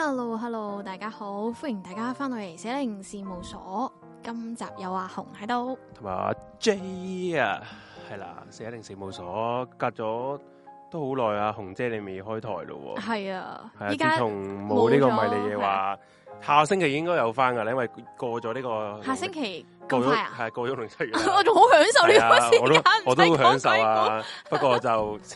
hello hello 大家好，歡迎大家翻到嚟四一零事務所，今集有阿紅喺度，同埋阿 J 啊，係啦，四一零事務所隔咗都好耐啊，紅姐你未開台咯，係啊，依家自從冇呢個迷你嘢話，下個星期應該有翻噶啦，因為過咗呢、這個下星期，咗，係、啊、過咗六七月， 我仲好享受呢個時間，我都好享受啊，不，過， 不過就。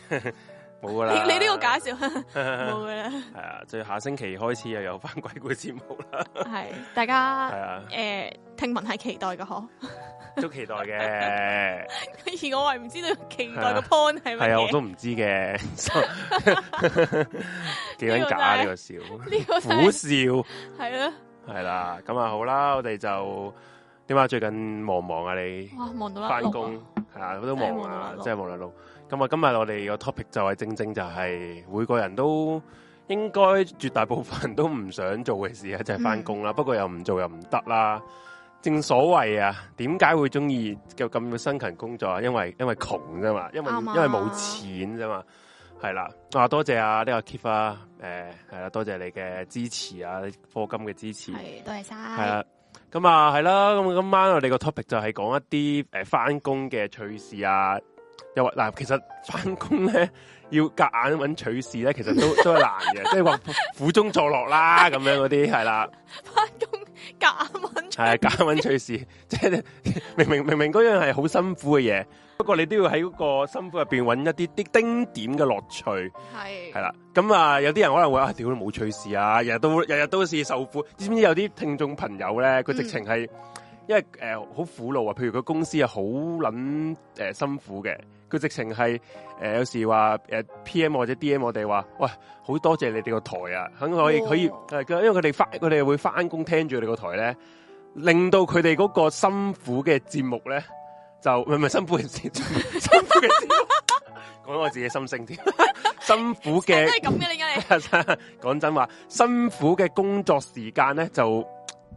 冇噶啦！你呢個假笑，冇噶啦。係啊，就下星期開始又有翻鬼故節目啦。係大家係啊、呃、 啊，誒，聽聞係期待嘅嗬，都期待嘅。而我係唔知道期待嘅 point 係係啊，我都唔知嘅。幾 緊所以 假呢 個、就是這個就是,、 苦笑？呢個苦笑係啊，係啦，咁啊好啦，我哋就點解最近忙忙啊你？你哇，忙到啦，翻工係啊，啊我都忙啊，即係忙到路。咁啊，今日我哋個 topic 就係正正就係每個人都應該絕大部分都唔想做嘅事啊，就係翻工啦。嗯、不過又唔做又唔得啦。正所謂啊，點解會中意咁咁嘅辛勤工作啊？因為因為窮啫嘛，因為因為冇錢啫嘛。係啦，啊多謝啊呢、這個 keep 啊，誒係啦，多謝你嘅支持啊，課金嘅支持，係多謝晒。係、啊、啦，咁啊係啦，咁今晚我哋個 topic 就係講一啲誒翻工嘅趣事啊。又嗱，其實翻工咧要夾硬揾趣事咧，其實都都係難嘅，即係話苦中作樂啦咁樣嗰啲係啦。翻工夾硬揾係夾硬趣事，即係 明明明明嗰樣係好辛苦嘅嘢，不過你都要喺嗰個辛苦入邊揾一啲啲丁點嘅樂趣。係係啦，咁啊有啲人可能會啊，屌你冇趣事啊，日日都日日都是受苦。知唔知道有啲聽眾朋友咧，佢直情係、嗯、因為誒好、呃、苦惱啊，譬如佢公司係好撚誒辛苦嘅。佢直情係誒，有時話誒、呃、P.M 或者 D.M，我哋話喂，好多謝你哋個台啊，肯可以可以誒，因為佢哋翻佢哋會翻工聽住你個台咧，令到佢哋嗰個辛苦嘅節目咧，就唔係唔係辛苦嘅節目，辛苦嘅節 目，講 我自己心聲添，辛苦嘅， 真係咁嘅你講真話，辛苦嘅工作時間咧，就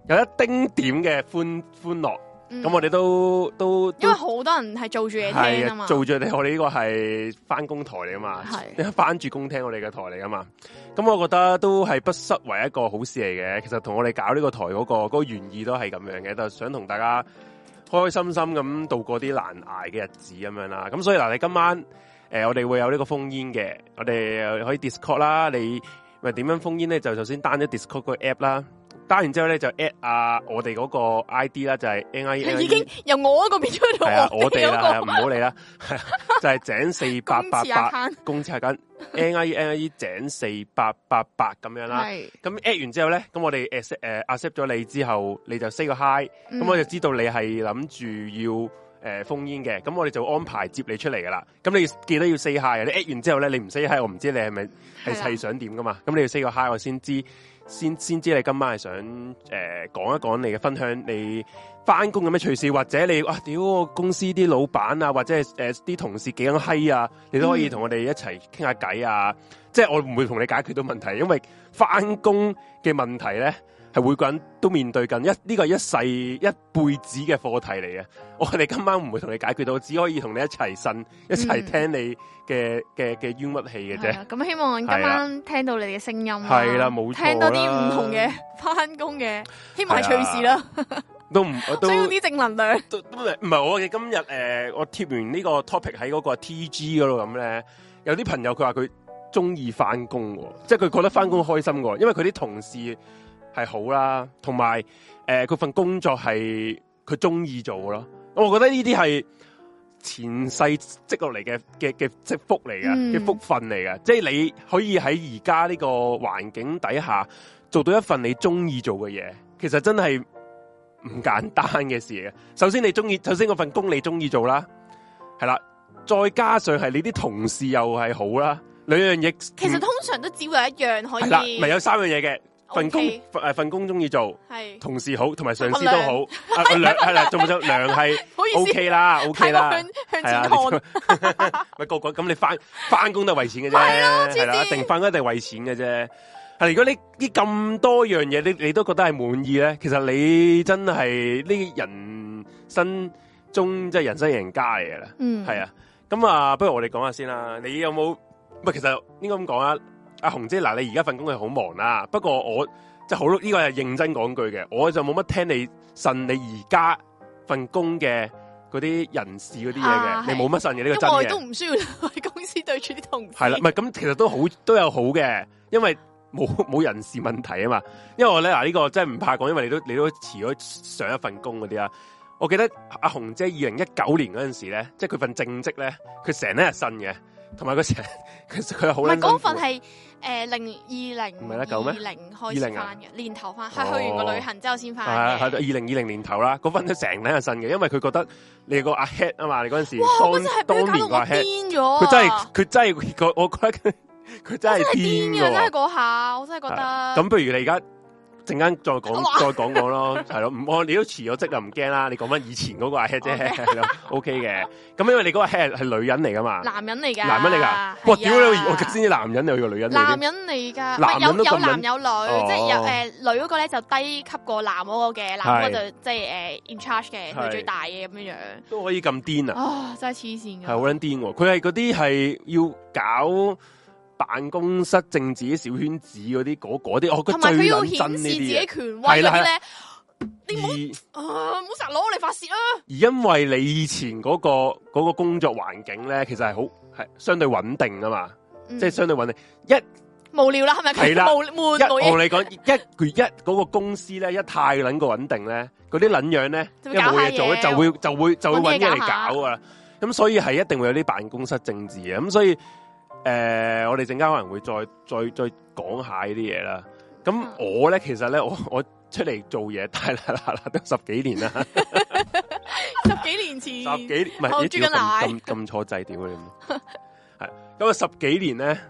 有一丁點嘅歡歡樂。咁、嗯、我哋都都，都因為好多人係做住嘢聽啊嘛、嘛，做住我哋呢個係返工台嚟啊嘛，返住工聽我哋嘅台嚟啊嘛。咁我覺得都係不失為一個好事嚟嘅。其實同我哋搞呢個台嗰、嗰個嗰、嗰個原意都係咁樣嘅，就是，想同大家開開心心咁度過啲難捱嘅日子咁樣啦。咁所以嗱，你今晚誒、呃、我哋會有呢個封煙嘅，我哋可以 Discord 啦。你咪點樣封煙咧？就首先 down 咗 Discord 個 app 啦。加完之後咧就 at 啊我哋嗰個 ID 啦，就係 N I E N 已經由我嗰邊出到我哋嗰個唔好理啦，就係井四八八八，公資係緊 N I E N I e 井四八八八咁樣啦。咁 at 完之後咧，咁我哋 accept 誒 accept 咗你之後，你就 say 個 hi，咁、嗯、我就知道你係諗住要誒、呃、封煙嘅。咁我哋就安排接你出嚟噶啦。咁你記得要 say hi，你 at 完之後咧你唔 say hi 我唔知你係咪係係想點噶嘛。咁你要 say 個 hi 我先知。先先知你今晚係想誒、呃、講一講你嘅分享，你翻工有咩趣事，或者你哇屌，啊那個、公司啲老闆啊，或者係啲、呃、同事幾咁閪啊，你都可以同我哋一齊傾下偈啊！即、嗯、係我唔會同你解決到問題，因為翻工嘅問題咧。係每個人都面對緊一呢個一世一輩子嘅課題嚟嘅。我哋今晚唔會同你解決到，只可以同你一齊呻，嗯、一齊聽你嘅嘅嘅冤屈氣嘅啫。咁、嗯嗯、希望今晚聽到你嘅聲音，啊，係啦，冇錯啦，聽到啲唔同嘅翻工嘅，希望係趣事啦，都唔 需要啲正能量都唔係。我嘅今日誒、呃，我貼完呢個 topic 喺嗰個 TG 嗰度咁咧，有啲朋友佢話佢中意翻工，即係佢覺得翻工開心喎，因為佢啲同事。係好啦、啊，同埋誒，呃、佢份工作係佢中意做嘅咯。我覺得呢啲係前世積落嚟嘅嘅嘅積福嚟嘅，嘅、嗯、福分嚟嘅。即係你可以喺而家呢個環境底下做到一份你中意做嘅嘢，其實真係唔簡單嘅事嘅。首先你中意，首先我份工你中意做啦，係啦，再加上係你啲同事又係好啦，兩樣嘢。其實通常都只會有一樣可以。嗱，唔係有三樣嘢嘅。份工，份誒份工中意做，同事好，同埋上司都好，係啦，仲唔就糧，係 O K 啦，O K 啦，係啊，咪個個咁你翻翻工都係為錢嘅啫，係啦，定翻工一定係為錢嘅啫。係如果你啲咁多樣嘢，你你都覺得係滿意咧，其實你真係呢人生中即係人生贏家嚟嘅啦。嗯，係啊，咁啊，不如我哋講下先啦。你有冇？喂，其實應該咁講啊。阿紅姐，嗱你而家份工係好忙啦，不過我即係好呢個係認真講句嘅，我就冇乜聽你信你而家份工嘅嗰啲人事嗰啲嘢嘅，你冇乜信嘅，呢個真嘅。因為我都唔需要喺公司對住啲同事。係啦，唔係咁其實都好都有好嘅，因為冇冇人事問題啊嘛。因為我咧嗱，呢個真係唔怕講，因為你都你都辭咗上一份工嗰啲啊。我記得阿紅姐二零一九年嗰陣時咧，即係佢份正職咧，佢成日日呻嘅。同埋嗰成日，其實佢係好。唔係嗰份係誒零二零二零開始返嘅、啊、年頭返，係、哦、去完個旅行之後先返。嚟。係係二零二零年頭啦，嗰份都成兩日新嘅，因為佢覺得你個阿 Head 啊嘛，你嗰陣時哇當當年個 Head，佢、啊、真係佢真係我覺得佢真係癲，佢真係嗰下我真係覺得。咁不如你而家？陣間再講，再講講咯，係咯，唔我你都辭咗職就唔驚啦。你講翻以前嗰個阿 head 啫，OK 嘅、 okay。咁因為你嗰個 head 係女人嚟噶嘛，男人嚟噶，男人嚟噶、啊。哇，屌、啊、我先知男人嚟嘅？女人嚟嘅？男人嚟噶，有有男有女，哦、即係誒、呃、女嗰個咧就低級過男嗰、哦、個嘅、呃，男嗰個就即係誒 in charge 嘅，係最大嘅咁樣樣。都可以咁癲啊，啊！真係黐線嘅，係好捻癲。佢係嗰啲係要搞。辦公室政治啲小圈子嗰啲，嗰嗰啲，我佢最捻真呢啲嘢。係啦係啦，你唔好啊，唔好成日攞嚟發泄啦。而因為你以前嗰個嗰個工作環境咧，其實係好係相對穩定噶嘛，即係相對穩定一無聊啦，係咪？係啦，無無無。我同你講，一佢一嗰個公司咧，一太捻個穩定咧，嗰啲捻樣咧，一冇嘢做咧，就會就會就會揾嘢嚟搞噶啦。咁所以係一定會有啲辦公室政治啊。咁所以。誒、呃，我哋陣間可能會再再再講下呢啲嘢啦。咁我咧，其實咧，我我出嚟做嘢，太拉拉拉，都十幾年啦。哈哈 十幾年前，十幾唔係、oh, 哎、你啜緊咁坐仔屌你，係因啊！十幾年咧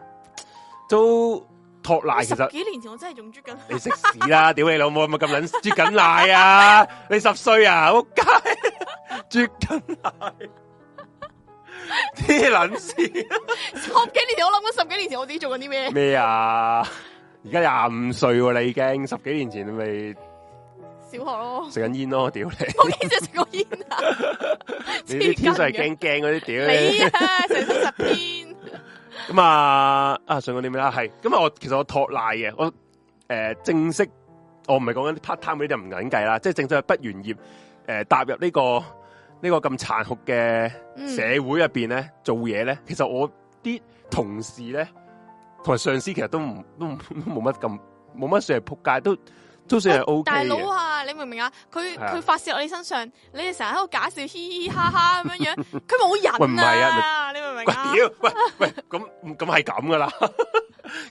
都托奶，其實幾年前我真係仲啜緊。你食屎啦！屌你老母，咪咁捻啜緊奶啊！ 嗯、你十歲啊，仆街啜緊奶。啲卵事， 十,幾十幾年前我諗緊、啊啊、十幾年前我自己做緊啲咩？咩啊？而家廿五歲喎，你已經？十幾年前咪小學咯，食緊煙咯，屌你！我幾時食過煙啊, 啊？你天生係驚驚嗰啲屌你啊，成身十天！咁 啊，啊上講啲咩啦？係咁啊，我其實我託賴嘅，我誒、呃、正式我唔係講緊 part time 嗰啲就唔緊計啦，即、就、係、是、正式係畢完業誒、呃、踏入呢、這個。呢、這個咁殘酷嘅社會入邊咧，嗯、做嘢咧，其實我啲同事咧，同埋上司其實都唔都冇乜咁，冇乜算係仆街，都都，都，算都，都算係、okay 哦、大佬啊，啊，你明唔明啊？佢佢發泄落你身上，你哋成日喺度假笑， 嘻，嘻，嘻嘻哈哈咁樣樣，佢冇人啊，喂啊！你明唔明啊？屌，喂喂，咁咁係咁噶啦，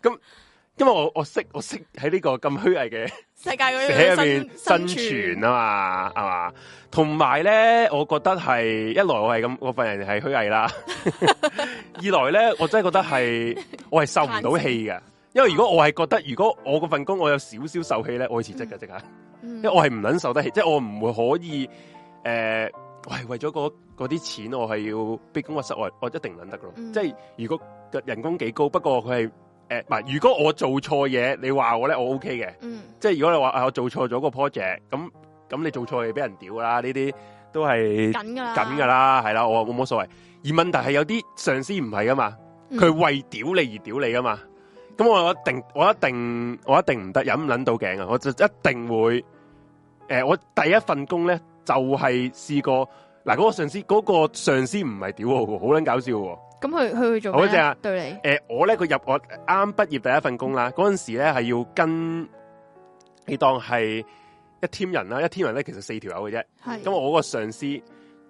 咁因為我我識我識喺呢個咁虛偽嘅。世界嗰樣嘢喺入面生存啊嘛，係 嘛？同埋咧，我覺得係一來我係咁，我份人係虛偽啦； 二來咧，我真係覺得係我係受唔到氣嘅。 因為如果我係覺得，如果我嗰份工我有少少受氣咧，我會辭職嘅即刻，因為我係唔捻受得氣，即、嗯、係我唔會可以誒，呃、喂為了那那些錢我為咗嗰啲錢，我係要逼工個室外，我一定捻得咯。即、嗯、係如果人工幾高，不過佢係。誒，唔係，如果我做錯嘢，你話我咧，我 OK 嘅，嗯、即係如果你話我做錯咗個 project，咁咁你做錯嘢俾人屌啦，呢啲都係緊噶啦，緊噶啦，係啦，我冇冇所謂。而問題係有啲上司唔係噶嘛，佢為屌你而屌你噶嘛，咁我一定我一定我一定唔得，忍唔忍到頸啊！我就一定會，誒、呃，我第一份工咧就係、是、試過，嗱，嗰、那個上司嗰、那個上司唔係屌我，好捻搞笑喎。咁佢佢會做咩、啊、對你？誒、呃，我咧佢入我啱畢業第一份工啦，嗰、嗯、陣時咧係要跟你當係一 team 人啦，一 team 人咧其實四條友嘅啫。係咁、嗯、我個上司，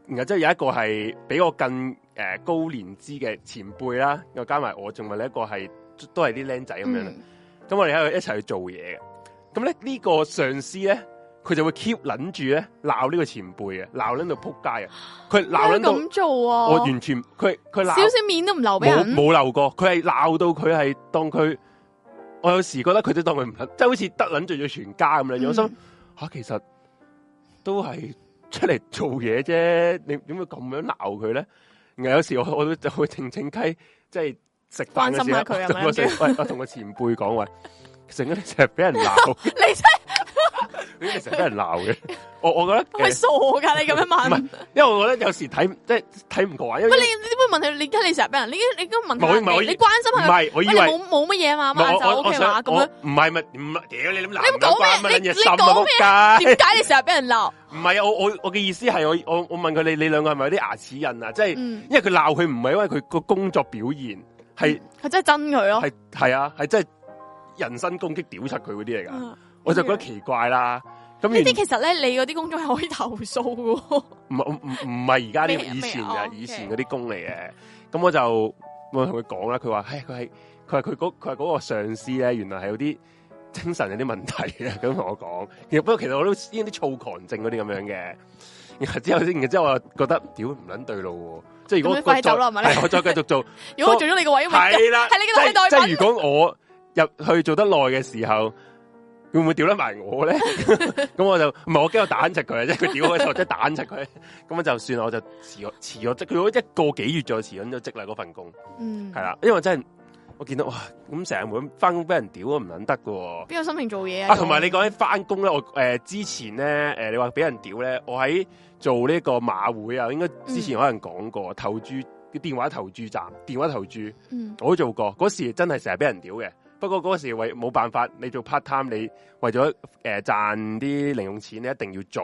然後即係有一個係比我更誒、呃、高年資嘅前輩啦，又加埋我，仲埋另一個係都係啲僆仔咁樣咁、嗯、我哋喺度一齊去做嘢嘅。咁咧呢個上司咧。佢就會 keep 撚住咧，鬧呢個前輩嘅，鬧到喺度扑街啊！佢鬧到咁做啊！我完全佢佢少少面都唔留俾人，冇留過。佢係鬧到佢係當佢，我有時覺得佢都當佢唔肯，即係好似得撚住咗全家咁樣。我心吓，其實都係出嚟做嘢啫。你點會咁樣鬧佢咧？有有時我我就會靜靜雞，即係食飯嘅時候，跟我同個 前輩講：喂，成日成日俾人鬧，你咁成日畀人鬧嘅，我 我覺得佢傻噶，你咁樣問，因為我覺得有時睇 即係睇唔過眼，因為你你點會問佢？你而家你成日俾人，你你咁問佢你關心佢唔係？我以為冇冇乜嘢嘛我就、OK、嘛就 OK 嘛咁唔係唔係你諗男嘅關乜嘢？你講咩？點解你成日俾人鬧？唔 係我我我嘅意思係我我我問佢你你兩個係咪有啲牙齒印啊？即係，因為佢鬧佢唔係因為佢個工作表現係，係、嗯、真係憎佢咯，係係啊，係真係人身攻擊、屌柒佢嗰啲嚟噶。我就覺得奇怪啦，咁呢啲其實咧，你嗰啲工作係可以投訴噶。唔係唔唔係而家啲，以前噶，以前嗰啲工嚟嘅。咁我就我同佢講啦，佢話，唉、哎，佢係佢係佢嗰佢係嗰個上司咧，原來係有啲精神有啲問題嘅。咁同我講，亦不過其實我都呢啲躁狂症嗰啲咁樣嘅。然後之後先，之後我覺得，屌唔捻對路喎，即係如， 如果我再，我再繼續做，如果做咗你個位，係啦，係你嘅代即係如果我入去做得耐嘅時候。會唔會屌得埋我咧？咁 我就唔係我驚，我打翻佢，即係佢屌我嘅時候即係打翻佢。咁 就算我就辭我辭我職，佢一個幾月再辭咗咗職啦嗰份工。嗯，係啦，因為我真係我見到哇，咁成日咁翻工俾人屌，都唔捻得噶。邊有心情做嘢啊？同、啊、埋你講起翻工咧，我誒、呃、之前咧，誒、呃、你話俾人屌咧，我喺做呢個馬會啊，我應該之前可能講過投注嘅電話投注站，電話投注，嗯、我都做過。嗰時真係成日俾人屌嘅。不過嗰時為冇辦法，你做 part time，你為咗誒賺啲零用錢，你一定要做。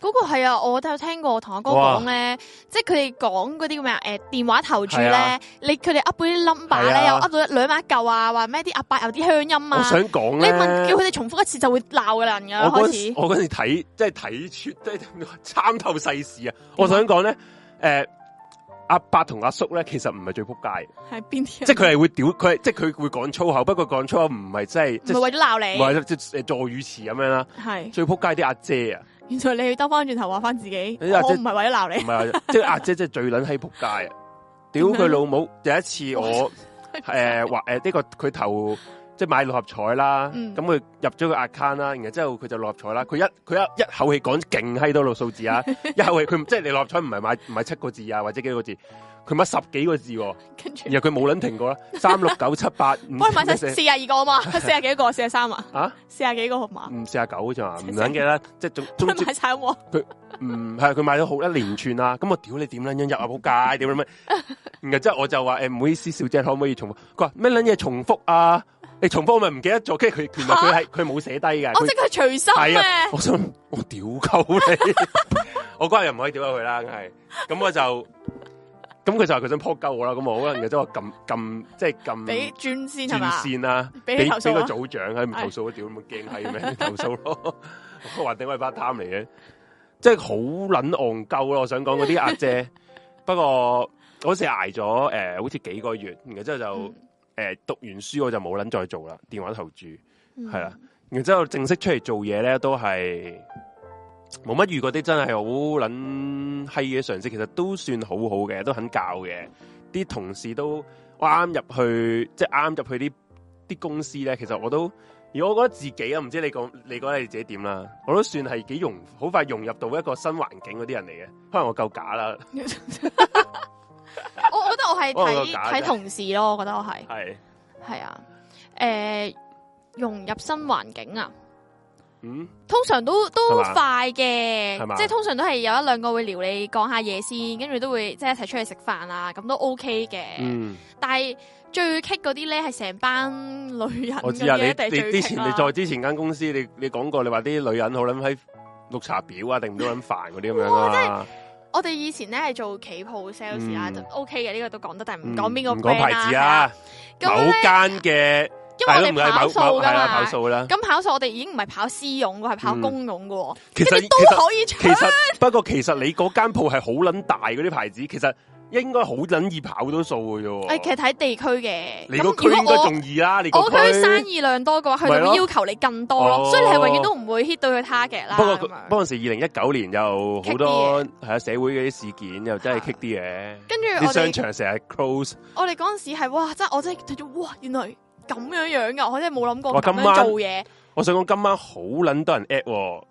嗰個係啊，我都有聽過同阿哥講咧，即係佢哋講嗰啲咁咩？誒、呃、電話投注咧，啊、你佢哋 up 到啲 number 咧，又、啊、up 到兩萬一舊啊，話咩啲阿伯有啲鄉音啊，我想講你問叫佢哋重複一次就會鬧嘅人噶。開始我嗰時睇即係睇出，即係參透世事啊！我想講咧，誒、呃。阿伯同阿叔呢，其實唔係最撲街，係邊條？即係佢係會屌佢，即係佢會講粗口，不過講粗口唔係真係，唔係為咗鬧你，唔係即係助語詞咁樣啦。係最撲街啲阿姐啊！原來你兜返轉頭話返自己，阿姐我唔係為咗鬧你，唔係即係阿姐 即係最撚閪撲街，屌佢 老母！第 一次我誒話呢個佢頭。即係買六合彩啦，咁、嗯、佢入咗個 account 啦，然後之後佢就六合彩啦。佢一佢一一口氣講勁閪多度數字啊！ 一口氣氣佢 即係你六合彩唔係買唔係七個字啊，或者幾個字、啊，佢買十幾個字喎、啊。跟住，然後佢冇卵停過啦， 三六九七八。我買晒四廿二個啊嘛， 四廿幾個四廿三啊？啊？四廿幾個號碼？唔 四廿九咋？唔卵嘅啦，即係仲總之買彩喎。佢唔係佢買咗好一連串啦。咁我屌你點樣樣入啊？冇 戒，點樣咩？然後之後我就話誒，唔好意思，小姐可唔可以重複？佢話咩卵嘢重複啊？你、欸、重報咪唔記得咗？跟住佢，原來佢係佢冇寫低嘅。我即係隨心。係啊，我想我屌鳩你！ 我嗰日又唔可以屌下佢啦，係咁我就咁佢就話佢想扑鳩我啦，咁我嗰陣嘅即係我即係撳俾專線係線啦，俾 俾、啊、個組長喺唔投訴我屌，咁驚係咩？投訴咯， 我話定位係 part time 嚟嘅， 即係好撚戇鳩咯！我想講嗰啲阿姐， 不過嗰時挨咗誒，好似幾個月，然之後就。 誒，讀完書我就冇捻再做啦，電話投注係啦，然之後正式出嚟做嘢咧，都係冇乜遇過啲真係好捻閪嘅上司，其實都算很好好嘅，都肯教嘅。啲同事都我啱入去，即係啱入去啲啲公司咧，其實我都如果我覺得自己啊，唔知你講你覺得你自己點啦？我都算係幾融，好快融入到一個新環境嗰啲人嚟嘅，可能我夠假啦。 我 我覺得我係睇睇同事咯，我覺得我係係係啊，誒、欸、融入新環境啊，嗯，通常都都快嘅，即係通常都係有一兩個會撩你講下嘢先，跟住都會即係一齊出去食飯啊，咁都 OK 嘅、嗯，但係最棘嗰啲咧係成班女人、啊，我知啊，你你，你之前你再之前間公司，你你講過你話啲女人好諗喺綠茶婊啊，定唔到諗煩嗰啲咁樣啊。我哋以前咧係做企鋪 sales 啦，就 O K 嘅，呢個都講得，但係唔講邊個，唔講牌子啊，九間嘅，因為你唔係跑數噶、啊啊、嘛，啊、跑數啦、嗯。咁跑數我哋已經唔係跑私用，係跑公用嘅。其實都可以搶。不過其實你嗰間鋪係好捻大，嗰啲牌子其實。應該好捻易跑到數嘅啫。誒，其實睇地區嘅。你個區應該仲易啦。你個區生意量多嘅話，佢就會要求你更多，所以你係永遠都唔會 hit 到佢 target，哦，、啦。不過嗰陣時二零一九年又好多係啊，社會嗰啲事件又真係棘啲嘢。跟住啲商場成日 close。我哋嗰陣時係哇，真我真係睇咗哇，原來咁樣樣噶，我真係冇諗過咁樣今做嘢。我想講今晚好捻多人 at 喎，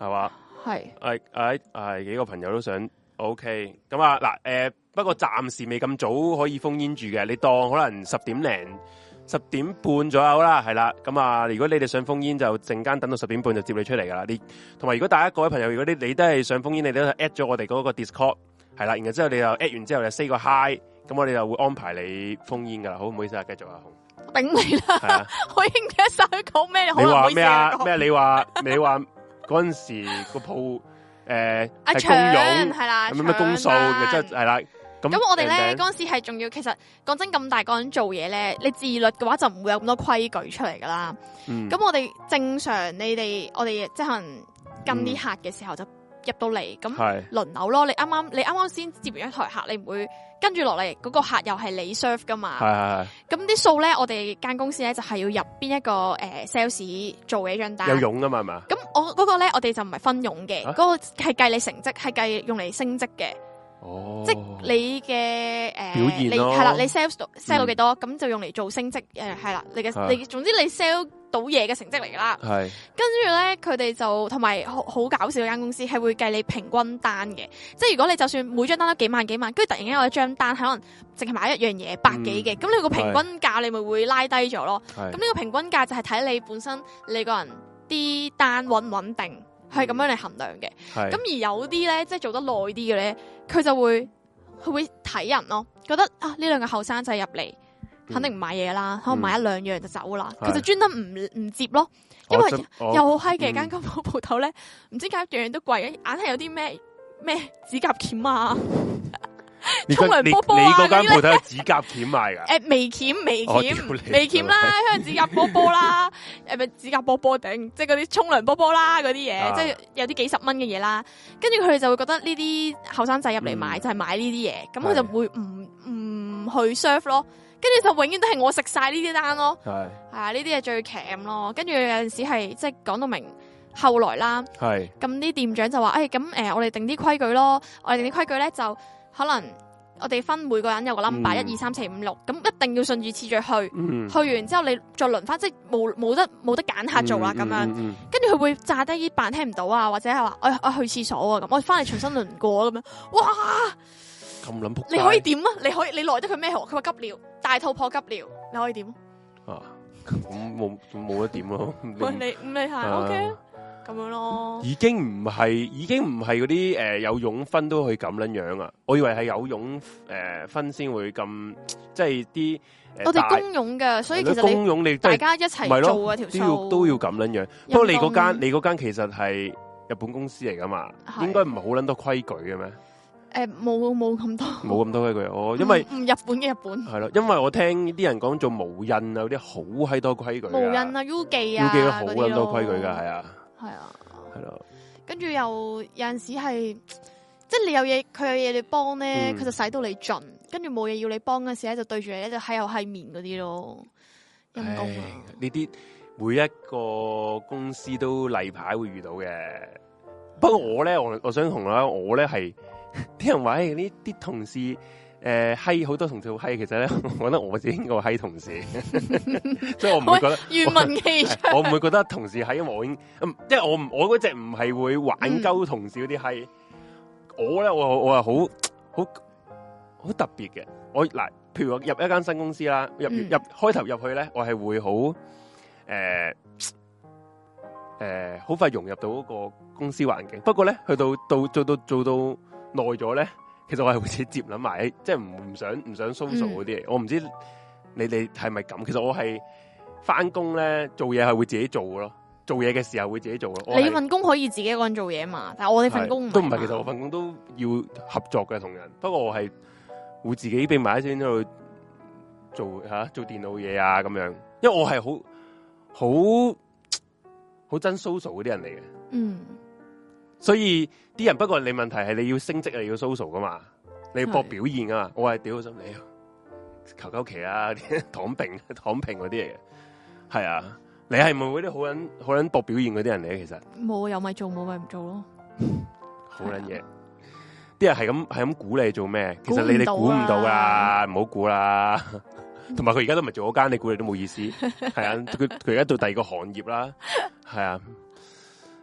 係嘛？係係係幾個朋友都想。OK，咁啊嗱，誒、呃，不過暫時未咁早可以封煙住嘅，你當可能十點零、十點半左右啦，係啦。咁啊，如果你哋想封煙，就陣間等到十點半就接你出嚟噶啦。你同埋，如果大家各位朋友，如果啲你都係想封煙，你都 at 咗我哋嗰個 Discord，係啦。然之後你就 at 完之後就 say 個 hi，咁我哋就會安排你封煙噶啦。好，唔好意思啊。繼續啊，紅頂你啦， 我應第一手去講咩？你話咩啊？咩？ 你話你話嗰陣時個鋪？誒、呃，阿長有係啦，咁樣咩公數嘅即係啦。咁咁我哋咧陣時係仲要，其實講真咁大個人做嘢咧，你自律嘅話就唔會有咁多規矩出嚟噶啦。咁、嗯、我哋正常，你哋我哋即係可能跟啲客嘅時候就。入到嚟咁輪流咯，你啱啱你啱啱先接完一台客，你唔會跟住落嚟嗰個客又係你 serve 噶嘛？係係係。咁啲數咧，我哋間公司咧就係、是、要入邊一個誒 sales、呃、做嘅一張單。有佣噶嘛係嘛？咁我嗰、那個咧，我哋就唔係分佣嘅，嗰、啊那個係計你成績，係計用嚟升職嘅。哦，即你嘅誒，係、呃、啦，你 sales 到 sales 到幾多，咁、嗯、就用嚟做升職誒，係、呃、啦，你嘅你總之你 sell。好嘢嘅成績嚟㗎喇，跟住咧佢哋就同埋好好搞笑，嗰間公司係會計你平均單嘅，即係如果你就算每張單都幾萬幾萬，跟住突然間有一張單可能淨係買一樣嘢、嗯、百幾嘅，咁你，平價你個平均價你咪會拉低咗咯。咁呢個平均價就係睇你本身你個人啲單穩唔穩定，係、嗯、咁樣嚟衡量嘅。咁而有啲咧，即係做得耐啲嘅咧，佢就會佢會睇人咯，覺得啊呢兩個後生仔入嚟。肯定唔買嘢啦，可、嗯、能買一兩樣就走啦。其、嗯、就專登唔唔接咯，因為又好嘅間金鋪鋪頭咧，唔、嗯、知點解樣樣都貴，硬係有啲咩咩指甲鉗啊，沖 涼 波波啊，呢啲指甲鉗賣噶？誒， 眉鉗眉鉗眉鉗啦，香 指甲波波啦，誒 咪指甲波波頂，即係嗰啲沖涼波波啦嗰啲嘢，即係、啊就是、有啲幾十蚊嘅嘢啦。跟住佢哋就會覺得呢啲後生仔入嚟買、嗯、就係、是、買呢啲嘢，咁、嗯、佢、嗯、就會唔唔去 serve 咯。跟住就永遠都係我食晒呢啲單咯，啊，係啊，呢啲係最攪咯。跟住有陣時係即係講到明後來啦，咁啲店長就話，哎，咁、呃、我哋定啲規矩咯，我哋定啲規矩咧就可能我哋分每個人有個 number，一二三四五六，咁、嗯、一定要順住次序去，嗯、去完之後你再輪翻，即係冇冇得冇得揀客做啦咁、嗯、樣。跟住佢會炸低啲，扮聽唔到啊，或者係話，哎，哎，哎去廁所啊，咁我翻嚟重新輪過咁樣，哇！咁你可以點啊？你可以你耐得佢咩？佢話急尿，大肚婆急尿，你可以點、啊？啊，咁冇，冇得點咯。唔， 你唔你下。O K，咁樣咯。已經唔係，已經唔係嗰啲誒有佣分都可以咁捻樣啊！我以為係有佣誒、呃、分先會咁，即係啲、呃、我哋公佣嘅，所以其實公佣你，公你大家一齊做啊條數都要都要咁捻樣、啊有有。不過你嗰間你嗰間其實係日本公司嚟噶嘛，應該唔係好捻多規矩嘅咩？誒、欸，冇冇咁多，冇咁多規矩哦，因為唔日本嘅日本係咯，因為我聽啲人講做無印啊，有啲好閪多規矩，無印啊 U 記啊，U 記都好多規矩噶，係啊，係啊，係咯，跟住又有陣時係，即係你有嘢佢有嘢你幫咧，佢就使到你盡，跟住冇嘢要你幫嘅時候咧，就對住你咧就係又係面嗰啲咯，陰功，呢啲每一個公司都例牌會遇到嘅，不過我咧，我我想同咧，我咧係。聽人話，呢、哎、啲同事誒，嗨、呃，好多同事好嗨。其實咧，我覺得我自己個嗨同事，即 係 我唔會覺得。 文奇我唔會，會覺得同事嗨，因為我已經，即、嗯、係我唔，我嗰隻唔係會挽救同事嗰啲嗨。我咧，我我係好好好特別嘅。我嗱，譬如我入一間新公司啦，入入開頭入去咧，我係會好誒誒，好、呃呃、快融入到嗰個公司環境。不過咧，去到到做到做到。做到耐咗咧，其實我係會直接諗埋，即係唔唔想唔想 social 嗰啲嘢。我唔知你哋係咪咁。其實我係翻工咧做嘢，係會自己做咯，做嘢嘅時候會自己做嘅。你份工可以自己一個人做嘢嘛？但係我哋份工都唔係。其實我份工都要合作嘅同、嗯、人。不過我係會自己畀埋一先度做吓、啊、做電腦嘢啊咁樣。因為我係好好好真 social 嗰啲人嚟嘅。嗯。所以啲人不過你問題係你要升職啊，你要 social 噶嘛，你要搏表現的啊，我話屌咗你，啊，求求其啊，躺平躺平嗰啲嚟嘅，係啊，你係咪嗰啲好捻好捻搏表現嗰啲人嚟？其實冇啊，有咪做，冇咪唔做咯。好捻嘢，啲人係咁係咁估你做咩？其實你哋估唔到噶，唔好估啦。同埋佢而家都唔係做嗰間，你估你都冇意思。係啊，佢佢而家做第二個行業啦，係啊，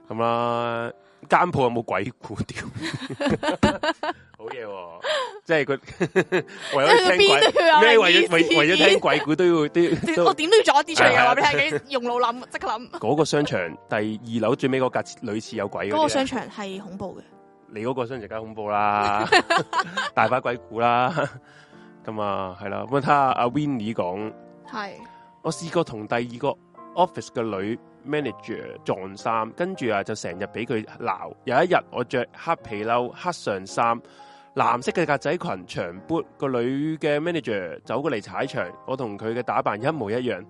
咁啦。間鋪有冇鬼故屌？ 好嘢，哦、即係佢 為咗聽鬼、呃，咩為為為咗聽鬼，故都要都要我點都要做一啲出嚟又話俾聽，用腦諗即刻諗。嗰個商場第二樓最尾嗰格類似有鬼，嗰、嗰個商場係恐怖嘅。你嗰個商場梗恐怖啦， 大把鬼故啦、 嗯，咁啊係啦。咁啊睇下阿 Winnie 講，係我試過同第二個 office 嘅女 Manager 撞衫，跟住啊就成日俾佢鬧。有一日我着黑皮褸、黑上衫、藍色嘅格仔裙，長布個女嘅 manager 走過嚟踩場，我同佢嘅打扮一模一樣。誒、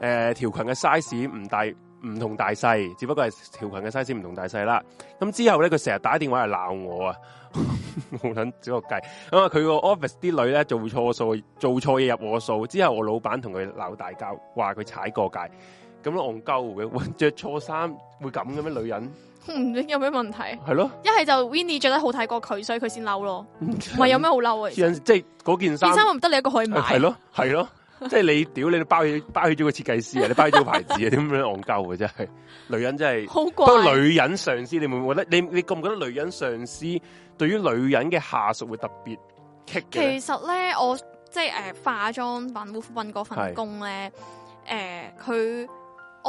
呃、條裙嘅 size 唔大，唔同大細，只不過係條裙嘅 size 唔同大細啦。咁之後咧，佢成日打電話嚟鬧我啊， 我諗整個計咁啊，佢個 office 啲女咧做錯數，做錯嘢入我數。之後我老闆同佢鬧大交，話佢踩過界。咁樣戇鳩嘅，着錯衫會咁嘅咩？女人唔知、嗯、有咩問題。係咯，一係就 Winnie 着得好睇過佢，所以佢先嬲咯。唔、嗯、係有咩好嬲嘅。即係件衫。件衫唔得你一個可以買。係咯，係咯，咯 即係你屌你包起包起咗個設計師啊， 你包起咗個牌子啊，點樣戇鳩啊，真 係女人真係。好怪。不過女人上司，你會唔會覺得你你覺唔覺得女人上司對於女人嘅下屬會特別棘？其實咧，我即係誒、呃、化妝品護膚品嗰份工咧，誒佢。呃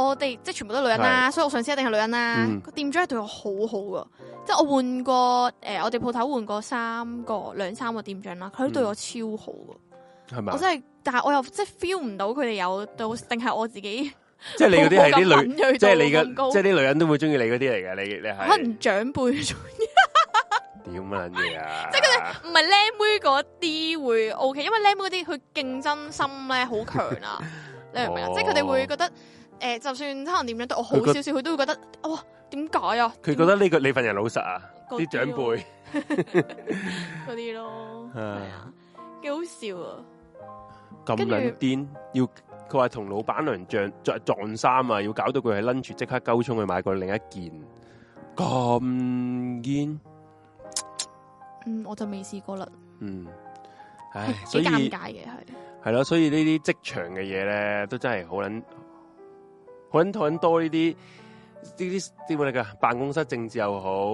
我哋即係全部都女人啦、啊，所以我上司一定係女人啦、啊嗯。店長對我好好噶，即係我換過誒、呃，我哋鋪頭換過三個兩三個店長啦，佢都對我超好噶，係、嗯、咪我真係，但係我又即係 feel 唔到佢哋有對，定係我自己。即係你嗰啲係啲女，即係你嘅，即係啲女人都會中意你嗰啲嚟嘅，你你係可能長輩。點樣嘢啊！即係佢哋唔係靚妹嗰啲會 OK，因為靚妹嗰啲佢競爭心咧好強啊， 你明唔明啊？即係佢哋會覺得。誒、呃，就算可能點樣對我好少少，佢都會覺得哇，點解啊？佢覺得呢個你份人老實啊，啲、啊、長輩嗰啲咯，係 啊，幾好笑啊！咁撚癲，要佢話同老闆娘着撞撞衫啊，要搞到佢係 lunch 即刻鳩衝去買過另一件咁堅。嗯，我就未試過啦。嗯，唉，所以尷尬嘅係係咯，所以,所以這些呢啲職場嘅嘢咧，都真係好撚。揾揾，多呢啲呢啲啲乜嘢噶？辦公室政治又好，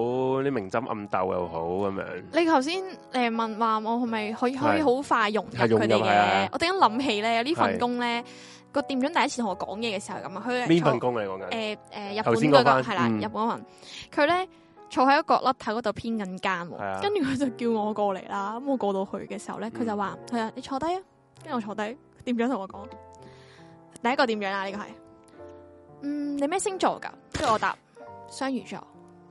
啲明爭暗鬥又好咁樣。你頭先誒問話我係咪可以可以好快用佢哋嘅？啊、我突然間諗起咧，呢份工咧個店長第一次同我講嘢嘅時候咁啊，佢邊份工嚟講緊誒誒日本嗰個係啦，日本、的、嗯、日本人佢咧坐喺一個凹頭嗰度偏緊間，跟住佢就叫我過嚟啦。咁我過到去嘅時候咧，佢就話：係、嗯、啊，你坐低啊。跟住我坐低，店長同我講：第一個店長啊，呢、這個係。嗯，你咩星座噶？跟住我答雙魚座。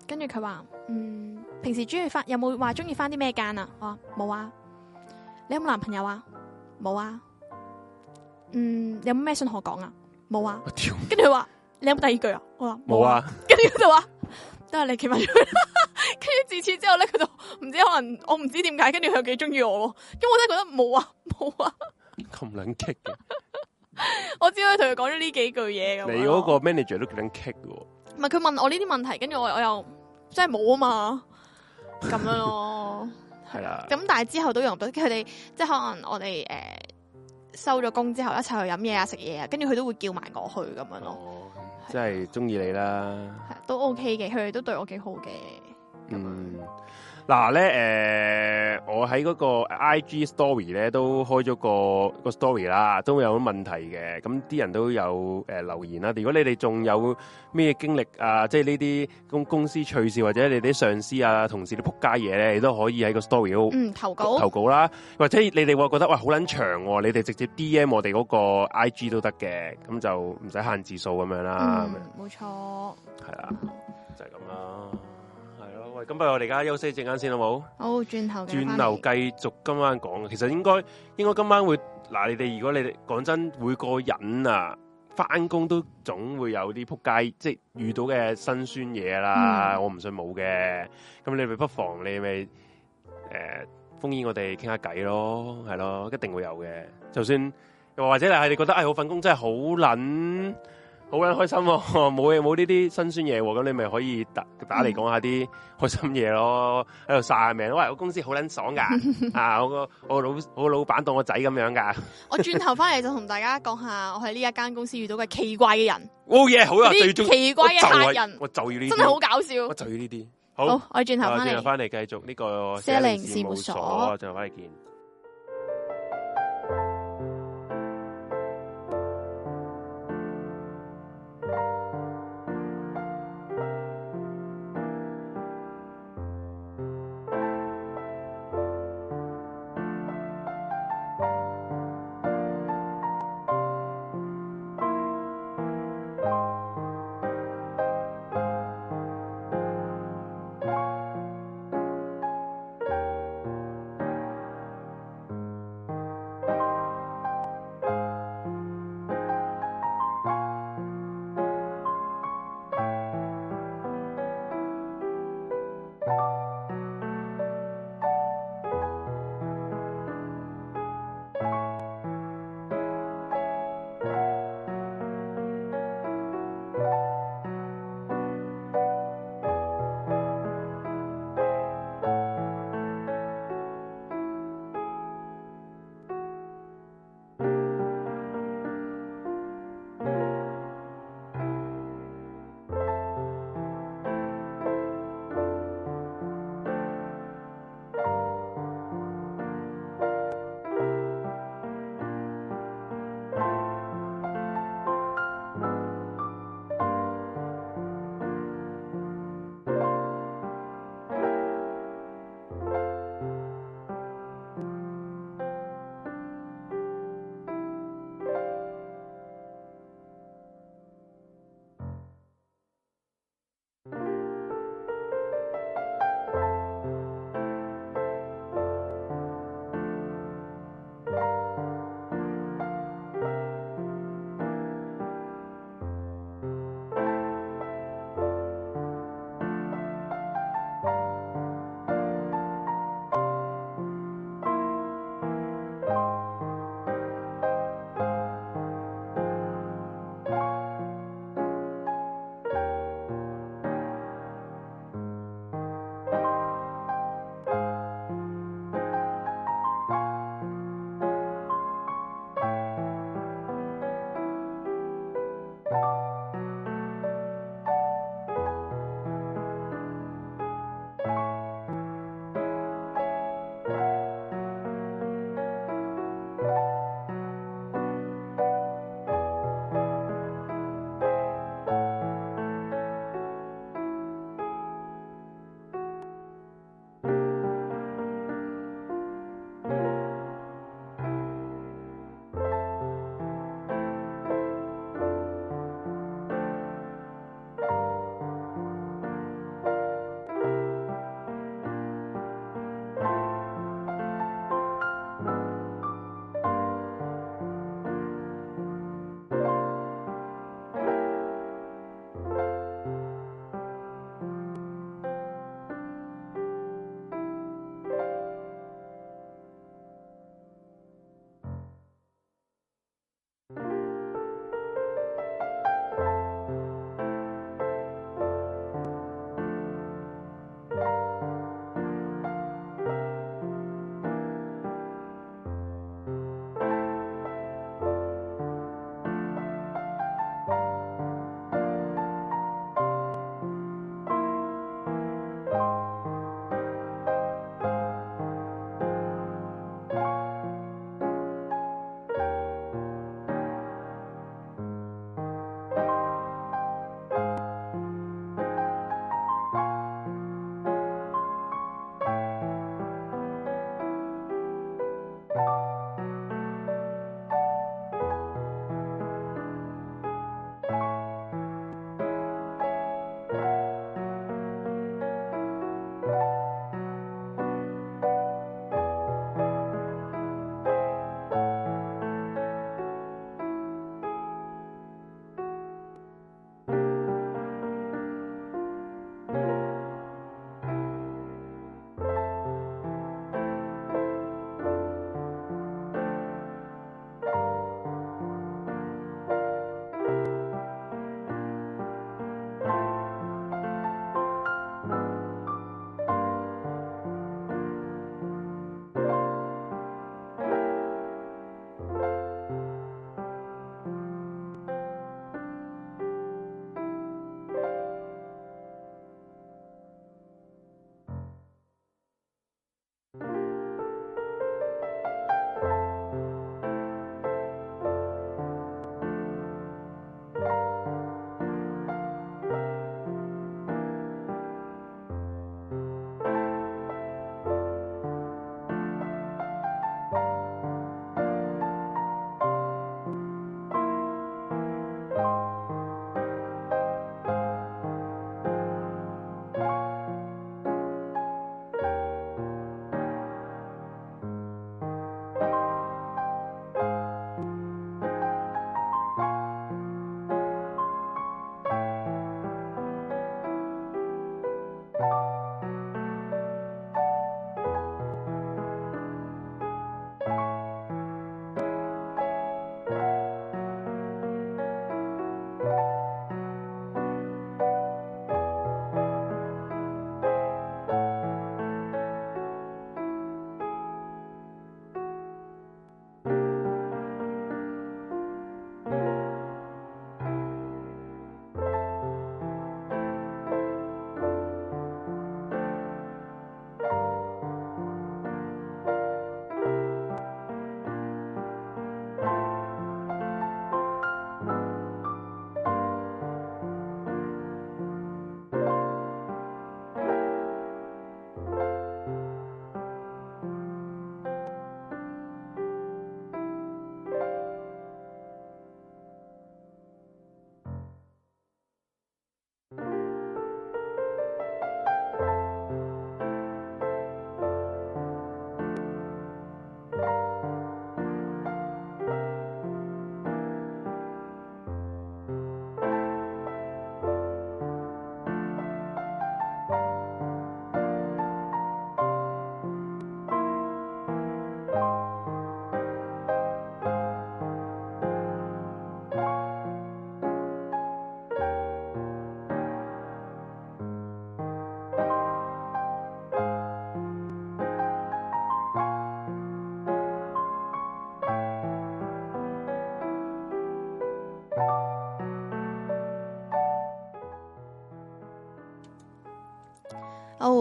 跟住佢話，嗯，平時中意翻有冇話中意翻啲咩間啊？我話冇啊。你有冇男朋友啊？冇啊。嗯，你有冇咩想同我講啊？冇啊。跟住佢話，你有冇第二句啊？我話冇啊。跟住佢就話，都係你企埋住。跟 住自此之後咧，佢就唔知可能我唔知點解，跟住佢又幾中意我，咁我真係覺得冇啊，冇啊，咁卵激嘅。 我只可以同佢講咗呢幾句嘢，咁。你嗰個 manager 都幾撚 kick 嘅。唔係佢問我呢啲問題，跟住我我又即係冇啊嘛，咁 樣咯。係 啦。咁但係之後都用到，佢哋即係可能我哋誒收咗工之後一齊去飲嘢啊食嘢啊，跟住佢都會叫埋我去咁樣咯。即係中意你啦，都 OK 嘅，佢哋都對我幾好嘅。嗯。嗱、啊、咧，誒、呃，我喺嗰個 I G Story 咧都開咗個個 story 啦，都有問題嘅。咁啲人都有誒、呃、留言啦。如果你哋仲有咩經歷啊，即係呢啲公公司趣事或者你哋啲上司啊、同事啲仆街嘢咧，你都可以喺個 story 嗯投稿投稿啦。或者你哋會覺得喂，好、呃、撚長喎、啊，你哋直接 D M 我哋嗰個 I G 都得嘅。咁就唔使限字數咁樣啦。冇、嗯、錯，係、就是、啦，就係咁啦。咁不如我哋而家休息一陣間先好冇？好，轉頭轉頭繼續今晚講。其實應該應該今晚會嗱，你哋如果你哋講真，每個人啊翻工都總會有啲扑街，即係遇到嘅辛酸嘢啦。嗯、我唔信冇嘅。咁你咪不妨你咪誒、呃，烽煙我哋傾下偈咯，係咯，一定會有嘅。就算又或者你係你覺得誒、哎，我份工真係好撚。」好捻開心喎、哦，冇嘢冇呢啲辛酸嘢喎，咁你咪可以打打嚟講下啲開心嘢咯，喺度晒命。喂，我公司好捻爽噶， 啊，我個我老我老闆當我仔咁樣噶。我轉頭翻嚟就同大家講下，我喺呢一間公司遇到嘅奇怪嘅人。哦耶，好啊，最中奇怪嘅客人，我就要呢啲，真係好搞笑，我就要呢啲。好，我轉頭翻嚟繼續呢、這個謝靈事務所，最後翻嚟見。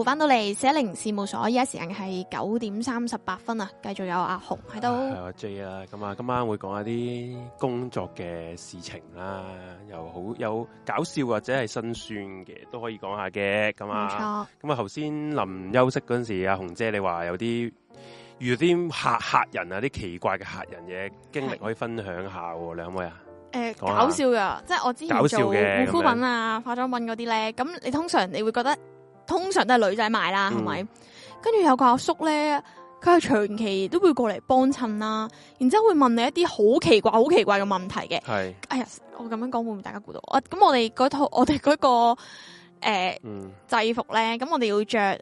翻到嚟寫零事務所，而家時間係九點三十八分啊！繼續有阿紅喺度，係阿 J 啊！咁啊，啊，今晚會講一啲工作嘅事情啦，又好有搞笑或者係辛酸嘅都可以講下嘅咁啊！冇錯，咁啊，頭先臨休息嗰陣時候，阿紅姐你話有啲遇啲客客人啊，啲奇怪嘅客人嘅經歷可以分享一下喎？你可唔可以啊？誒、呃，搞笑嘅，即係我之前做護膚品啊、化妝品嗰啲咧，咁你通常你會覺得？通常都係女仔買啦，係、嗯、咪？跟住有個阿叔咧，佢係長期都會過嚟幫襯啦，然之後會問你一啲好奇怪、好奇怪嘅問題嘅。係，哎呀，我咁樣講會唔會大家估到？啊，咁我哋嗰套，我哋嗰個誒、呃嗯、制服咧，咁我哋要着誒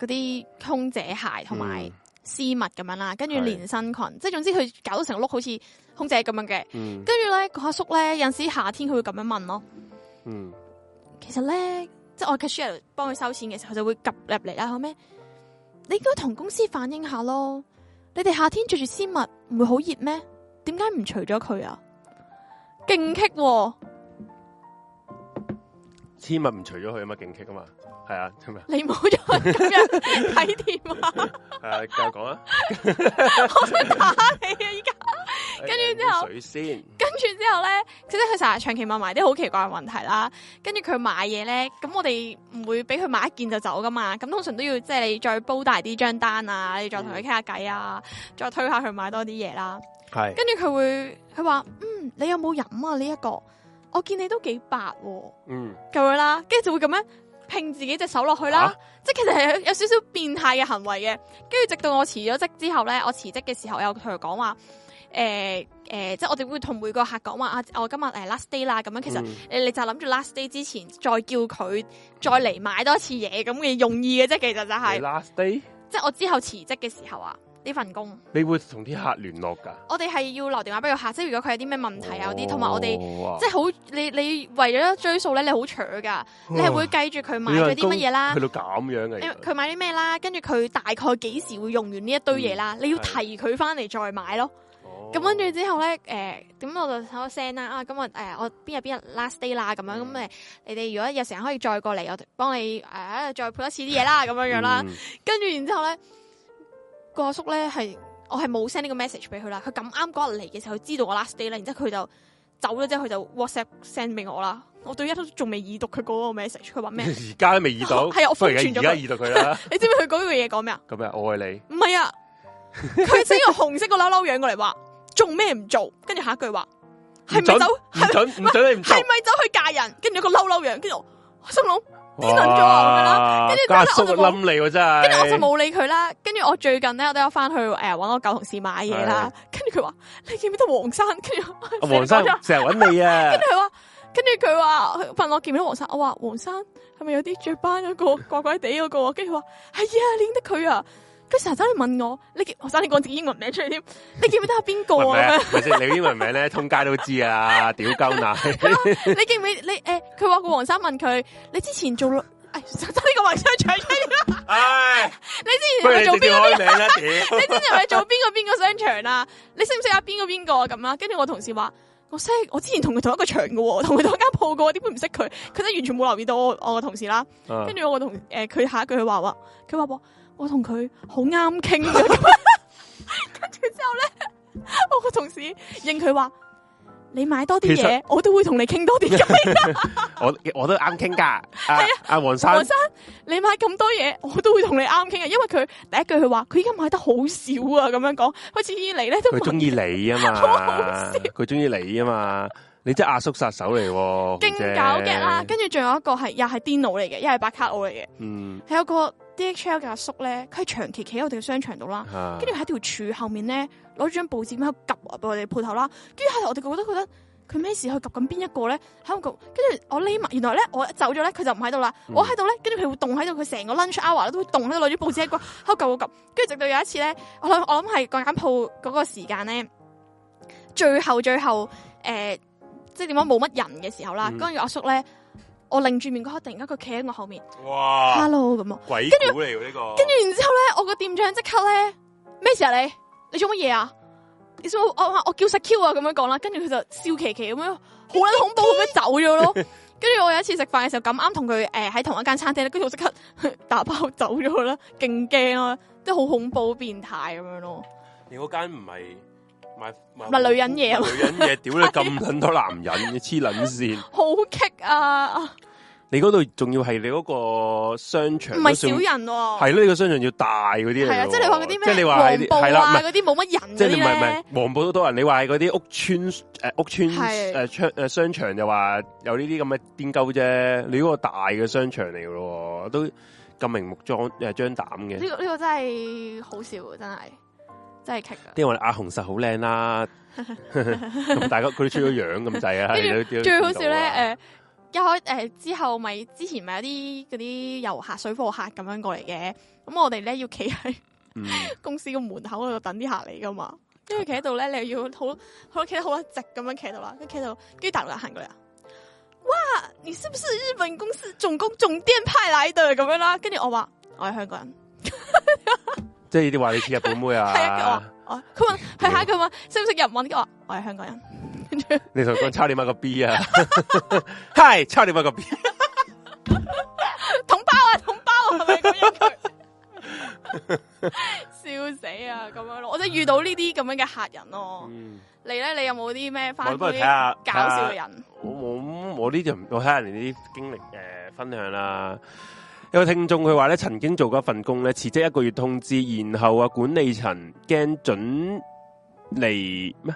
嗰啲空姐鞋同埋絲襪咁樣啦，跟、嗯、住連身裙，係即係總之佢搞到成碌好似空姐咁樣嘅。跟住咧個阿叔咧，有陣時夏天佢會咁樣問咯。嗯，其實咧。即係我 cashier 幫佢收錢嘅時候，佢就會夾入嚟啦，後尾，你應該同公司反映一下咯。你哋夏天着住絲襪，唔會好熱咩？點解唔除咗佢啊？勁棘喎！千萬唔除咗佢啊嘛，勁劇啊嘛，係啊，千萬。你冇咗再咁樣睇電話啊！係啊，繼續講啊！我想打你啊！依家，跟住之後，跟、嗯、住 之後咧，即係佢成日長期問埋啲好奇怪嘅問題啦。跟住佢買嘢咧，咁我哋唔會俾佢買一件就走噶嘛。咁通常都要即係你再煲大啲張單啊，你再同佢傾下偈啊，再推下佢買多啲嘢啦。係。跟住佢會，佢話：嗯，你有冇飲啊？呢、這、一個。我見你都幾白、哦，嗯，咁樣啦，跟住就會咁樣拼自己隻手落去啦、啊，即係其實係有少少變態嘅行為嘅，跟住直到我辭咗職之後咧，我辭職嘅時候有同佢講話，誒、欸、誒、欸，即係我哋會同每個客講話啊，我今日誒 last day 啦，咁樣其實你你就諗住 last day 之前再叫佢再嚟買多一次嘢咁嘅用意嘅啫，其實就係 last day，即係我之後辭職嘅時候啊。呢份工，你會同啲客聯絡噶？我哋係要留電話俾個客，即係如果佢有啲咩問題啊啲，同、哦、埋我哋即係好，你你為咗追數咧，你好扯噶，你係會計住佢買咗啲乜嘢啦，去到咁樣嘅，佢買啲咩啦？跟住佢大概幾時會用完呢一堆嘢啦、嗯？你要提佢翻嚟再買咯。咁跟住之後咧，誒、呃，咁我就響個聲啦。啊，誒、嗯，我邊日邊日 last day 啦，咁樣咁誒、嗯，你哋如果有時間可以再過嚟，我幫你誒、啊、再配一次啲嘢啦，咁樣樣啦。跟、嗯、住然之後咧。我阿叔咧，係我係冇 send 呢個 message 俾佢啦，佢咁啱嗰日嚟嘅時候，知道我 last day 啦，然之後佢就走咗之後佢就 WhatsApp send 俾我啦。我對一都仲未已讀佢嗰個 message，佢話咩？而家都未已讀？係、哦、啊，我封存而家已讀佢啦。 你知唔知佢講嘅嘢講咩啊？咁我愛你。唔係啊，佢整個紅色個嬲嬲樣過嚟話，做咩唔做？跟住下一句話係咪走？唔准唔准係咪走去嫁人？跟住個嬲嬲樣，跟住我心諗。癲咗我噶啦，跟住嗰陣我就諗你喎真係，跟住我就冇理佢啦。跟住我最近咧，我都有翻去誒揾、呃、我舊同事買嘢啦。跟住佢話：你見唔見到黃生？跟住黃生成日揾你啊。跟住佢話，跟住佢話問我見唔見到黃生。我話黃生係咪有啲雀斑嗰、那個 怪怪地嗰、那個？跟住話係啊，練得佢啊。佢成日走去問我，你我你嚟，講自己英文名出嚟添，你記唔記得阿邊個啊？你英文名咧通街都知啊，屌鳩乸。你記唔記得你誒？佢話個黃生問佢，你之前做誒走呢個商場嘅？ 哎、 你之前係做邊、哎、個？你之前係做邊個邊個商場啊？你識唔識阿邊個邊個咁啊？跟住我的同事話我識，我之前同佢同一個場嘅，同佢同一間鋪嘅，點會唔識佢？佢都完全冇留意到我我個同事啦。嗯、著跟住我個同誒，佢下一句佢話話，佢話。我,跟 我同佢好啱傾，跟住之後咧，我個同事應佢話：你買多啲嘢、 啊啊，我都會同你傾多啲偈。我我都啱傾噶，係啊，阿黃生，黃生，你買咁多嘢，我都會同你啱傾㗎！因為佢第一句佢話佢而家買得好少啊，咁樣講，好似依嚟咧都。佢中意你啊嘛，佢中意你啊嘛， 你即係阿叔殺手嚟、啊，勁搞嘅啦。跟住仲有一個係又係癲佬嚟嘅，嗯、一係白卡奧嚟嘅，係有個。嘅阿叔咧，佢係長期企喺我哋嘅商場度啦，跟住喺條柱後面咧，攞住張報紙咁喺度 𥄫 我哋鋪頭啦，跟住喺度我哋覺得覺得佢咩事去 𥄫 緊邊一個咧喺我度，跟住我匿埋，原來咧我一走咗咧，佢就唔喺度啦，嗯、我喺度咧，跟住佢會動喺度，佢成個 lunch hour 都會動喺度攞住報紙喺度 𥄫 度 𥄫 跟住直到有一次咧，我諗我諗係嗰間鋪嗰個時間咧，最後最後誒、呃，即係點講冇乜人嘅時候啦，跟住阿叔咧。我擰住面嗰刻，突然間佢企喺我後面。哇，Hello 咁啊鬼嚟嘅呢個。跟住然之後咧，我個店長即刻咧咩事啊？咩事啊你你做乜嘢啊？你做我我我叫實 Q 啊，咁 樣講啦。跟住佢就笑騎騎咁樣，好鬼恐怖咁 樣走咗咯。跟住我有一次食飯嘅時候，咁啱同佢誒喺同一間餐廳咧，跟住我即刻打包走咗啦，勁驚啊，即係好恐怖，變態咁樣咯。你嗰間唔係？唔係女人嘢，女人嘢屌你咁撚多男人嘅黐撚線， 神經病 好激啊！你嗰度仲要係你嗰個商場唔係少人喎、啊，係咯？呢個商場要大嗰啲啊，即、就、係、是、你話嗰啲咩？即係你話係，啦，唔係嗰啲冇乜人，即係唔係唔係黃埔都、啊就是就是、多人。你話係嗰啲屋村誒、呃、屋村誒商誒商場就話有呢啲咁嘅癲鳩啫。你嗰個大嘅商場嚟嘅咯，都咁明目張誒張膽嘅。呢、這個呢、這個真係好笑，真係。真係劇，因為阿紅實好靚啦，但係佢都出咗樣咁滯啊，最好笑咧，誒、呃，一開誒之後咪之前咪有啲嗰啲遊客水貨客咁樣過嚟嘅，咁我哋咧要企喺公司個門口嗰度等啲客嚟噶嘛，跟住企喺度咧，你又要好，好企得好一直咁樣企度啦，跟住企度，跟住大陸人行過嚟啊，哇，你是不是日本公司總公總店派來的咁樣啦？跟住我話，我係香港人。 即係呢啲話你似日本妹啊？係 啊，佢話，佢、哦、問，係吓佢問識唔識日文？話我係香港人。嗯、 跟住你同佢講差你媽個 B 啊嗨， Hi, 差你媽個 B！捅 包啊！捅包、啊！係咪咁樣？ ， 笑死啊！咁樣咯，我真係遇到呢啲咁樣嘅客人咯、啊嗯。你咧，你有冇啲咩翻？我都係睇下搞笑嘅人。看看看看我我我呢就我睇人哋啲經歷嘅分享啦、啊。有聽眾佢話咧，曾經做過份工咧，辭職一個月通知，然後啊管理層驚準離咩？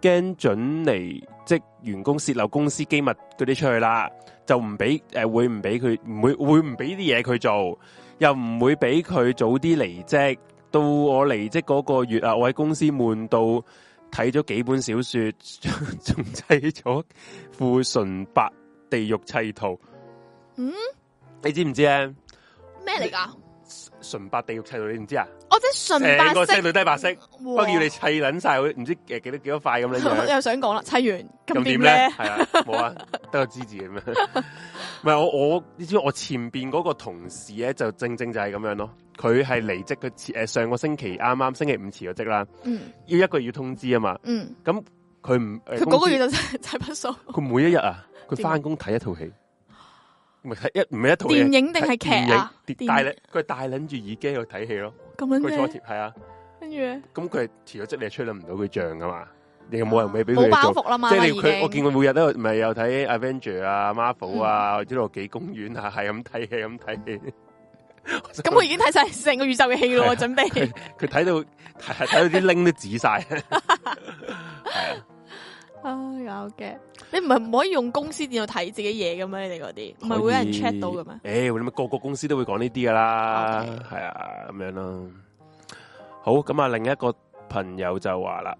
驚準離職員工洩漏公司機密嗰啲出去啦，就唔俾，誒，會唔俾佢，唔會會唔俾啲嘢佢做，又唔會俾佢早啲離職。到我離職嗰個月啊，我喺公司悶到睇咗幾本小說，仲 砌咗副純白地獄砌圖。嗯。你知唔知咧、啊？咩嚟噶？純白地獄砌到你唔知啊！我、哦、即係純白個聲到低白色，白色不過要你砌捻晒，唔知幾幾多幾多塊咁。又想講啦，砌完咁點咧？係 啊，冇啊，得個支字咁樣。唔 係 我我，你知，知我前邊嗰個同事咧，就正正就係咁樣咯。佢係離職，佢誒上個星期啱啱星期五辭咗職啦。要一個月通知啊嘛。咁佢唔佢嗰個月就真係不數。佢 每一日啊，佢翻工睇一套戲。唔係一唔係一套嘢，電影定係劇啊？帶咧，佢帶捻住耳機去睇戲咯。咁樣咩？係啊，跟住咧，咁佢係辭咗職，你係出到唔到佢脹噶嘛？你又冇人俾俾佢包袱嘛？即係佢。我見佢每日都咪又睇 Avenger 啊、Marvel 啊，嗯、侏羅紀公園啊，係咁睇戲，咁睇戲。咁、嗯、佢 已經睇晒成個宇宙嘅戲咯，準 備、啊。佢睇到睇睇 到啲拎都紫晒。係。 啊，有嘅，你唔係唔可以用公司電腦睇自己嘢噶咩？你嗰啲唔係會有人 check 到噶咩？誒、欸，你咪個個公司都會講呢啲噶啦，係、okay. 啊，咁樣咯。好，咁啊，另一個朋友就話啦，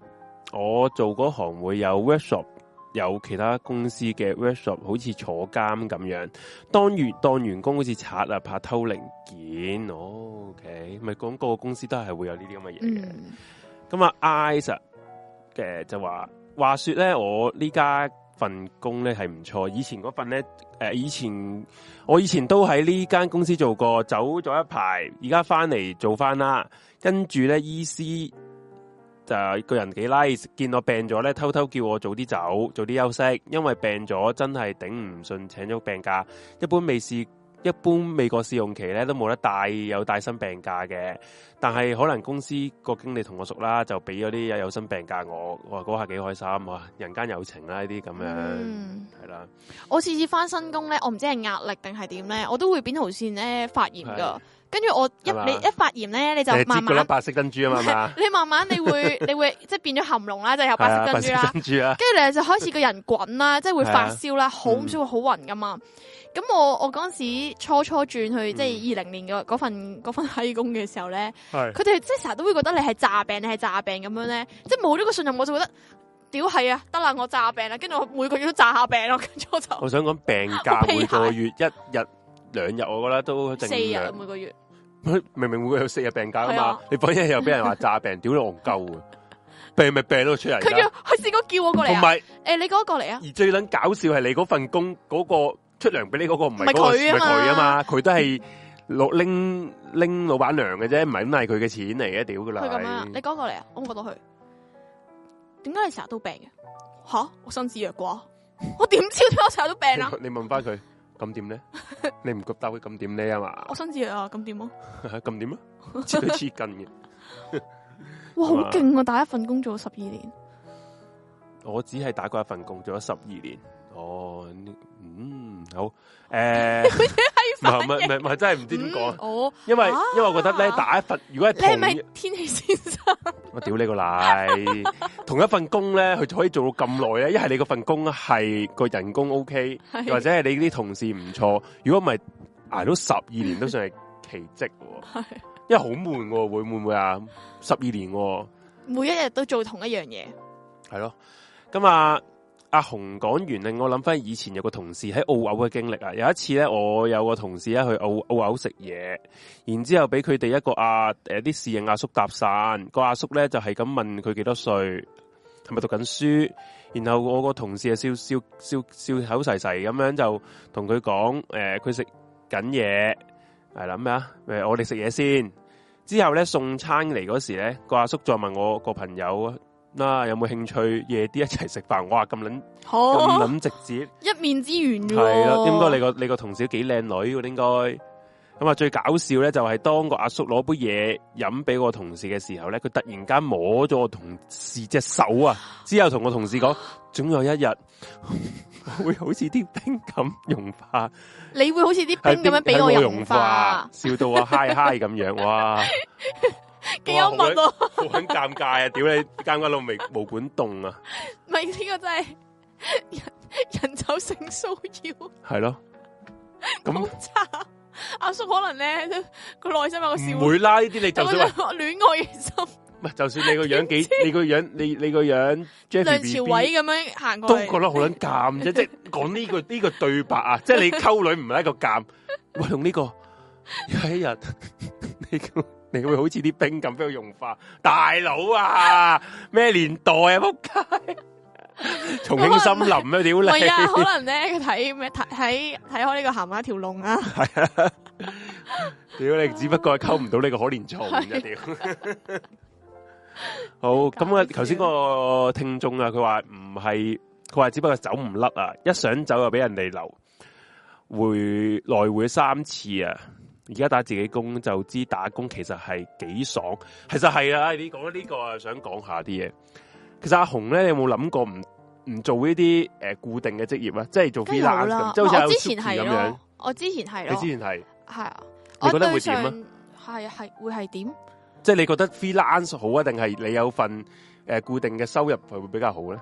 我做嗰行會有 workshop，有其他公司嘅 workshop，好似坐監咁樣，當員當員工好似賊啊，怕偷零件。哦、okay。」OK，咪講個個公司都係會有呢啲咁嘅嘢嘅。咁、嗯、啊，Isa 嘅就話。話說咧，我呢家份工咧係唔錯。以前嗰份咧，誒、呃，以前我以前都喺呢間公司做過，走咗一排，而家翻嚟做翻啦。跟住咧，醫師就個人幾 nice，like，見我病咗咧，偷偷叫我早啲走，早啲休息，因為病咗真係頂唔順，請咗病假，一般未試。一般未過試用期咧，都冇得帶，有帶薪病假嘅。但係可能公司個經理同我熟啦，就俾咗啲有薪病假我那這這、嗯是啊。我話嗰下幾開心啊！人間有情啦，呢啲咁樣係啦。我次次返新工咧，我唔知係壓力定係點咧，我都會扁桃腺咧發炎噶。跟住我一你一發炎咧，你就慢慢白色珍珠啊嘛。 你慢慢你會你會 即係變咗含膿啦，就係、是、有白色珍珠啦。啊、跟住你就開始個人滾啦、啊，即係會發燒啦，啊嗯、很不少會好唔舒服，好暈噶嘛。咁我我嗰時初初轉去即係二零年嘅嗰份嗰、嗯、份低工嘅時候咧，佢哋即係成日都會覺得你係詐病，你係詐病咁樣咧，即係冇呢個信任我就覺得，屌係啊，得啦我詐病啦、啊，跟住我每個月都詐下病咯、啊，跟住我就我想講病假每個月一日兩日，我覺得都四日每個月， 明明每個月有四日病假噶嘛，啊、你放一日又俾人話詐病， 屌到我唔夠啊！病咪病到出嚟，佢叫佢試過叫我過嚟、啊，唔係誒你講嚟啊！而最捻搞笑係你嗰份工嗰、嗰個。出糧俾你嗰個唔係佢啊嘛，佢都係落拎拎老闆娘嘅啫，唔係咁係佢嘅錢嚟嘅，屌噶啦！佢咁樣，你講過嚟啊，我唔覺得佢點解你成日都病嘅？吓，我身子弱啩， 我點知我成日都病啦、啊？你問翻佢，咁點咧？ 你唔覺得會咁點咧啊嘛？ 我身子弱 樣樣次次 啊，咁點啊？咁點啊？黐黐筋嘅，哇好勁啊！打一份工做咗十二年，我只係打過一份工做咗十二年。哦，嗯，好，誒，唔係唔係唔係真係唔知點講，因為因為我覺得咧打一份如果係，你係咪天氣先生？我屌你個奶，同一份工咧佢可以做到咁耐咧，一係你嗰份工係個人工 OK，或者係你啲同事唔錯，如果唔係挨到十二年都算係奇迹，係，因為好悶，會會唔會啊？十二年，每一日都做同一樣嘢，係咯，咁啊。阿洪講完，令我諗翻以前有個同事喺澳偶嘅經歷啊！有一次咧，我有個同事咧去澳澳偶食嘢，然之後俾佢哋一個阿誒啲侍應阿叔搭訕，個阿叔咧就係咁問佢幾多歲，係咪讀緊書？然後我個同事就笑笑笑笑口噬噬咁樣就同佢講，誒、呃，佢食緊嘢，係啦咩啊？誒、呃，我哋食嘢先。之後咧送餐嚟嗰時咧，個阿叔再問我個朋友。嗱、啊，有冇興趣夜啲一齊食飯？哇，咁捻咁撚直接一面之緣啫、啊。係啦，應該你個你個同事幾靚女，應該咁啊。最搞笑咧，就係當個阿叔攞杯嘢飲俾我同事嘅時候咧，佢突然間摸咗個同事隻手啊，之後同我同事講：總有一日 會好似啲冰咁融化。你會好似啲冰咁樣俾我融化，溶化溶化， 笑到我嗨嗨咁樣哇！幾幽默咯，好撚尷尬啊！屌你，尷尬到未毛管凍啊！咪呢個真係人人走性騷擾，係咯，咁差阿叔可能咧，佢內心有個笑。唔會啦，呢啲你就算戀愛嘅心，唔係就算你個樣幾，你個樣你你個樣梁朝偉咁樣行過，都覺得好撚尷啫！即係講呢個呢個對白啊，即係你溝女唔係一個尷，我用呢個有一日你。你會好似啲冰咁俾佢融化，大佬啊！咩年代啊撲街！重慶森林啊屌你？可能咧佢睇咩睇睇睇開呢個鹹魚一條龍啊！係啊，屌你！只不過係溝唔到呢個可憐蟲啊屌！好咁啊！頭先個聽眾啊，佢話唔係，佢話只不過走唔甩啊，一想走又俾人哋留，回來回三次啊！而家打自己工就知打工其實係幾爽，其實係啊！你講呢個啊，這個、想講下啲嘢。其實阿紅咧，你有冇諗過唔唔做呢啲誒固定嘅職業啊？即係做 freelance 咁，好似有咁樣。我之前係，你之前係，係啊。你覺得會點啊？係係會係點？即係你覺得 freelance 好啊，定係你有份誒、呃、固定嘅收入係會比較好咧？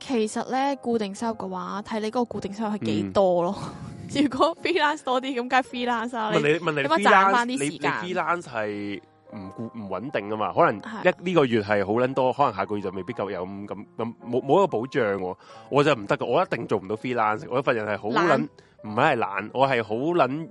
其實咧，固定收入嘅話，睇你嗰個固定收入係幾多咯、嗯。如果 freelance 多啲，咁梗係 freelance 啦、啊。問你，問你 freelance 你 freelance 係唔唔穩定噶嘛？可能一呢個月係好捻多，可能下個月就未必夠有咁咁冇冇一個保障、啊。我就唔得噶，我一定做唔到 freelance 我。我份人係好捻唔係係懶，我係好捻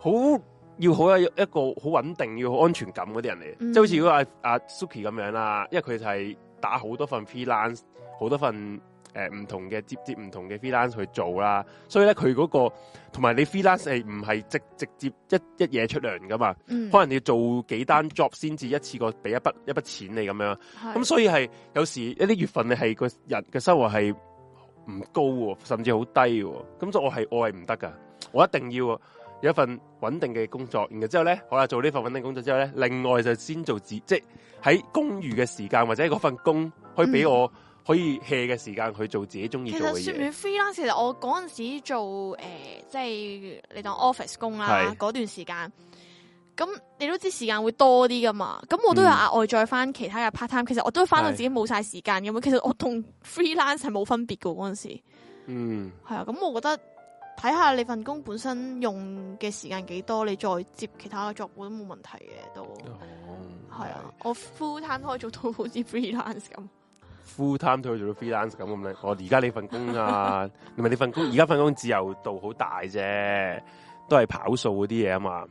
好要好一個好穩定要安全感啲人嚟。即係好似如果阿阿 Suki 咁樣啦，因為佢就係打好多份 freelance，好多份。誒、呃，唔同嘅，接接唔同嘅 freelance 去做啦，所以咧佢嗰個同埋你 freelance 係唔係直接直接一一嘢出糧噶嘛？嗯、可能你要做幾單 job 先至一次過俾一筆一筆錢你咁樣，咁所以係有時一啲月份你係個人嘅收穫係唔高甚至好低喎。咁所以我係我唔得噶，我一定要有一份穩定嘅工作。然後之後咧，好啦，做呢份穩定工作之後咧，另外就先做自即係喺公寓嘅時間或者嗰份工可以俾我、嗯。嗯可以 hea 嘅時間去做自己中意做嘅嘢。其實算唔算 freelance？其實我嗰陣時做誒，即係你當 office 工啦，嗰段時間，咁你都知時間會多啲噶嘛。咁我都有額外再返其他嘅 part time。其實我，呃、我都返、嗯、到自己冇晒時間咁。其實我同 freelance 係冇分別噶嗰陣時。嗯，係啊。咁我覺得睇下你份工本身用嘅時間幾多，你再接其他嘅作務都冇問題嘅。都係、嗯、啊，我 full time 可以做到好似 freelance 咁。full time 退去做咗 freelance 咁咁咧，我而家呢份工啊，唔 係你份工，而家份工自由度好大啫，都係跑數啲嘢啊嘛。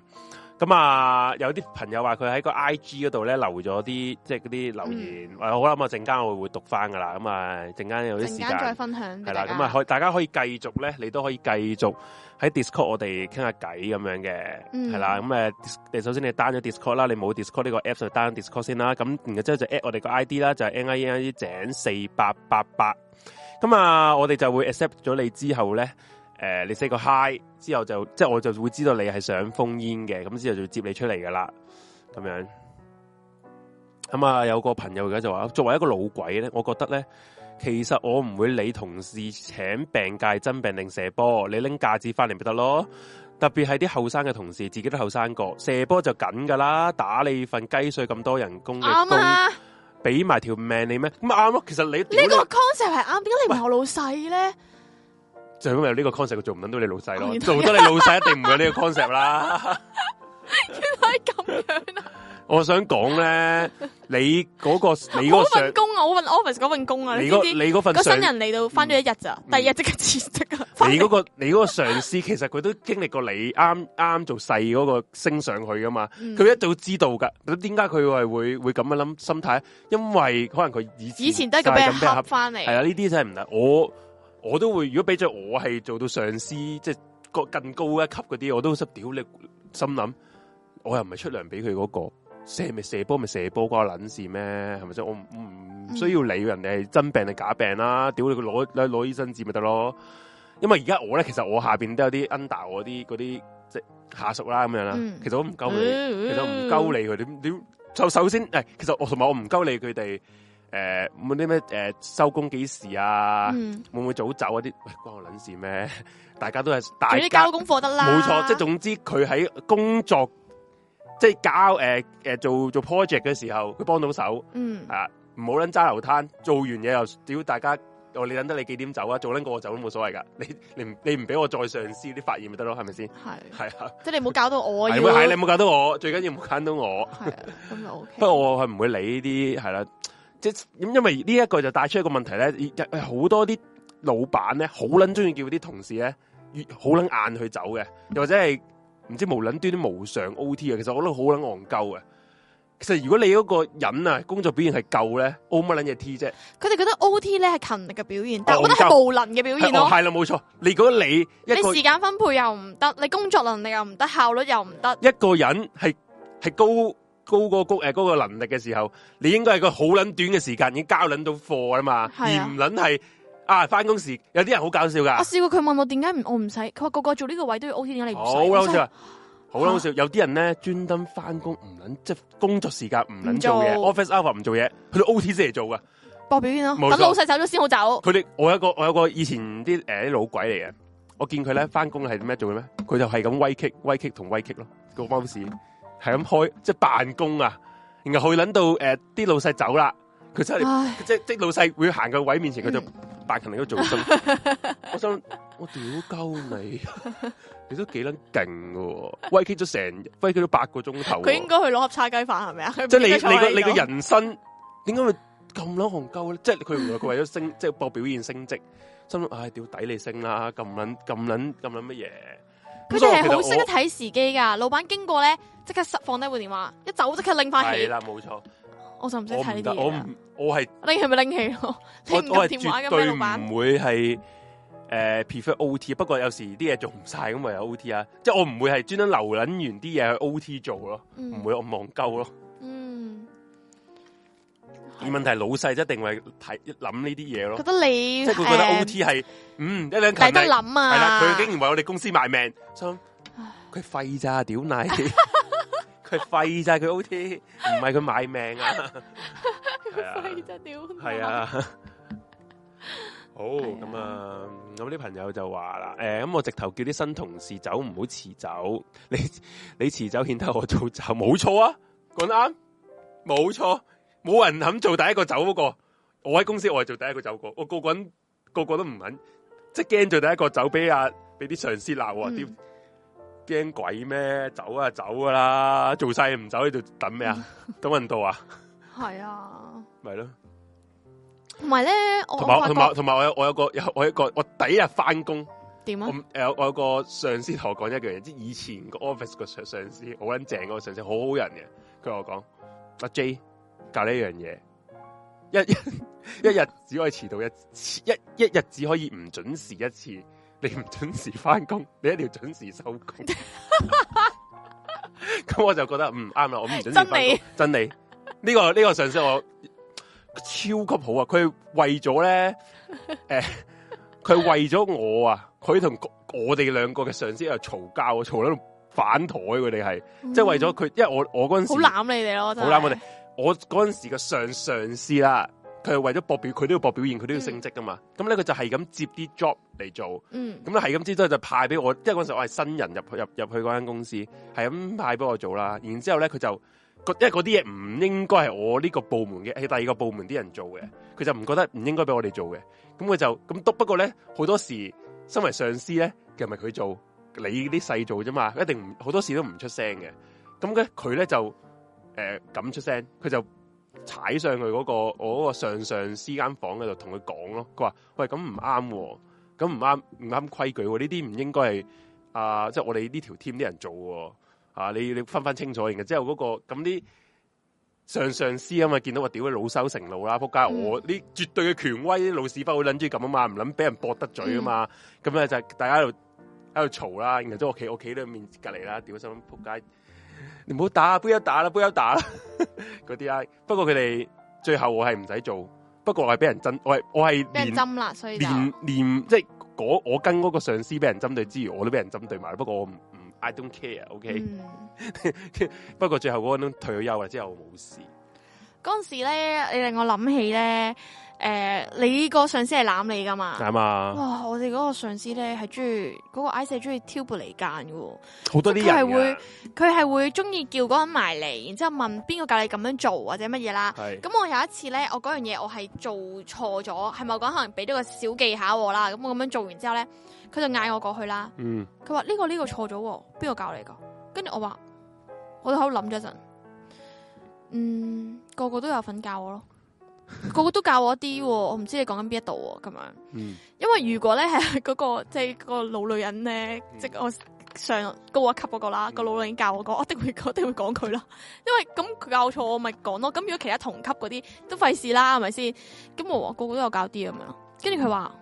咁啊，有啲朋友話佢喺個 I G 嗰度咧留咗啲，即係嗰啲留言。喂、嗯啊，好啦，咁啊，陣間我會讀翻噶啦。咁啊，陣間有啲時間，再分享。係啦，咁啊，可大家可以繼續咧，你都可以繼續喺 Discord 我哋傾下偈咁樣嘅。係係啦，咁、嗯、啊，你首先你 down Discord 啦，你冇 Discord 呢個 app 就 down Discord 先啦。咁然之後就 at 我哋個 I D 啦，就係 N I N 井四八八八。咁啊，我哋就會 accept 咗你之後咧。誒、呃，你 say 個 high 之後就，即係我就會知道你係想封煙嘅，咁之後就接你出嚟噶啦，咁樣。咁、嗯、啊，有個朋友而家就話，作為一個老鬼咧，我覺得咧，其實我唔會理同事請病假，真病定射波，你拎假紙翻嚟咪得咯。特別係啲後生嘅同事，自己都後生過，射波就緊噶啦，打你份雞碎咁多人工，啱、嗯、啊！俾埋條命你咩？咁、嗯、啊啱咯。其實你呢、這個 concept 係啱，點解你唔係我老細咧？就因為呢個 concept，佢做唔到你老細，做到你老細咯，做得你老細一定唔有呢個 concept 啦。原來咁樣啊！我想講咧，你嗰、嗰個你嗰份工啊，我份 office 嗰份工，啊，工啊，你嗰、嗰份、嗰個，新人嚟到翻咗一日咋，嗯，第二日即刻辭職啊！你嗰、嗰個你嗰個上司其實佢都經歷過你啱啱做細嗰個升上去噶嘛，佢、嗯、一早知道噶。咁點解佢係會會咁樣諗心態？因為可能佢以前以前都係咁合翻嚟，係啊，呢啲真係唔得我。我都會，如果俾咗我係做到上司，即係個更高一級嗰啲，我都會心屌你，心諗我又唔係出糧俾佢嗰個，射咪射波咪射波，關我卵事咩？係咪先？我唔需要理人哋係、嗯、真病定假病啦、啊，屌你個攞攞攞醫生紙咪得咯。因為而家我咧，其實我下邊都有啲 under 嗰啲嗰啲即係下屬啦咁樣啦、嗯，其實我唔溝佢，其實我唔溝理佢。點點就首先誒，其實我同埋、哎、我唔溝理佢哋。誒、呃，冇啲咩誒，收工幾時啊？嗯、會唔會早走啊？啲喂關我撚事咩？ 大家都係，大，啲交功課得啦，冇錯。即係總之，佢喺工作，即係交誒誒、呃呃、做做 project 嘅時候，佢幫到手，啊、嗯，唔好捻揸流攤。做完嘢又屌大家，我你撚得你幾點走啊？做捻過我走都冇所謂噶。你你唔你唔俾我再上司啲發現咪得咯？係咪先？係係啊，即係你唔好搞到我。係你冇搞到我，最緊要冇揀到我。咁就 O K。不過我係唔會理呢啲係啦。即咁，因為呢一個就帶出一個問題咧，係好多啲老闆咧，好捻中意叫啲同事咧，越好捻硬去走嘅，或者係唔知無捻端啲無償 OT 啊，其實我都好捻戇鳩嘅。其實如果你嗰個人啊，工作表現係夠咧，O 乜捻嘢 T 啫？佢哋覺得 OT 咧係勤力嘅表現，但係我覺得係無能嘅表現咯。係啦，冇錯。如果你你時間分配又唔得，你工作能力又唔得，效率又唔得，一個人係係高。高嗰個谷誒，嗰能力嘅時候，你應該係個好撚短嘅時間已經交撚到貨啊嘛，啊而唔撚係啊翻工時，有啲人好搞笑噶。我試過佢問我點解唔我唔使，佢話個個做呢個位都要 O T 嘅，點解你唔使？好笑，好笑、啊、有啲人咧專登翻工唔撚，即係、就是、工作時間唔撚做嘢，office Hour 唔做嘢，去到 O T 先嚟做噶。搏表現咯，咁。老細走咗先好走。佢哋我有個我有個以前啲誒、呃、老鬼嚟嘅，我見佢咧翻工係點樣做嘅咩？佢就係咁威劇威劇同威劇咯，嗰個方 f 係咁開，即係辦公啊，然後佢諗到，誒啲、呃、老細走啦，佢出嚟即係老細會行個位面前，佢、嗯、就扮勤力做 我想我屌鳩你，你都幾卵勁嘅，威 k i 咗成威 k i 咗八個鐘頭、哦。佢應該去攞盒叉雞飯係咪啊？是是即係你你個你個人生點解會咁卵戇鳩咧？ 即係佢唔來佢為咗升， 即係搏表現升職，心諗，唉，屌抵你升啦，咁卵咁卵咁卵乜嘢？佢哋係好識得睇時機噶，老闆經過咧，即刻實放低部電話，一走即刻拎翻起。係啦，冇錯。我就唔識睇呢啲啊。我唔，我係拎係咪拎起咯？ 我我係絕對唔會係誒、嗯呃、prefer O T，不過有時啲嘢做唔晒咁咪有 O T 啊。即係我唔會係專登留捻完啲嘢去 O T 做咯，唔會我忙夠咯。而問題，老細一定會睇諗呢啲嘢咯，覺得你即係佢覺得 O T 係嗯，嗯一兩，但啊係啦，佢竟然為我哋公司賣命，佢廢咋屌奶佢廢咋佢 O T，唔係佢賣命啊，佢廢咋屌，係啊， 啊，啊，好咁啊，咁啲、啊、朋友就話啦，誒、欸，咁我直頭叫啲新同事走，唔好遲走，你你遲走顯得我早走，冇錯啊，講得啱，冇錯。冇人肯做第一個走嗰個，我喺公司我係做第一個走個，我個個人個個都唔肯，即係驚做第一個走俾阿俾啲上司鬧啊，啲、嗯、驚鬼咩？走啊走噶、啊、啦，做晒唔走喺度等咩啊？等運、嗯、到啊？係啊， 咪咯，同埋咧，同埋同埋同埋我有，有我有個我一個我第一日翻工點啊？誒，我有個上司同我講一樣嘢，即係以前個 office 個上司好卵正個上司好好人嘅，佢同我講阿 J。教呢樣嘢，一日一,一日只可以遲到一次，一一,一日只可以唔準時一次。你唔準時翻工，你一定要準時收工。咁 我就覺得唔啱啦，我唔準時翻工。真你，呢個呢個上司我超級好啊！佢為咗咧，誒、 欸，佢為咗我啊，佢同我哋兩個嘅上司又嘈交，嘈喺度反台佢哋係，佢哋係即係為咗佢，因為我我嗰陣時好攬你哋咯，好攬我哋。我嗰陣時嘅上上司啦，佢係為咗博表，佢都要博表現，佢都要升職噶嘛。咁、嗯、咧，佢就係咁接啲 job 嚟做。嗯就，咁咧係咁，之後就派俾我。因為嗰陣時我係新人入入入去嗰間公司，係咁派俾我做啦。然之後咧，佢就，因為嗰啲嘢唔應該係我呢個部門嘅，係第二個部門啲人做嘅，佢、嗯、就唔覺得唔應該俾我哋做嘅。咁佢就咁督。不過咧好多時，身為上司咧，其實咪佢做，你啲細做啫嘛，一定好多時都唔出聲嘅。咁咧，佢咧就。誒、呃，咁出聲，佢就踩上去嗰、那個我個上上司間房喺度，就同佢講咯。佢話：喂，咁唔啱，咁唔啱，唔啱規矩，呢啲唔應該係啊，即係、啊呃就是、我哋呢條 team 啲人做啊，啊。你你分分清楚然嘅、那個，即嗰個咁啲上上司啊嘛，見到我屌老手、啊，老羞成怒啦，仆街！我呢絕對嘅權威，老屎忽會諗住咁啊嘛，唔諗俾人駁得嘴啊嘛。咁、嗯、咧就大家喺度喺度嘈啦，然後都屋企屋企對面隔籬啦、啊，屌心！收仆街。你唔好打，啊，杯要打啦，杯要打啦，嗰啲啊。不，不， 不過佢哋最後我係唔使做，不過我係俾人針，我係我係俾人針啦，所以連連即係、就是、我跟嗰個上司俾人針對之餘，我都俾人針對埋。不過我唔，I don't care，OK、okay? 嗯。 不過最後嗰個人都退咗休啦，之後冇事。嗰陣時咧，你令我諗起咧。誒、呃，你個上司係攬你噶嘛？係嘛？哇！我哋嗰個上司咧，係中意嗰個 ice 中意挑撥離間噶，好多啲人佢、啊、係會佢係會中意叫嗰個人埋嚟，然之後問邊個教你咁樣做或者乜嘢啦。咁，我有一次咧，我嗰樣嘢我係做錯咗，係咪講講可能俾咗個小技巧啦？咁我咁樣做完之後咧，佢就嗌我過去啦。嗯，佢話呢個呢、這個錯咗，邊個教你噶？跟住我話，我都喺度諗咗一陣，嗯，個個都有份教我咯。個個都教我啲、哦，我唔知你講緊邊一度咁樣。嗯、因為如果咧係嗰個即係、就是、個老女人咧，即、就、係、是、我上高一級嗰、嗰個啦，嗰個老女人教我講，我一定會，我一定會講佢啦。因為咁佢教錯，錯我咪講咯。咁如果其他同級嗰啲都費事啦，係咪先？咁我啊，個個都有教啲咁樣。跟住佢話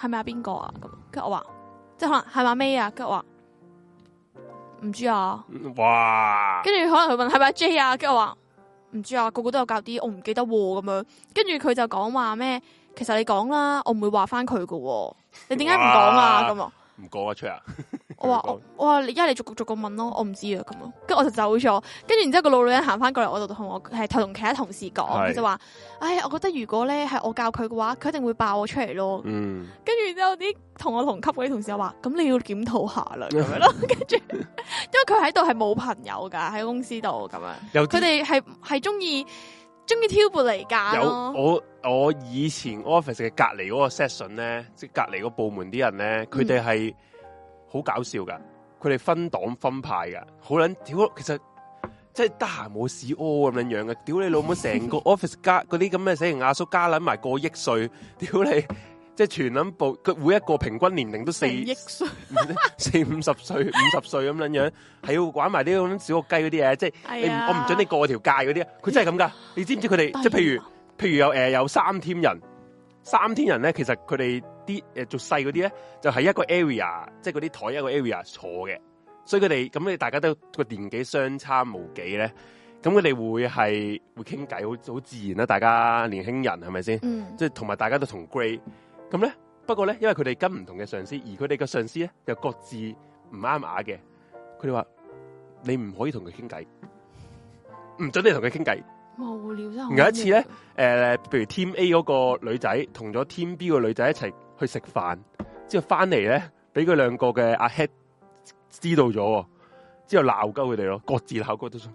係咪阿邊個啊？咁跟住我話即係可能係咪阿 May 啊？跟住我話唔知啊。哇！跟住可能佢問係咪阿 J 啊？跟住我話。唔知啊，個個都有教啲，我唔記得咁樣。跟住佢就講話咩？其實你講啦，我唔會話翻佢噶。你點解唔講啊？咁啊，唔講得出啊！我話我話你，而家你逐個逐個問咯，我唔知啊，咁樣，跟住我就走咗。跟住然之後個老女人行翻過嚟，我度同我係同其他同事講，佢就話：，哎，我覺得如果咧係我教佢嘅話，佢一定會爆我出嚟咯嗯。嗯。跟住之後啲同我同級嗰啲同事又話：，咁你要檢討下啦，咯。跟 住，因為佢喺度係冇朋友噶，喺公司度咁樣。佢哋係係中意中意挑撥離間。有我我以前 office 嘅隔籬嗰個 session 咧，即係隔籬個部門啲人咧，佢哋係。好搞笑噶，佢哋分黨分派噶，好捻屌，其實即係得閒冇屎屙咁樣樣嘅，屌 你老母成個 office 加嗰啲咁嘅死刑阿叔加捻埋個億歲，屌 你，即、就、係、是、全捻部佢每一個平均年齡都四億歲，四五十歲五十歲咁樣樣，係 要玩埋啲咁小學雞嗰啲嘢，即、就、係、是、你、哎、我唔准你過條界嗰啲，佢真係咁噶，你知唔知佢哋即係譬如譬如有誒、呃、有三添人。三天人咧，其實佢哋啲誒做細嗰啲咧，就係、是、一個 area，即係嗰啲台一個 area 坐嘅，所以佢哋咁你大家都個年紀相差無幾咧，咁佢哋會係會傾偈好好自然啦、啊，大家年輕人係咪先？即係同埋大家都同 grade 咁咧，不過咧，因為佢哋跟唔同嘅上司，而佢哋嘅上司咧又各自唔啱牙嘅，佢哋話你唔可以同佢傾偈，唔准你同佢傾偈。無聊，有一次咧，誒、呃，譬如 Team A 嗰個女仔同咗 Team B 個女仔一齊去食飯，之後翻嚟咧，俾佢兩個嘅阿 head 知道咗，之後鬧鳩佢哋咯，各自鬧各自說，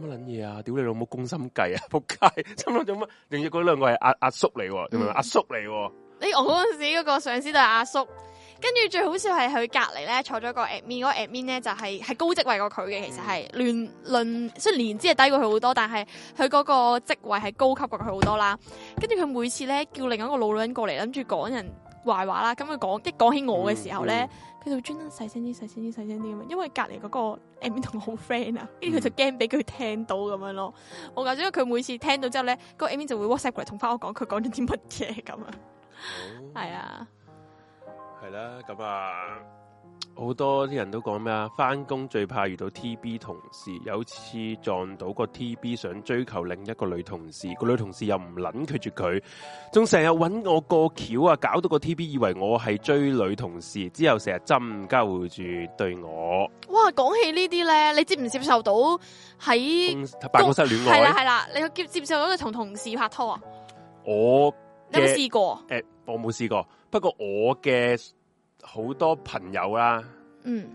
乜撚嘢啊？屌你老母，攻心計啊！仆街，做乜做乜？仲要嗰兩個係阿阿叔嚟㗎，你、嗯、明阿叔嚟㗎、欸。我嗰陣時嗰個上司就係阿叔。跟住最好笑係佢隔籬咧坐咗個 admin，嗰個 admin 咧就係、係、係高職位過佢嘅，其實係，年，年，雖然年資係低過佢好多，但係佢嗰個職位係高級過佢好多啦。跟住佢每次咧叫另外一個老女人過嚟，諗住講人壞話啦，咁佢講，一講起我嘅時候咧，佢、嗯嗯、就專登細聲啲、細聲啲、細聲啲咁，因為隔籬嗰個 admin 同我好 friend 啊，跟住佢就驚俾佢聽到咁樣咯，好搞笑，因為佢每次聽到之後咧，個 admin 就會 WhatsApp 過嚟同翻我講佢講咗啲乜嘢咁啊，係啊。係啦，咁啊，好多啲人都講咩啊？翻工最怕遇到 TB 同事，有次撞到個 TB 想追求另一個女同事，個女同事又唔捻拒絕佢，仲成日搵我過橋啊，搞到個 TB 以為我係追女同事，之後成日針灸住對我。哇，講起呢啲咧，你接唔接受到喺辦公室戀愛？係啦係啦，你接接受到佢同同事拍拖啊？我你有冇試過？誒、欸，我冇試過，不過我嘅。好多朋友啦、啊，嗯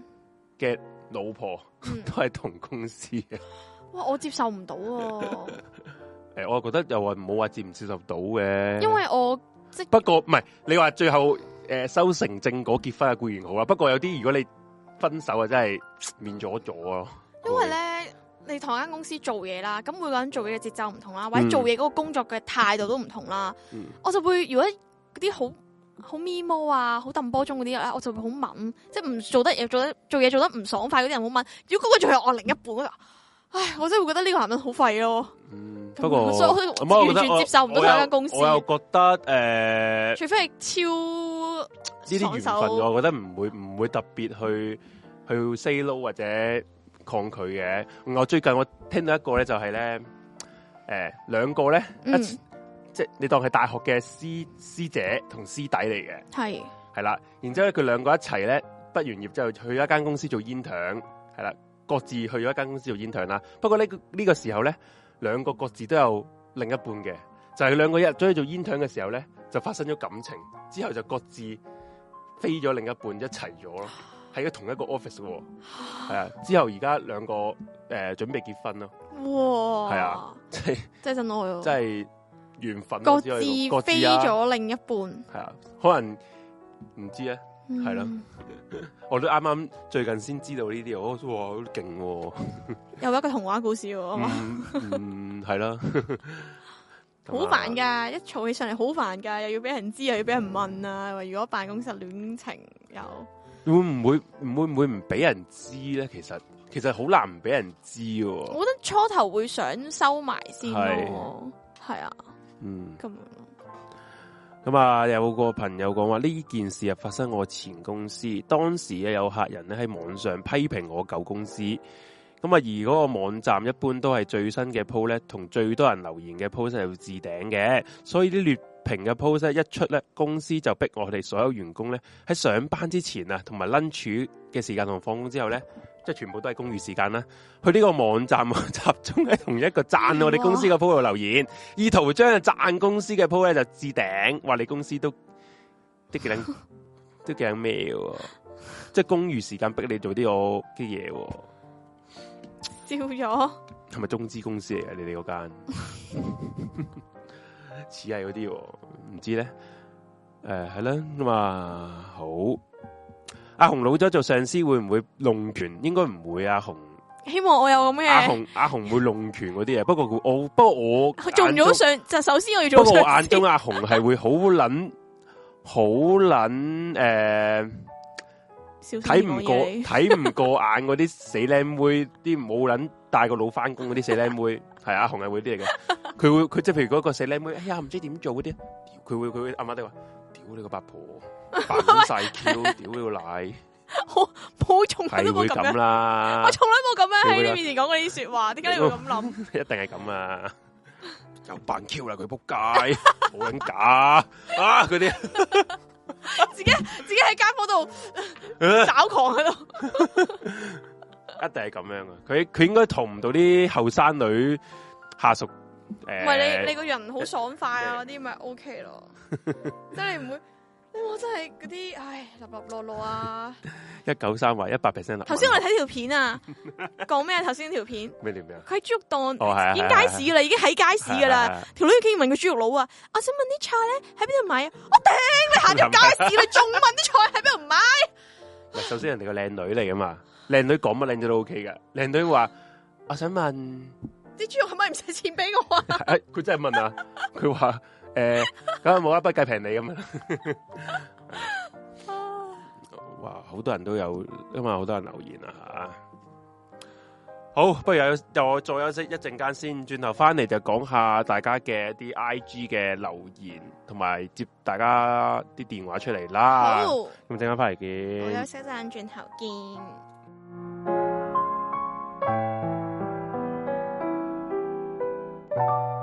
嘅老婆、嗯、都係同公司嘅， 哇！我接受唔到啊。 誒、欸，我覺得又話唔好話接唔接受到嘅，因為我即不過唔係你話最後誒、呃、收成正果結婚啊固然好啦，不過有啲如果你分手啊真係免咗咗咯。因為咧， 你同一間公司做嘢啦，咁每個人做嘢嘅節奏唔同啦，或者做嘢嗰個工作嘅態度都唔同啦。嗯嗯我就會如果嗰啲好。好咪毛啊，好抌波中嗰啲咧，我就會好敏，即係唔做得嘢，做得做嘢做得唔爽快嗰啲人好敏。如果佢仲係我另一半，唉，我真係會覺得呢個男人好廢咯。不過、嗯、完全接受唔到佢間公司。我又覺得誒、呃，除非係超呢啲緣分，我覺得唔會唔會特別去去 say no 或者抗拒嘅。我最近我聽到一個咧就係、是、咧，誒、呃，兩個咧。嗯即係你當係大學嘅師師姐同師弟嚟嘅，係係啦，然之後咧佢兩個一齊咧，畢完業之後去一間公司做 intern，係啦，各自去咗一間公司做 intern 啦。不過呢呢個時候咧，兩個各自都有另一半嘅，就係、是、兩個入咗去做 intern 嘅時候咧，就發生咗感情，之後就各自飛咗另一半一齊咗咯，喺 同一個 office 喎，係啊。之後而家兩個誒、呃、準備結婚咯，哇，係啊，即係真愛即、哦、係。 真緣分各自飛咗、啊、另一半，係啊，可能唔知咧、啊，係、嗯、咯、啊。我都啱啱最近先知道呢啲，我哇好勁喎，又、啊、 一個童話故事喎、啊。嗯，係 啦、嗯，好煩噶，一嘈起上嚟好煩噶，又要俾人知，又要俾人問啊。話、嗯、如果辦公室戀情又，會唔會唔會唔會唔俾人知咧？其實其實好難唔俾人知、啊。我覺得初頭會想收埋先咯，係啊。嗯，咁咁啊，有個朋友講話呢件事啊發生我前公司，當時咧有客人咧喺網上批評我舊公司，咁啊而嗰個網站一般都係最新嘅 post 咧同最多人留言嘅 post 係要置頂嘅，所以啲劣評嘅 post 一出咧，公司就逼我哋所有員工咧喺上班之前啊同埋 lunch 嘅時間同放工之後咧。即係全部都係公寓時間啦，去呢個網站集中喺同一個讚我哋公司嘅 p 度留言，意圖將讚公司嘅 p o 咧就置頂，話你公司都都幾靚，都幾咩、 啊？即係公寓時間逼你做啲我嘅嘢，笑咗 、啊。係咪中資公司嚟嘅？你哋嗰間似係嗰啲，唔知咧。誒，係啦，咁啊，好。阿紅老咗做上司會唔會弄權？應該唔會阿紅。希望我有咩？阿紅阿紅會弄權嗰啲啊，不過我不過我眼中做做上就首先我要做。我眼中阿紅係會好捻好捻誒，睇 唔、呃、過睇唔過眼嗰啲死靚妹，啲冇捻帶個腦翻工嗰啲死靚妹，係 阿紅係會啲嚟嘅。佢 會佢即係譬如嗰個死靚妹，哎呀唔知點做嗰啲，佢會佢會阿媽都話，屌你個八婆。扮晒 Q，到屌要奶， 好我從來都冇咁啦，我從來冇咁樣喺你面前講過啲說話，點解你會咁諗？一定係咁啊, 啊,啊！又扮 Q 啦，佢仆街，好 撚假 在 啊！嗰啲自己自己喺街房度找狂喺度，一定係咁樣噶。佢佢應該同唔到啲後生女下屬。唔、欸、係你你個人好爽快啊，嗰啲咪 OK 咯， 即係你唔會。那我真係嗰啲唉，立立落落啊！一九三話一百 percent 立。頭先我哋睇條片啊，講 咩、哦、啊？頭先條片咩料片？佢喺豬肉檔，喺街市啦、啊啊，已經喺街市噶啦。條、啊啊啊、女要驚問佢豬肉佬啊，我想問啲菜咧喺邊度買啊？我、哦、頂你行咗街市， 你仲問啲菜喺邊度買？首先人哋個靚女嚟噶嘛，靚女講乜靚仔都 O K 噶。靚女話，我想問啲豬肉可唔可以唔使錢俾我啊？佢 真係問啊，佢話。誒、 呃，咁冇一筆計平你咁樣！哇，好多人都有，因為好多人留言啊吓。好，不如有我再休息一陣間先，轉頭翻嚟就講下大家嘅一啲 I G 嘅留言，同埋接大家啲電話出嚟啦。好，咁陣間翻嚟見。我休息陣，轉頭見。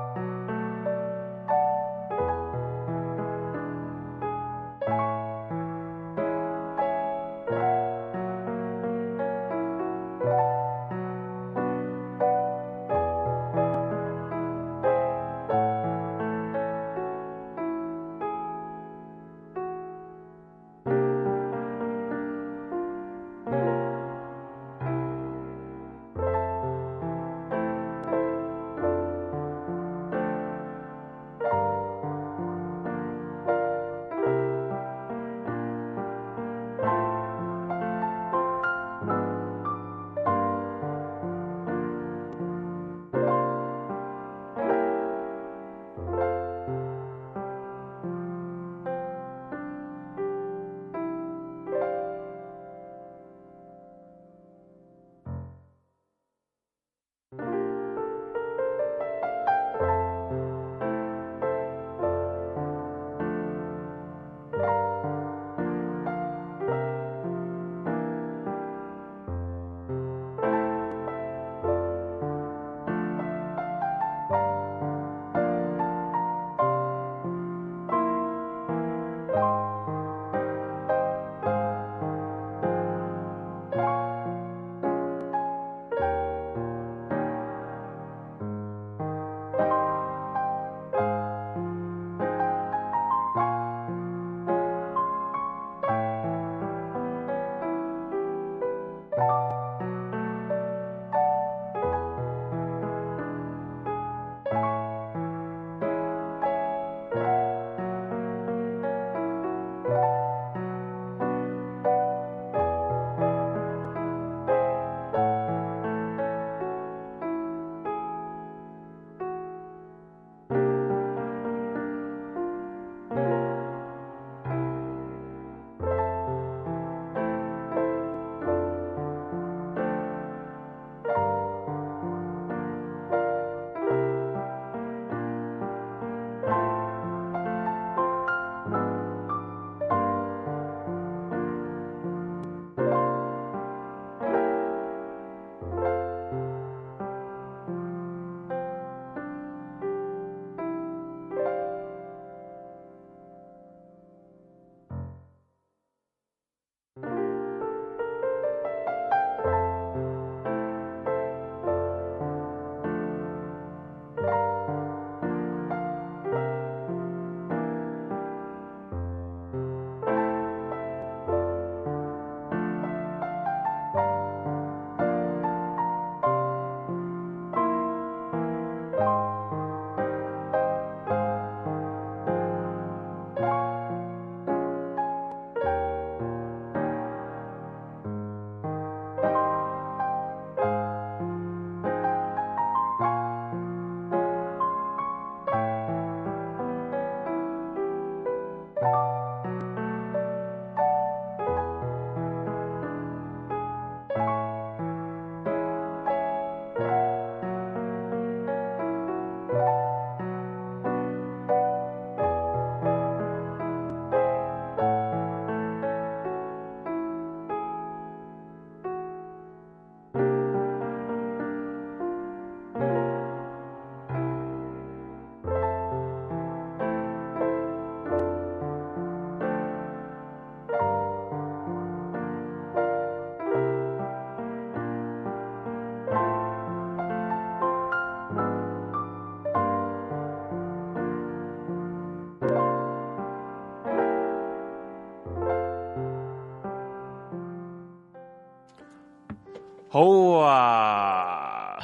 好啊，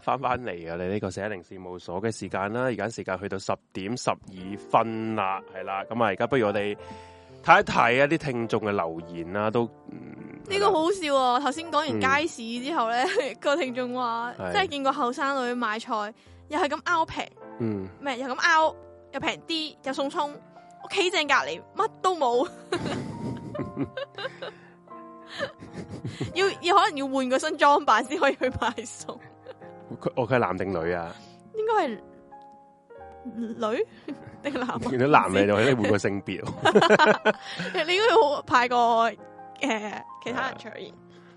翻翻嚟啊！你、這、呢個寫零事務所嘅時間啦，而家時間去到十點十二分啦，係啦，咁啊，而家不如我哋睇一睇一啲聽眾嘅留言啦，都呢、嗯、個好笑啊、哦！頭先講完街市之後咧，個、嗯、聽眾話，真係見過後生女買菜，又係咁拗平，嗯，咩又咁拗又平啲，又送葱，屋企正隔籬乜都冇。 要要可能要換個新裝扮先可以去派送。佢我佢係男定女啊？應該係女定 男？見 到男嘅就去換個性別。你應該要派個誒、呃、其他人出現。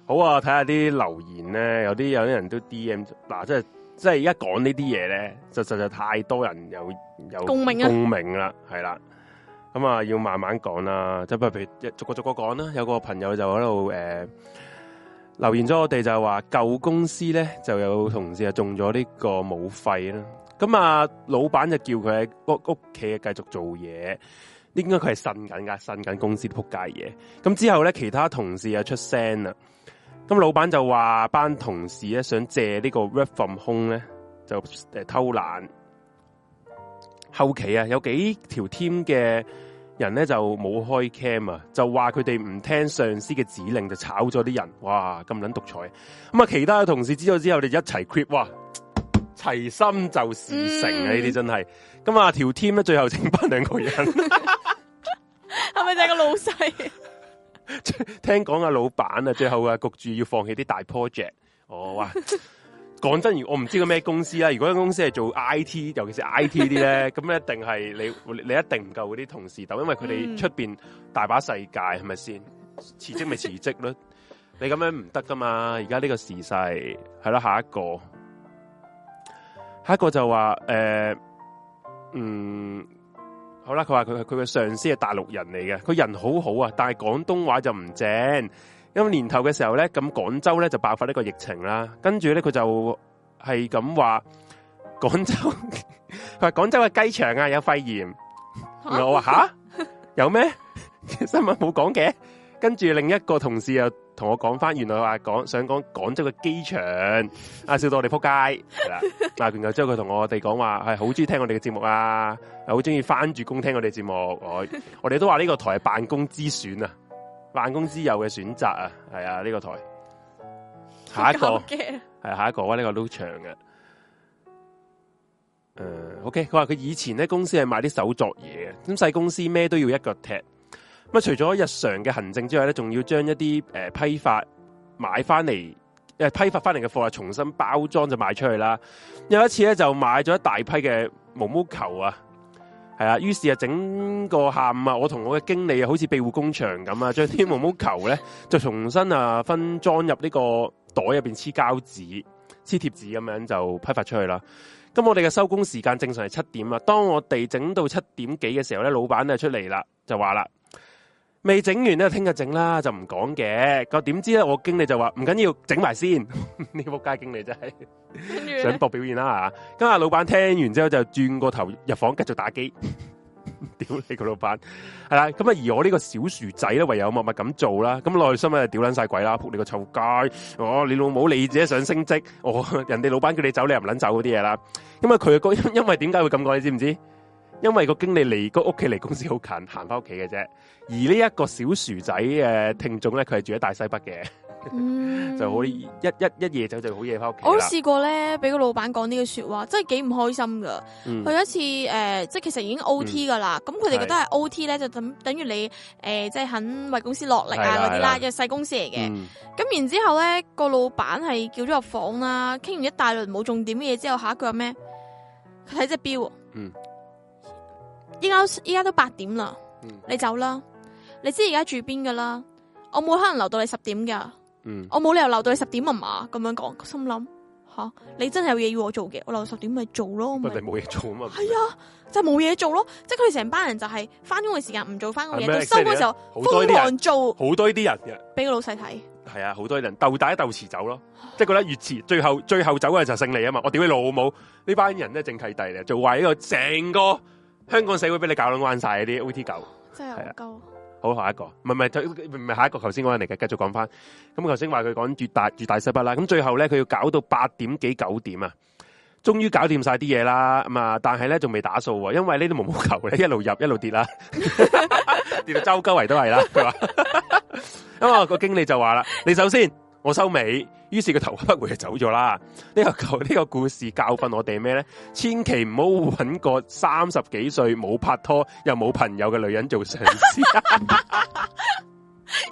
好啊，睇下啲留言咧，有啲有啲人都 D M 嗱、啊，即係即係而家講呢啲嘢咧，就實在太多人有有了共鳴共鳴啦，係啦。咁啊，要慢慢講啦，即係譬如逐個逐個講啦。有個朋友就喺度誒。呃留言咗我哋就話話舊公司咧就有同事啊中咗呢個武肺啦，咁啊老闆就叫佢喺屋屋企啊繼續做嘢，應該佢係呻緊噶呻緊公司仆街嘢。咁之後咧其他同事啊出聲啦，咁老闆就話班同事咧想借個 ref from 呢個 refund 空咧就誒偷懶，後期啊有幾條 team 嘅人咧就冇開 cam 啊，就話佢哋唔聽上司嘅指令就炒咗啲人，哇咁捻獨裁啊！咁啊，其他嘅同事知道之後，我哋一齊 quit，哇，齊心就事成啊！呢、嗯、啲真係，咁啊條 team 咧最後剩翻兩個人，係咪就係個老細？ 聽講啊，老闆啊，最後啊焗住要放棄啲大 project，哦哇！ 講真，我唔知佢咩公司啦。如果間公司係做 I T，尤其是 I T 啲咧，咁 一定係你你一定唔夠嗰啲同事鬥，因為佢哋出邊大把世界係咪先？辭職咪辭職咯， 你咁樣唔得噶嘛。而家呢個時勢係啦，下一個，下一個就話誒、呃，嗯，好啦，佢話佢佢嘅上司係大陸人嚟嘅，佢人好好啊，但係廣東話就唔正。咁年頭嘅時候咧，咁廣州咧就爆發呢個疫情啦，跟住咧佢就係咁話廣州，佢話廣州嘅雞場啊有肺炎，啊、我話吓 有咩什麼 新聞冇講嘅？跟住另一個同事又同我講翻，原來話講想講廣州嘅機場，阿笑到我哋撲街係啦，但將之後佢同我哋講話係好中意聽我哋嘅節目啊，好中意翻住工聽我哋節目，我我哋都話呢個台係辦公之選啊。辦公之友嘅選擇啊，係啊呢個台，下一個係下一個啊，呢、這個都長嘅。誒、嗯、，OK，佢話佢以前咧公司係賣啲手作嘢嘅，咁細公司咩都要一腳踢。咁啊，除咗日常嘅行政之外咧，仲要將一啲誒、呃、批發買翻嚟，誒、呃、批發翻嚟嘅貨啊，重新包裝就賣出去啦。有一次咧就買咗一大批嘅毛毛球啊。係啊，於是啊，整個下午啊，我同我嘅經理啊，好似庇護工場咁啊，將啲毛毛球咧，就重新啊分裝入呢個袋入邊，黐膠紙、黐貼紙咁樣就批發出去啦。咁我哋嘅收工時間正常係七點啦，當我哋整到七點幾嘅時候咧，老闆就出嚟啦，就話啦。未整完咧，聽日整啦，就唔講嘅。咁點知咧，我經理就話唔緊要，整埋先。呢仆街經理真係想搏表現啦。咁 阿老闆聽完之後就轉過頭入房繼續打機。屌 你個老闆，係啦。咁啊，而我呢個小薯仔咧，唯有默默咁做啦。咁內心咧，屌捻晒鬼啦，仆你個臭街。我、哦、你老母你自己想升職，我、哦、人哋老闆叫你走，你又唔捻走嗰啲嘢啦。咁啊，佢個因因為點解會咁講，你知唔知？因為個經理離、個屋企離公司好近，行翻屋企嘅啫。而呢一個小薯仔嘅、呃、聽眾咧，佢係住喺大西北嘅，嗯、 就好一一一夜走就好夜翻屋企。我都試過咧，俾個老闆講呢個說句話，真係幾唔開心噶。佢、嗯、有一次誒、呃，即係其實已經 O T 噶啦。咁佢哋覺得係 O T 咧，就等等於你誒、呃，即係肯為公司落力啊嗰啲啦。因為細公司嚟嘅，咁、嗯、然之後咧、個老闆係叫咗入房啦，傾完一大輪冇重點嘅嘢之後，下一句係咩？佢睇隻錶，嗯。依家依家都八點啦，嗯、你走啦。你知而家住邊噶啦？我冇可能留到你十點噶。嗯、我冇理由留到你十點啊嘛。咁樣講，心諗吓，你真係有嘢要我做嘅，我留到十點咪做咯。不過你冇嘢做啊嘛？係啊，就係冇嘢做咯。即係佢哋成班人就係翻工嘅時間唔做翻工嘅嘢，到收工嘅時候瘋狂做。好多呢啲人，俾個老細睇，係啊，好多人鬥大鬥遲走咯，即係覺得越遲最後最後走嘅就是勝利啊嘛。我屌你老母呢班人咧，正契弟嚟，做壞一個成個。香港社會俾你搞卵彎晒嗰啲 O T 狗，係啊，好下一個，唔係唔係，唔係下一個，頭先嗰人嚟嘅，繼續講翻。咁頭先話佢講越大越大西北啦，咁最後咧佢要搞到八點幾九點啊，終於搞掂晒啲嘢啦，咁啊，但係咧仲未打數啊，因為呢啲毛毛球咧一路入一路跌啦， 跌到周周圍都係啦。佢話，咁啊個經理就話啦，你首先。我收尾，於是個頭不回就走咗啦。呢個呢個故事教訓我哋咩咧？千祈唔好揾個三十幾歲冇拍拖又冇朋友嘅女人做上司，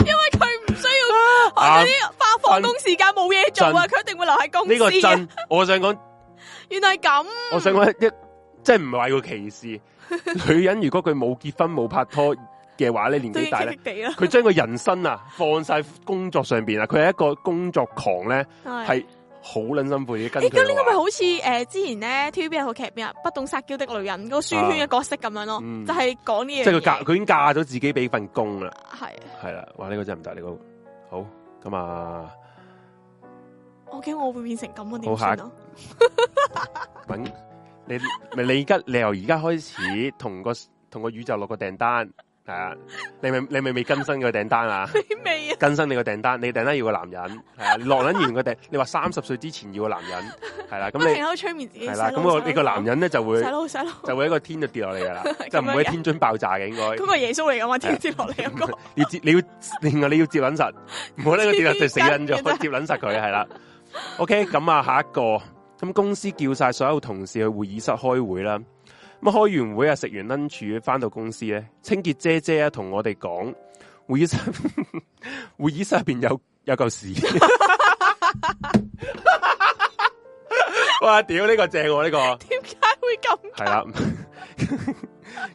因為佢唔需要我哋啲發放工時間冇嘢做，啊，佢一定會留喺公司，啊。呢、這個真我想講，原來係咁。我想講一，即係唔係個歧視。女人如果佢冇結婚冇拍拖嘅話你年紀大咧，佢將個人生啊放晒工作上邊啊，佢係一個工作狂咧，係、欸、好撚辛苦嘅跟你而家呢個咪好似誒之前咧 TVB 一個劇啊，劇《不懂撒嬌的女人》嗰個書圈嘅角色咁樣咯，啊、就係講呢嘢。即係佢佢已經嫁咗自己俾份工啦。係係啦，哇！呢、這個真係唔得呢個好咁啊。O K，我會變成咁嘅。點算啊？啊 你咪你而家你由而家開始同個同個宇宙落個訂單。係 啊，你咪你咪未更新個訂單啊？未，未啊！更新你個訂單，你訂單要個男人係啊，落捻完個訂，你話三十歲之前要個男人係啦，咁你係啦，咁你、那個、個男人咧就會洗洗，就會一個天就跌落嚟噶啦，就唔會係天津爆炸嘅應該。咁、啊、係耶穌嚟噶嘛，天接落嚟個 你。你接你要另外你要接捻實，唔好呢個跌落就死捻咗，接捻實佢係啦。OK，咁、嗯、啊下一個，咁、嗯、公司叫晒所有同事去會議室開會啦。開開完會啊，食完 lunch 翻到公司咧，清潔姐姐啊，同我哋講，會議室，呵呵會議室入邊有有嚿屎。 哇！屌，呢、呢個正我、啊、呢、呢個。點解會咁？係啦，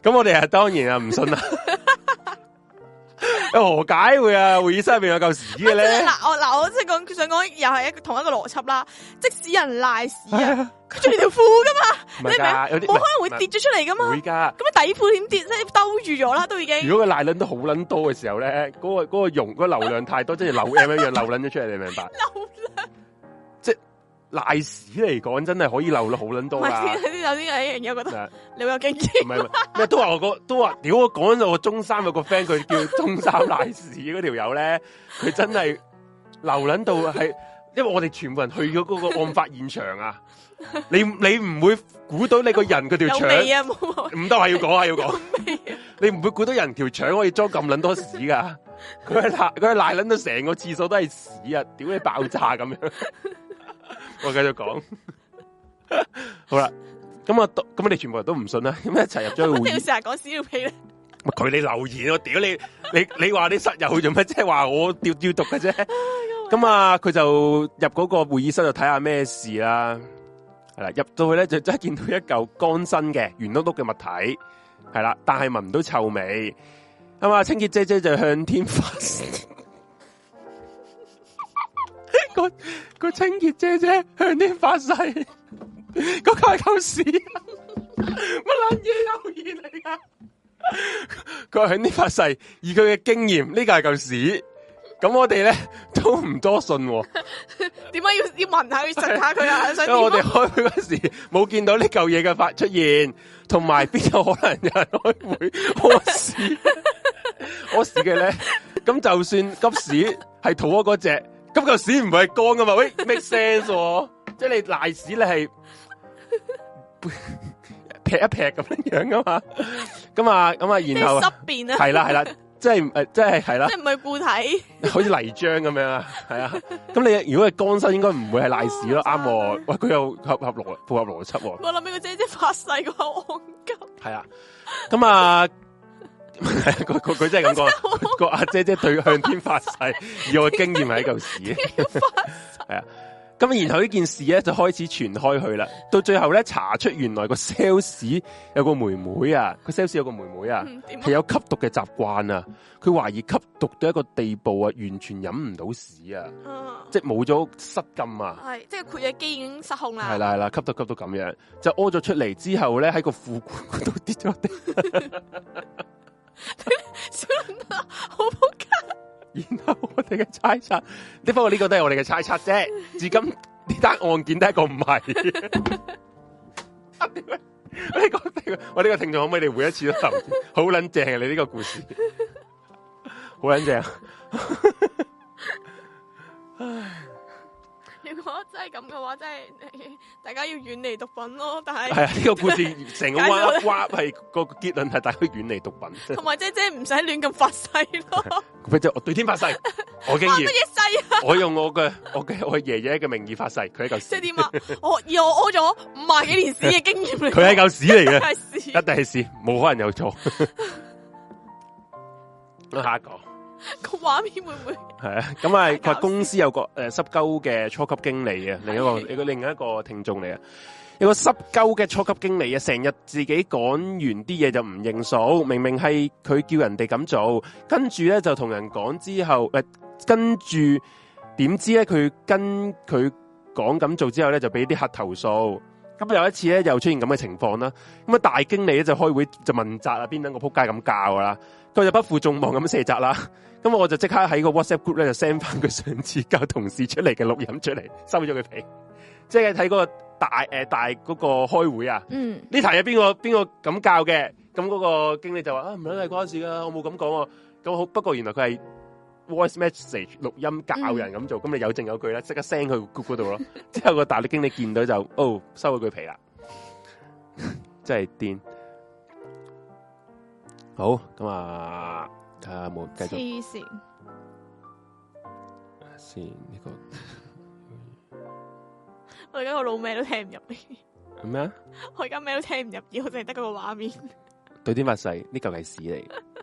咁我哋啊，當然啊，唔信啦。何解會啊？會議室入面有嚿屎嘅咧？嗱，我嗱，我即係講，佢想講又係一個同一個邏輯啦。即使人賴屎啊，佢中意條褲噶嘛，你明啊？冇可能會跌咗出嚟噶嘛？會噶。咁啊，底褲點跌？即係兜住咗啦，都已經。如果佢賴撚都好撚多嘅時候咧，嗰、嗰個嗰、嗰個容、嗰個、流量太多， 即係是流量一 樣流撚咗出嚟，你明白？流量。瀨屎嚟講真係可以流到好撚多啦，啊，有啲有一樣嘢，我覺得你會有經驗。唔係，都話我覺都話屌我講咗我中三有個 friend 佢叫中三瀨屎嗰條友咧，佢 真係流撚到係，因為我哋全部人去咗嗰個案發現場啊，你你唔會估到你個人佢條腸唔得話要講 啊要講， 你唔會估到人條腸可以裝咁撚多屎噶，佢瀨佢瀨撚到成個廁所都係屎啊，屌你爆炸咁樣。 我繼續講， 好啦，咁啊，咁你全部人都唔信啦，咁一齊入咗去會議室啊，講屎尿屁咧，咪佢，你留言我屌你，你你話你室友做咩？即係話我要要毒嘅啫，咁、嗯、啊，佢就入嗰個會議室就睇下咩事啦，係啦，入到去咧就真係見到一嚿乾身嘅圓碌碌嘅物體，係啦，但係聞唔到臭味，係嘛，清潔姐姐就向天發誓。個個清潔姐姐向天發誓，個係嚿屎，乜爛嘢妖孽嚟噶？佢向天發誓，以佢嘅經驗，呢個係嚿屎。咁我哋咧都唔多信。點解要要問下、要查下佢啊？想我哋開會嗰時冇見到呢嚿嘢嘅發出現，同埋邊有可能有人開會屙屎？屙屎嘅咧，咁就算急屎係肚屙嗰隻。咁、那個屎唔係乾噶嘛？喂 ，make sense？哦、即係你瀨屎你，你 係劈一劈咁樣樣噶嘛？咁 啊、嗯、咁、嗯、啊、嗯，然後係啦係啦，即係誒、 呃，即係係啦，即係唔係固體， 好似泥漿咁樣啊？係啊？咁你如果係乾身，應該唔會係瀨屎咯，啱 喎對、啊。喂， 佢又合合，合合邏輯，符合邏輯，啊 嗯。我諗俾個姐姐發誓個好急係啊，咁、嗯、啊。 係 啊，佢真係咁講，個阿姐即係對向天發誓， 以我經驗係一嚿屎。 係 啊，咁然後呢件事咧就開始傳開去啦，到最後咧查出原來個 sales 有個妹妹啊，個 sales 有個妹妹啊，係、嗯啊、有吸毒嘅習慣啊，佢懷疑吸毒到一個地步啊，完全飲唔到屎啊，嗯、即係冇咗失禁啊，係即係括約肌已經失控啦，係啦係啦，吸到吸到咁樣，就屙咗出嚟之後咧，喺個褲管嗰度跌咗。小輪車好撲街，然後我哋嘅猜測，只不過呢個都係我哋嘅猜測啫。 至今呢 單案件都係一個謎。我 呢、啊這個我呢、這個這個這個聽眾可唔可以回一次頭？ 好撚正、啊、你呢個故事 好撚正。如果真係咁嘅話，真係大家要遠離毒品咯。但係係啊，呢、這個故事成個 wrap 係個結論係大家遠離毒品，同埋姐姐唔使亂咁發誓咯。唔，我對天發誓， 我經驗發乜嘢誓啊！我用我嘅我嘅我爺爺嘅名義發誓，佢係嚿屎即係點啊？ 我以屙咗五萬幾年屎嘅經驗，佢喺嚿屎嚟嘅，是屎一定係屎，冇 可能有錯。 下一個。個 畫面會唔會係啊？咁係佢公司有個誒濕鳩嘅初級經理啊，另一個 另一個另一個聽眾嚟啊，有個濕鳩嘅初級經理啊，成日自己講完啲嘢就唔認數，明明係佢叫人哋咁做，跟住咧就同人講之後，呃、跟住點知咧佢跟佢講咁做之後咧就俾啲客投訴。咁有一次咧又出現咁嘅情況啦，咁啊大經理咧就開會就問責啊，邊等個撲街咁教㗎啦，佢就不負眾望咁卸責啦。咁我就即刻喺個 WhatsApp group 咧就 send 翻佢上次教同事出嚟嘅錄音出嚟，收咗佢皮。即係睇嗰個大、呃、大嗰個開會呀，呢、嗯、台有邊個邊個咁教嘅？咁嗰個經理就話啊唔係你關事㗎，我冇咁講喎。咁好不過原來佢係。voice message 錄音教人咁做，咁、嗯、你有證有據啦，即刻聲去 Google 度咯。 之後個大力經理見到就，哦，收咗佢皮啦， 真係癲。好，咁啊，睇下冇繼續。黐線，黐呢、呢個。 我而家個腦咩都聽唔入，咩 啊？ 我而家咩都聽唔入，而好淨係得個個畫面。 對天發誓，呢嚿係屎嚟。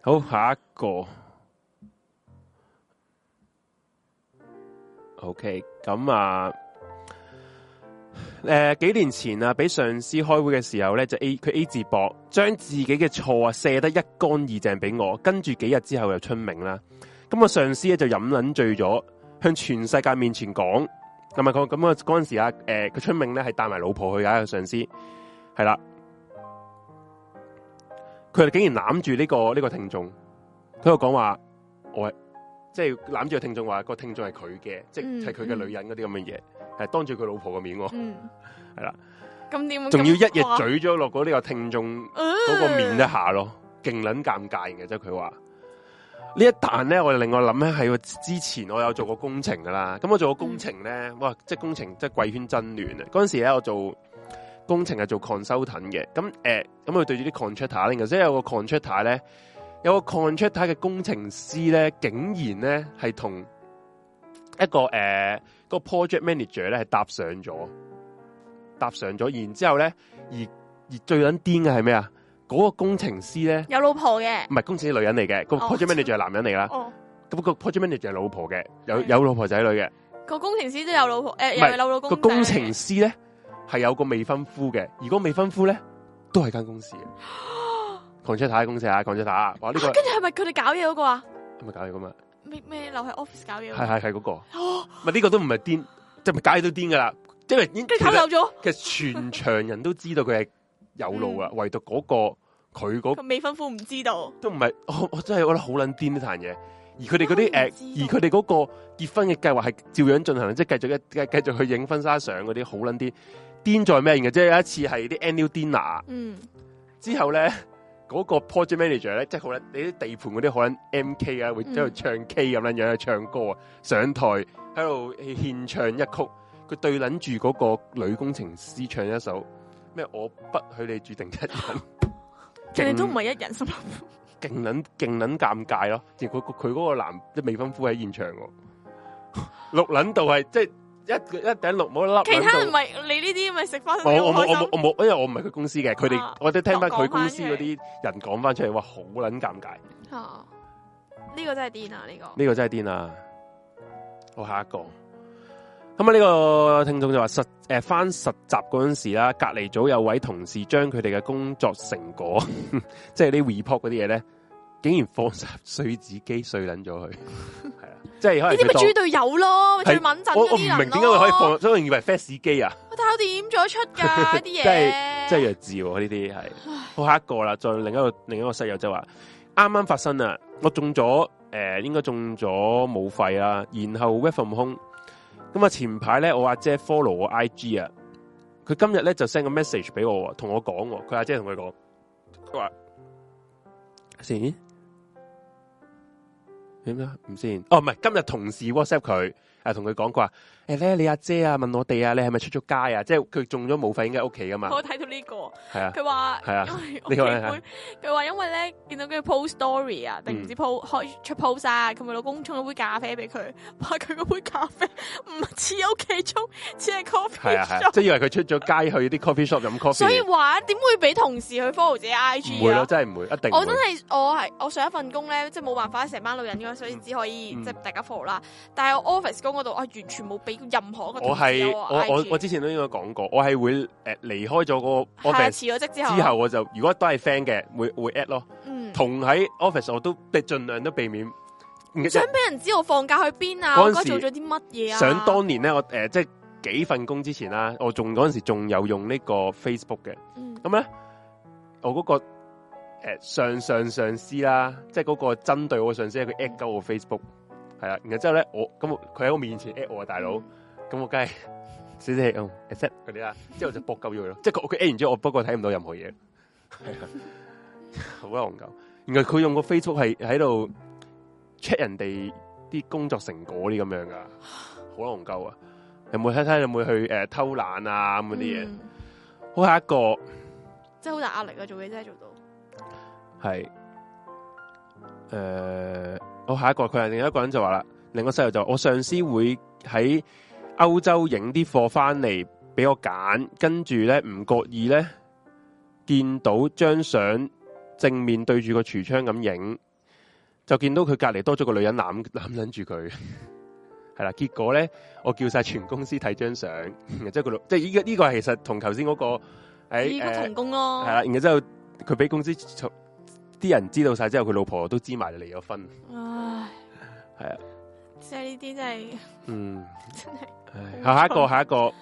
好，下一個，OK，咁、嗯、啊，誒、嗯，幾年前啊，俾上司開會嘅時候咧，就 A 佢 A 字膊，將自己嘅錯啊，卸得一乾二淨俾我，跟住幾日之後又春茗啦，咁、嗯那個上司咧就飲捻醉咗，向全世界面前講，同埋講咁啊，嗰、嗯、陣、嗯那個嗯那個、時啊，誒、嗯，佢春茗咧係帶埋老婆去㗎。」上司，係啦。佢哋竟然攬住呢個呢、呢個聽眾，喺度講話我，即係攬住個聽眾話個聽眾係佢嘅，即係佢嘅女人嗰啲咁嘅嘢，係當住佢老婆嘅面，係啦，咁點？仲要一日咀咗落嗰呢個聽眾嗰個面一下咯，勁撚尷尬嘅，即係佢話呢一啖咧，我令我諗咧係之前我有做過工程噶啦，咁我做過工程咧、嗯，哇，即係工程，即係貴圈真亂啊！嗰陣時咧我做工程係做 consultant 嘅，咁誒，咁、呃、佢對住啲 contractor 嚟嘅，所以有個 contractor 咧，有個 contractor 嘅工程師咧，竟然咧係同一個誒、呃那個 project manager 咧係搭上咗，搭上咗，然之後咧而而最撚癲嘅係咩啊？嗰、那個工程師咧有老婆嘅，唔係工程師女人嚟嘅，那個 project 哦哦那個 project manager 係男人嚟啦，咁個 project manager 係老婆嘅，有有老婆仔女嘅，個工程師都有老婆，誒、呃、又老公仔，那個、工程師咧。係有個未婚夫嘅，如果未婚夫咧，都係間公司嘅。狂姐塔公司啊，狂姐塔啊，哇呢、這個啊那個！跟住係咪佢哋搞嘢嗰、那個啊？咪搞嘢噶嘛？咩咩留喺 office 搞嘢？係係係嗰個。咪呢個都唔係癲，即係咪搞嘢都癲噶啦？即係已經。即係咗。其實全場人都知道佢係有路啊、嗯，唯獨嗰、那個佢嗰、那個、未婚夫唔知道。都唔係、哦、我真係覺得好撚癲呢壇嘢，而佢哋嗰啲誒，而佢哋嗰個結婚嘅計劃係照樣進行，即係繼續繼繼續去影婚紗相嗰啲好撚啲。很癲在咩嘅？即係有一次係啲 annual dinner，、嗯、之後咧嗰、嗰個 project manager 咧，即係可能你啲地盤嗰啲可能 M K 啊，會喺度唱 K 咁樣樣，嗯、去唱歌啊，上台喺度獻唱一曲，佢對捻住嗰個女工程師唱一首咩？我不許你注定一人，你 都唔係一人心，勁捻勁捻尷尬咯，連佢佢嗰個男即未婚夫喺現場喎， 六捻到係即係。一一頂六帽一粒，其他唔係你呢啲咪食翻。我我冇，我冇，因為我唔係佢公司嘅，佢、啊、哋我都聽翻佢公司嗰啲人講翻出嚟，話好撚尷尬。啊，呢、這個真係癲啊！呢、這個呢、這個真係癲啊！我下一個，咁啊呢個聽眾就話實誒，翻、呃、實習嗰陣時啦，隔離組有位同事將佢哋嘅工作成果，即係啲 report 嗰啲嘢咧。竟然放入碎紙機碎捻咗佢。係啊，即係可能咪豬隊友咯，最穩陣嗰啲人我唔明點解可以放， 所以認為係 fax 機啊。我睇下點咗得出噶啲嘢，即係真係弱智喎，啊！呢啲係好。下一個啦。再另一個另一個室友就話，是，啱啱發生啊，我中咗，誒、呃，應該中咗武肺啦，啊。然後 work from home，咁啊，那前排咧我阿姐 follow 我 IG 啊，佢今日咧就 send 個 message 俾我，同我講，啊，佢阿姐同佢講，佢話，是。點樣唔先哦，唔係今日同事 WhatsApp 佢，誒、呃，同佢講過話。你阿姐啊問我哋啊，你係咪出咗街啊？即係佢中咗冇份應該喺屋企噶嘛？我睇到呢、這個，係啊，佢話係啊，因為佢話、這個、因為咧見到佢 post story 啊、嗯，定唔知 post 開出 post 啊，佢咪老公沖咗杯咖啡俾佢，話佢嗰杯咖啡唔似屋企沖，似係 coffee shop 即係以為佢出咗街去啲 coffee shop 飲 coffee。所以話點會俾同事去 follow 自己 IG？唔、啊、會咯，真係唔會，一定。我真係我係我上一份工咧，即係冇辦法成班老人咁，所以只可以、嗯、即係大家 follow 啦。但係我 office 工嗰度我完全冇俾。任何個，我係我我我之前都應該講過，我係會，誒離開咗個 office，係辭咗職之後，之後我就如果都係 friend 嘅會會 at 咯，嗯，同喺 office 我都即係盡量都避免想俾人知道我放假去邊啊，嗰時我應該做咗啲乜嘢啊。想當年咧我誒即係幾份工之前啦，我仲嗰陣時仲有用呢個 Facebook 嘅，咁咧我嗰個誒上上上司啦，即係嗰個針對我上司，佢 at 鳩我 Facebook。係啊，然後之後咧，我咁佢喺我面前 at 我啊，大佬，咁、嗯、我梗係死死 accept 嗰啲啦。之後就搏鳩咗佢咯， 即係佢佢 at 完之後我，我不過睇唔到任何嘢，係啊，好戇鳩。然後佢用個 Facebook 係喺度 check 人哋啲工作成果啲咁樣噶，好戇鳩啊！有冇睇睇有冇去誒、呃、偷懶啊咁嗰啲嘢？好、嗯、下一個，即係好大壓力啊！做嘢真係做到，係。誒、呃，我、哦、下一個，佢係另一個人就話啦，另一個細路就說我上司會喺歐洲影啲貨翻嚟俾我揀，跟住咧唔覺意咧見到張相正面對住個櫥窗咁影，就見到佢隔籬多咗個女人攬攬捻住佢，係啦。 結果咧我叫晒全公司睇張相，即係嗰度即係依個、這個其實同頭先嗰個誒異曲同工咯，啊、係、呃、啦。然後之後佢俾公司。啲人知道晒之後，佢老婆都知埋，離咗婚了。唉，係啊，即係呢啲真係，嗯，真係。下下一個 下一個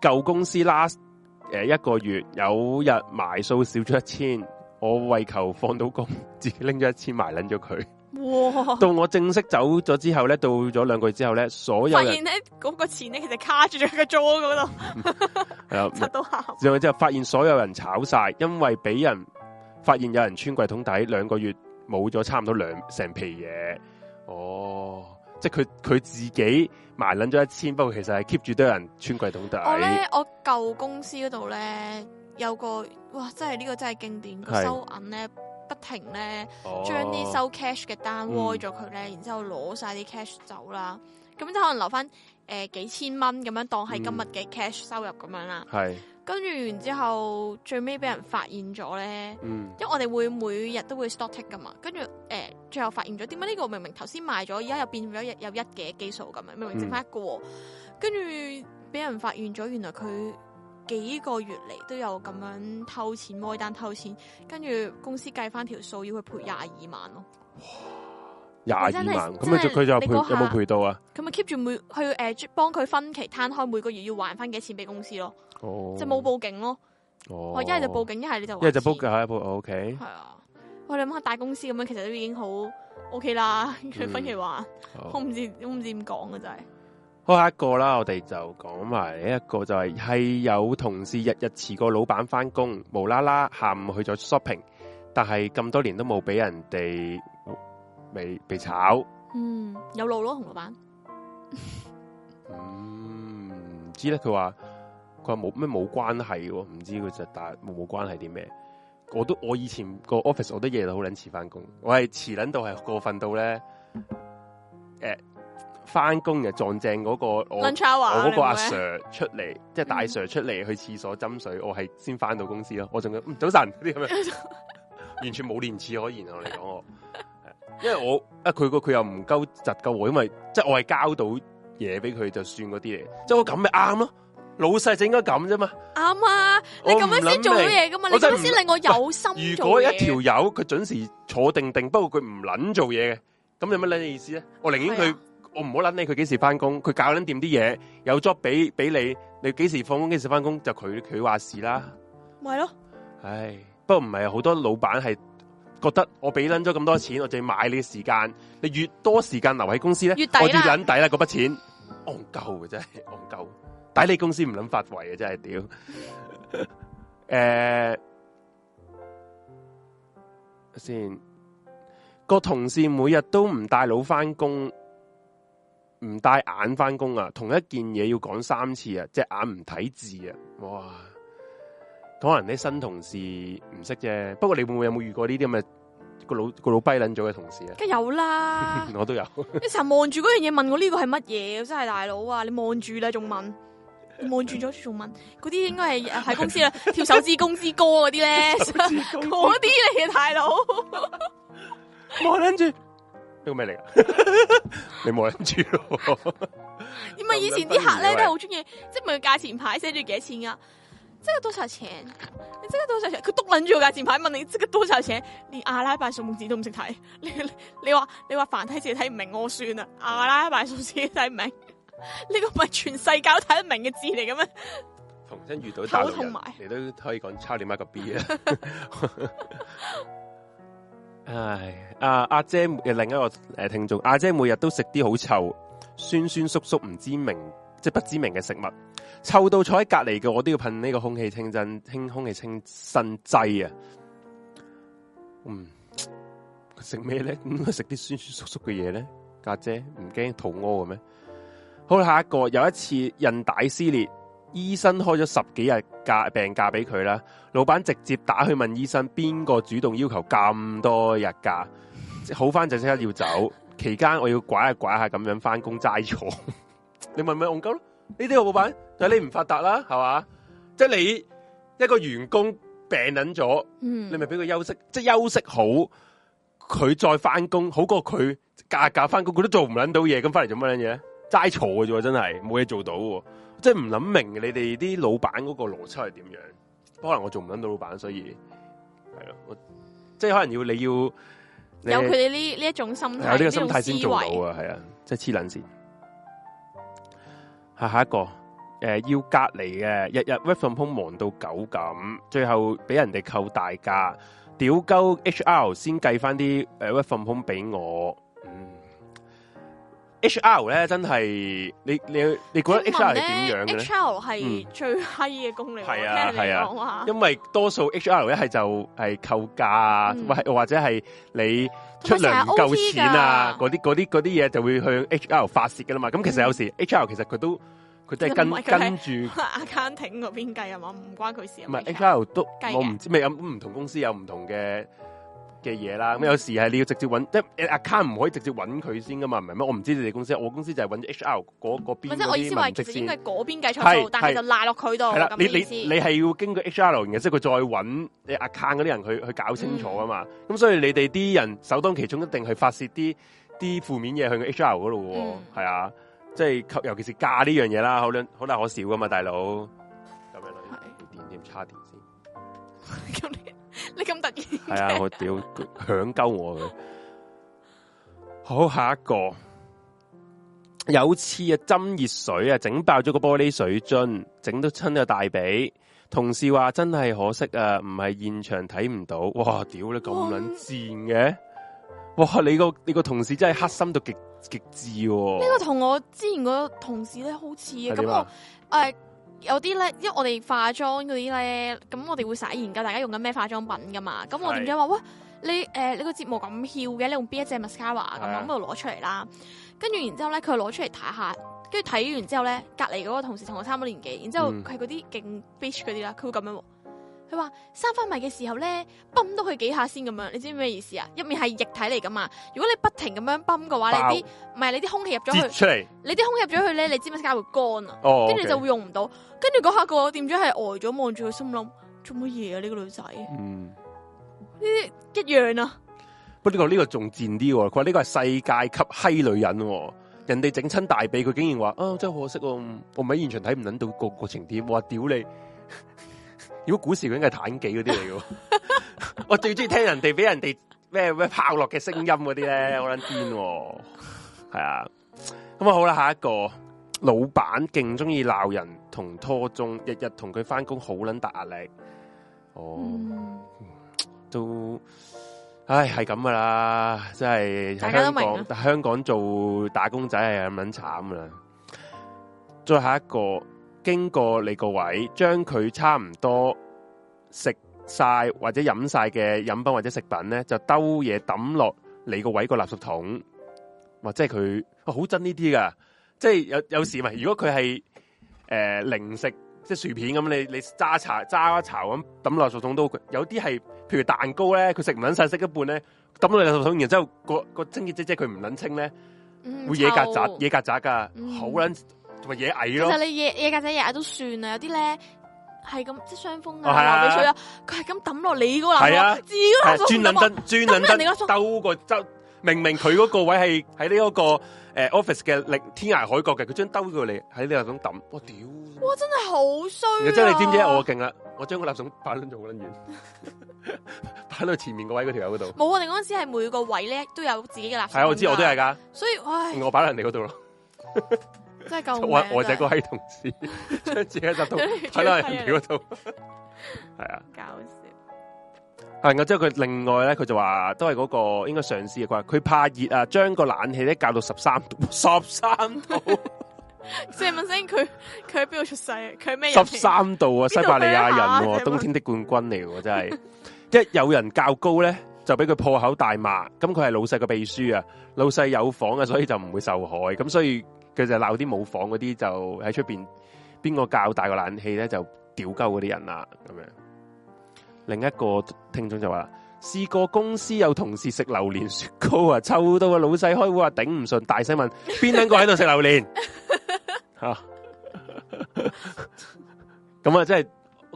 舊公司 last，誒，一個月有日埋數少咗一千，我為求放到工，自己拎咗一千埋捻咗佢。哇！到我正式走咗之後咧，到咗兩個月之後咧，所有人發現咧嗰個錢咧其實卡住咗喺個座嗰度，查到後，然後之後發現所有人炒晒，因為俾人。發現有人穿櫃桶底，兩個月冇咗差唔多兩成皮嘢。哦，即係佢佢自己埋撚咗一千，不過其實係 keep 住都有人穿櫃桶底。我咧，我舊公司嗰度咧有個，哇！真係呢、呢個真係經典，收銀咧不停咧、哦、將啲收 cash 嘅單 void 咗佢咧，然之後攞晒啲 cash 走啦。咁即可能留翻誒、呃、幾千蚊咁樣當係今日嘅 cash 收入咁樣啦。係、嗯。跟住完之後，最尾俾人發現咗咧、嗯，因為我哋會每日都會 stock take 噶嘛。跟住誒、呃，最後發現咗，點解呢個明明頭先賣咗，而家又變咗有一嘅機數咁樣，明明剩翻一個，嗯、跟住俾人發現咗，原來佢幾個月嚟都有咁樣偷錢，摸單偷錢，跟住公司計翻條數，要去賠廿二萬咯。哇廿二萬，咁佢就有冇賠到啊？咁咪 keep 住每去誒，幫佢分期攤開，每個月要還翻幾錢俾公司咯？哦、oh.，就冇報警咯。哦，一係就報警，一係你就一係就 book 噶 o o k o 係啊，喂，你諗下大公司咁樣，其實都已經好 ok 啦。佢、嗯、分期話、oh. 我唔知我唔知點講嘅真係。下一個啦，我哋就講埋一個就係、是、係有同事日日遲過老闆翻工，無啦啦下午去咗 shopping，但係咁多年都冇俾人哋，未被炒，嗯，有路咯，洪老闆。唔、 嗯、知咧，佢話佢話冇咩冇關係喎，唔知佢就但冇關係啲咩。我都我以前個 office，我都夜到好捻遲翻工，我係遲捻到係過分到咧。誒、呃，翻工又撞正嗰、那個我，我個阿 sir 出嚟，嗯，即係大 sir 出嚟去廁所斟水，我係先翻到公司咯。我仲要、嗯、早晨啲咁樣， 完全冇廉恥可言。我嚟講我。因為我啊，佢個佢又唔夠窒夠，因為即係我係交到嘢俾佢就算嗰啲嚟，即係我咁咪啱咯，老細就應該咁啫嘛。啱啊，你咁樣先做到嘢噶嘛，你咁先令我有心做。如果一條友佢準時坐定定，不過佢唔捻做嘢嘅，咁有乜捻意思咧？我寧願佢我唔好捻你，佢幾時翻工，佢搞捻掂啲嘢，有 job 俾俾你，你幾時放工幾時翻工就佢佢話事啦。咪係咯。唉，不過唔係好多老闆係。覺得我俾捻咗咁多錢，我淨係買你嘅時間。你越多時間留喺公司咧，越抵，我越捻抵啦嗰筆錢。戇鳩嘅真係戇鳩，抵你公司唔捻發圍呀真係屌。誒、 呃，先個同事每日都唔帶腦翻工，唔帶眼翻工啊！同一件嘢要講三次啊，隻眼唔睇字啊！哇！可能你新同事唔識啫，不過你會唔會有冇遇過呢啲咁嘅個老、個老跛捻咗嘅同事啊？梗有啦， 我都有。你成日望住嗰樣嘢問我呢個係乜嘢？真係大佬啊！你望住啦，仲問？望住咗仲問？嗰啲應該係喺公司啊， 跳手指公之歌嗰啲咧，嗰啲嚟嘅大佬。望捻住呢個咩嚟噶？ 你望捻住咯。點 解 以前啲客咧都好中意即係問個價錢牌寫住幾多錢噶、啊？即係多少錢？你即係多少錢？佢篤捻住個箭牌問你，即係多少錢？連阿拉伯數目字都唔識睇，你你話你話繁體字睇唔明，我算啦。阿拉伯數字睇唔明，呢個唔係全世界睇得明嘅字嚟嘅咩？逢親遇到，到頭痛埋，你都可以講差你媽個 B、 哎、啊！唉，阿阿姐另一個誒、啊、聽眾，阿、啊、姐每日都食啲好臭酸酸叔叔唔知名。即係不知名嘅食物，臭到坐喺隔籬嘅，我都要噴呢個空氣清，清，清新清空氣清新劑啊！嗯，食咩咧？咁食啲酸酸縮縮嘅嘢咧？家姐唔驚肚屙嘅咩？好啦，下一個有一次韌帶撕裂，醫生開咗十幾日假病假俾佢啦。老闆直接打去問醫生，邊個主動要求咁多日假？ 好翻就即刻要走，期間我要拐下拐下咁樣翻工齋坐。你咪咪戇鳩咯？呢啲個老闆，但係你唔發達啦，係嘛？即係你一個員工病撚咗，你咪俾佢休息，即係休息好，佢再翻工，好過佢日格搞翻工，佢都做唔撚到嘢，咁翻嚟做乜撚嘢？齋坐嘅啫，真係冇嘢做到，即係唔諗明你哋啲老闆嗰個邏輯係點樣？可能我做唔撚到老闆，所以係咯，即係可能要你要，你要你有佢哋呢呢一種心態，呢個心態先做到啊！係啊，即係黐撚線。就是下下一個，誒、呃、要隔離嘅，日日 work from home 忙到狗咁，最後俾人哋扣大價，屌鳩 HR 先計返啲誒 work from home 俾我。H R 咧，真係，你你你覺得 H R 係點樣呢？H R 係最閪嘅工嚟，聽你講話、啊啊。因為多數 H R 一係就係扣價啊、嗯，或者係你出糧唔夠錢啊，嗰啲嗰啲嗰啲嘢就會向 H R 發泄㗎啦嘛。咁、嗯、其實有時 H R 其實佢都佢都係跟跟住 accounting 嗰邊計係嘛，唔關佢事。唔係 H R 都計我唔知咩，唔同公司有唔同嘅嘅嘢啦，咁、嗯、有時係你要直接揾，即係 account 唔可以直接揾佢先噶嘛，唔係咩？我唔知你哋公司，我公司就係揾 HR 嗰嗰邊。即係我意思話，其實應該係嗰邊計錯但係就賴落佢度。係啦，你你係要經過 HR，然後即係佢再揾你 account 嗰啲人，去去搞清楚啊嘛。咁、嗯、所以你哋啲人首當其衝一定係發泄啲啲負面嘢去個 HR 嗰度嘅，係、嗯、啊，即係尤其是價呢樣嘢啦，好難好難可小噶嘛，大佬。咁係。你點點叉電先、嗯？ 你咁得意？係啊，我屌佢響鳩我嘅。好，下一個，有次啊，斟熱水啊，整爆咗個玻璃水樽，整到親個大髀。同事話真係可惜啊，唔係現場睇唔到。哇，屌你咁卵賤嘅！哇，你個你個同事真係黑心到極極致。呢、啊，這個同我之前個同事咧好似咁我誒。我呃有啲咧，因為我哋化妝嗰啲咧，咁我哋會洗研究大家用緊咩化妝品噶嘛，咁我點解話，喂，你個睫毛咁翹嘅，你用邊一隻 mascara 啊？咁我喺度攞出嚟啦，跟住然之後咧，佢攞出嚟睇下，跟住睇完之後咧，隔離嗰個同事同我差唔多年紀，然之後佢嗰啲勁 bitch 嗰啲啦，佢會咁樣、啊。佢話生翻埋嘅時候咧，泵到佢幾下先咁樣，你知唔知咩意思啊？入面係液體嚟噶嘛，如果你不停咁樣泵嘅話，你啲唔係你啲空氣入咗去，你啲空氣入咗去咧，你知唔知解會乾啊？哦，跟住就會用唔到，跟住嗰下個店主係呆咗，望住佢心諗做乜嘢啊？呢、這個女仔，嗯，呢一樣啊。不過呢、這個仲賤啲，佢話呢個係、哦、世界級閪女人、哦，人哋整親大髀，佢竟然話啊真係可惜，我唔喺現場睇唔諗到、個過程、那個、點，我話屌你。如果股市佢應該係彈記嗰啲嚟嘅。 我最中意聽人哋俾人哋咩咩炮落嘅聲音嗰啲咧，好撚癲！係啊，咁啊好啦，下一個老闆勁中意鬧人同拖鐘，日日同佢翻工好撚大壓力。哦，嗯、都唉係咁噶啦，真、就、係、是就是、香港香港做打工仔係咁撚慘噶啦。再下一個。經過你個位，將佢差唔多食晒或者飲晒嘅飲品或者食品咧，就兜嘢抌落你個位個垃圾桶，或者係佢好憎呢啲噶，即係有有時咪，如果佢係誒零食，即係薯片咁，你你揸茶，揸一茶咁抌垃圾桶都，有啲係譬如蛋糕咧，佢食唔捻晒食一半咧，抌落垃圾桶，然之後個個清潔姐姐佢唔捻清咧，會惹曱甴，嘢曱甴噶，好捻。嗯咪野矮咯，其實你嘢野仔野，野都算啦，有啲咧係咁即係傷風啊，流鼻水啊，佢係咁抌落你個垃圾桶，專抌得，專抌得，兜個周，明明佢嗰個位係喺呢一個誒、呃、office 嘅力天涯海角嘅，佢將兜過嚟喺呢個垃圾桶抌，我屌，我真係好衰。真係、啊，你知唔知我勁啦？我將個垃圾桶擺捻咗好遠，擺到 前面位個位嗰條友嗰度。冇啊！你嗰陣時係每個位咧都有自己嘅垃圾桶。啊，我知，我都係噶。所以，我擺落人哋嗰度咯。 真係夠，、啊、我是我就個閪同事將自己插到係啦人哋嗰度，係啊搞笑，係 啊，之後佢另外咧佢就話都係嗰個應該上司嘅，佢佢怕熱啊，將個冷氣咧校到十三度。十三度即係問聲佢，佢喺邊度出世啊？佢咩十三度啊，西伯利亞人喎、啊、 冬天的冠軍嚟嘅、啊、真係 一有人較高咧就俾佢破口大罵，咁佢係老細嘅秘書啊，老細有房啊，所以就唔會受害，咁所以。佢就鬧啲冇房嗰啲，就喺出邊邊個較大個冷氣咧，就屌鳩嗰啲人啦。咁樣，另一個聽眾就話：試過公司有同事食榴蓮雪糕啊，臭到個老細開會啊，頂唔順，大聲問邊兩個喺度食榴蓮？吓，咁啊，即係。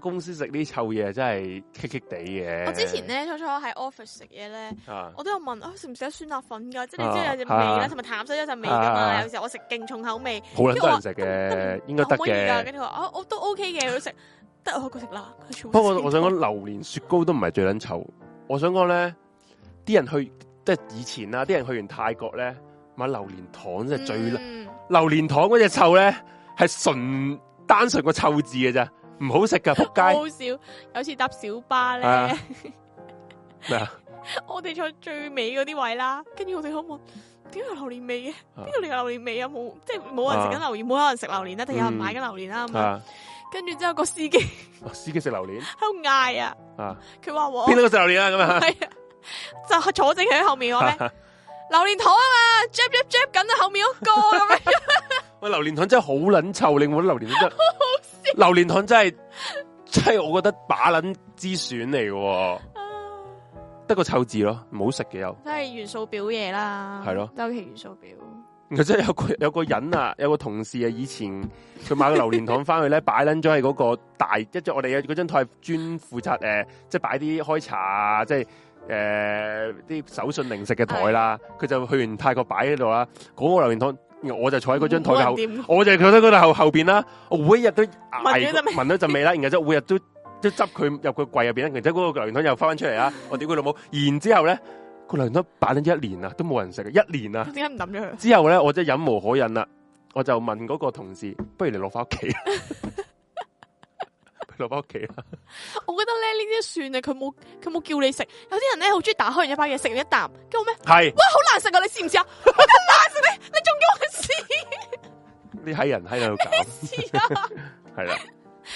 公司食啲臭嘢真係棘棘地嘅。我之前咧初初喺 office 食嘢咧，啊、我都有問啊食唔食得酸辣粉噶？啊、即係你知有隻味啦，同、啊、埋淡水、啊、是是有陣味噶嘛。啊、有時候我食勁重口味，好卵都唔食嘅，應該得嘅。跟住話啊，我都 OK 嘅，都食得 我佢食啦。不過我想講榴蓮雪糕都唔係最卵臭。我想講咧，啲人去即係以前啊，啲人去完泰國咧買榴蓮糖真係最啦、嗯。榴蓮糖嗰隻臭咧係純單純個臭字嘅咋。唔好食噶，仆街！好少，有次搭小巴咧，咩啊？我哋坐最尾嗰啲位啦，跟住我哋好冇，點解榴蓮味嘅？邊度嚟榴蓮味啊？冇，即係冇人食緊榴蓮，冇人食榴蓮啦，定有人買緊榴蓮啦咁。跟住之後個司機，司機食榴蓮喺度嗌啊！啊，佢話我邊度食榴蓮啊？咁啊，就坐正喺後面我咧，榴蓮糖啊嘛，夾夾夾緊喺後面咯，過咁樣。喂，榴蓮糖真係好撚臭，令我啲榴蓮都真。榴蓮糖真係真係，我覺得把捻之選嚟喎、哦，得、啊、個臭字咯，唔好食嘅又。係元素表嘢啦，係咯，周期元素表。佢真係有個有個人啊，有個同事啊，以前佢買個榴蓮糖翻去咧，擺捻咗喺嗰個大、就是張呃就是、一張我哋嗰張台，專負責誒，即係擺啲開茶啊，即係誒啲手信零食嘅台啦。佢、哎、就去完泰國擺喺度啦，嗰、嗰個榴蓮糖。我就坐喺嗰張台後後，我就坐喺嗰度後後邊啦。我每一日都聞到陣味啦。然後後每日都 都執佢入個櫃入邊啦。然之後個個榴蓮又翻出嚟啊！ 我屌佢老母！然之後咧，個榴蓮擺咗一年啦，都冇人食，一年啦。點解唔抌咗佢？之後咧，我真係忍無可忍啦！我就問嗰個同事，不如你落翻屋企。 翻屋企我覺得咧，呢啲蒜 啊，佢冇佢冇叫你食，有啲人咧好中意，打開人一包嘢，食完一啖，叫住咩？係，哇，好難食啊！你試唔試啊？難食你你仲叫我試？呢喺人喺度搞咩事啊？係啦。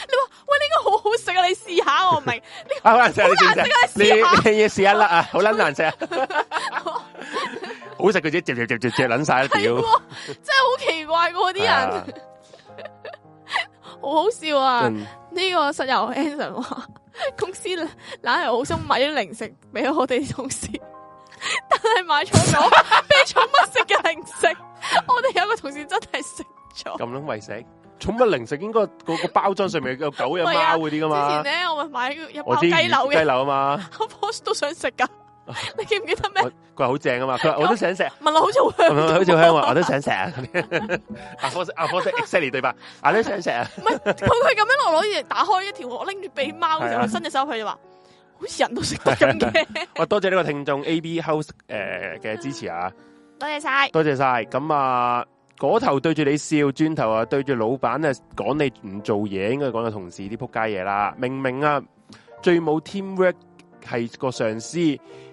你話，喂，呢個好好食啊！你試下，我唔明。啊 好難食啊！你吃吃你你你試一粒啊！ 難吃 好卵難食啊！好食佢只嚼嚼嚼嚼嚼捻晒啊屌！真係好奇怪噶啲人。好好笑啊！呢、嗯、個室友 Anson 話公司硬係好想買啲零食俾我哋同事，但係買錯咗俾寵物食嘅零食。 我哋有一個同事真係食咗咁樣喂食寵物零食，應該個包裝上面有狗有貓嗰啲噶嘛？之前咧我咪買一包雞柳嘅，我知雞柳啊嘛，我 post 都想食噶。你記唔記得咩？佢 話好正啊嘛， 佢話、exactly, exactly, 我都想食。問我好似好，好似香啊！我都想食啊！阿科阿科 exactly 對吧，我都想食啊！唔係，佢咁樣落落地打開一條，我拎住鼻貓嘅時候，伸隻手佢就話，好似人都食得咁嘅。我多謝呢個聽眾 A B House 誒、呃、嘅支持啊！多謝晒，多謝晒。咁啊，嗰、那個、頭對住你笑，轉頭啊對住老闆啊講你唔做嘢，應該講係同事啲仆街嘢啦。明明啊，最冇 teamwork。係個上司，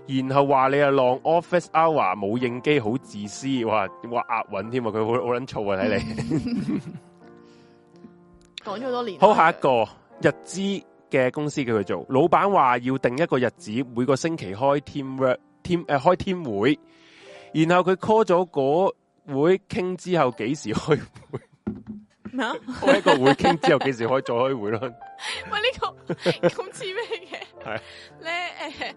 然後話你啊 long office hour 冇應機，好自私，哇哇押韻添。佢好好撚嘈啊，睇你、嗯、 講咗好多年。好下一個日資嘅公司叫佢做老闆，話要定一個日子，每個星期開 teamwork, team work team 誒開 team 會，然後佢 call 咗嗰會傾之後幾時開會。 咩啊？開一個會傾之後，幾時可以再開會咯？喂，呢個咁似咩嘅？係咧誒，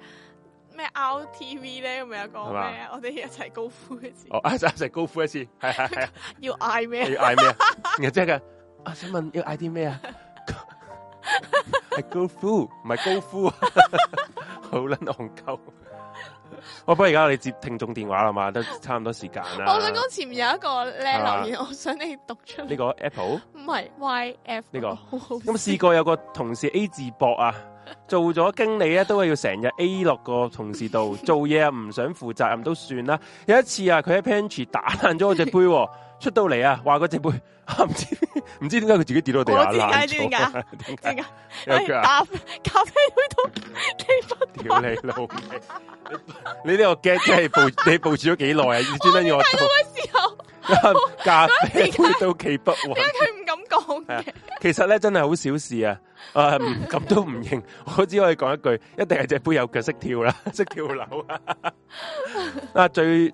咩 out TV 咧？咁樣講咩啊？我哋一齊高呼一次。哦，一齊一齊高呼一次，係係係。要嗌咩？要嗌咩？然後即係噶。啊，想問要嗌啲咩啊？係高呼，唔係高呼，好撚戇鳩。 我不如而家我哋接聽眾電話啦嘛，都差唔多時間啦。我想講前面有一個咧留言，我想你讀出呢個 Apple 唔係 Y F 呢、這個。咁試過有個同事 A 字博啊，做咗經理咧都係要成日 A 落個同事度做嘢啊，唔想負責任都算啦。有一次啊，佢喺 Pantry 打爛咗我隻杯、啊。 出到嚟啊，話嗰隻杯唔知唔知點解佢自己跌到地下啦？點解？點解、哎哎？咖啡杯都企不條你老、這個、你呢、這個驚即係你部署咗幾耐啊？你知唔知我？時候，啊、咖啡杯都企不穩。佢唔敢講、啊、其實咧，真係好小事啊！誒、啊，咁 都唔認，我只可以講一句，一定係隻杯有腳識跳啦，識跳樓啊！啊，最。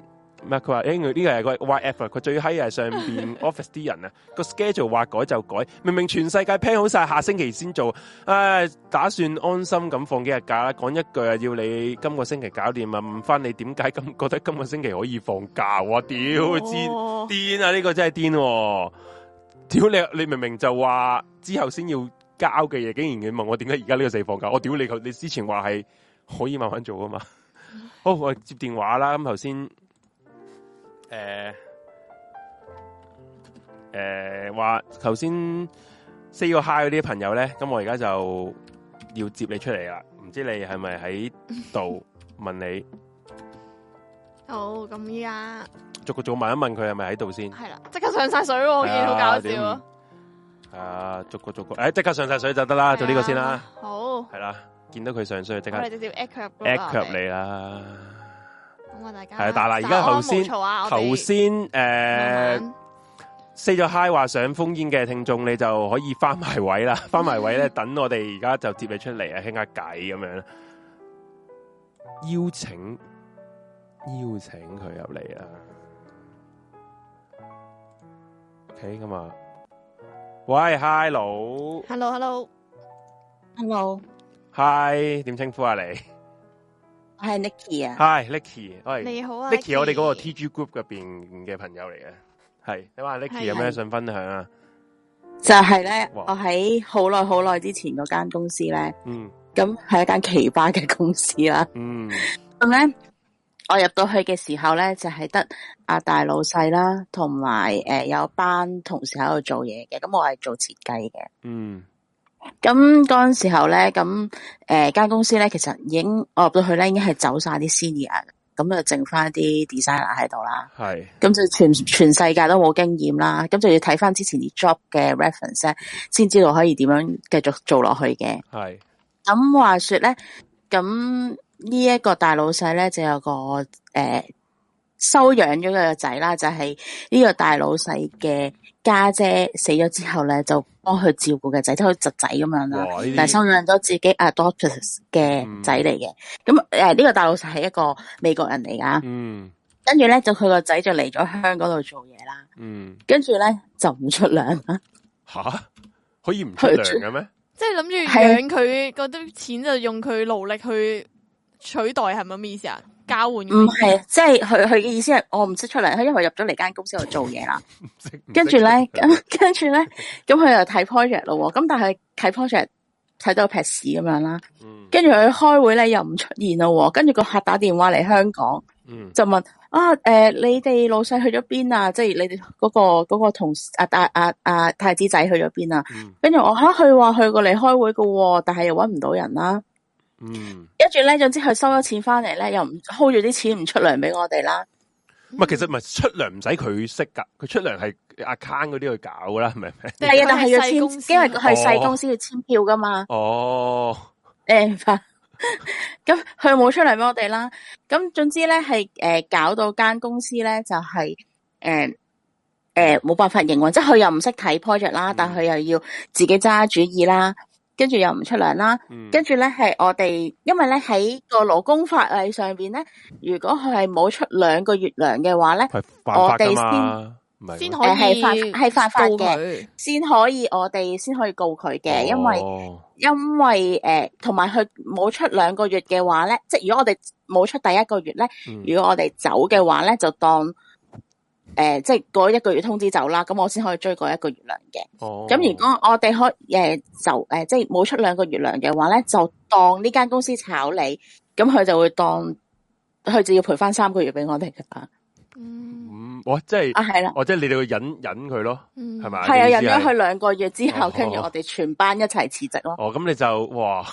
咩？佢話誒呢個係個 Y F 佢最閪係上邊 office 啲人啊 個 schedule 話改就改，明明全世界 plan 好晒，下星期先做，誒，打算安心咁放幾日假啦。講一句啊，要你今個星期搞掂啊，問翻你，點解咁覺得今個星期可以放假？我屌癲癲啊！呢，哦啊這個真係癲、啊，屌你你明明就話之後先要交嘅嘢，竟然問我點解而家呢個時放假？我屌你你之前話係可以慢慢做啊嘛。好，我接電話啦。咁頭先。誒、呃、誒，話頭先 say hi 嗰啲朋友咧，咁我而家就要接你出嚟啦。唔知你係咪喺度？問你 好，咁依家逐個做。個問一問佢係咪喺度先。係啦，即刻上晒水喎，好、啊、搞笑、啊。係啊，逐個逐個，誒、哎，即刻上晒水就得啦，做呢個先啦。好。係啦，見到佢上水就即刻，我就直接 add 你啦。係，但係而家頭先頭先誒，say 咗 hi 話想封煙嘅聽眾，你就可以翻埋位啦，翻、嗯、埋位咧，等我哋而家就接你出嚟啊，傾下偈咁樣。邀請邀請佢入嚟啊。OK 噶嘛？喂，Hello，Hello，Hello，Hello，Hi，點稱呼啊你？係 Nicky 啊，Hi Nicky，你好啊，Nicky，我哋嗰個 TG group 入邊嘅朋友嚟嘅，係。你話 Nicky 有咩想分享啊？就係、是、咧，我喺好耐好耐之前嗰間公司咧，咁、嗯、係一間奇葩嘅公司啦，咁、嗯、咧 我入到去嘅時候咧，就係得阿大老細啦，同埋誒有，有一班同事喺度做嘢嘅，咁我係做設計嘅。嗯。咁嗰陣時候咧，咁誒間公司咧，其實已經我入到去咧，已經係走晒啲 senior，咁就剩翻啲 designer 喺度啦。係。咁就全全世界都冇經驗啦，咁就要睇翻之前啲 job 嘅 reference，先知道可以點樣繼續做落去嘅。係。咁話說咧，咁呢一個大老細咧，就有個誒、呃、收養咗佢個仔啦，就係、是、呢個大老細嘅。家姐死咗之後咧，就幫佢照顧嘅仔，即係佢侄仔咁樣啦。但係收養咗自己 adopters 嘅仔嚟嘅。咁誒呢個大老細係一個美國人嚟㗎。嗯。跟住咧就佢個仔就嚟咗香港度做嘢啦。嗯。跟住咧就唔出糧啦。吓？可以唔出糧嘅咩？即係諗住養佢嗰啲錢就用佢勞力去取代，係咪咁意思啊？唔係，即係佢佢嘅意思係我唔識出嚟，因為入咗嚟間公司度做嘢啦。跟住咧，咁 跟住咧，咁佢又睇 project 咯。咁但係睇 project 睇到劈屎咁樣啦。跟住佢開會咧又唔出現咯。跟住個客打電話嚟香港，就問啊誒，你哋老細去咗邊啊？即係你哋嗰個嗰個同事啊啊啊，啊太子仔去咗邊、嗯、啊？啊啊啊去嗯、跟住我嚇佢話去過嚟開會嘅，但係又揾唔到人啦。嗯，跟住咧，總之佢收咗錢翻嚟咧，又唔 hold 住啲錢，唔出糧俾我哋啦。唔、嗯、係，其實唔係出糧唔使佢識噶，佢出糧係 account 嗰啲去搞噶啦，明唔明？係啊，但係要簽，因為係細公、哦、公司要簽票噶嘛。哦，誒、嗯、咁佢冇出糧俾我哋啦。咁總之咧，係誒、呃、搞到間公司咧，就係誒誒冇辦法營運，即係佢又唔識睇 project 啦，但係佢又要自己揸主意啦。跟住又唔出糧啦，跟住咧係我哋，因為咧喺個勞工法例上邊咧，如果佢係冇出兩個月糧嘅話咧，我哋先先可以係犯係犯法嘅，先可以我哋先可以告佢嘅、哦，因為因為誒，同埋佢冇出兩個月嘅話咧，即係如果我哋冇出第一個月咧、嗯，如果我哋走嘅話咧，就當。誒、呃，即係嗰一個月通知走啦，咁我先可以追過一個月糧嘅。哦，咁如果我哋可誒、呃、就誒、呃，即係冇出兩個月糧嘅話咧，就當呢間公司炒你，咁佢就會當佢、oh. 就要賠翻三個月俾我哋噶啦。嗯，即係啊，係啦，哦、即係你哋會忍忍佢咯，係、嗯、咪？係啊，忍咗佢兩個月之後，跟、oh. 住我哋全班一齊辭職咯。哦，咁你就哇！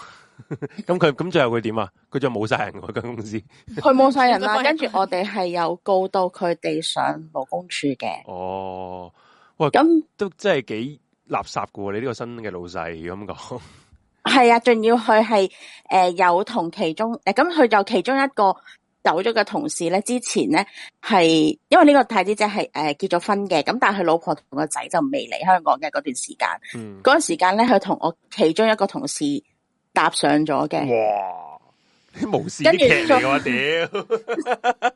咁佢咁最後佢點啊？佢就冇晒人嗰間公司，啊，佢冇晒人啦、啊。 跟住我哋係有告到佢哋上勞工處嘅。哦，喂，咁都真係幾垃圾嘅、啊。你呢個新嘅老細咁講係啊，仲要佢係誒，有同其中誒咁佢就其中一個走咗嘅同事咧。之前咧係因為呢個太子姐係誒、呃、結咗婚嘅，咁但係佢老婆同個仔就未嚟香港嘅嗰段時間。嗰、嗯、段、那個、時間咧，佢同我其中一個同事。搭上咗嘅，哇！啲無線劇嚟喎，屌、啊！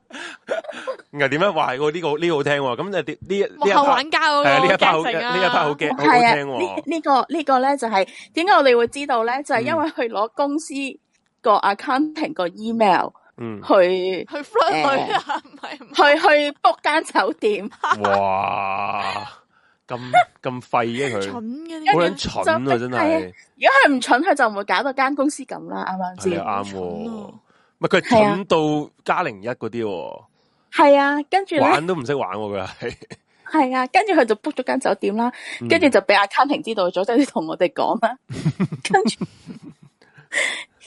又點樣壞過呢個呢、呢個好聽喎、哦？咁就啲呢一班後玩家嗰個劇情啊！呢一班好驚，啊、呢一好、啊呢一好，嗯、好聽呢、哦啊呢個呢、呢個咧就係點解我哋會知道咧？就係、是、因為去攞公司個 accounting 個 email，嗯，去去 f l 去去去 book 間酒店，哇！咁咁廢嘅佢，嗰人、啊、蠢，蠢啊，真係。如果佢唔蠢，佢就唔會搞到間公司咁啦，啱咪先？係啊，啱、啊。唔係佢蠢到加零一嗰啲，係啊。跟住玩都唔識玩佢係，係啊。跟住佢就 book 咗間酒店啦，嗯、跟住 跟著 就俾阿 marketing 知道，早啲同我哋講啦。跟住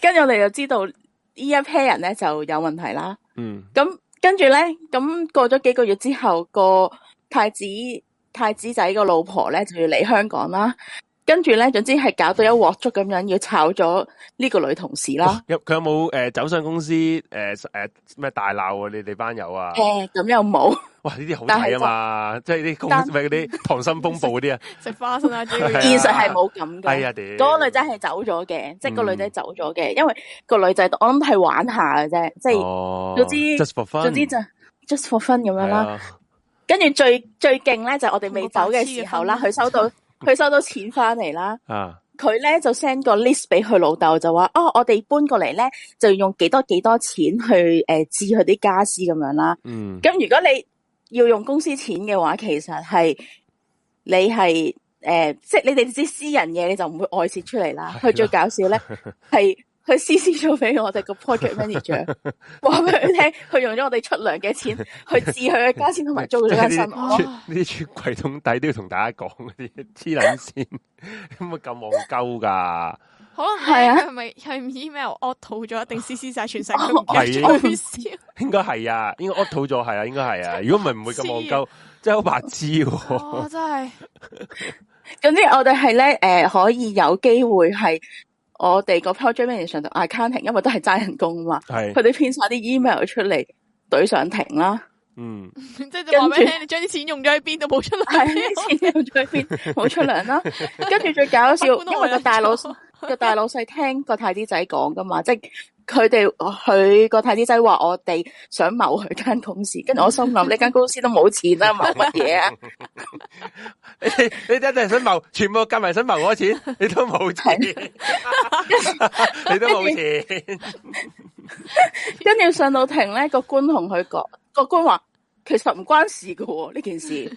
跟住我哋就知道呢一批人咧就有問題啦。嗯，咁跟住咧，咁過咗幾個月之後，個太子。太子仔個老婆咧就要嚟香港啦，跟住咧，總之係搞到一鑊粥咁樣，要炒咗呢個女同事啦。哦、有佢有冇誒、呃，走上公司誒誒咩大鬧、啊？你哋班友啊？誒、呃，咁又冇。哇！呢啲好睇啊嘛，即係啲公咩嗰啲溏心風暴啲 啊，食花生啊，啲現實係冇咁嘅。哎呀，屌！嗰個女仔係走咗嘅，嗯、即係個女仔走咗嘅，因為個女仔我諗係玩下嘅啫，即係、哦、總之 just for fun 總之就是、just for fun 咁樣啦、啊。跟住最最勁咧，就係我哋未走嘅時候啦，佢收到佢收到錢翻嚟啦，佢、啊、咧就 send 個 list 俾佢老豆，就話哦，我哋搬過嚟咧就用幾多幾多錢去誒置佢啲家私咁樣啦。咁、嗯、如果你要用公司錢嘅話，其實係你係誒、呃，即係你哋啲私人嘢，你就唔會外泄出嚟啦。佢最搞笑咧係。 佢私私咗俾我哋個 project manager，話俾佢聽，佢 用咗我哋出糧嘅錢 去治佢嘅家私同埋租佢間新屋呢啲櫃桶底都要同大家講啲黐捻線，咁啊咁戇鳩噶。可能係啊，係咪係 email o 吐咗一定私私晒全世界都係啊？應該係啊，應該 o 吐咗係啊，應該係啊。如果唔係唔會咁戇鳩，真係好白痴。我真係。總之我哋係咧，誒可以有機會係。我哋個 project manager 上就嗌 can t 停，因為都係揸人工啊嘛。佢哋編晒啲 email 出嚟，對上停啦。嗯，即係跟住就話俾你聽 你將啲錢用咗喺邊都冇出嚟？將 啲錢用咗喺邊冇出糧啦。 跟住最搞笑， 因為個大老 個大老細聽個太子仔講噶嘛，即佢哋佢個太子仔話我哋想謀佢間公司，跟住我心諗呢間公司都冇錢啦，謀乜嘢啊？啊 你你一定係想謀，全部夾埋想謀我錢，你都冇錢， 你都冇沒錢。跟 住 上到庭咧，個官同佢講，個官話其實唔關事噶呢件事。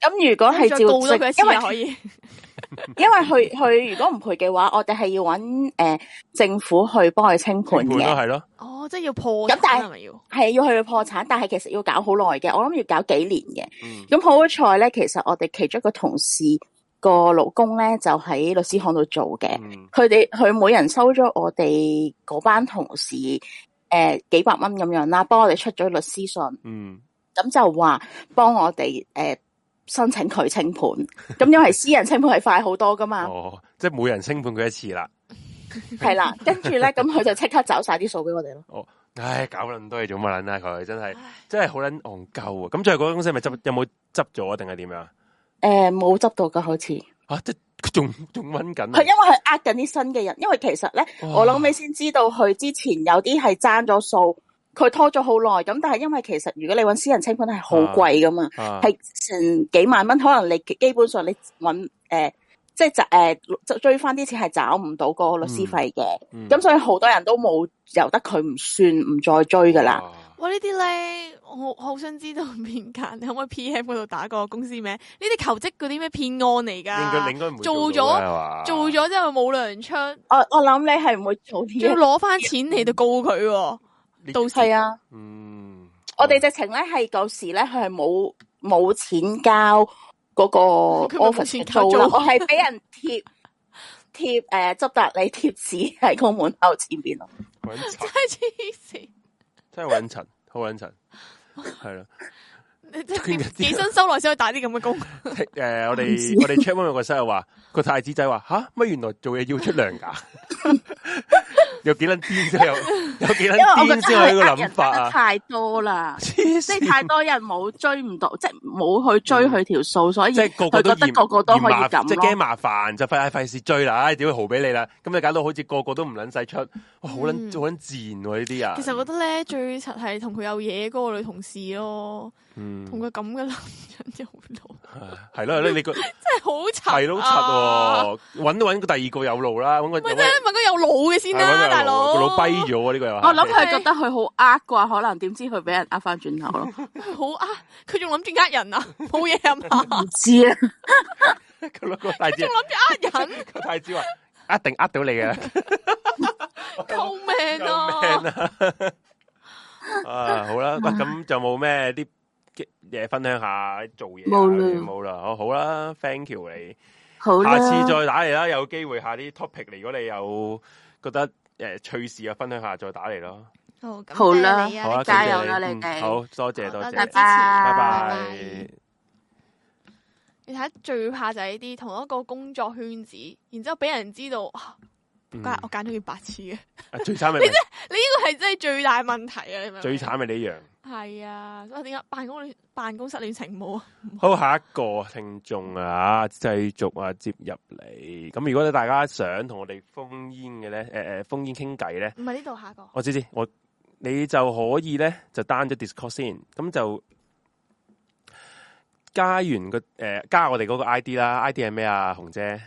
咁、嗯、如果係照因為可以因為佢佢如果唔賠嘅話，我哋係要揾誒、呃、政府去幫佢清盤嘅，係咯？哦，即係要破咁，但係係要去破產，但係其實要搞好耐嘅，我諗要搞幾年嘅。咁、嗯嗯嗯、好彩咧，其實我哋其中一個同事個老公咧就喺律師行度做嘅，佢哋佢每人收咗我哋嗰班同事誒、呃、幾百蚊咁樣啦，幫我哋出咗律師信，嗯，嗯，咁就話幫我哋誒。呃申請佢清盤，咁因為私人清盤係快好多噶嘛 哦是 就，哦，即係每人清盤佢一次啦，係啦，跟住咧，咁佢就即刻走晒啲數俾我哋咯。哦，唉，搞咁多嘢做，乜撚啊佢，真係真係好撚戇鳩啊！咁最後嗰間公司係咪執？有冇執咗定係點樣？誒、呃，冇執到噶，好似啊，即係仲仲搵緊。佢因為佢呃緊啲新嘅人，因為其實咧，我後尾先知道佢之前有啲係爭咗數。佢拖咗好耐，咁但係因為其實如果你揾私人清分係好貴噶嘛，係成、啊啊、幾萬蚊，可能你基本上你揾誒、呃，即係就誒追翻啲錢係找唔到個律師費嘅，咁、嗯嗯、所以好多人都冇由得佢唔算唔再追噶啦。哇！呢啲咧，我好想知道邊間，你可唔可以 P M 嗰度打個公司名？呢啲求職嗰啲咩騙案嚟噶？做咗，做咗之後冇糧出。我我諗你係唔會做啲嘢，仲要攞翻錢嚟到告佢、啊。係啊，嗯，我哋直情咧係舊時咧，佢係冇冇錢交嗰個 office 嘅租，是租我係俾人貼貼誒，執達、呃、吏貼紙喺個門口前邊咯，真係黐線，真係搵塵，好搵塵，係 啦。起身收耐先可以打啲咁嘅工。誒、 呃，我哋我哋 check 翻個個西話，個太子仔話：吓乜原來做嘢要出糧噶？ 有幾捻癲先有？有幾捻癲先有？個諗法啊！太多啦，即係太多人冇追唔到，即係冇去追佢條數，所以即係個個都覺得個個都可以咁、嗯，即係驚麻煩就費唉費事追啦。唉，點會豪俾你啦？咁就搞到好似個個都唔捻使出，哇！好捻好捻自然喎呢啲啊！其實我覺得咧，最柒係同佢有嘢嗰個女同事咯。同個咁嘅男人真係好老，係係咯，你你、那個 真係好柒，係都柒，揾都揾個第二個有路啦，揾個，個問有老、啊、個有腦嘅先啦，大佬、這個腦跛咗啊呢個又，我諗佢係覺得佢好呃啩，可能點知佢俾人呃翻轉頭咯，好呃，佢仲諗住呃人啊，冇嘢啊嘛，唔知啊，佢攞個大招，仲諗住呃人，大子話， 一定呃到你嘅，救命啊， 救命啊， 啊，啊好啦，咁就冇咩啲。嘢分享下做嘢，冇啦，好啦，thank you 你，好。下次再打嚟啦，有機會下啲 topic 嚟，如果你有覺得誒趣事啊，欸、分享下再打嚟咯、啊嗯。好，啦，好啦，加油啦，你好多謝多謝，多謝支持，拜拜。拜拜，你睇下最怕就係呢啲同一個工作圈子，然之後俾人知道，啊、我揀咗要八次嘅，嗯、 最慘咪你即、這個、你呢個係真係最大問題啊！你最慘咪你一樣。係啊，咁點解辦公室辦公室戀情冇啊？ 好，下一個聽眾啊，繼續啊，接入嚟。咁如果你大家想同我哋封煙嘅咧，誒、呃、誒，封煙傾偈咧，唔係呢度下一個。我知知，我你就可以咧就 down 咗 Discourse 先，咁就加完個誒、呃、加我哋嗰個 ID 啦，ID 係咩啊？洪姐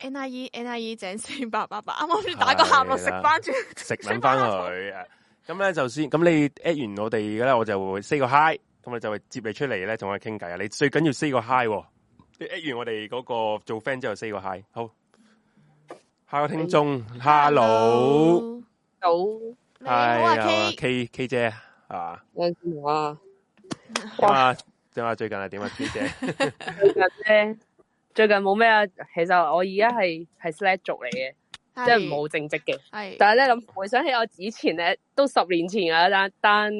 NIE NIE 井千八,八八八，啱啱先打個喊落食翻轉，食翻佢啊！ 咁咧，就先咁你 at 完我哋嘅咧，我就會 say 個 hi，咁咪就會接你出嚟咧，同我傾偈啊！你最緊要 say 個 hi，即、哦、at 完我哋嗰個做 friend 之後 say 個 hi，好。下個聽眾、hey.，hello，好，你好啊，K K 姐啊，你好啊，哇，哇，點啊？最近係點啊，K 姐？日 近，最近冇咩啊，其實我而家係係 schedule 嚟嘅。是即係冇正職嘅，係，但係咧，咁回想起我以前咧，都十年前啊，單單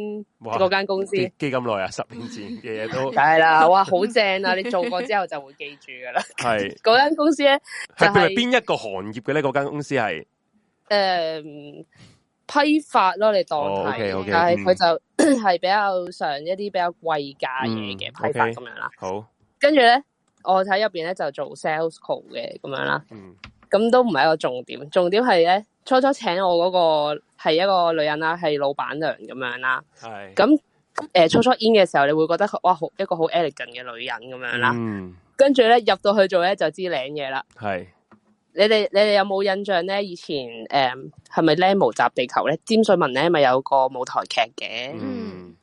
嗰間公司，記咁耐啊，十年前嘅嘢 都係啦，哇，好正啊！ 你做過之後就會記住噶啦，係嗰 間公司咧，係邊、就是、一個行業嘅咧？嗰間公司係誒、呃、批發咯，你當係，哦、okay, okay, 但係佢就係、嗯、比較上一啲比較貴價嘢嘅批發咁、嗯 okay, 樣啦。好，跟住咧，我睇入邊咧就做 sales call 嘅咁樣啦。嗯。咁都唔係一個重點，重點係咧，初初請我嗰個係一個女人啦，係老闆娘咁樣啦。係咁誒，初初演嘅時候你會覺得哇，好一個好 elegant 嘅女人咁樣啦、嗯。嗯，跟住咧入到去做咧就知靚嘢啦。係你哋你哋有冇印象咧？以前誒係咪《Lemon 襲地球呢》咧？詹瑞文咧咪有個舞台劇嘅？嗯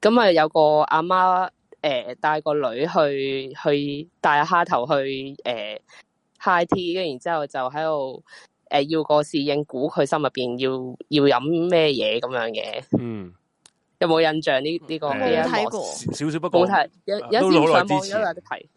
媽媽，咁啊有個阿媽誒帶個女去去帶阿蝦頭去誒。呃派 i T，跟然之後就喺度誒，要個侍應估佢心入邊要要飲咩嘢咁樣嘅。嗯，有冇印象呢？呢、呢個？係、嗯、啊，睇過少少，少少不過冇睇。有有一次上網上，有一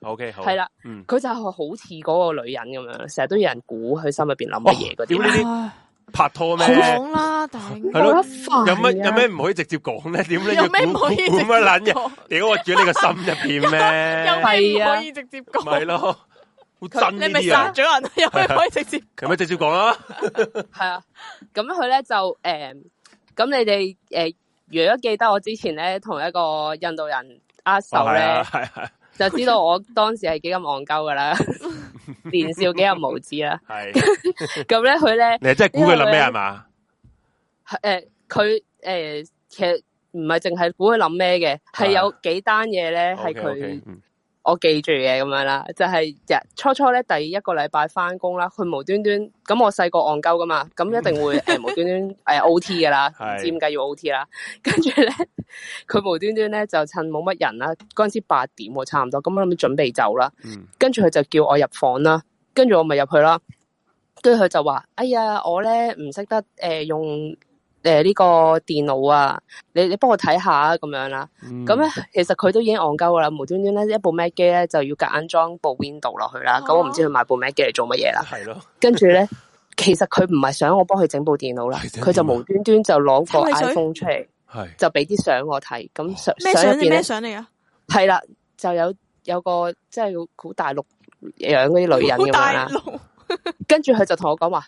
O K，好。係啦，佢、嗯、就係好似嗰個女人咁樣，成日都有人估佢心入邊諗乜嘢。點呢啲拍拖咩？好講啦，頂好煩。有咩有咩唔可以直接講咧？點咧？ 有咩唔可以直接講？屌 我住喺你個心入邊咩？又 咩唔可以直接講？係 咯對、啊。 你咪殺咗人！有咩、啊、可以直接、啊？有咩直接講啊？係啊，咁佢咧就誒，咁、呃、你哋誒、呃，如果記得我之前咧同一個印度人握手咧，係、哦、係、啊啊啊，就知道我當時係幾咁戇鳩噶啦，年 少幾咁無知啦。係咁咧，佢 咧，你真係估佢諗咩係嘛？誒，佢、呃、誒、呃，其實唔係淨係估佢諗咩嘅，係、啊、有幾單嘢咧，係、okay, 佢。Okay, 嗯我記住嘅咁樣啦，就係、是、日初初咧，第一個禮拜翻工啦。佢無端端咁，我細個戇鳩噶嘛，咁一定會誒、 呃、 無端端誒、呃、 O T 噶啦，唔知點解要 O T 啦。跟住咧，佢無端端咧就趁冇乜人啦，嗰陣時八點差唔多，咁樣諗住準備走啦。跟住佢就叫我入房啦，跟住我咪入去啦。跟住佢就話：哎呀，我咧唔識得誒、呃、用。誒、呃，呢、這個電腦啊，你你幫我睇下啊，咁樣啦。咁咧，其實佢都已經戇鳩啦，無端端咧一部 Mac 機咧就要夾硬裝部 Window 落去啦。咁、啊、我唔知佢買部 Mac 機嚟做乜嘢啦。係咯。跟住咧，其實佢唔係想我幫佢整部電腦啦，佢就無端端就攞個 iPhone 出嚟，就俾啲相我睇。咁、哦、相相入邊咧，係啦，就有有個即係好大陸樣嗰啲女人噶啦 他跟住佢就同我講話，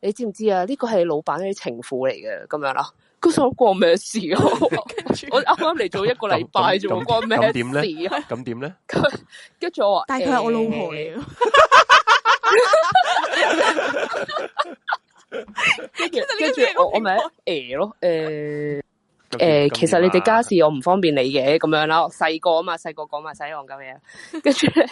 你知唔知啊？呢個係老闆啲情婦嚟嘅，咁樣啦，咁想過咩事啊？我啱啱嚟做一個禮拜啫， 關我關咩事啊？咁點咧？跟住我話，但係佢係我老婆。跟 住， 跟 住我，我咪誒咯，誒、欸。欸咧咧欸誒、呃，其實你哋家事我唔方便你嘅，咁樣咯，細個啊嘛，細個講話，細憨鳩嘢。跟住咧，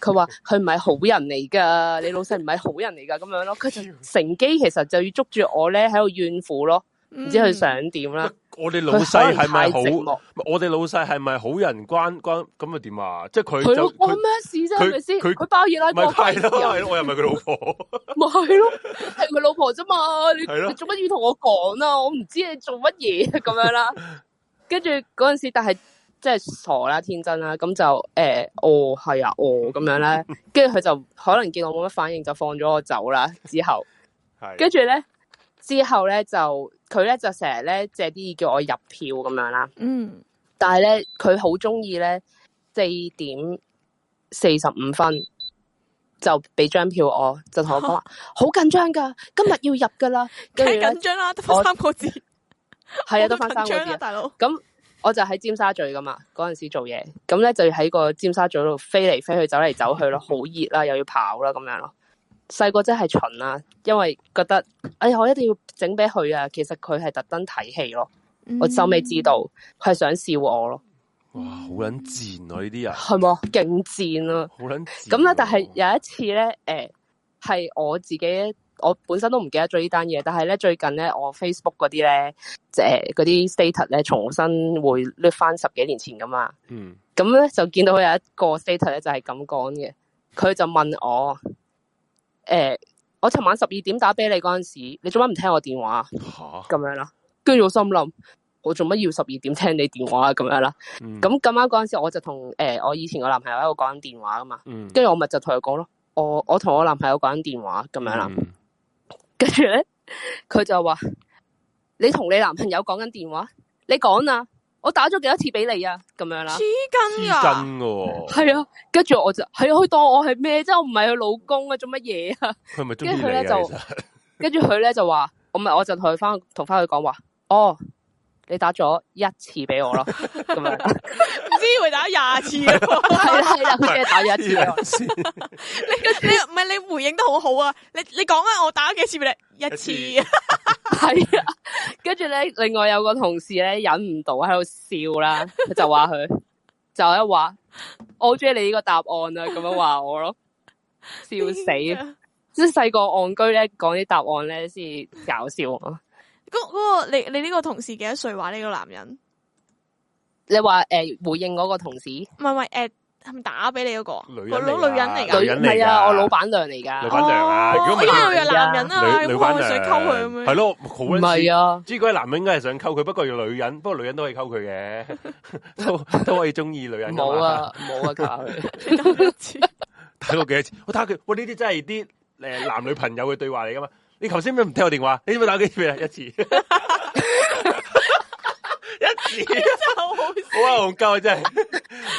佢話佢唔係好人嚟噶，你老細唔係好人嚟噶，咁樣咯。佢就乘機，其實就要捉住我咧，喺度怨婦咯。唔、嗯、知佢想點啦、嗯？我哋老細係咪好？我哋老細係咪好人關關咁、就是、啊？點啊？即係佢佢關咩事啫？佢佢包嘢喺個包入邊，係咯？我又唔係佢老婆，咪係咯？係佢老婆啫嘛？你做乜要同我講啊？我唔知你做乜嘢咁樣啦。跟住嗰陣時，但係即係傻啦、天真啦，咁就誒，我、欸、係、哦、啊，我、哦、咁樣咧。跟住佢就可能見到我冇乜反應，就放咗我走啦。之後係跟住咧，之後咧就。佢咧就成日咧借啲意叫我入票咁樣啦，嗯，但係咧佢好中意咧四點四十五分就俾張票，就我就同我講話好緊張噶，今日要入噶啦，太緊張啦，得翻三個字，係啊，得 翻三個字，大佬。咁我就喺尖沙咀噶嘛，嗰陣時做嘢，咁咧就要喺個尖沙咀度飛嚟飛去，走嚟走去咯，好熱啦，又要跑啦，咁樣咯。細個真係蠢啊，因為覺得哎呀，我一定要整俾佢啊。其實佢係特登睇戲咯，嗯、我收尾知道佢係想笑我咯。哇，好捻賤啊！呢啲人係咪勁賤啊？好捻咁咧。但係有一次咧，誒、欸、係我自己，我本身都唔記得咗呢單嘢。但係咧最近咧，我 Facebook 嗰啲咧，誒嗰啲 status 咧，重新會拎返翻十幾年前噶嘛。嗯，咁咧就見到佢有一個 status 咧，就係咁講嘅。佢就問我。誒，我尋晚十二點打俾你嗰陣時，你做乜唔聽我電話？咁樣啦。跟住我心諗，我做乜要十二點聽你電話啊？咁樣啦。咁咁啱嗰陣時，我、啊嗯、那那時我就同誒我以前個男朋友喺度講緊電話噶嘛。嗯。跟住我咪就同佢講咯，我我同我男朋友講緊電話咁樣啦。嗯、呢你跟住咧，佢就話你同你男朋友講緊電話，你講啊。我打咗幾多次俾你啊？咁樣啦，黐筋喎！係啊，跟住、啊、我就係啊，佢當我係咩？即係我唔係佢老公啊？做乜嘢啊？咪跟住咧就，跟住佢咧就話，我咪我就同佢翻，同翻佢講話，哦。你打咗一次俾我咯，咁樣唔 知會打廿次啊？係啦，即係打一次。你你唔係你回應得好好啊？你你講啊，我打幾次俾你？ 一次。係 啊，跟住咧，另外有個同事咧忍唔到喺度笑啦，就話佢就一話， 我中意你呢個答案啊，咁樣話我咯，笑死！即係細個戇居咧講啲答案咧先搞笑嗰、嗰個、嗰個、你你呢個同事幾多歲？話呢個男人，你話誒、呃、回應嗰個同事，唔係唔係誒，係咪、呃、打俾你嗰、嗰個女女人嚟噶？女人嚟啊，我老闆娘嚟噶。老闆娘，我依家又係男人啊，老闆娘想溝佢咩？係咯，唔係啊，知個男人梗係想溝佢，不過要女人，不過女人都可以溝佢嘅，都可以中意女人的。冇啊冇啊，搞佢睇過幾多次！我睇佢，喂呢啲真係啲誒男女朋友嘅對話嚟噶嘛？你頭先咩？唔聽我電話？你知唔知打幾次啊？一次， 一次真係好，我係憨鳩啊！真 係、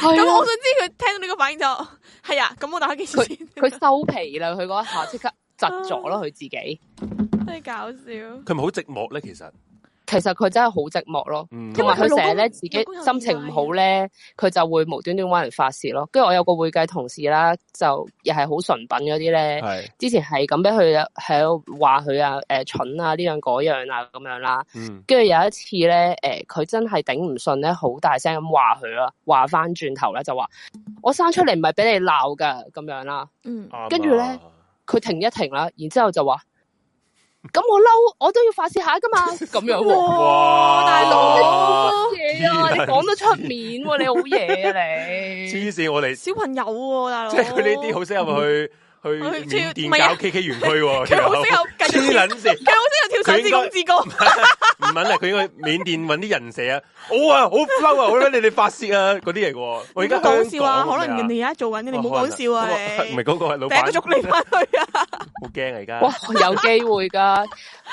嗯。咁我想知佢聽到呢個反應之後，係啊，咁我打幾次佢收皮啦！佢 嗰一下即刻窒咗咯，佢自己。 真係搞笑。佢咪好寂寞咧，其實。其實佢真係好寂寞咯，同埋佢成日咧自己心情唔好咧，佢、嗯、就會無端端搵人發洩咯。跟住我有個會計同事啦，就又係好純品嗰啲咧。係之前係咁俾佢喺度話佢啊，誒蠢啊，呢樣嗰樣啊咁樣啦。跟、嗯、住有一次咧，誒佢真係頂唔順咧，好大聲咁話佢咯，話翻轉頭咧就話我生出嚟唔係俾你鬧噶咁樣啦。嗯，跟住咧佢停一停啦，然之後就話。咁我嬲，我都要發泄下㗎嘛。咁樣、啊哇哇，哇，大佬，你啊你啊、 你好嘢啊！你講得出面，你好嘢啊你。黐線，我哋。小朋友喎、啊，大佬。即係佢呢啲好適合去、嗯。去緬甸搞 K K 園區，佢好識好，黐捻先，佢好識，又跳雙子空之歌，唔揾啊！佢應該緬甸揾啲人蛇啊，好啊，好嬲啊，好啦，你哋發泄啊，嗰啲嘢喎，我而家講笑啊，可能你而家做緊嘅，你唔好講笑啊，唔係嗰個係老闆捉你翻去啊，好驚啊而家，哇，有機會噶，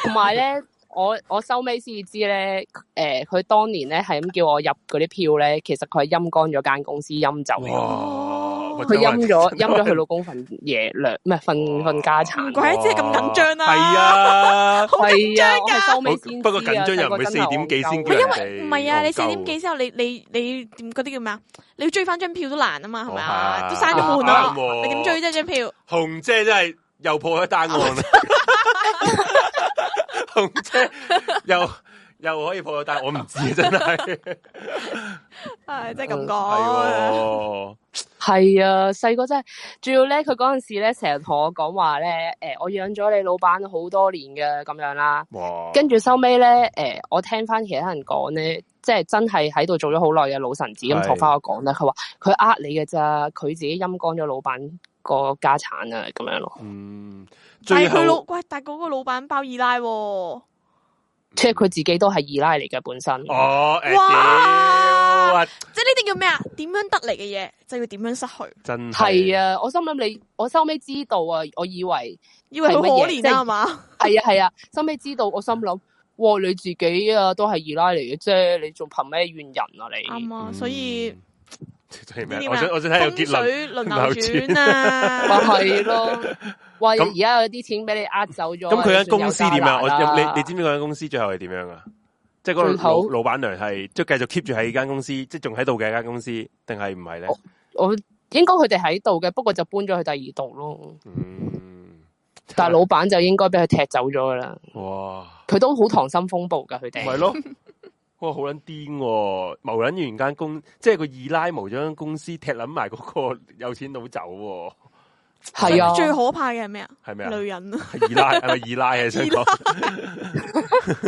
同埋咧，我我收尾先至知咧，誒，佢當年咧係咁叫我入嗰啲票咧，其實佢係陰乾咗間公司陰走嘅。佢陰咗陰咗佢老公份嘢糧唔係份份家產。唔怪得之咁緊張啊！係啊，緊張噶。收尾先，不過緊張又唔會四點幾先。佢因為唔係啊，你四點幾之後，你你你點嗰啲叫咩啊？你要追翻張票都難啊嘛，係、哦、咪啊？都閂咗門啦，你點追啫張票？紅姐真係又破咗單案啦，啊！ 紅姐又又可以破咗單， 我唔知真係。係即係咁講。 係啊，細個真係，仲要咧，佢嗰陣時咧成日同我講話咧，誒，我養咗你老闆好多年㗎咁樣啦。哇！跟住收尾咧，誒、欸，我聽翻其他人講咧，即係真係喺度做咗好耐嘅老臣子咁同翻我講咧，佢話佢呃你嘅咋，佢自己陰乾咗老闆個家產啊，咁樣咯。嗯，但係佢老，喂，但係嗰個老闆包二奶。 即係佢自己都係二奶嚟嘅本身。哦、oh, 欸，哇！即係呢啲叫咩啊？點樣得嚟嘅嘢就要點樣失去？真係係啊！我心諗你，我收尾知道啊！我以為以為好可憐啊嘛？係啊係啊，收尾、啊、知道我心諗，哇！你自己啊都係二奶嚟嘅啫，你仲憑咩怨人啊？你啱啊，所 以樂。嗯在哦、我想我想睇個結論輪流轉啊，話係咯，而家有啲錢俾你呃走咗。咁佢間公司點啊？我你你知唔知嗰間公司最後係點樣啊？即係嗰個老老闆娘係即係繼續 keep 住喺間公司， 即係仲喺度嘅間公司，定係唔係咧？我，我應該佢哋喺度嘅，不過就搬咗去第二度咯。嗯，但係老闆就應該俾佢踢走咗噶啦。哇，佢都好溏心風暴噶，佢哋係咯。 不過好捻癲，謀捻、啊、完間公，即係個二奶謀咗間公司，踢捻埋嗰個有錢佬走、啊。係啊，最可怕嘅係咩啊？係咩啊？女人，啊， 二奶係二奶啊！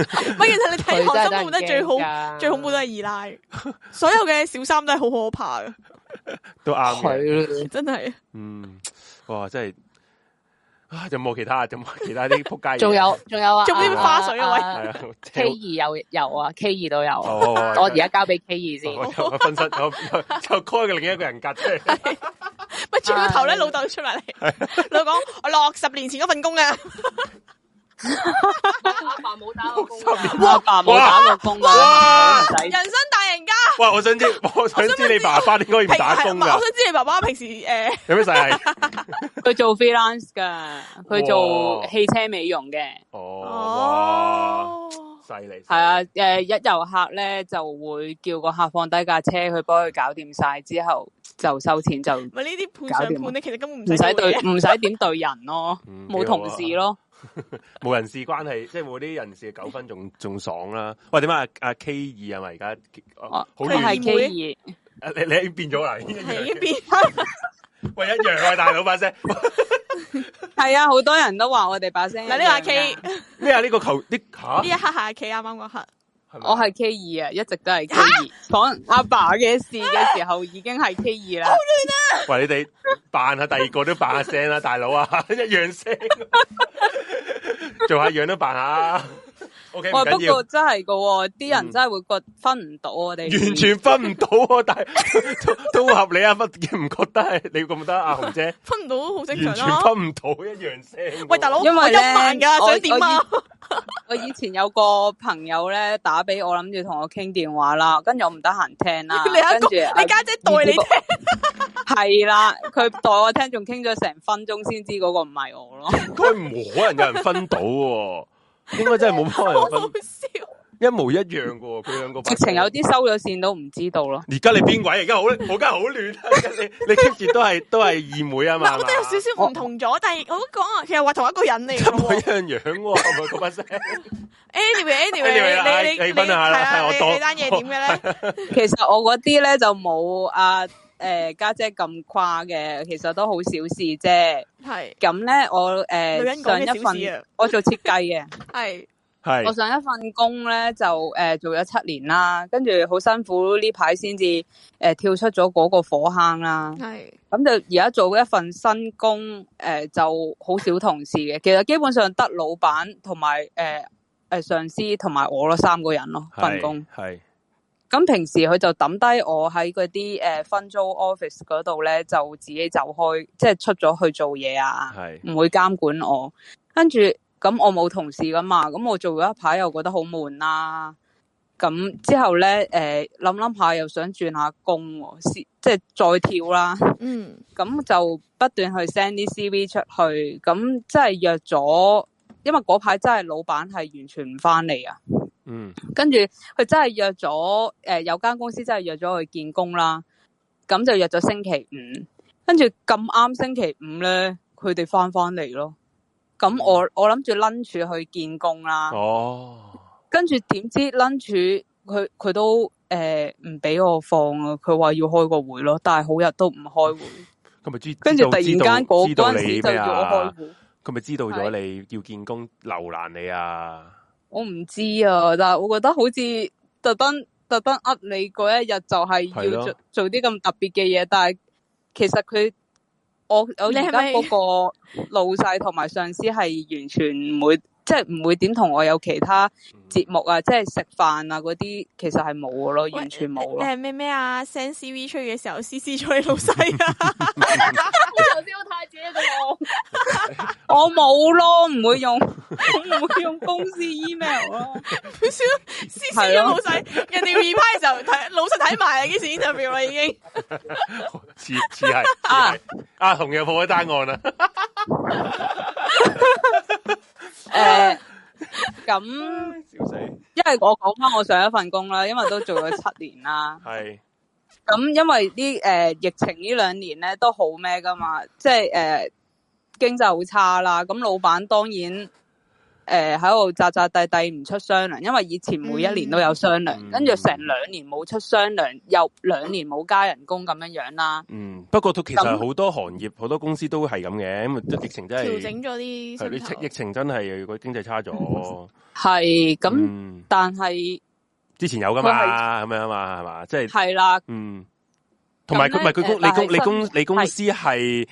不過其實你睇溏心冇得最好，最恐怖都係二奶。 所有嘅小三都係好可怕噶， 都啱對嘅的， 真係。嗯，哇，真係。就、啊、冇其他，有其他有有啊，就冇其他啲扑街。仲、啊啊、有仲有啊，仲有啲花絮啊，K 喂！二有有啊，K 二都有。 我而家交俾 K 二先 。我分身咗！就 call 嘅另一個人格。嚟 後呢！喂，轉個頭咧，老豆出埋嚟，老講我六十年前嗰份工啊。 阿 爸冇打過工，阿爸冇打過工。哇，哇！人生大贏家。哇！我想知，我想知你爸爸點解要打工噶？我想知你爸爸平時誒有咩事？佢、呃、 做 freelance 噶，佢做汽車美容嘅。哦，哦，犀利。係啊，誒，一遊客咧就會叫個客放低架車，去幫佢搞掂晒之後就收錢就。唔係呢啲判上判，呢其實根本唔使對，唔使點對人咯，冇 同事咯。冇 人事關係，即係冇啲人事嘅糾紛，仲仲爽啦。喂，點解阿 K 二係咪而家哦，好亂？佢係 K 二，你你已經變咗啊？係已經變。喂，一樣啊！大佬把聲，係 啊！好多人都話我哋把聲。嗱，呢個阿 K 咩啊？呢、這個球呢、啊、一刻係阿 K 啱啱嗰刻。是是我係 K 二啊，一直都係 K 二。講阿爸嘅事嘅時候，已經係 K 二啦。好、啊、亂啊,啊,啊,啊,啊,啊！喂，你哋扮下第二個都扮下聲啦、啊，大佬啊，一樣聲、啊，做 下樣都扮下。喂、okay，哦，不過真係噶、哦，啲人真係會覺得分唔到我哋、嗯，我完全分唔到， 但係都，都合理啊， 乜唔覺得係你覺唔得阿紅姐分唔到好正常咯、啊，完全分唔到一樣聲。喂，大佬，因為一萬噶想點啊我我？我以前有個朋友咧打俾我，諗住同我傾電話啦，跟住我唔得閒聽啦，跟住你家姐代你聽、啊，係、這、啦、個，佢 代我聽，仲傾咗成分鐘先知嗰個唔係我咯，佢唔可能有人分到。 應該真係冇乜人分一模一樣噶喎，佢 兩個直情有啲收咗線都唔知道咯。而家你邊位？而家好咧，我而家好亂你你 keep 住都係都係二妹啊嘛。 我覺得有少少唔同咗，但係我都講，其實話同一個人嚟。一模一樣樣、啊，唔係講乜聲。 Andy，Andy，、anyway, anyway, 你你你你係啦、啊，我講你單嘢點嘅咧？ 其實我嗰啲咧就冇阿誒家姐咁誇嘅，其實都好小事啫。係咁咧，我誒、呃、上一份我做設計嘅，係 係我上一份工咧就誒、呃、做咗七年啦，跟住好辛苦，呢排先至誒跳出咗嗰個火坑啦。係咁就而家做一份新工，誒、呃、就好少同事嘅，其實基本上得老闆同埋誒誒上司同埋我咯三個人咯份工係。咁平時佢就抌低我喺嗰啲誒分租 office 嗰度咧，就自己走開，即係出咗去做嘢啊，唔會監管我。跟住咁我冇同事噶嘛，咁我做咗一排又覺得好悶啦。咁之後咧，誒諗諗下又想轉下工喎，即係再跳啦。嗯，咁就不斷去 send 啲 CV 出去，咁即係約咗，因為嗰排真係老闆係完全唔翻嚟啊。嗯，跟住佢真係約咗，誒、呃、有間公司真係約咗我去見工啦。咁就約咗星期五，跟住咁啱星期五咧，佢哋翻翻嚟咯。咁、嗯嗯嗯嗯嗯、我我諗住 lunch 去見工啦。哦，跟住點知 lunch 佢佢都誒唔俾我放啊，佢話要開個會咯，但係好日都唔開會。佢 咪知？跟住突然間嗰陣、那個那個、時就叫我開會，佢咪知道咗你要見工留難你啊？我唔知啊，但係我覺得好似特登特登，呃，你嗰一日就係要做做啲咁特別嘅嘢，但係其實佢我我而家嗰個老細同埋上司係完全唔會。即係唔會點同我有其他節目啊，嗯、即係食飯啊嗰啲，其實係冇嘅咯，完全冇。你係咩咩啊？send CV 出嘅時候，C C 咗你老細啊？ 我頭先太紙嘅我，我冇咯，唔會用， 我唔會用公司 email 咯、啊。C C 咗老細、哦，人哋要二派嘅時候睇，老細睇埋啊，幾時 interview 啦已經。似似係，啊啊，同樣破開單案啊。 誒、 呃，咁、嗯，因為我講翻我上一份工啦，因為都做咗七年啦。係、 嗯，咁因為啲誒、呃、疫情兩呢兩年咧都好咩噶嘛，即係誒經濟好差啦。咁、嗯、老闆當然。誒、呃，喺度扎扎地地唔出商量，因為以前每一年都有商量，跟住成兩年冇出商量，又兩年冇加人工咁樣樣啦。嗯，不過其實好多行業、好、嗯、多公司都係咁嘅，因為疫情真係調整咗啲疫情真係如果經濟差咗。係、嗯、咁、嗯，但係之前有噶嘛，咁樣嘛係嘛，即係係啦。嗯，同埋佢係佢公你公你公你公,是你公司係誒。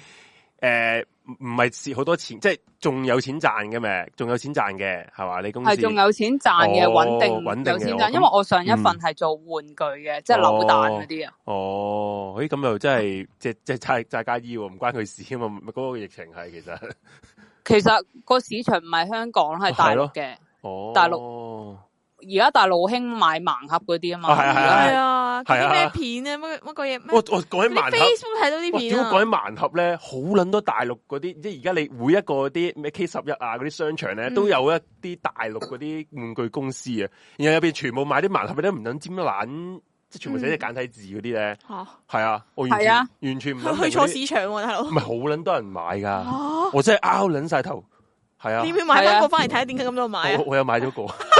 呃唔唔係蝕好多錢，即係仲有錢賺嘅咩？仲有錢賺嘅係嘛？你公司係仲有錢賺嘅穩定，有錢賺。哦嗯、因為我上一份係做玩具嘅，哦、即係扭蛋嗰啲啊。哦，哎，咁又真係即係即係差差家衣，唔關佢事啊嘛！咪、嗰個疫情係其實，其實個市場唔係香港，係大陸嘅、哦，哦，大陸。而家大陸興買盲盒嗰啲啊嘛，係啊，係啊，咩、啊啊啊、片啊，乜乜個嘢？我我講起盲盒咧，好捻、哦哦、多大陸嗰啲，即係而家你每一個啲咩 K 十一啊嗰啲商場咧、嗯，都有一啲大陸啊，啲玩具公司啊，然後入邊全部買啲盲盒、嗯，啊，啲唔諗尖得啊，即啊，全部寫啊，簡體字啊，啲咧，係啊，我是啊，全完全唔係去錯市場啊是，啊，佬啊，唔係好捻多人買噶，我真係 o 啊，t 捻晒頭，係啊，點啊，買翻個翻嚟睇？點解咁多買？我有買咗個。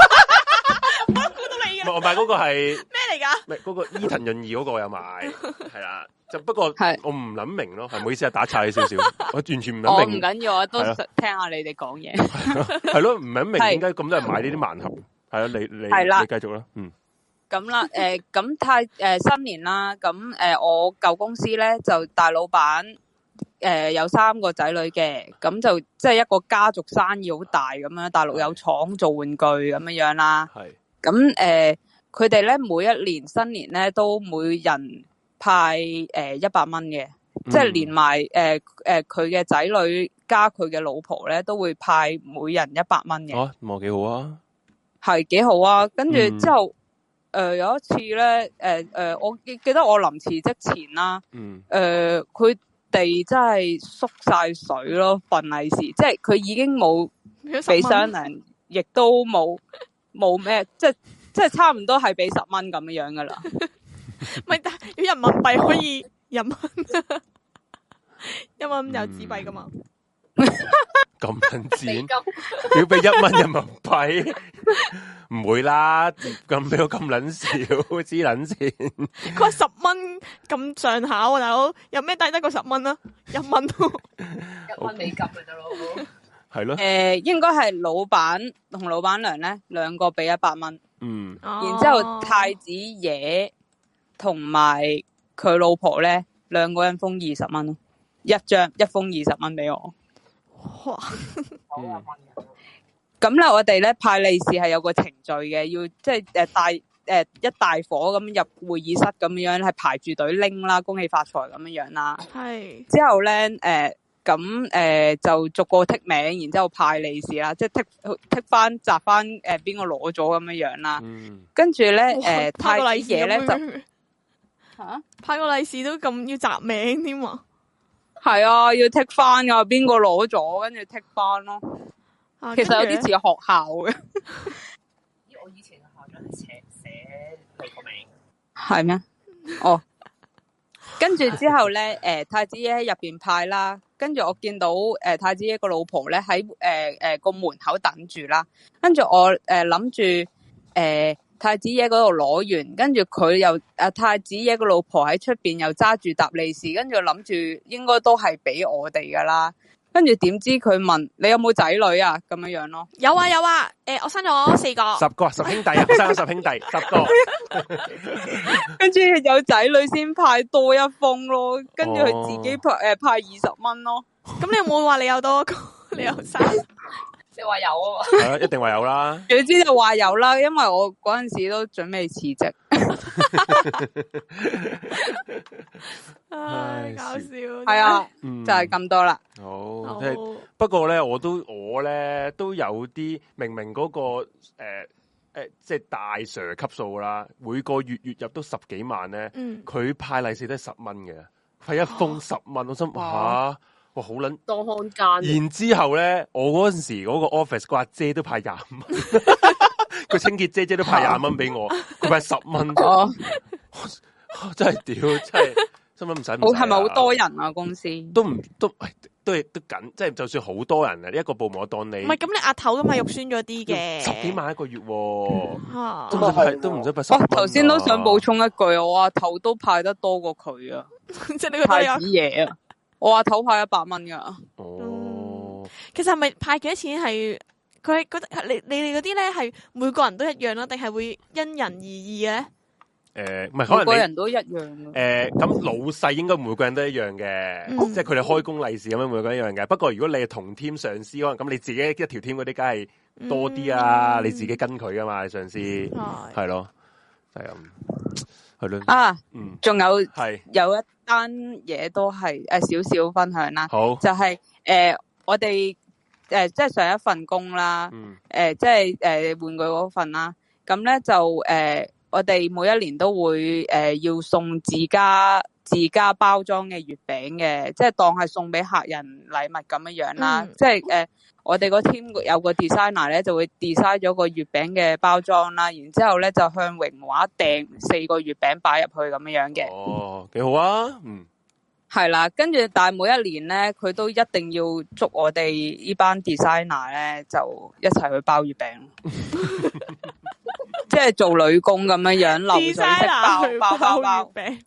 唔係，我買嗰個係咩嚟噶？唔係嗰個伊藤潤二嗰個有買，係啦，就不過我唔諗明咯，係唔好意思，係打岔少少，我完全唔諗明。哦，唔緊要，我都聽下你哋講嘢。係咯，唔係諗明點解咁多人買呢啲盲盒？係啊，你你你繼續啦，嗯。咁啦，誒，咁太誒新年啦，咁誒我舊公司咧就大老闆，誒有三個仔女嘅，咁就即係一個家族生意好大咁樣，大陸有廠做玩具咁樣樣啦，係。咁誒，佢哋咧每一年新年咧都每人派誒一百蚊嘅，即係連埋誒誒佢嘅仔女加佢嘅老婆咧都會派每人一百蚊嘅。哦，咁啊幾好啊，係幾好啊。跟住之後誒、嗯呃、有一次咧，誒、呃、誒我記記得我臨辭職前啦，誒佢哋真係縮晒水咯，份利是，即係佢已經冇俾雙糧，亦都冇。冇咩，即係即係差唔多係俾十蚊咁樣樣噶啦。咪要人民幣可以人民、啊、 一蚊，嗯，一蚊有紙幣噶嘛？咁捻錢， 要俾一蚊人民幣唔 會啦。咁俾我咁捻少，知捻先。佢話十蚊咁上下，啊，大佬有咩抵得過十蚊啊？一蚊都一蚊美金嘅啫咯。好係咯，誒、呃，應該係老闆同老闆娘咧，兩個俾一百蚊，嗯，然之後太子爺同埋佢老婆咧，兩個人封二十蚊咯，一張一封二十蚊俾我，哇，好。咁咧我哋咧派利是係有個程序嘅，要即係誒帶誒一大伙咁入會議室咁樣樣，係排住隊拎啦，恭喜發財咁樣樣啦，係之後咧誒。呃咁誒、呃，就逐個剔名，然之後派利是啦，即係剔剔翻摘翻誒，邊個攞咗咁樣樣啦、嗯。跟住咧，誒派利嘢咧就吓、啊，派個利是都咁要摘名添啊！係啊，要剔翻噶，邊個攞咗，跟住剔翻咯。其實有啲似學校嘅。咦、啊？ 我以前嘅校長係寫寫個名，係咩？哦、 oh.。跟住之後咧，誒、呃、太子爺喺入邊派啦，跟住我見到誒、呃、太子爺個老婆咧喺誒誒個門口等住啦，跟住我誒諗住誒太子爺嗰度攞完，跟住佢又誒太子爺個老婆喺出邊又揸住搭利是，跟住諗住應該都係俾我哋噶啦。跟住點知佢問你有冇仔女啊？咁樣樣咯，有啊有啊，誒我生咗四個，十個十兄弟啊，生十兄弟 十個，跟 住有仔女先派多一封咯，跟住佢自己派誒派二十蚊咯，咁、哦、你有冇話你有多個，你有三？ 話有啊， 啊？一定話有啦。你知道就話有啦，因為我嗰陣時候都準備辭職。 唉，搞笑。係啊，嗯、就係、是、咁多啦。好、哦哦。不過咧，我都我咧都有啲明明嗰、那個誒誒，即、呃、係、呃就是、大 Sir 級數啦，每個月月入都十幾萬咧。佢、嗯、派利息都十蚊嘅，係一封十蚊、啊，我心話。啊哇好捻當看間，啊，然之後咧，我嗰陣時嗰個 office 個阿姐都派廿五蚊，個 清潔姐姐都派廿蚊俾我，佢 派十蚊， 啊、真係屌，真係十蚊唔使。好係咪好多人啊公司？都唔都都係都緊，即係就算好多人啊，呢、這、一個部門我當你唔係咁，你阿頭都係肉酸咗啲嘅，十幾萬一個月、啊 都唔使啊，都唔使都唔使八十。我頭先都想補充一句，我阿頭都派得多過佢啊，即係呢個太子爺爺啊。 我話討派一百蚊噶，哦，其實係咪派幾多錢係佢覺得你你哋嗰啲咧係每個人都一樣咯，定係會因人而異咧？誒，唔係，每個人都一樣。誒，咁老細應該每個人都一樣嘅，即係佢哋開工利是咁樣每個一樣嘅。不過如果你係同添上司，可能咁你自己一條添嗰啲，梗係多啲啊。你自己跟佢噶嘛，上司係咯，係啊係咯。啊，嗯，仲有係有一。單嘢都係誒少少分享啦，好就係、是、誒、呃、我哋誒、呃、即係上一份工啦，嗯誒、呃、即係誒、呃、玩具嗰份啦，咁咧就誒、呃、我哋每一年都會誒、呃、要送自家，自家包裝嘅月餅嘅，即係當係送俾客人禮物咁樣樣啦、嗯。即係誒、呃，我哋個 team 有個 designer 咧，就會 design 咗個月餅嘅包裝啦。然之後咧就向榮華訂四個月餅擺入去咁樣樣嘅。哦，幾、嗯、好啊！嗯，係啦。跟住，但係每一年咧，佢都一定要捉我哋呢班 designer 咧，就一齊去包月餅， 即係做女工咁樣樣，流水包,包包包,包月餅。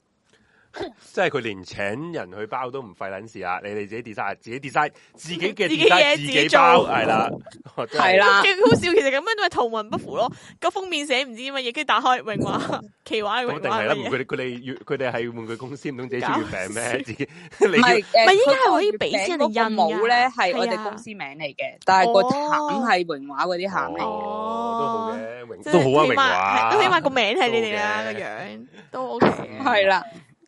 即係佢連請人去包都唔費卵事啊！你哋自己 design，自己 design，自己嘅 design，自己包係啦，係啦。好笑，其實咁樣都係圖文不符咯。個封面寫唔知乜嘢，跟住打開榮華奇話，一定係啦，佢哋佢哋佢哋係玩具公司，唔通自己燒月餅咩？自己唔係唔係應該係可以俾先。啊個帽咧係我哋公司名嚟嘅，但係個餡係榮華嗰啲餡嚟嘅。都、哦哦、好嘅，都好啊，榮華都起碼個名係你哋啊，個樣都 OK，係啦。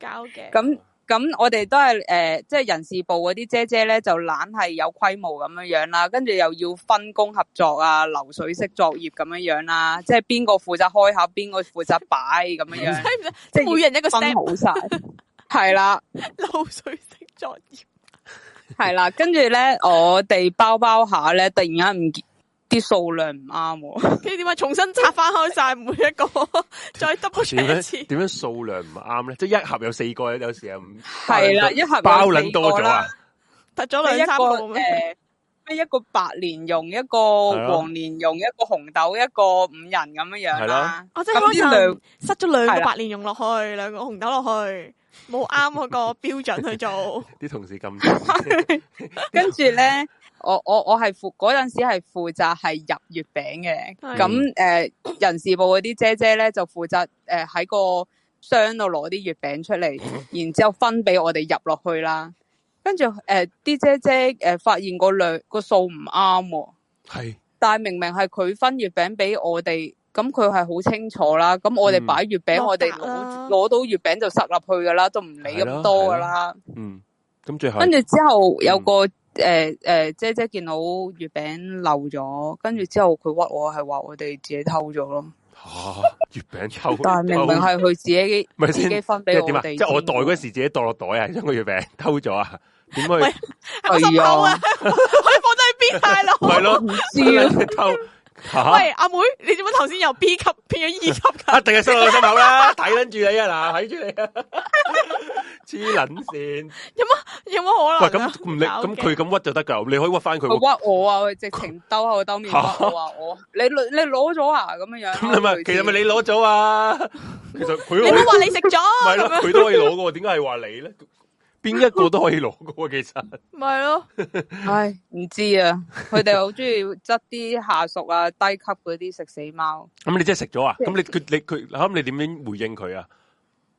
咁、okay. 咁，我哋都係誒，即、呃、係、就是、人事部嗰啲姐姐咧，就懶係有規模咁樣樣啦，跟住又要分工合作啊，流水式作業咁樣樣啦，即係邊個負責開口，邊個負責擺咁樣樣， 即係每人一個分好晒，係 啦 對了， 流水式作業，係 啦，跟住咧，我哋包包下咧，突然間唔見。啲數量唔啱，跟住點解重新拆翻開晒每一個，再 double check？點樣數量唔啱咧？即係一盒有四個，有時有五啦，一盒包捻多咗啊！得咗兩個誒，咩一個白蓮蓉，一個黃蓮蓉，一個紅豆，一個五仁咁樣樣啦。我即係可能塞咗兩個白蓮蓉落去，兩個紅豆落去，冇啱嗰個標準去做。啲同事咁，跟住咧。我我我係負嗰陣時係負責係入月餅嘅，咁誒、呃、 人事部嗰啲姐姐咧就負責誒喺、呃、個箱度攞啲月餅出嚟，嗯，然之後分俾我哋入落去啦。跟住誒啲姐姐誒發現個量個數唔啱，係，但係明明係佢分月餅俾我哋，咁佢係好清楚啦。咁我哋擺月餅，我哋攞攞到月餅就塞落去噶啦，都唔理咁多噶啦。嗯、咁、嗯、最後跟住、嗯、之後有個。誒、呃、誒，姐姐見到月餅漏咗，跟住之後佢屈我，係話我哋自己偷咗咯。吓、哦，月餅偷，但明明係佢自己等等，自己分俾我哋即點啊？即係我袋嗰時自己袋落袋啊， 將個月餅偷咗啊？點解？係啊，佢放低去邊？大佬係咯。唔知啊。啊、喂，阿妹，你做乜頭先由 B 級變咗 E 級噶？ 一定係傷到心口啦，睇捻住你啊，嗱，睇住你啊，黐捻線，有乜有乜可能？喂，咁，唔理咁佢咁屈就得噶，你可以屈翻佢，啊。屈我啊，直情兜下兜面，話我，你你攞咗啊，咁樣樣。咁咪其實咪你攞咗啊？其實佢你唔話 你食咗，係 咯， 佢都可以攞噶，點解係話你咧？邊一個都可以攞噶，其實唔係咯，唉，唔知啊，佢哋好中意執啲下屬啊，低級嗰啲食死貓。咁你真係食咗啊？咁 你佢你佢，咁你點樣回應佢啊？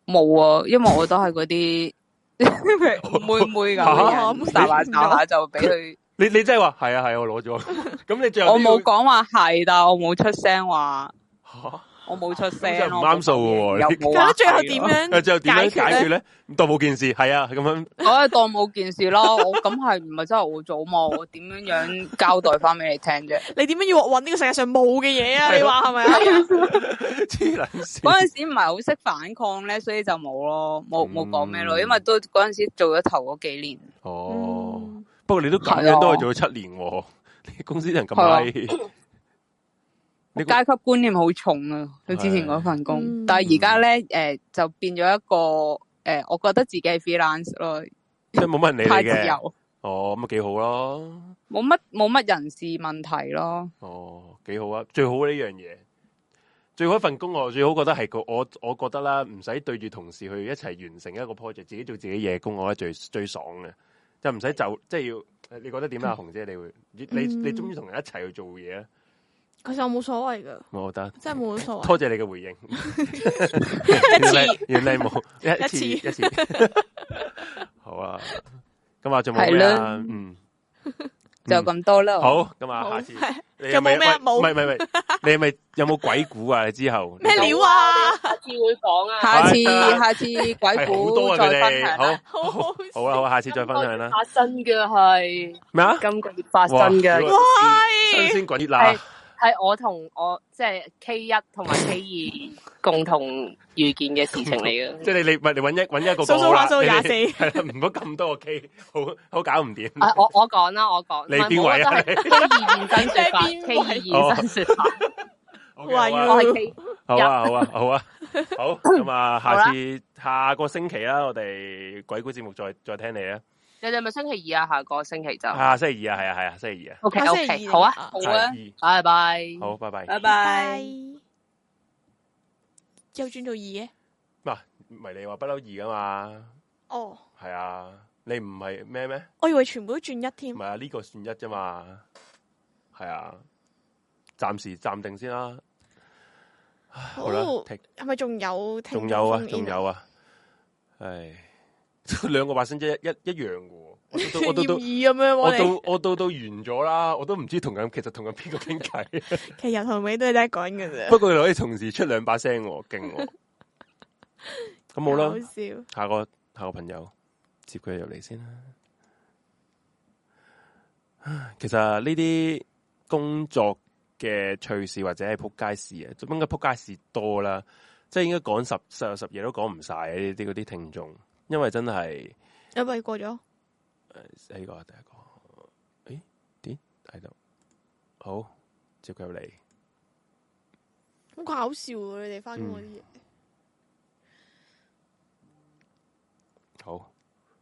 冇啊，因為我都係嗰啲妹妹咁撒下撒下就俾佢。你你真係話係啊？係、啊、我攞咗。咁你最後、這個、我冇講話係，但我冇出聲話。 我冇出聲咯，唔啱數嘅。你覺得最後點樣？最後點樣解決咧？咁 當冇件事，係啊，咁樣。我係當冇件事咯， 我咁係唔係真係好早嘛？我點樣樣交代翻俾你聽啫？你點樣要搵呢個世界上冇嘅嘢啊？ 你話係咪啊？黐捻嗰陣時唔係好識反抗咧，所以就冇咯，冇冇講咩咯，因為都嗰陣時做咗頭嗰幾年。嗯、哦、嗯，不過你都咁樣都係做咗七年，你公司人咁 階級觀念好重啊！佢之前嗰份工、嗯，但係而家咧，誒、嗯呃、就變咗一個誒、呃，我覺得自己係 freelance 咯，即係冇乜人理你嘅。太自由。哦，咁啊幾好咯。冇乜冇乜人事問題咯。哦，幾好啊！最好呢樣嘢，最好的一份工我最好覺得係個我，我覺得啦，唔使對住同事去一齊完成一個 project，自己做自己嘢工我覺得最最爽嘅，就唔使就即、是、係要。你覺得點啊，紅、嗯、姐？你會你你鍾意同人一齊去做嘢啊？其實我冇所謂噶，冇得，真係冇所謂。多謝你嘅回應，一次，原嚟冇一次，一次，好啊。咁啊，就冇啦，嗯，就咁多啦。好，咁啊，下次，就冇咩啊，冇，唔係唔係，你係咪有冇鬼故啊？你之後咩料啊？下次會講啊，下次下次鬼故再分享，好，好啦，好，下次再分享啦。發生嘅係咩啊？今個月發生嘅，喂，新鮮滾熱辣。係我同我即係 K 一同埋 K 二共同遇見嘅事情嚟嘅。即係你你你揾一揾一個蘇蘇話廿四，唔好咁多個 K，好好搞唔掂。我我講啦，我講。你邊位啊？K k 二現身說法。話要我係 K 一好啊 好啊好啊好。咁啊，啊 下次、啊、下個星期啦，我哋鬼故節目再再聽你啊。你哋咪星期二啊，下個星期就啊，星期二啊，係啊，係啊，星期二啊。O K O K，好啊，好啊，拜拜。好，拜拜，拜拜。又轉到二嘅？唔係，咪你話不嬲二噶嘛？哦，係啊，你唔係咩咩？我以為全部都轉一添。唔係啊，呢個算一啫嘛。係啊，暫時暫定先啦。好啦，係咪仲有？仲有啊，仲有啊。唉，兩個化身一一一樣。建咁樣，我到，到， 我，到，到 我到到完咗啦，我都唔知同緊，其實同緊邊個傾偈。其實頭尾都係得一個人嘅啫。不過你可以同時出兩把聲，我勁。咁好啦，好笑。下個下個朋友接佢入嚟先啦。 其實呢啲工作嘅趣事或者係撲街事啊，做乜嘅撲街事多啦？即係應該講十十十嘢都講唔晒呢啲嗰啲聽眾，因為真係一位過咗。第二個，第一個，誒、欸，啲喺度，好，接佢入嚟，好搞笑啊！你哋翻工嗰啲嘢，好，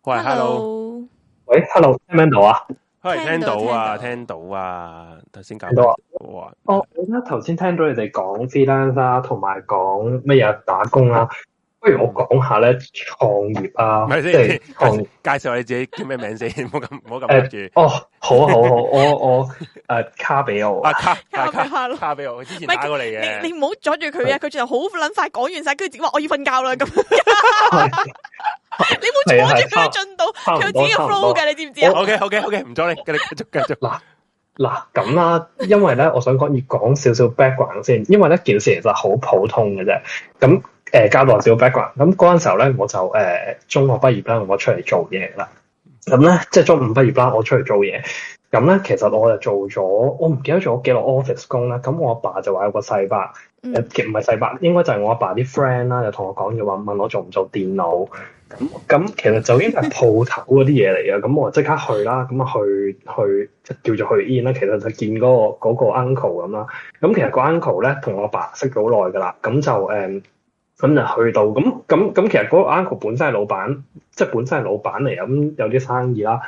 喂 Hello.，hello，喂，hello，聽唔聽到啊，喂聽到啊，聽到啊，頭先搞到啊，哇，我而家頭先聽到你哋講 freelance 同埋講咩嘢打工啊。不如我講下咧創業啊，即係介紹你自己叫咩名先，唔好咁唔好咁阻住。哦，好啊好好，我我誒卡俾我，我啊、卡比奧卡卡卡俾我，之前打過你嘅。你你唔好阻住佢啊！佢仲係好撚快講完晒，跟住話我要瞓覺啦咁 。你唔好阻住佢嘅進度，佢有自己嘅 flow 嘅，你知唔知啊？好嘅好嘅好嘅，唔、okay, 阻、okay, okay, 你，繼 續繼續，繼續。嗱嗱咁啦，因為咧我想講要講少少 background 先，因為呢件事其實好普通嘅啫，咁。誒，交流少 background。咁嗰時時候咧，我就誒、呃、中學畢業啦，我出嚟做嘢啦。咁咧，即係中五畢業啦，我出嚟做嘢。咁咧，其實我就做咗，我唔記得咗幾多 office 工啦。咁我爸，爸就話有個細伯，誒、嗯，唔係細伯，應該就係我阿爸啲 friend 啦，就同我講嘅話問我做唔做電腦。咁咁，其實就應該係鋪頭嗰啲嘢嚟嘅。咁我即刻去啦。咁去去，去，叫做去 i 院啦。其實就見嗰、那個嗰、那個、uncle 咁啦。咁其實個 uncle 咧，同我阿爸，爸識咗好耐噶啦。咁就、嗯咁就去到，咁咁咁，其實嗰個 uncle 本身係老闆，即係本身係老闆嚟，咁有啲生意啦。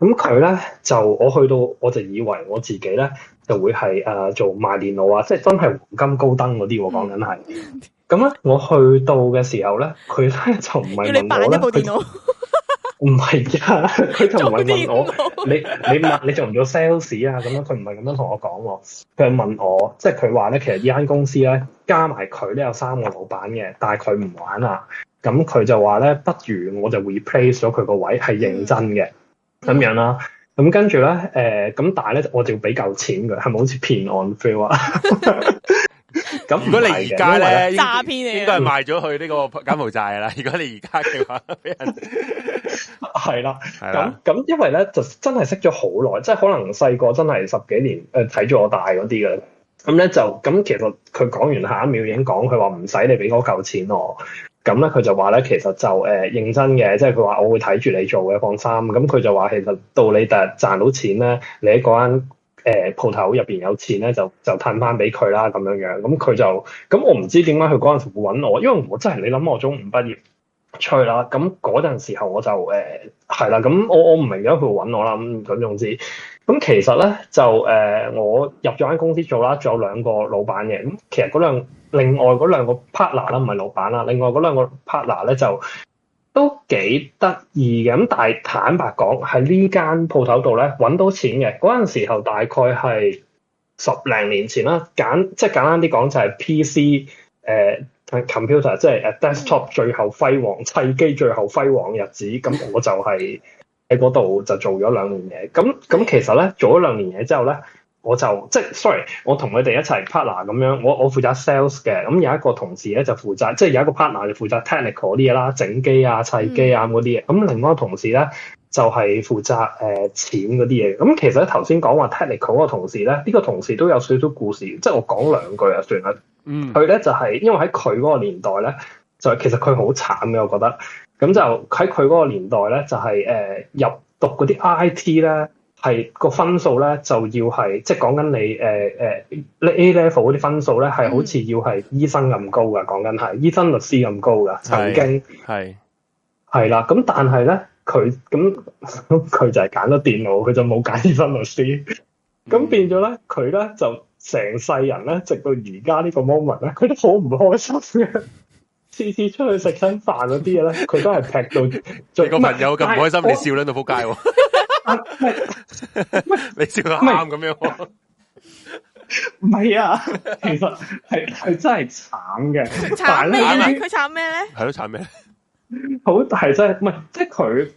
咁佢咧就，我去到我就以為我自己咧就會係誒、呃、做賣電腦啊，即係真係黃金高登嗰啲我講緊，係。咁咧，我去到嘅時候咧，佢咧就唔係問我，要你扮一部電腦 唔係㗎，佢就唔係問我，你你問你，你做唔做 sales 啊？咁樣佢唔係咁樣同我講，佢係問我，即係佢話咧，其實呢間公司咧加埋佢都有三個老闆嘅，但係佢唔玩啦。咁佢就話咧，不如我就 replace 咗佢個位，係認真嘅咁樣啦。咁跟住咧，誒、嗯，咁但係咧，我就要俾夠錢佢，係咪好似騙案 feel 啊？ 咁如果你而家咧，詐騙你，呢個係賣咗去呢個柬埔寨噶啦。如果你而家嘅話，俾人係啦，咁咁，因為咧、啊、 就真係識咗好耐，即、就、係、是、可能細個真係十幾年，誒睇住我大嗰啲嘅啦。咁咧就咁，其實佢講完下一秒已經，講佢話唔使你俾嗰嚿錢我。咁咧佢就話咧，其實就誒、欸、認真嘅，即係佢話我會睇住你做嘅放心。咁佢就話其實到你第日賺到錢咧，你喺嗰間。誒鋪頭入邊有錢咧，就就攤翻俾佢啦，咁樣樣。咁佢就，咁我唔知點解佢嗰陣時會揾我，因為我真係你諗我中五畢業出啦。咁嗰陣時候我就誒係啦。咁、呃、我我唔明點解佢會揾我啦。咁咁總之，咁其實咧就誒、呃、我入咗間公司做啦，仲有兩個老闆嘅。咁其實嗰兩另外嗰兩個 partner 啦，唔係老闆啦。另外嗰兩個 partner 咧就。都幾得意嘅，咁但係坦白講喺呢間鋪頭度咧揾到錢嘅嗰陣時候，大概係十零年前啦。簡即係簡單啲講就係 PC、呃、computer，即係 desktop 最後輝煌砌機最後輝煌日子。咁我就係喺嗰度就做咗兩年嘢。咁咁其實咧做咗兩年嘢之後咧。我就即係 sorry，我同佢哋一齊 partner 咁樣，我我負責 sales 嘅，咁有一個同事咧就負責，即係有一個 partner 就負責 technical 嗰啲嘢啦，整機啊、砌機啊嗰啲嘢。咁、啊、另外同事咧就係負責誒錢嗰啲嘢。咁其實頭先講話 technical 個同事咧，就是呃、呢、同呢、呢個同事都有少少故事，即係我講兩句啊，算啦。嗯。佢咧就係、是、因為喺佢嗰個年代咧，就係其實佢好慘嘅，我覺得。咁就喺佢嗰個年代咧，就係、是呃、入讀嗰啲 IT 咧。係個分數咧就要係，即係講緊你誒誒、呃呃、A level 嗰啲分數咧係好似要係醫生咁高噶講緊係醫生律師咁高噶曾經係係啦。咁但係咧佢，咁佢就係揀咗電腦，佢就冇揀醫生律師。咁、嗯、變咗咧佢咧就成世人咧，直到而家呢個 moment 咧，佢都好唔開心嘅。次次出去食餐飯嗰啲嘢咧，佢 都係劈到最。最個朋友咁唔開心，你笑喺到仆街。 啊，唔係，唔係，你笑得啱咁樣，唔係啊，其實係係真係慘嘅，但係咧，佢慘咩咧？係咯，慘咩？好係真係，唔係即係佢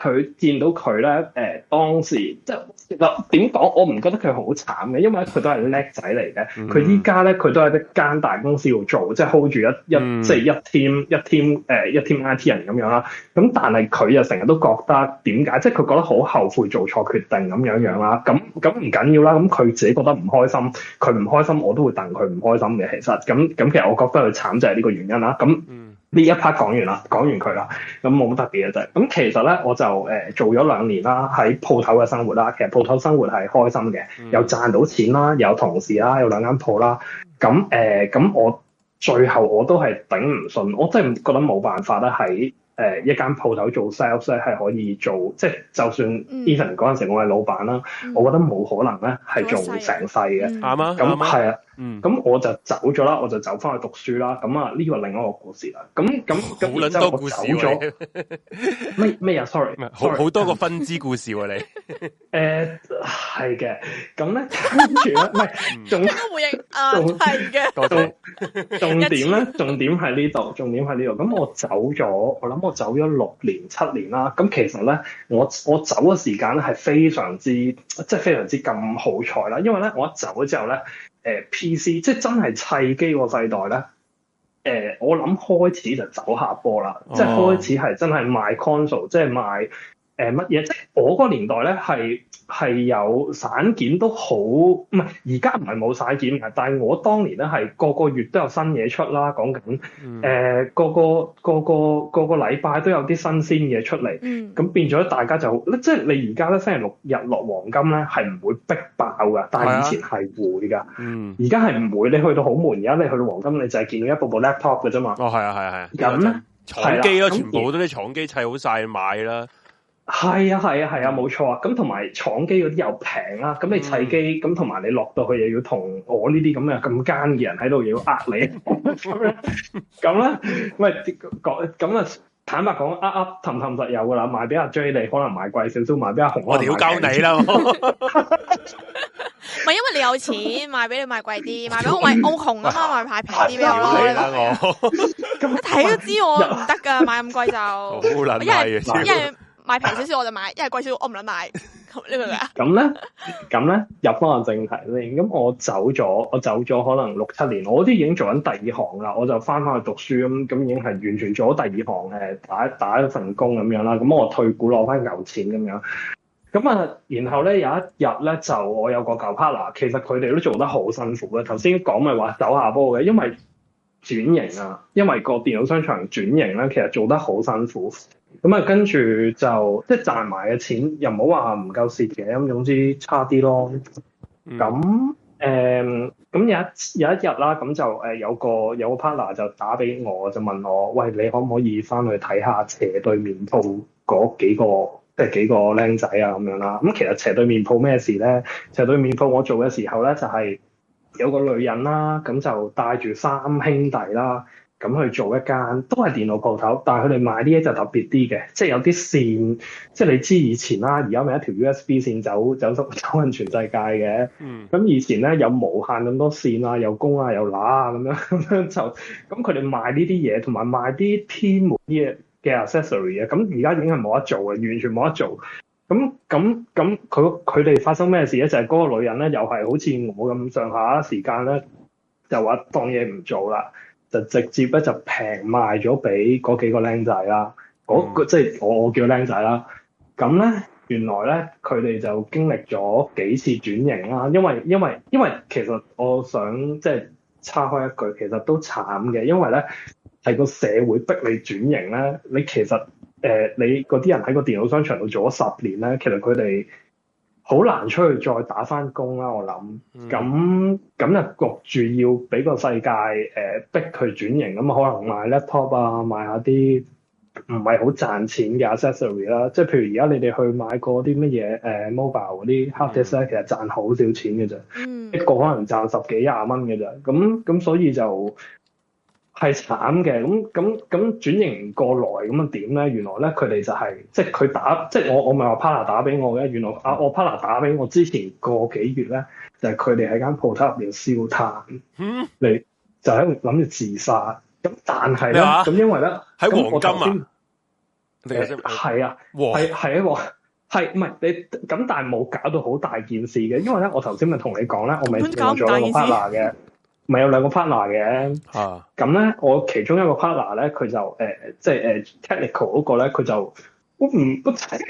佢見到佢咧，誒，當時即係。嗱，點講？我唔覺得佢好慘嘅，因為佢都係叻仔嚟嘅。佢依家咧，佢都喺一間大公司度做，即、就、係、是、hold 住一、嗯就是、一即係一 team、呃、一 team 誒一 team IT 人咁樣啦。咁但係佢又成日都覺得點解，即係佢覺得好後悔做錯決定咁樣樣啦。咁咁唔緊要啦。咁佢自己覺得唔開心，佢唔開心，我都會戥佢唔開心嘅。其實咁咁，咁咁其實我覺得佢慘就係呢個原因啦。咁。嗯呢一 part 講完啦，講完佢啦，咁冇乜特別嘅就係咁。其實咧，我就誒、呃、做咗兩年啦，喺鋪頭嘅生活啦。其實鋪頭生活係開心嘅，有、嗯、賺到錢啦，有同事啦，有兩間鋪啦。咁誒，咁、呃、我最後我都係頂唔順，我真係覺得冇辦法啦。喺、呃、一間鋪頭做 sales 咧，係可以做，即、就、係、是、就算 Even 嗰陣時我係老闆啦，嗯、我覺得冇可能咧係做成世嘅。啱啊，咁係啊。嗯，咁我就走咗啦，我就走翻去讀書啦。咁啊，呢個另一個故事啦。咁咁咁，然之後我走咗咩咩啊？Sorry，好好多個分支故事你。誒，係嘅。咁咧，跟住咧，唔係。仲回應啊，係嘅。到重點咧，重點係呢度，重點係呢度。咁我走咗，我諗我走咗六年、七年啦。咁其實咧，我我走嘅時間咧係非，就是非常之，即係非常之咁好彩啦。因為咧，我一走咗之後咧。誒、呃、PC 即係真係砌機個世代咧，誒、呃，我諗開始就走下坡啦、哦，即係開始係真係賣 console，即係賣誒乜嘢？即係我個年代咧係。是係有散件都好，唔係而家唔係冇散件，但係我當年咧係個個月都有新嘢出啦，講緊，誒、嗯、個個個個個個禮拜都有啲新鮮嘢出嚟，咁、嗯、變咗大家就，即係你而家咧星期六日落黃金咧係唔會逼爆㗎，但係以前係會噶，而家係唔會，你去到好悶而家你去到黃金，你就係見到一部部 laptop 嘅啫嘛，哦係啊係啊係啊，咁咧、啊啊、廠機、啊、全部都啲廠機砌好晒買啦。係啊，係啊，係啊，冇錯啊。咁同埋廠機嗰啲又平啦。咁、嗯、你砌機，咁同埋你落到去又要同我呢啲咁嘅咁奸嘅人喺度要呃你，咁啦喂，講咁啊，坦白講，呃呃氹氹實有噶啦，賣俾阿 J 你，可能賣貴少少，賣俾阿紅，我屌鳩你啦 咪因為你有錢，賣俾你賣貴啲，賣俾我咪我窮啊嘛，賣牌平啲俾我咯。咁睇 一睇都知我唔得噶，買咁貴就好難賣嘅，因為。買平少少我就買，因為貴少我唔捻買， 你明唔明啊？咁咧，咁咧入翻個正題咧，咁我走咗，我走咗可能六七年，我啲已經做緊第二行啦，我就翻翻去讀書咁，咁已經係完全做咗第二行誒，打打一份工咁樣啦，咁我退股攞翻舊錢咁樣。咁啊，然後咧有一日咧就我有個舊 partner，其實佢哋都做得好辛苦嘅，頭先講咪話走下波嘅，因為轉型啊，因為個電腦商場轉型咧，其實做得好辛苦。咁啊，跟住就即係賺埋嘅錢又，又唔好話唔夠蝕嘅，咁總之差啲咯。咁、嗯、誒，咁、嗯、有一有一日啦，咁就有個有個 partner 就打俾我，就問我，喂，你可唔可以翻去睇下斜對面鋪嗰幾個，即係幾個僆仔啊咁樣啦？咁其實斜對面鋪咩事咧？斜對面鋪我做嘅時候咧，就係、是、有個女人啦，咁就帶住三兄弟啦。咁去做一間都係電腦鋪頭，但係佢哋賣啲嘢就特別啲嘅，即係有啲線，即係你知以前啦、啊，而家咪一條 U S B 線走走走走進全世界嘅。嗯。咁以前咧有無限咁多線啊，有公啊，有乸啊，咁樣咁樣就，咁佢哋賣呢啲嘢，同埋賣啲天門啲嘅 accessory 嘅、啊，咁而家已經係冇得做啊，完全冇得做。咁咁咁佢佢哋發生咩事咧？就係、是、嗰個女人咧，又係好似我咁上下時間咧，就話當嘢唔做啦。就直接咧就平賣咗俾嗰幾個僆仔啦，即、嗯、係、嗰個即係、我我叫僆仔啦。咁咧原來咧佢哋就經歷咗幾次轉型啦，因為因為因為其實我想即係叉開一句，其實都慘嘅，因為咧係個社會逼你轉型咧，你其實誒、呃、你嗰啲人喺個電腦商場度做咗十年咧，其實佢哋。好難出去再打翻工啦、啊，我諗。咁、嗯、咁就焗住要俾個世界、呃、逼佢轉型，咁、嗯嗯、可能賣 laptop 啊，賣下啲唔係好賺錢嘅 accessory 啦。即、嗯、係譬如而家你哋去買嗰啲乜嘢 mobile 嗰啲 hard disk 呢，其實賺好少錢嘅啫、嗯。一個可能賺十幾廿蚊嘅啫。咁咁所以就。係慘嘅，咁咁咁轉型唔過來，咁啊點咧？原來咧佢哋就係、是，即係佢打，即係我我咪話 partner 打俾我嘅。原來啊，我 partner 打俾我之前個幾月咧，就係佢哋喺間鋪頭入面燒炭，你、嗯、就喺度諗住自殺。咁但係咧，咁因為咧，喺黃金啊，係、呃、啊，係係啊，黃係唔係你咁？但係冇搞到好大件事嘅，因為咧，我頭先咪同你講咧，我咪接咗個 partner 嘅。咪有兩個 partner 嘅，咁、啊、咧我其中一個 partner 咧，佢就誒、呃，即係、呃、technical 嗰個咧，佢就我唔，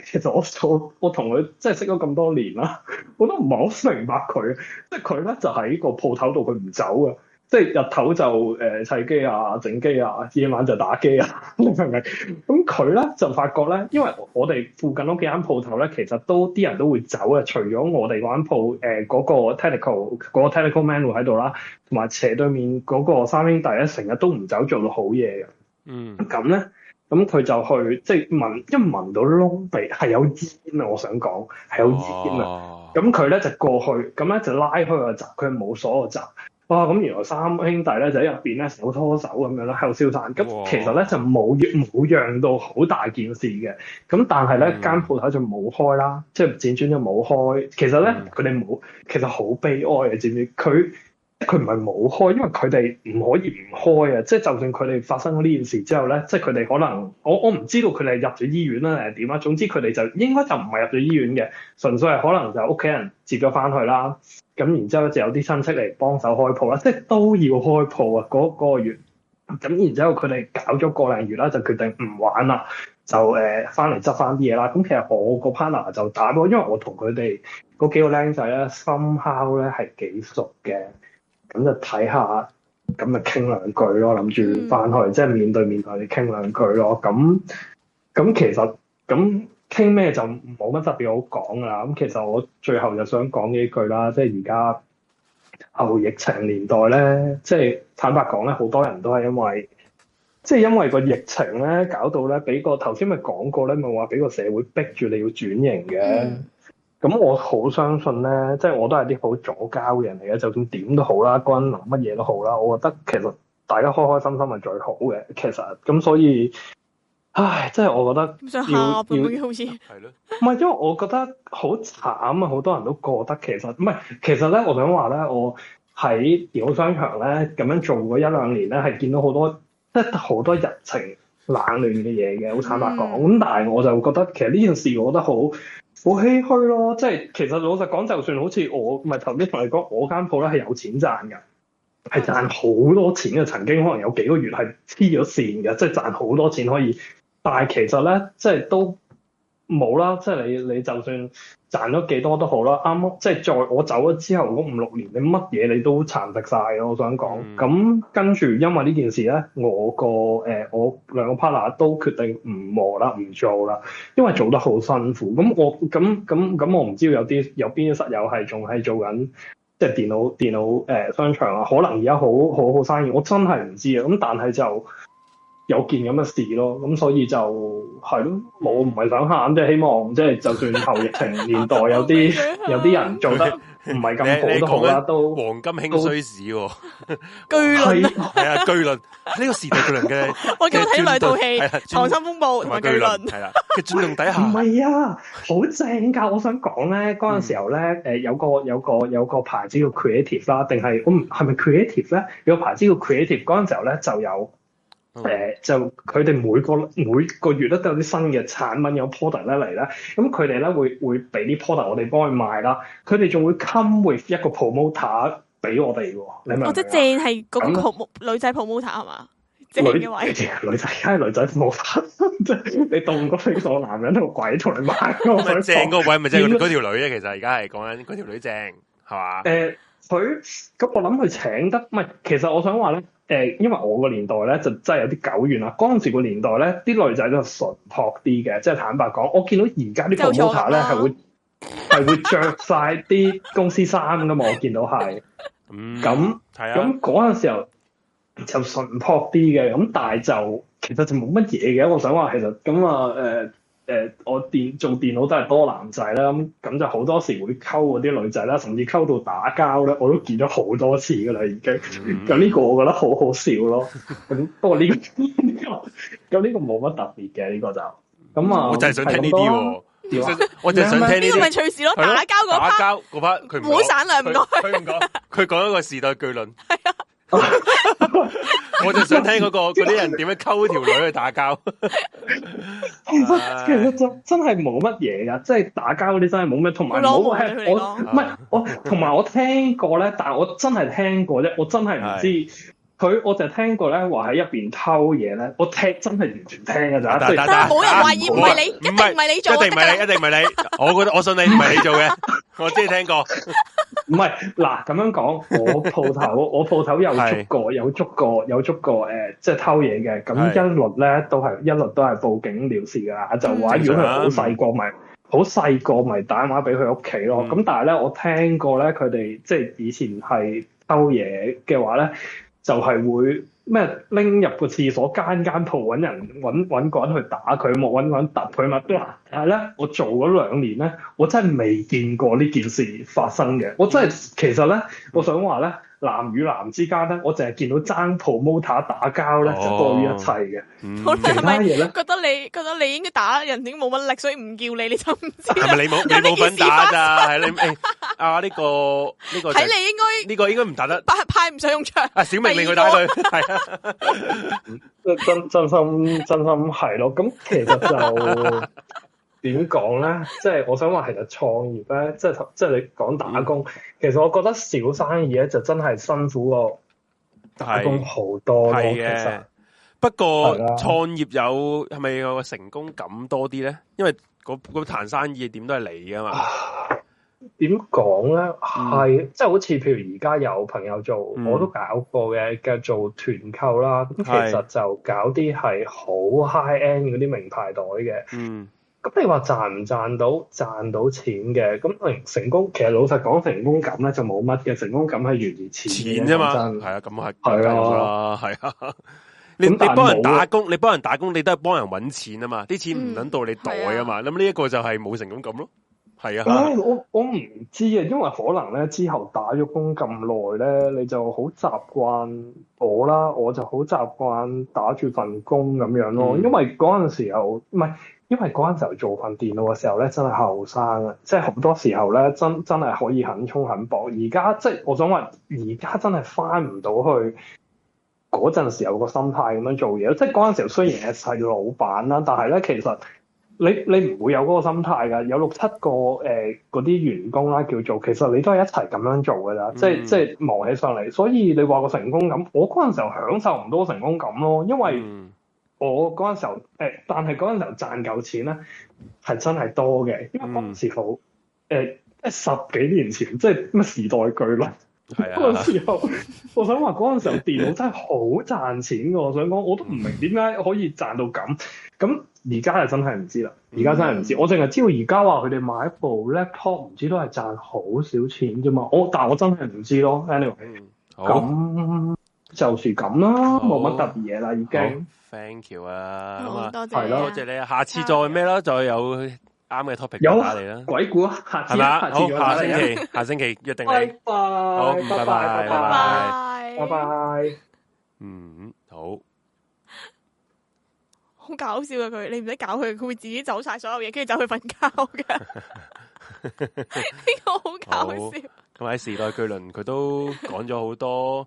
其實我我我同佢即係識咗咁多年啦，我都唔係好明白佢，即係佢咧就喺、是、個鋪頭度佢唔走嘅。即係日頭就誒、呃、砌機啊、整機啊，夜晚就打機啊，你明唔明？咁佢咧就發覺咧，因為我哋附近屋企間鋪頭咧，其實都啲人都會走啊。除咗我哋嗰間鋪嗰、呃嗰個 technical 嗰個 technical man 會喺度啦，同埋斜對面嗰個三兄弟咧，成日都唔走，做到好嘢嘅。嗯呢。咁咧，咁佢就去即係聞，一聞到窿鼻係有煙啊！我想講係有煙啊！哦。咁佢咧就過去，咁咧就拉開個閘，佢係冇鎖個閘。哇、哦！咁原來三兄弟咧就喺入邊咧手拖手咁樣啦，喺度消散，咁、哦、其實咧就冇冇讓到好大件事嘅，咁但係咧間鋪頭就冇開啦，即係輾轉就冇開。其實咧佢哋冇，其實好悲哀啊！知唔知？佢佢唔係冇開，因為佢哋唔可以唔開啊！即係就算佢哋發生咗呢件事之後咧，即係佢哋可能我我唔知道佢哋入咗醫院啦，定係點啊？總之佢哋就應該就唔係入咗醫院嘅，純粹係可能就屋企人接咗翻去啦。咁然之後就有啲親戚嚟幫手開鋪啦，即、就、係、是、都要開鋪啊！嗰、那個月，咁然之後佢哋搞咗個零月啦，就決定唔玩啦，就誒翻嚟執翻啲嘢啦。咁其實我個 partner 就打波，因為我同佢哋嗰幾個僆仔咧，心敲咧係幾熟嘅，咁就睇下，咁就傾兩句咯，諗住翻去、嗯、即係面對面同佢哋傾兩句咯。咁咁其實咁。傾咩就冇乜特別好講啦。咁其實我最後就想講幾句啦。即係而家後疫情年代咧，即係坦白講咧，好多人都係因為即係因為個疫情咧，搞到咧俾個頭先咪講過咧，咪話俾個社會逼住你要轉型嘅。咁、嗯、我好相信咧，即係我都係啲好左膠嘅人嚟嘅。就算點都好啦，關男乜嘢都好啦，我覺得其實大家開開心心係最好嘅。其實咁所以。唉，即係我覺得要不想要，係咯，唔係因為我覺得好慘啊！好 多人都覺得其實唔係，其實咧，我想話咧，我喺電腦商場咧咁樣做過一兩年咧，係見到好多即係好多人情冷暖嘅嘢嘅，好坦白講。咁、嗯、但係我就覺得，其實呢件事我覺得好好唏噓咯。即係其實老實講，就算好似我唔係頭先同你講，我間鋪咧係有錢賺嘅，係賺好多錢嘅。曾經可能有幾個月係黐咗線嘅，即係賺好多錢可以。但係其實咧，即係都冇啦。即係你你就算賺咗幾多都好啦。啱啱即係在我走咗之後，嗰五六年你乜嘢你都殘值晒。我想講，咁、嗯、跟住因為呢件事咧，我個、呃、我兩個 partner 都決定唔磨啦，唔做啦，因為做得好辛苦。咁我咁咁咁，我唔知有啲有邊啲室友係仲係做緊即係電腦電腦、呃、商場啊？可能而家好好好生意，我真係唔知啊。咁但係就。有件咁嘅事咯，咁所以就係咯，我唔係想喊，即係希望，即係就算後疫情年代有啲 有啲人做得唔係咁好都好啦，都，黃金興衰史， 巨輪係啊， 啊，巨輪呢、這個時代巨輪嘅，我今日睇兩套戲《溏心風暴》同埋《巨輪》，係嘅巨輪底下唔係啊，好正㗎，我想講咧，嗰、那、陣、個、時候咧，誒、嗯呃，有個有個有個牌子叫 Creative 啦，定係我唔係咪 Creative 咧？有個牌子叫 Creative，嗰陣時候咧就有。誒、嗯呃，就佢哋每個每個月咧都有啲新嘅產品有 product 咧嚟啦，咁佢哋咧會會俾啲 product 我哋幫佢賣啦，佢哋仲會 come with 一個 promoter 俾我哋，你明唔明？即係正係嗰個 promo、嗯、女仔 promoter 係嘛 正嘅位。女仔，女係女仔 promoter，即你動個肥傻男人同鬼同嚟賣。正個位咪即係嗰條女咧？其實而家係講緊嗰條女正係嘛？誒、呃，佢咁、呃、我諗佢請得，唔係，其實我想話咧。誒，因為我個年代咧就真係有啲久遠啦。嗰陣時個年代咧，啲女仔都係純樸啲嘅，即係坦白講，我見到而家啲 promoter 咧係會係 會著曬啲公司衫㗎嘛，我見到係咁，咁嗰陣時候就純樸啲嘅，咁但係就其實就冇乜嘢嘅。我想話其實咁啊誒。誒、呃，我電做電腦都係多男仔啦，咁咁就好多時會溝嗰啲女仔啦，甚至溝到打交咧，我都見咗好多次噶啦，已經。咁、嗯、呢個我覺得好好笑咯。咁不過呢個，咁 呢、呢個冇乜特別嘅呢、呢個就。咁、嗯、啊，我就係想聽呢啲喎。我就想聽呢啲。呢個咪趣事咯，打交嗰 p 打交 part，佢唔好講。佢唔講。佢 講一個時代巨輪。係啊。 我就想聽嗰、嗰個嗰啲人點樣溝條女去打交 其實真真係冇乜嘢噶，即係打交嗰啲真係冇咩，同埋冇我唔係我，同埋我，嗯、我，我聽過咧、嗯，但係我真係聽過啫，我真係唔知。佢我就聽過咧，話喺入邊偷嘢咧。我聽真係完全聽㗎咋，但係冇人懷疑唔係你，你，你，一定唔係你做，一定唔係你，一定唔係你。我覺得我信你唔係你做嘅， 我只係聽過唔係嗱咁樣講我鋪頭我鋪頭有捉過有捉過有捉過誒，即、呃、係、就是、偷嘢嘅。咁一律咧都係一律都係報警了事㗎啦。就話如果佢好細個咪好細個咪打電話俾佢屋企咯。咁、嗯、但係咧我聽過咧佢哋即係以前係偷嘢嘅話咧。就係、是、會咩拎入個廁所間間鋪揾人揾揾個人去打佢，冇揾個人揼佢乜。啊。但係咧，我做嗰兩年咧，我真係未見過呢件事發生嘅。我真係其實咧，我想話咧，男與男之間咧，我淨係見到爭 promoter 打交咧，就、哦、過於一切嘅。好、嗯、他係咪覺得你覺得你應該打人已經冇乜力，所以唔叫你你就唔知。係咪你冇你冇份打咋？係你哎，啊？呢、這個呢、這個睇、就是、你應該呢、這個應該唔打得係派唔上用，用場。啊，小明令佢打佢係啊，真心真心真心係咯。咁其實就。點講咧，即係我想話，其實創業咧，即係即係你講打工，其實我覺得小生意咧就真係辛苦過打工好多，係不過是創業有係咪有個成功感多啲咧？因為個個談生意點都係你噶嘛。點講咧，係即係好似譬如而家有朋友做，嗯、我都搞過嘅，嘅做團購啦。咁其實就搞啲係好 high end 嗰啲名牌袋嘅。嗯。咁你話賺唔賺到？賺到錢嘅，咁成成功，其實老實講，成功感咧就冇乜嘅。成功感係源於錢啫嘛。係啊，咁係係啊，係啊。啊 你你幫人打工，你幫人打工，你都係幫人搵錢啊嘛。啲錢唔等到你袋啊嘛。咁呢一個就係冇成功感咯。係啊。我我唔知啊，因為可能咧之後打咗工咁耐咧，你就好習慣我啦，我就好習慣打住份工咁樣咯。嗯、因為嗰陣時候唔係。因為嗰陣時候做份電腦嘅時候咧，真係後生啊！即係好多時候咧，真真係可以肯衝肯搏。而家即係我想話，而家真係翻唔到去嗰陣時候有個心態咁樣做嘢。即係嗰陣時候雖然係老闆啦，但係咧其實你你唔會有嗰個心態㗎。有六七個誒嗰啲員工啦，叫做其實你都係一齊咁樣做㗎啦，嗯、即係即係忙起上嚟。所以你話個成功感，我嗰陣時候享受唔到成功感咯，因為。我嗰陣時候誒、欸，但係嗰陣時候賺夠錢咧，係真係多嘅，因為嗰陣時好誒、嗯欸，十幾年前，即係咩時代巨輪。係啊。嗰陣時候，我想話嗰陣時候電腦真係好賺錢噶，我想講，我都唔明點解可以賺到咁。咁而家就真係唔知啦，而家真係唔知、嗯。我淨係知道而家話佢哋買一部 laptop，唔知都係賺好少錢啫嘛。我，但係我真係唔知咯。Anyway，咁就是咁啦，冇乜特別嘢啦，已經。thank you 啊，係咯，多謝你，下次再咩咯，再有啱嘅 topic 打嚟啦，鬼故啊，下次係嘛，好，下星期，下星期約定，拜拜，好，拜拜，拜拜，拜拜，嗯，好，好搞笑啊佢，你唔使搞佢，佢會自己走晒所有嘢，跟住走去瞓覺㗎，呢個好搞笑。同埋喺時代巨輪，佢都講咗好多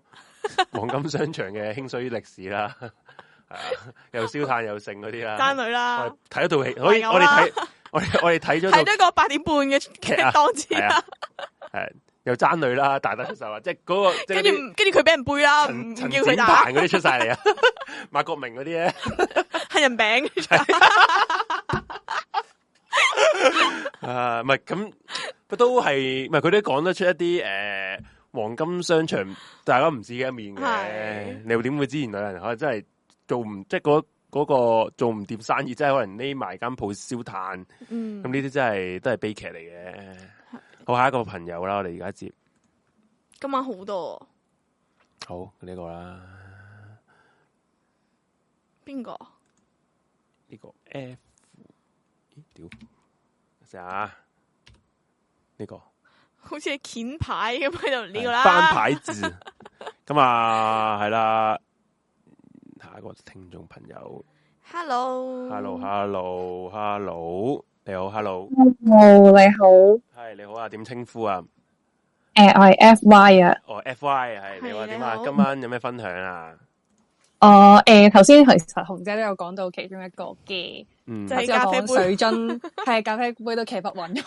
黃金商場嘅興衰歷史啦。 又燒炭又剩嗰啲啦，爭、啊啊啊、女啦，睇咗套戲，我哋睇我我哋睇咗睇咗個八點半嘅劇當次係又爭女啦，大打出手啊，即係嗰個跟住跟住佢俾人背啦，陳陳展鵬嗰啲出晒嚟啊，馬國明嗰啲咧係人餅、啊啊，誒，唔係咁佢都係唔係佢都講得出一啲誒黃金商場大家唔知嘅一面嘅，你點會支持女人？可真係。做唔即係嗰嗰個做唔掂生意，即係可能匿埋間鋪燒炭，咁呢啲真係都係悲劇嚟嘅。好，下一個朋友啦，我哋而家接。今晚好多、哦。好呢、這個啦。邊、這個？呢個 F？咦，屌！試下！呢、這個？好似係劍牌咁喺度呢個啦。翻牌子。咁 啊，係啦。一個聽眾朋友，Hello，Hello，Hello，Hello，你好，Hello，Hello 你好，係你好啊？點稱呼啊？誒，我係 F Y 啊，哦 F Y 係，你話點啊，啊？今晚有咩分享啊？哦、uh, 呃，誒，頭先紅姐都有講到其中一個嘅，即、嗯、係、就是、咖啡 水樽，係咖啡杯都企不穩咗，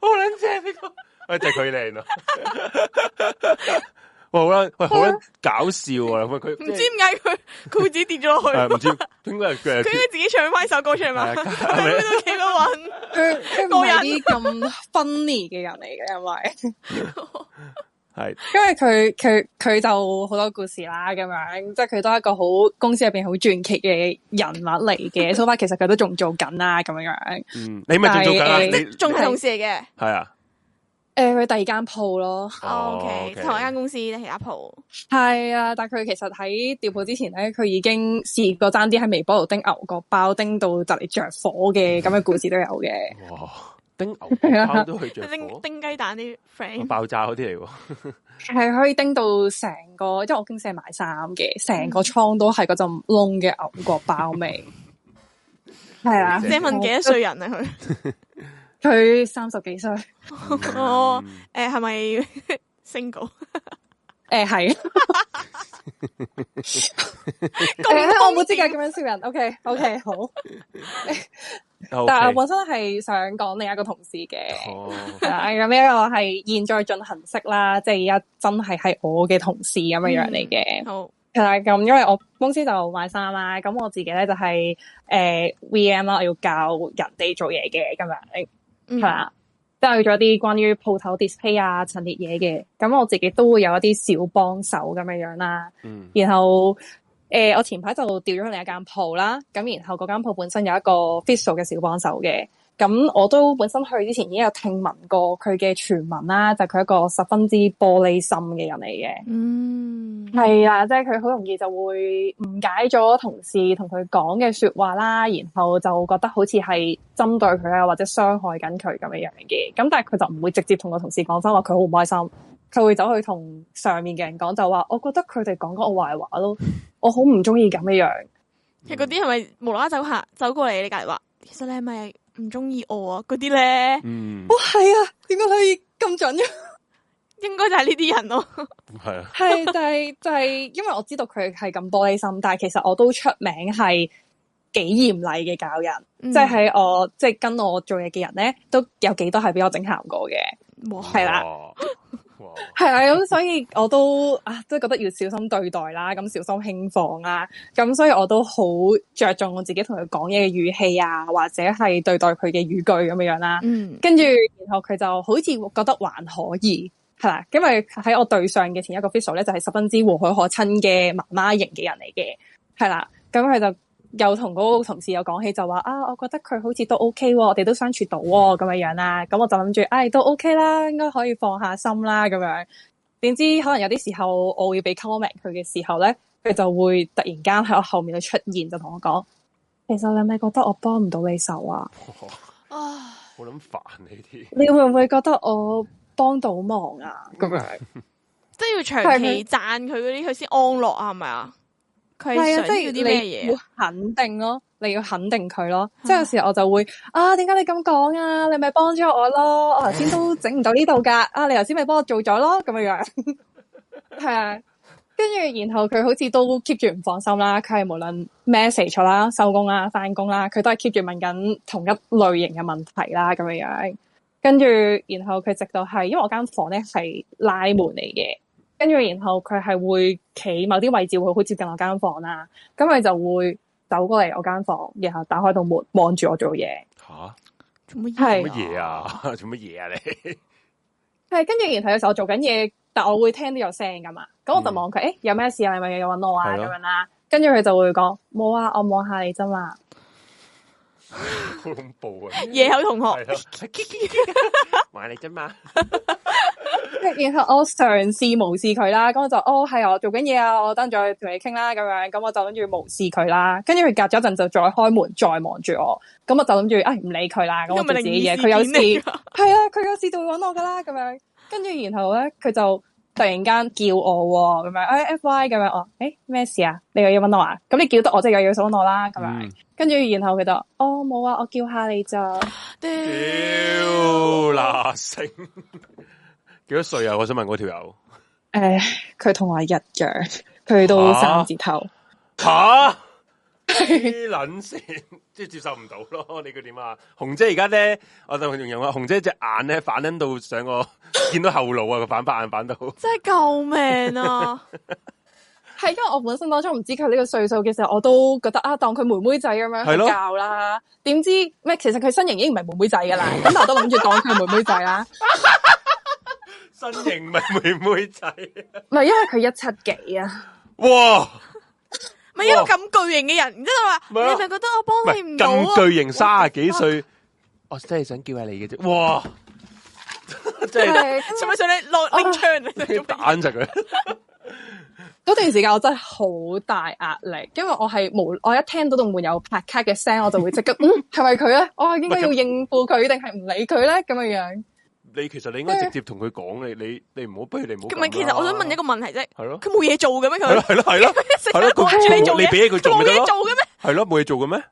我諗借呢個，我借佢靚咯。就是好啦，好搞笑啊！佢唔知點解佢褲子跌咗落去，唔、 嗯、知點解佢佢自己唱翻一首歌出嚟嘛，喺度企度搵，佢佢唔係咁 funny 嘅人嚟嘅， 因為係因為佢佢佢就好多故事啦，咁樣即係佢都係一個好公司入邊好傳奇嘅人物嚟嘅。so far 其實佢都仲做緊啦，啊，咁樣樣，嗯，你咪仲做緊、欸，你仲係同事嚟嘅，係啊。誒、呃，佢第二間鋪咯、oh，OK 同一間公司其他鋪，係、okay。啊，但佢其實喺調鋪之前咧，佢已經試過爭啲喺微波爐叮牛角包，叮到就嚟着火嘅咁嘅故事都有嘅。哇！叮牛角包都去着火，叮雞 蛋啲 friend、啊、爆炸嗰啲嚟喎，係 可以叮到成個，因為我經常買衫嘅，成個倉都係嗰陣燶嘅牛角包味。係 啊，你問幾多歲人啊佢？ 佢三十幾歲，哦、um, 嗯，誒、 嗯，係咪 single？誒，係 方。咁我冇資格咁樣笑人。O K，O K，好。 Okay . 但係我本身係想講另一個同事嘅。好。咁呢個係現在進行式啦，即係而家真係係我嘅同事咁樣樣嚟嘅。好。其實咁，因為我公司就賣衫啦，咁我自己咧就係誒 V M 啦，我要教人哋做嘢嘅咁樣。係、mm-hmm. 啊，都係有咗啲關於鋪頭 display 啊、陳列嘢嘅，咁我自己都會有一啲小幫手咁樣樣啦。嗯、mm-hmm.，然後誒、呃，我前排就調咗另一間鋪啦，咁然後間鋪本身有一個 visual 嘅小幫手嘅。咁我都本身去之前已經，有聽聞過佢嘅傳聞啦，就係佢一個十分之玻璃心嘅人嚟嘅。嗯，係啊，即係佢好容易就會誤解咗同事同佢講嘅說話啦，然後就覺得好似係針對佢啊，或者傷害緊佢咁樣樣嘅。咁但係佢就唔會直接同個同事講翻話，佢好唔開心，佢會走去同上面嘅人講，就話我覺得佢哋講嗰個壞話咯，我好唔中意咁樣樣。其實嗰啲係咪無啦啦走下走過嚟你隔籬話？其實你係咪？唔中意我、嗯哦、啊，嗰啲咧，哦、 啊啊， 係啊，點解可以咁準呀？應該就係呢啲人咯，係啊，係就係就係，因為我知道佢係咁玻璃心，但係其實我都出名係幾嚴厲嘅教人，即、嗯、係我即係、就係、跟我做嘢嘅人咧，都有幾多係俾我整喊過嘅，係啦。係啦，咁 所以我都啊，即係覺得要小心對待啦，咁小心輕放啊，咁所以我都好着重我自己同佢講嘢嘅語氣啊，或者係對待佢嘅語句咁樣樣啦。嗯，跟住然後佢就好似覺得還可以，係啦，因為喺我對上嘅前一個 visual 咧，就係十分之和藹可親嘅媽媽型嘅人嚟嘅，係啦，咁佢就。又同嗰個同事又講起就說，就話啊，我覺得佢好似都 OK、啊、我哋都相處到咁、啊、樣、嗯、樣啦。咁我就諗住，唉、啊，都 OK 啦，應該可以放下心啦。咁樣，點知可能有啲時候我要俾 comment 佢嘅時候咧，佢就會突然間喺我後面去出現，就同我講，其實你係咪覺得我幫唔到你手啊？啊、哦，我諗煩呢啲。你會唔會覺得我幫到忙啊？咁 係樣子，即 係要長期讚佢嗰啲，佢先安樂啊？係咪啊？係啊，即係你要肯定咯，你要肯定佢咯， 咯。即係有時我就會啊，點解你咁講啊？你咪幫咗我咯。我頭先都整唔到呢度噶，啊，你頭先咪幫我做咗咯，咁樣樣。係啊，跟住然後佢好似都 keep 住唔放心啦。佢係無論 message 啦、收工啦、返工啦，佢都係 keep 住問緊同一類型嘅問題啦，咁樣樣。跟住然後佢直到係，因為我間房咧係拉門嚟嘅。跟住然後佢係會企某啲位置會好接近我間房啦，咁佢就會走過嚟我間房，然後打開度門望住我做嘢。吓？做乜嘢？乜嘢啊？做乜嘢啊？你係跟住然後有時候做緊嘢，但我會聽到有聲噶嘛，咁我就望佢，嗯，誒，有咩事啊？你咪又揾我啊？咁、啊、樣啦，跟住佢就會講冇啊，我望下你啫嘛。 好恐怖啊！夜口同學， 買嚟來啫的嘛 然試試。然後我嘗試無視佢啦，咁我就哦係啊，我做緊嘢啊，我等住去同你傾啦，咁樣，咁我就諗住無視佢啦。跟住佢隔咗一陣就再開門再望住我，咁我就諗住啊唔理佢啦。咁我做自己嘢，佢有事係啊，佢、啊、有事就會搵我噶啦。咁樣跟住然後咧，佢就。突然間叫我咁、啊哎、樣，哎 fy 咁樣我，誒、欸、咩事啊？你又要問我啊？咁你叫得我即係又要搵我啦、啊、咁樣，嗯、跟住然後佢就，哦，冇啊，我叫下你就，屌，乸星，幾多歲啊？我想問嗰條友。誒、呃，佢同我一樣，佢都三字頭。吓，啲卵線。即係接受唔到咯，你估點啊？紅姐而家咧，我佢仲有啊。紅姐隻眼咧反拎到上個，見到後腦啊，佢反白眼反到，真係救命啊！ 係因為我本身當初唔知佢呢個歲數嘅時候，我都覺得啊，當佢妹妹仔咁樣係咯教啦。點知咩？其實佢身形已經唔係妹妹仔噶啦，咁 我都諗住當佢妹妹仔啦。 身形唔係妹妹仔，唔係因為佢一七幾啊？哇！咪一個咁巨型嘅人，然之後話你係咪覺得我幫你唔到啊？咁巨型，卅幾歲，我真係想叫下你嘅啫。哇，即係使咪想你落拎槍，你打翻實佢。嗰段時間我真係好大壓力，啊、 他他 因為我係冇。我一聽到棟門有拍卡嘅聲，我就會即刻， 嗯係咪佢咧？我係應該要應付佢定係唔理佢咧？咁樣。樣。你其實你應該直接同佢講，你你你唔好，你不如你唔好。其實我想問一個問題啫。係咯。佢冇嘢做嘅咩？佢係咯係咯係咯。係啦，掛住你做。俾個嘢做嘅咩？係咯，冇嘢做嘅咩？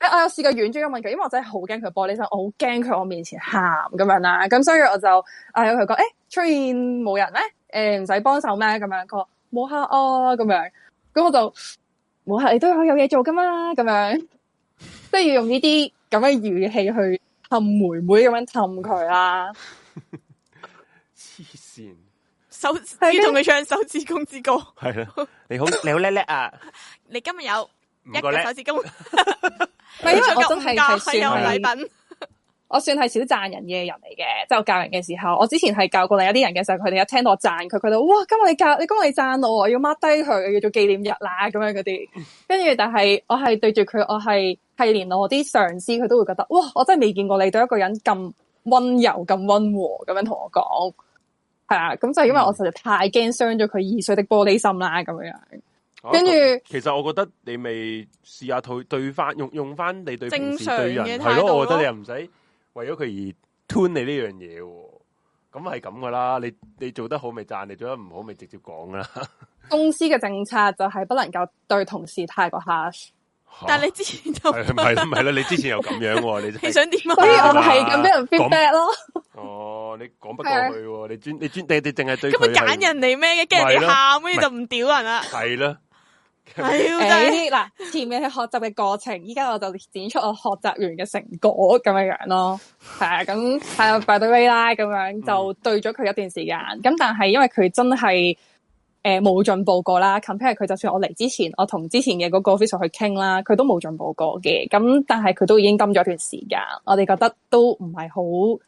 我我有試過婉轉一個問題，因為我真係好驚佢玻璃心，我好驚佢我面前喊咁樣啦。咁所以我就誒佢講誒出現冇人咩？誒唔使幫手咩？咁樣佢話冇吓我咁樣。咁我就冇吓你都好有嘢做噶嘛。咁樣即係要用呢啲咁嘅語氣去氹妹妹咁樣氹佢啦。黐 線，手同佢唱手指公之歌，係 咧，你好你好叻叻啊！ 你今日有一個手指公 聰，資，唔係，我真係係算品，我算係少讚人嘅人嚟嘅，即係我，、就是、我教人嘅時候，我之前係教過另一啲人嘅時候，佢哋一聽到我讚佢，佢都哇，今日你教你今日你讚我，我要 mark 低佢，要做紀念日啦，咁樣嗰啲，跟住但係我係對住佢，我係係連我啲上司，佢都會覺得哇，我真係未見過你對一個人咁。溫柔咁溫和咁樣同我講，係啊，咁就係因為我實在太驚傷咗佢二歲的玻璃心啦，咁樣樣，跟、啊、住，其實我覺得你咪試下對對翻用用翻你對正常嘅人係咯，我覺得你又唔使為咗佢而 turn 你呢、哦、樣嘢喎，咁係咁噶啦，你你做得好咪讚，你做得唔好咪直接講啦。 公司嘅政策就係不能夠對同事太過 harsh。啊、但你之前就係唔係唔係啦？你之前又咁樣喎、啊就是，你想點啊？所以我哋係咁俾人 feedback 咯、啊。哦，你講不過去喎、啊， 你專你專定哋淨係對。咁咪揀人哋咩嘅？驚人哋喊，跟住、啊、就唔屌人啦、啊。係啦，係啦。嗱，前面係學習嘅過程，依家我就展出我學習完嘅成果咁樣樣咯。係啊，咁係啊，By the way 啦，咁樣就對咗佢一段時間。咁、嗯、但係因為佢真係。誒冇進步過啦，compare 佢就算我嚟之前，我同之前嘅嗰個 official 去傾啦，佢都冇進步過嘅。咁但係佢都已經蹲咗一段時間，我哋覺得都唔係好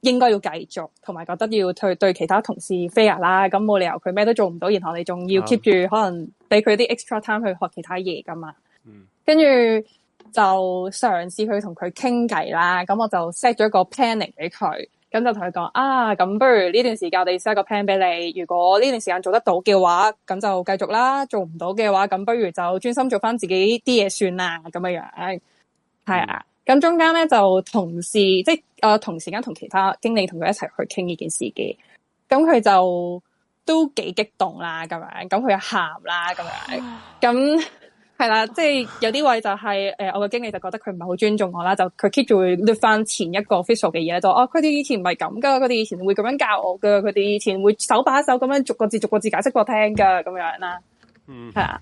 應該要繼續，同埋覺得要去對其他同事 fair 啦。咁冇理由佢咩都做唔到，然後你仲要 keep 住可能俾佢啲 extra time 去學其他嘢㗎嘛。嗯，嘗試跟住就嘗試去同佢傾偈啦。咁我就 set 咗個 planning 俾佢。咁就同佢講啊，咁不如呢段時間我哋 set 一個 plan 俾你，如果呢段時間做得到嘅話，咁就繼續啦；做唔到嘅話，咁不如就專心做翻自己啲嘢算啦，咁樣樣係啊。咁中間咧就同事，即係誒、呃、同時間同其他經理同佢一齊去傾呢件事嘅。咁佢就都幾激動啦，咁樣，咁佢就喊啦，咁樣，咁。係啦，即係有啲位就係、是、誒、呃，我嘅經理就覺得佢唔係好尊重我啦，就佢 keep 住會攣翻前一個 official 嘅嘢就哦，佢哋以前唔係咁㗎，佢哋以前會咁樣教我㗎，佢哋以前會手把手咁樣逐個字逐個字解釋過聽㗎，咁樣啦。嗯，係啊，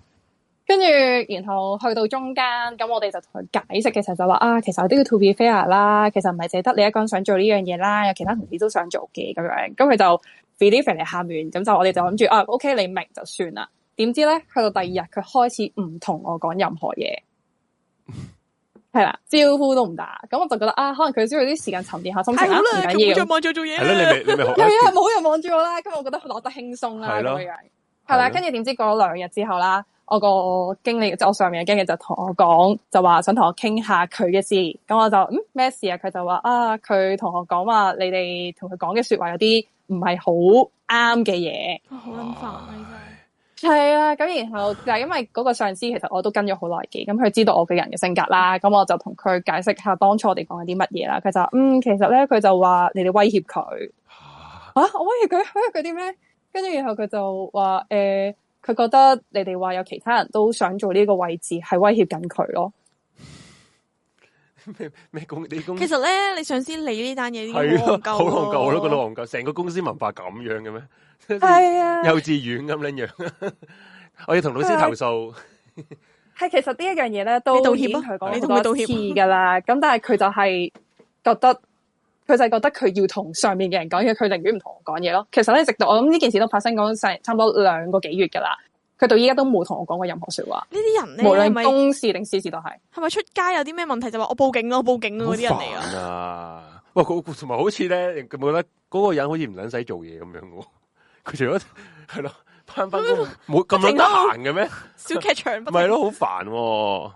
跟住然後去到中間，咁我哋就同佢解釋嘅時候就話啊，其實啲嘅 to be fair 啦，其實唔係淨得你一個人想做呢樣嘢啦，有其他同事都想做嘅咁樣，咁佢就 believe 你喊完，咁就我哋就諗住啊，OK，你明就算啦。點知咧？去到第二日，佢開始唔同我講任何嘢，係 啦，招呼都唔打。咁我就覺得啊，可能佢需要啲時間沉澱下，太好 啦，咁我望住做嘢，係咯，你有冇人望住我啦。咁我，我覺得攞得輕鬆啦，咁樣係啦。跟住點知過咗兩日之後啦，我個經理即我上面嘅經理就同我講，就話想同我傾下佢嘅事。咁我就嗯，咩事啊？佢就話啊，佢同我講話，你哋同佢講嘅說話有啲唔係好啱嘅嘢，好 捻 係啊，咁然後就因為嗰個上司，其實我都跟咗好耐嘅，咁佢知道我嘅人嘅性格啦，咁我就同佢解釋下當初我哋講緊啲乜嘢啦。佢就話嗯，其實咧佢就話你哋威脅佢，啊我威脅佢，威脅佢啲咩？跟住然後佢就話誒，佢、呃、覺得你哋話有其他人都想做呢個位置，係威脅緊佢咯。咩咩公？你公？其實咧，你上司理呢單嘢啲好狼狽，我都覺得狼狽。成個公司文化咁樣嘅咩？係啊，幼稚園咁樣樣， 我要同老師投訴。 係其、啊啊、其實呢一樣嘢咧，都道歉咯，你同佢道歉噶啦。咁但係佢就係覺得，佢就係覺得佢要同上面嘅人講嘢，佢寧願唔同我講嘢咯。其實咧，直到我諗呢件事都發生咗成差唔多兩個幾月噶啦，佢到依家都冇同我講過任何說話。呢啲人咧，無論公事定私事都係。係咪出街有啲咩問題就話我報警咯？報警嗰啲人嚟啊！喂， 同埋好似咧，冇得嗰個人好似唔想使做嘢咁樣。佢除咗係咯，翻翻工冇咁樣得閒嘅咩？小劇場唔係咯，好煩。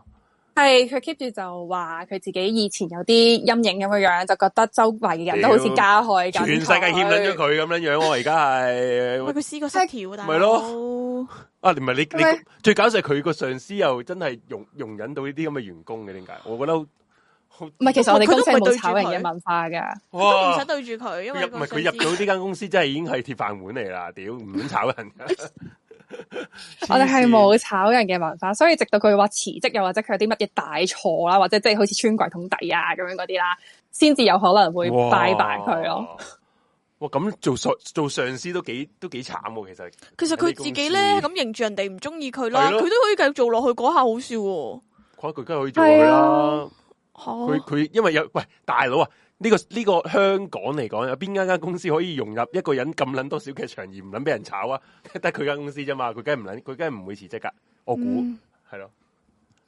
係佢 keep 住就話佢自己以前有啲陰影咁嘅樣，就覺得周圍嘅人都好似加害咁。全世界欠咗佢咁樣樣，我而家係。喂，佢試過失調但係唔係咯？啊，唔係你你最搞笑係佢個上司又真係容容忍到呢啲咁嘅員工嘅點解？我覺得。唔係，其實我哋佢都唔使對住炒人嘅文化噶，都唔想對住佢。因為唔係佢入到呢間公司，真係已經係鐵飯碗嚟啦。屌，唔准炒人的。 我哋係冇炒人嘅文化，所以直到佢話辭職，又或者佢有啲乜嘢大錯啦，或者即係好似穿櫃桶底啊咁樣嗰啲啦，先至有可能會拜拜佢咯。哇，咁做上做上司都幾都幾慘喎、啊，其實。其實佢自己咧咁，認住人哋唔中意佢啦，佢都可以繼續做落去，嗰下好笑、啊。佢梗係可以做啦。佢、哦、佢因為有喂大佬啊，呢、這個呢、這個香港嚟講，有邊間間公司可以融入一個人咁捻多小劇場而唔捻俾人炒啊？得佢間公司啫嘛，佢梗係唔捻，佢梗係唔會辭職噶。我估係咯。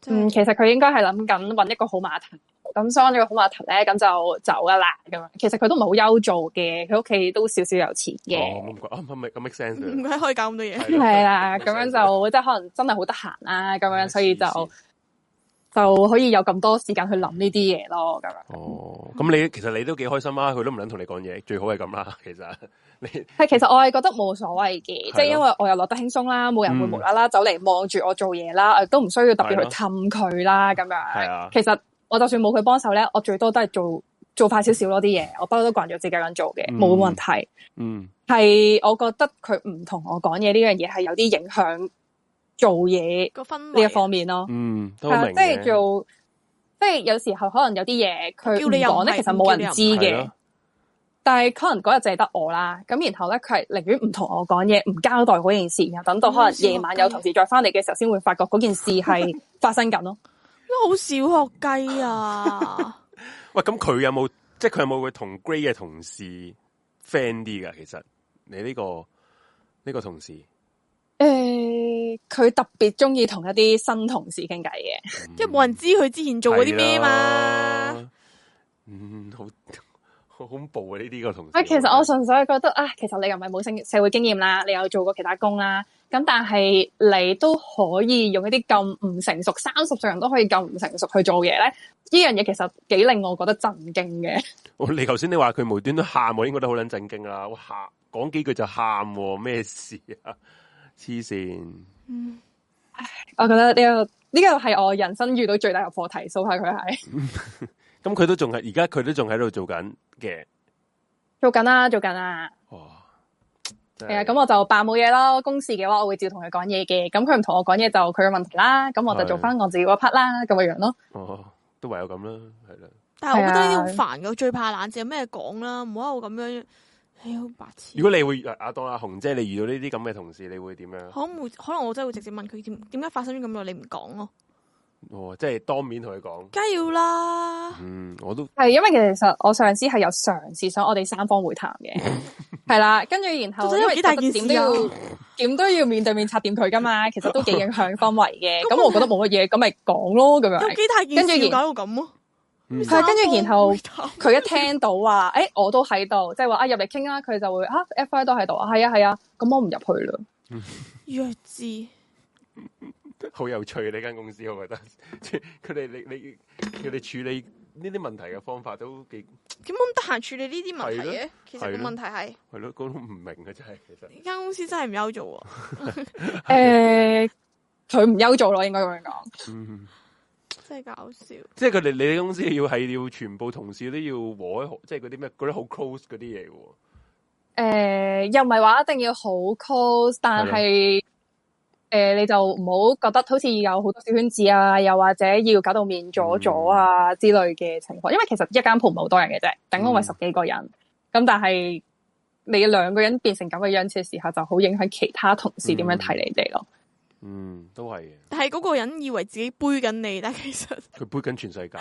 嗯，其實佢應該係諗緊搵一個好碼頭。咁所以呢個好碼頭咧，咁就走噶啦。咁其實佢都唔係好憂做嘅，佢屋企都少少有錢嘅。哦咁唔怪啊，咁咪咁 make sense 唔可以搞咁多嘢。係啦，咁 樣就即係可能真係好得閒啦，咁、啊、樣所以就。就可以有咁多時間去諗呢啲嘢咯，咁樣。哦，咁你其實你都幾開心啊，佢都唔肯同你講嘢，最好係咁啦。其實你係，其實我係覺得冇所謂嘅，即係因為我又落得輕鬆啦，冇人會無啦啦走嚟望住我做嘢啦，嗯、都唔需要特別去氹佢啦，咁樣。係啊，其實我就算冇佢幫手咧，我最多都係做做快少少咯啲嘢，我不嬲都慣咗自己咁做嘅，冇、嗯、問題。嗯，係我覺得佢唔同我講嘢呢樣嘢係有啲影響。做嘢呢、那個啊、一方面咯，嗯，都明、啊、即係做，即係有時候可能有啲嘢佢唔講咧，其實冇人知嘅。但係可能嗰日就係得我啦。咁然後咧，佢係寧願唔同我講嘢，唔交代嗰件事，然後等到可能夜晚有同事再翻嚟嘅時候，先會發覺嗰件事係發生緊咯。 好少學雞啊 喂，咁佢有冇即係佢有冇會同 Gray 嘅同事 friend 啲噶？其實你呢、這個呢、這個同事。誒、哎，佢特別中意同一啲新同事傾偈嘅，因為冇人知佢之前做過啲咩嘛。嗯，好好恐怖啊！呢啲個同事，其實我純粹覺得啊，其實你又唔係冇社會經驗啦，你又做過其他工啦。咁但係你都可以用一啲咁唔成熟，三十歲人都可以咁唔成熟去做嘢咧？呢樣嘢其實幾令我覺得震驚嘅。你頭先你話佢無端都喊，我應該都好捻震驚啊！我喊，講幾句就喊，咩事啊？黐線，嗯，我覺得呢、這個呢、這個係我人生遇到最大嘅課題，數下佢係，咁 佢都仲係，而家佢都仲喺度做緊嘅、啊，做緊啦，做緊啦，哦，係啊，咁我就扮冇嘢咯。公事嘅話我會照同佢講嘢嘅，咁佢唔同我講嘢就佢嘅問題啦，咁我就做翻我自己嗰 part 啦，咁嘅樣咯，哦，都唯有咁啦，係啦，但係我覺得呢啲好煩㗎，最怕冷靜，有咩講啦，唔好話我咁樣。Hey, 啊、如果你會阿阿、啊、當阿、啊、紅姐，你遇到呢啲咁嘅同事，你會點樣？可能會可能我真係會直接問佢點點解發生咗咁耐，你唔講咯？哦，即係當面同佢講，梗要啦。嗯，我都係因為其實我上司係有嘗試想我哋三方會談嘅，係 啦。跟住然後因為幾大件、啊、都要，點都要面對面插掂佢噶嘛，其實都幾影響氛圍嘅。咁我覺得冇乜嘢，咁咪講咯，咁樣有幾大件事搞到咁啊？然後然後佢跟住然後佢一聽到話，誒、哎，我都喺度，即係話啊入嚟傾啦，佢、啊、就會啊，F I 都喺度，係啊係啊，咁、啊啊啊嗯、我唔入去啦。弱智， 好有趣呢間公司，我覺得佢哋你你佢哋處理呢啲問題嘅方法都幾，咁咁得閒處理呢啲問題嘅，其實、那個問題係，係咯溝通唔明嘅，真係，其實呢間公司真係唔憂做啊。誒 是的，佢唔憂做咯，應該咁樣講。嗯真係搞笑！即係佢哋你哋公司要係要全部同事都要和好，即係嗰啲咩嗰啲好 close 嗰啲嘢喎。誒、呃，又唔係話一定要好 close，但係誒、呃，你就唔好覺得好似有好多小圈子啊，又或者要搞到面阻阻啊、嗯、之類嘅情況。因為其實一間鋪唔係好多人嘅啫，頂多咪十幾個人。咁、嗯、但係你兩個人變成咁嘅樣,樣子嘅時候，就好影響其他同事點樣睇你哋咯。嗯嗯，都係嘅。但係嗰個人以為自己背緊你，但其實佢背緊全世界，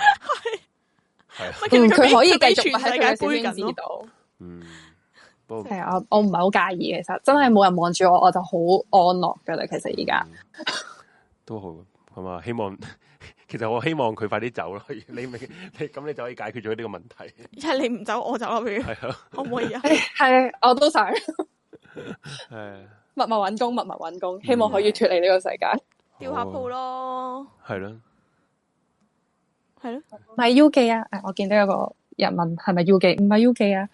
係係佢可以繼續世界背緊到。嗯，係啊，我唔係好介意其實，真係冇人望住我，我就好安樂噶啦。其實而家、嗯、都好係嘛，希望其實我希望佢快啲走咯。你明？你咁你，你就可以解決咗呢個問題。一係你唔走，我走可唔、啊、 可以、啊？係我都想。誒。默默揾工，默默揾工，希望可以脫離呢個世界，吊、嗯、下鋪咯。係咯，係咯，唔係 U 記啊！我見到有個人問係咪 U 記？唔係 U 記啊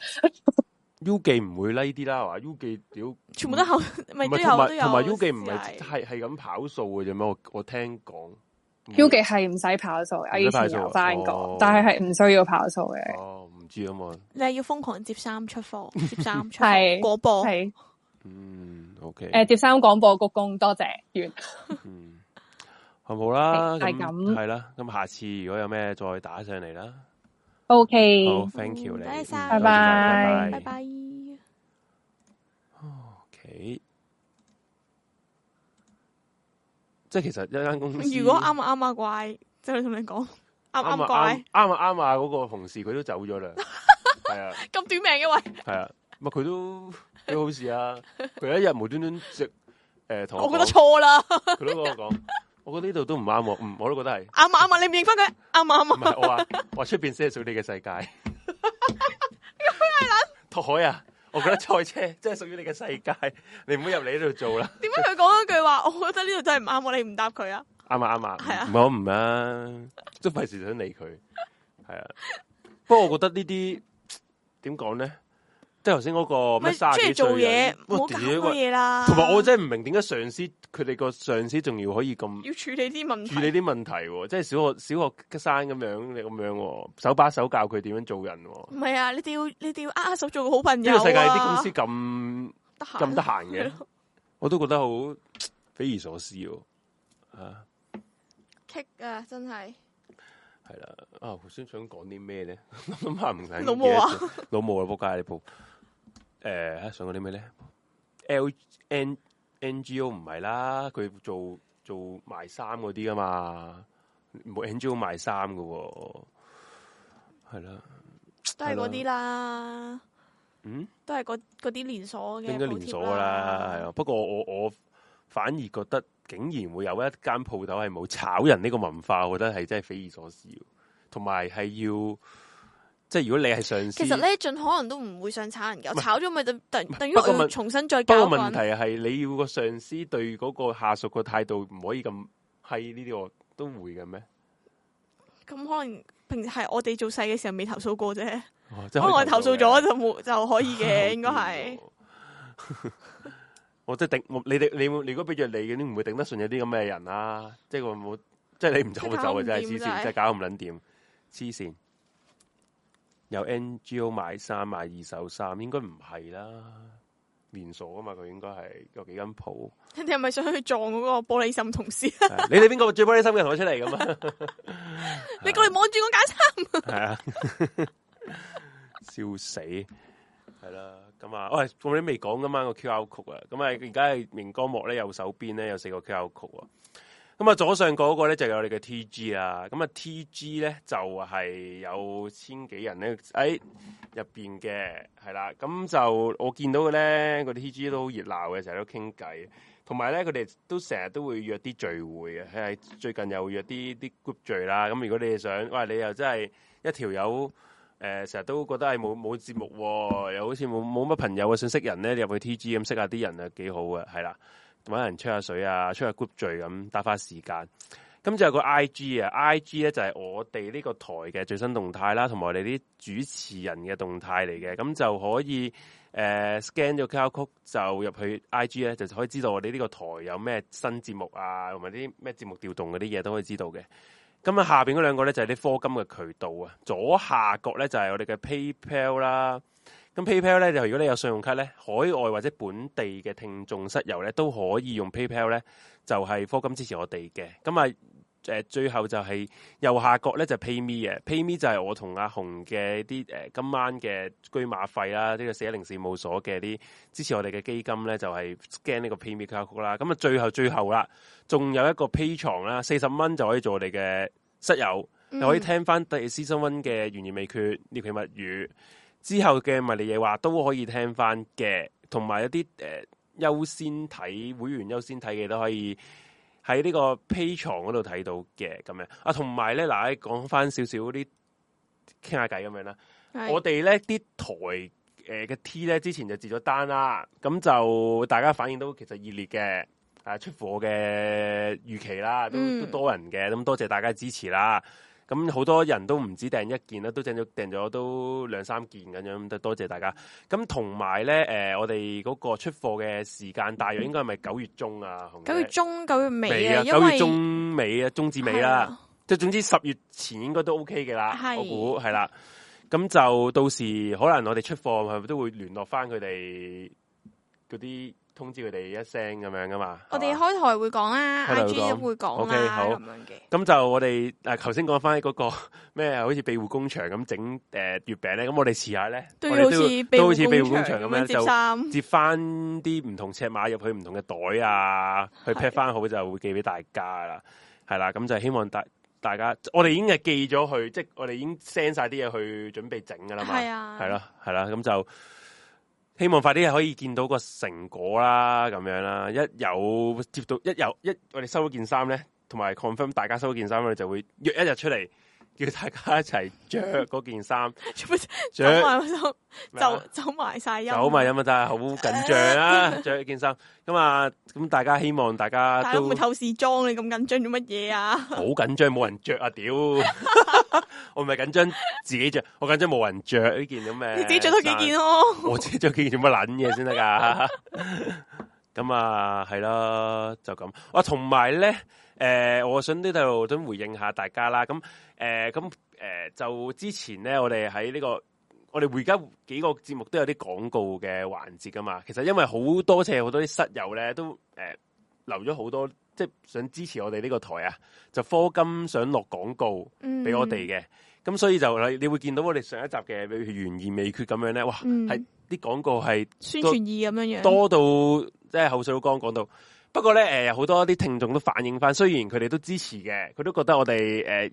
？U 記唔會 low 啲啦，係 U 記屌，全部都好，咪都有同埋 U 記唔係係係咁跑數嘅啫咩？我我聽講，U 記係唔使跑數，以前我聽講，哦哦哦哦但係係唔需要跑數嘅。哦，唔知啊嘛，你係要瘋狂接三出貨， 接三出係果 波係。 嗯，OK。誒，接三廣播鞠躬，多謝，完。嗯，好啦，係咁，係啦。咁下次如果有咩，再打上嚟啦。OK，好，Thank you，謝生，拜拜，拜拜。OK，即係其實一間公司，如果啱啊啱啊乖，即係同你講，啱啊乖，啱啊啱啊嗰個同事佢都走咗啦。係啊，咁短命嘅喂，係啊，咪佢都。咩好事啊！佢一日無端端直，誒、呃，我覺得錯啦。佢都我講，我覺得呢度都唔啱我。嗯，我都覺得係。啱媽啱啊，你唔認翻佢？啱媽啱媽，唔、嗯、係、嗯、我話話出邊先係屬於你嘅世界。咁係諗？拓海啊，我覺得賽車即係屬於你嘅世界。 你唔好入嚟呢度做啦。點解佢講嗰句話？我覺得呢度真係唔啱我。你唔答佢啊？啱媽啱啊！係、嗯、啊，我唔啊，都費事想理佢。係啊， 不過我覺得呢啲點講咧？即係頭先嗰個咩卅做嘢，唔好搞嘢啦。同埋我真係唔明點解上司佢哋個上司仲要可以咁，要處理啲問題，處理啲問題，即係小學小學生咁樣，你咁樣手把手教佢點樣做人。唔係啊，你哋要你哋要握手做個好朋友，啊。呢、這個世界啲公司咁得閒，咁得閒嘅，我都覺得好匪夷所思哦。吓棘啊，真係係啦。啊，頭先、啊、想講啲咩咧？諗下唔緊老母啊，老母啊，仆街你仆！誒、呃，上過啲咩咧？L N N G O 唔係啦，佢做做賣衫嗰啲噶嘛，冇 N G O 賣衫噶喎，係啦，都係嗰啲啦，嗯，都係嗰啲連鎖嘅，應該連鎖啦，係、嗯、啊。不過我我反而覺得，竟然會有一間鋪頭係冇炒人呢個文化，我覺得係真係匪夷所思，同埋係要。即係如果你係上司，其實咧，盡可能都唔會想炒人嘅，炒咗咪就等等於重新再搞。不過問題係你要個上司對嗰個下屬個態度唔可以咁係呢啲，我都會嘅咩？咁、嗯、可能平時係我哋做細嘅時候未投訴過啫，哦、可，訴可能我我投訴咗就冇、啊、就可以嘅， 應該該係是 我即係頂，你哋你會如果俾着你，嘅，你唔會頂得順有啲咁嘅人啦、啊。即係會唔會即係你唔走就走啊？真係黐線，即、就、係、是、搞唔捻掂，黐、就、線、是。有 NGO 買衫買二手衫，應該唔係啦，連鎖啊嘛，佢應該係有幾間鋪。你哋係咪想去撞嗰個玻璃心同事啊？ 你哋邊個最玻璃心嘅，攞出嚟咁啊？ 你過嚟望住我揀衫。係啊，笑，笑死，係啦、啊。咁啊，喂，我哋未講噶嘛個 QR code 啊。咁啊，而家係明光幕咧，右手邊咧有四個 QR code 啊。咁啊，左上嗰個咧就有我哋嘅 TG 啦。咁啊，TG 咧就係、是、有千幾人咧喺入邊嘅，係啦。咁就我見到嘅咧，嗰啲 TG 都好熱鬧嘅，成日都傾偈，同埋咧佢哋都成日都會約啲聚會嘅。係最近又會約啲啲 group 聚啦。咁如果你哋想，哇，你又真係一條友，誒、呃，成日都覺得係冇冇節目，又好似冇冇乜朋友啊，想識人咧，你入去 TG 咁識下啲人啊，幾好嘅，係啦。揾人吹下水啊，吹下 group 聚咁打發時間。咁、啊、就有個 I G 啊，I G 咧就係我哋呢個台嘅最新動態啦、啊，同埋我哋啲主持人嘅動態嚟嘅。咁就可以誒 scan 咗 QR code 就入去 I G 咧、啊，就可以知道我哋呢個台有咩新節目啊，同埋啲咩節目調動嗰啲嘢都可以知道嘅。咁啊下邊嗰兩個咧就係啲科金嘅渠道啊。左下角咧就係我哋嘅 paypal 啦、啊。咁 PayPal 咧就如果你有信用卡咧，海外或者本地嘅聽眾室友咧都可以用 PayPal 咧，就係、是、科金支持我哋嘅。咁啊、呃、最後就係右下角咧就 Pay、是、Me 嘅，Pay Me 就係我同阿紅嘅啲誒今晚嘅居馬費啦，呢個一零事務所嘅啲支持我哋嘅基金咧就係、是、c a n 呢個 Pay Me 卡曲啦。咁啊最後最後啦，仲有一個 Pay 床啦，四十蚊就可以做我哋嘅室友，又、嗯、可以聽翻第思新温嘅《完疑未缺呢句物語。之後嘅埋嚟嘢話都可以聽翻嘅，同埋一啲誒、呃、優先睇會員優先睇嘅都可以喺呢個 Patreon 嗰度睇到嘅咁樣啊，同埋咧嗱，講翻少少啲傾下偈咁樣啦。我哋咧啲台誒嘅 T 咧之前就截咗單啦，咁就大家反應都其實熱烈嘅啊，出乎我嘅預期啦，都都多人嘅，咁、嗯、多謝大家支持啦。咁好多人都唔止訂一件啦，都整咗訂咗都兩三件咁樣，咁多謝大家。咁同埋咧，誒、呃，我哋嗰個出貨嘅時間大約應該係咪九月中啊？九月中九月尾啊，九月中九月尾啊中尾，中至尾啦。即、啊、總之十月前應該都 OK 嘅啦，我估係啦。咁、啊、就到時可能我哋出貨係咪都會聯絡翻佢哋嗰啲。通知佢哋一聲咁樣噶嘛。我哋開台會講啊，I G 亦會講，okay，啊，咁樣嘅。咁就我哋誒頭先講翻嗰個咩好似庇護工場咁整誒月餅咧。咁我哋試下咧，我們都好似庇護工場咁樣接就接翻啲唔同尺碼入去唔同嘅袋啊，去劈 a 翻好就會寄俾大家啦。係啦，咁就希望大大家，我哋已經係寄咗去，即、就、係、是、我哋已經 send 晒啲嘢去準備整噶啦嘛。係啊，係啦，係啦，咁就。希望快啲可以見到個成果啦，咁樣啦，一有接到一有一我哋收到件衫咧，同埋 confirm 大家收到件衫咧，我哋就會約一日出嚟。叫大家一齊着嗰件衫，着埋就走埋晒，走埋有啊、嗯、啊！但係好緊張啊，着呢件衫咁啊！咁大家希望大家都唔會透視裝，你咁緊張做乜嘢啊？好緊張，冇人着啊！屌，我唔係緊張自己着，我緊張冇人着呢件咁咩？你自己着多幾件咯、啊，我自己着幾件做乜撚嘢先得噶？咁啊，係 啦、嗯啊，就咁。哇、啊，同埋咧。誒、呃，我想呢度想回應下大家啦。咁、呃、誒，咁、呃、誒、呃，就之前咧，我哋喺呢個，我哋回家幾個節目都有啲廣告嘅環節㗎嘛。其實因為好多謝好多啲室友咧，都誒、呃、留咗好多，即係想支持我哋呢個台啊。就課金想落廣告俾我哋嘅，咁、嗯、所以就你會見到我哋上一集嘅，譬如懸而未決咁樣咧，哇，啲、嗯、廣告係宣傳意咁樣，多到即係後水好剛講到。不過咧，誒、呃，好多啲聽眾都反映翻，雖然佢哋都支持嘅，佢都覺得我哋誒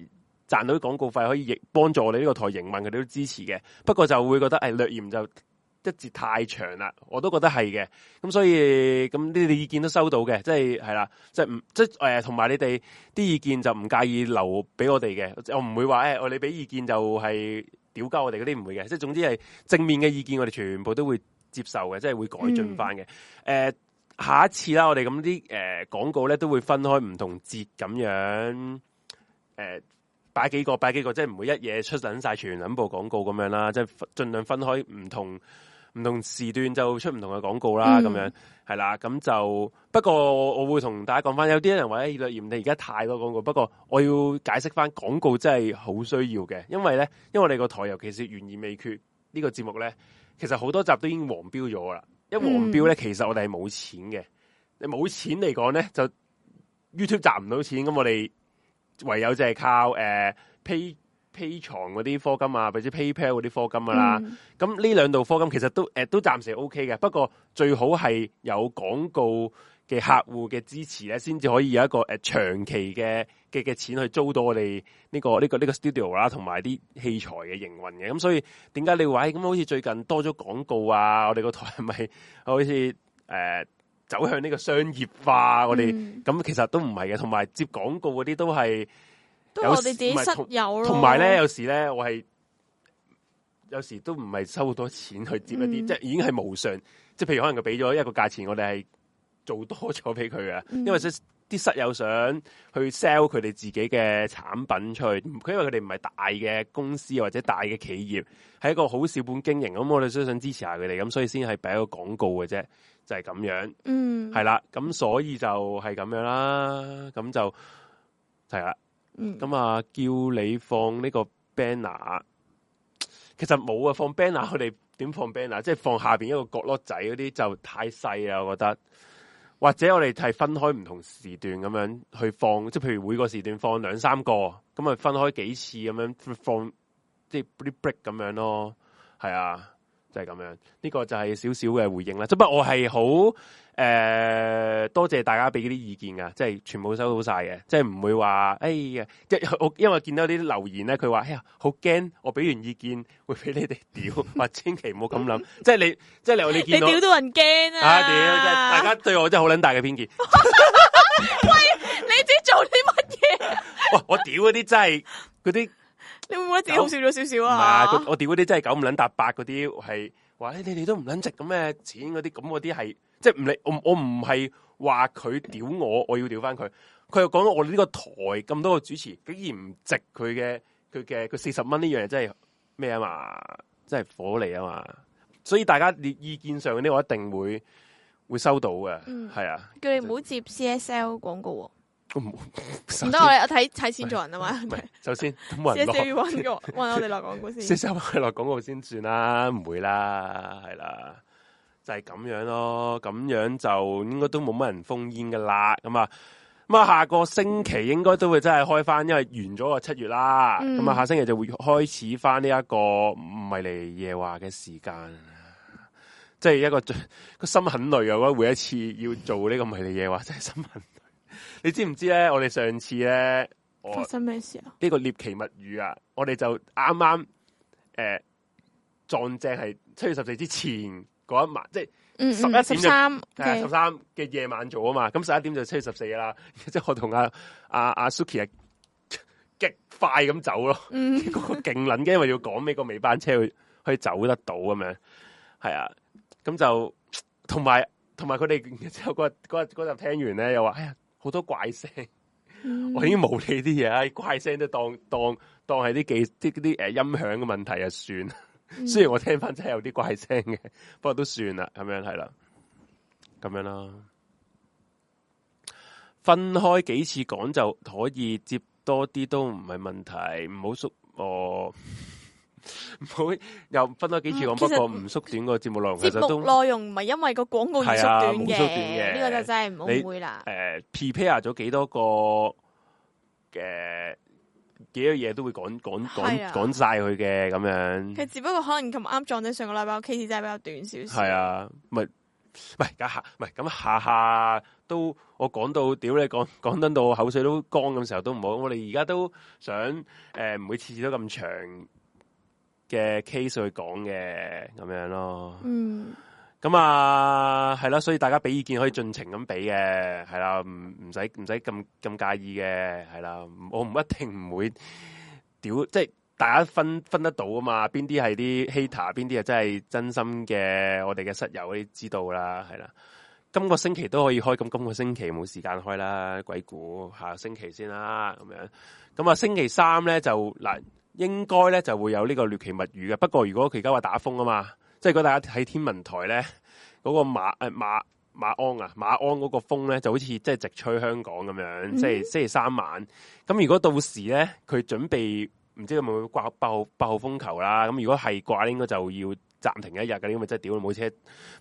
賺到廣告費可以亦幫助我哋呢個台營運，佢哋都支持嘅。不過就會覺得誒，略嫌就一節太長啦。我都覺得係嘅。咁所以咁啲意見都收到嘅，即係係啦，即係唔即誒，同、呃、埋你哋啲意見就唔介意留俾我哋嘅，我唔會話誒，我、哎、你俾意見就係屌鳩我哋嗰啲唔會嘅。即係總之係正面嘅意見，我哋全部都會接受嘅，即係會改進翻嘅。誒、嗯。呃下一次啦，我哋咁啲誒廣告咧，都會分開唔同節咁樣，誒擺幾個擺幾個，即係唔會一嘢出緊晒全部廣告咁樣啦，即係盡量分開唔同唔同時段就出唔同嘅廣告啦，咁、嗯、樣係啦，咁就不過我，我會同大家講翻，有啲人話咧，葉律你而家太多廣告，不過我要解釋翻廣告真係好需要嘅，因為咧，因為我哋個台尤其是懸而未決呢、這個節目咧，其實好多集都已經黃標咗啦。因黃標咧，其實我哋係冇錢嘅。你冇錢嚟講咧，就 YouTube 賺唔到錢。咁我哋唯有就係靠誒 Patreon 嗰啲課金啊，或者 PayPal 嗰啲課金啊啦。咁呢兩度課金其實都誒、呃、都暫時係 OK 嘅。不過最好係有廣告嘅客戶嘅支持咧，先至可以有一個誒、呃、長期嘅嘅嘅錢去租到我哋呢、呢個呢、呢個呢、呢個 studio 啦，同埋啲器材嘅營運嘅，咁所以點解你會話，咁、哎、好似最近多咗廣告啊，我哋個台係咪好似、呃、走向呢個商業化？嗯、我哋咁其實都唔係嘅，同埋接廣告嗰啲都係，都我哋自己室友咯。同埋咧，有時咧，我係有時都唔係收好多錢去接一啲、嗯，即係已經係無償。即係譬如可能佢俾咗一個價錢，我哋係做多咗俾佢嘅，嗯、因為即、就是。啲室友想去 sell 佢哋自己嘅產品出去，佢因為佢哋唔係大嘅公司或者大嘅企業，係一個好小本經營，咁我哋相想支持下佢哋，咁所以先係畀一個廣告嘅啫，就係、是、咁樣，嗯，係啦，咁所以就係咁樣啦，咁就係啦，咁、嗯、啊叫你放呢個 banner，其實冇啊，放 banner，佢哋點放 banner，即係放下面一個角落仔嗰啲就太細啦，我覺得。或者我哋係分開唔同時段咁樣去放，即係譬如每個時段放兩三個，咁啊分開幾次咁樣放，即係 break 咁樣咯，係啊，就係、是、咁樣，呢、這個就係少少嘅回應啦。只不過我係好。誒、呃，多謝大家俾啲意見啊，即係全部收到晒嘅，即係唔會話，哎呀，即係我因為見到啲留言咧，佢話，哎呀，好驚，我俾完意見會俾你哋屌，話 千祈唔好咁諗，即係你，即係你， 你見到屌到人驚啊，啊，屌，真係大家對我真係好撚大嘅偏見。 喂，你自己做啲乜嘢？ 哇，我屌嗰啲真係嗰啲，你會唔會自己好笑咗少少啊？我屌嗰啲真係九五撚搭八嗰啲，係話你哋都唔撚值咁嘅錢嗰啲，咁嗰啲係。即係唔理我，我唔係話佢屌我，我要屌翻佢。佢又講到我呢個台咁多個主持，竟然唔值佢嘅佢嘅佢四十蚊呢樣嘢，真係咩啊嘛？真係火嚟啊嘛？所以大家意見上呢，我一定會會收到嘅。係、嗯、啊，叫你唔好接 CSL 廣告。唔得，我睇睇錢做人啊嘛。首先，四十蚊搵我，搵我哋落廣告先。四十蚊係落廣告先算啦，唔會啦，係啦、啊。就係、是、咁樣咯，咁樣就應該都冇乜人封煙噶啦，咁啊，咁啊，下個星期應該都會真係開翻，因為完咗個七月啦，咁、嗯、啊，下星期就會開始翻呢、啊、一個迷離夜話嘅時間，即係一個個心很累啊，我每一次要做呢個迷離夜話真係心很累。你知唔知咧？我哋上次咧，發生咩事啊？呢、這個獵奇物語啊，我哋就啱啱誒撞正係七月十四之前。一晚即係十一點三係、嗯嗯、十三嘅夜、嗯、晚做啊嘛，咁十一點就七月十四啦。即係我同阿阿阿 Suki 係極快咁走咯，個勁捻驚， 因為要趕咩個尾班車去可，可以走得到咁樣。係啊，咁就同埋同埋佢哋之嗰日嗰日聽完咧，又話哎呀好多怪聲、嗯，我已經冇理啲嘢，怪聲都當當當係啲啲啲誒音響嘅問題啊算。雖然我聽翻真係有啲怪聲嘅，不過都算啦，咁樣係啦，咁樣啦，分開幾次講就可以接多啲都唔係問題，唔好縮，唔、哦、好又分開幾次講、嗯，不過唔縮短個節目內容，其實都，內容唔係因為個廣告而縮短嘅，呢、啊這個就真係唔好會啦。誒，prepare 咗幾多個嘅。幾多嘢都會講講講講晒佢嘅咁樣，佢只不過可能咁啱撞到上個禮拜 case 真係比較短少少。係啊，咪咪，家下，咁下下都我講到屌你講講到到口水都乾咁時候都唔好。我哋而家都想誒，呃、唔會每次都咁長嘅 case 去講嘅咁樣咯。嗯。咁啊，係啦、啊，所以大家俾意見可以盡情咁俾嘅，係啦、啊，唔唔使唔使咁咁介意嘅，係啦、啊，我唔一定唔會屌，即係大家分分得到啊嘛，邊啲係啲 hater，邊啲啊真係真心嘅，我哋嘅室友啲知道啦，係啦、啊，今個星期都可以開，咁今個星期冇時間開啦，鬼故，下星期先啦，咁樣，咁啊星期三咧就嗱，應該咧就會有呢個獵奇物語嘅，不過如果佢而家話打風啊嘛。即係如果大家睇天文台咧，嗰、嗰個馬誒馬馬鞍啊馬鞍嗰個風咧就好似即係直吹香港咁樣，即、嗯、係星期三晚。咁如果到時咧佢準備唔知有冇會掛八號八號風球啦？咁如果係掛咧，應該就要暫停一日噶，因為真係屌，冇車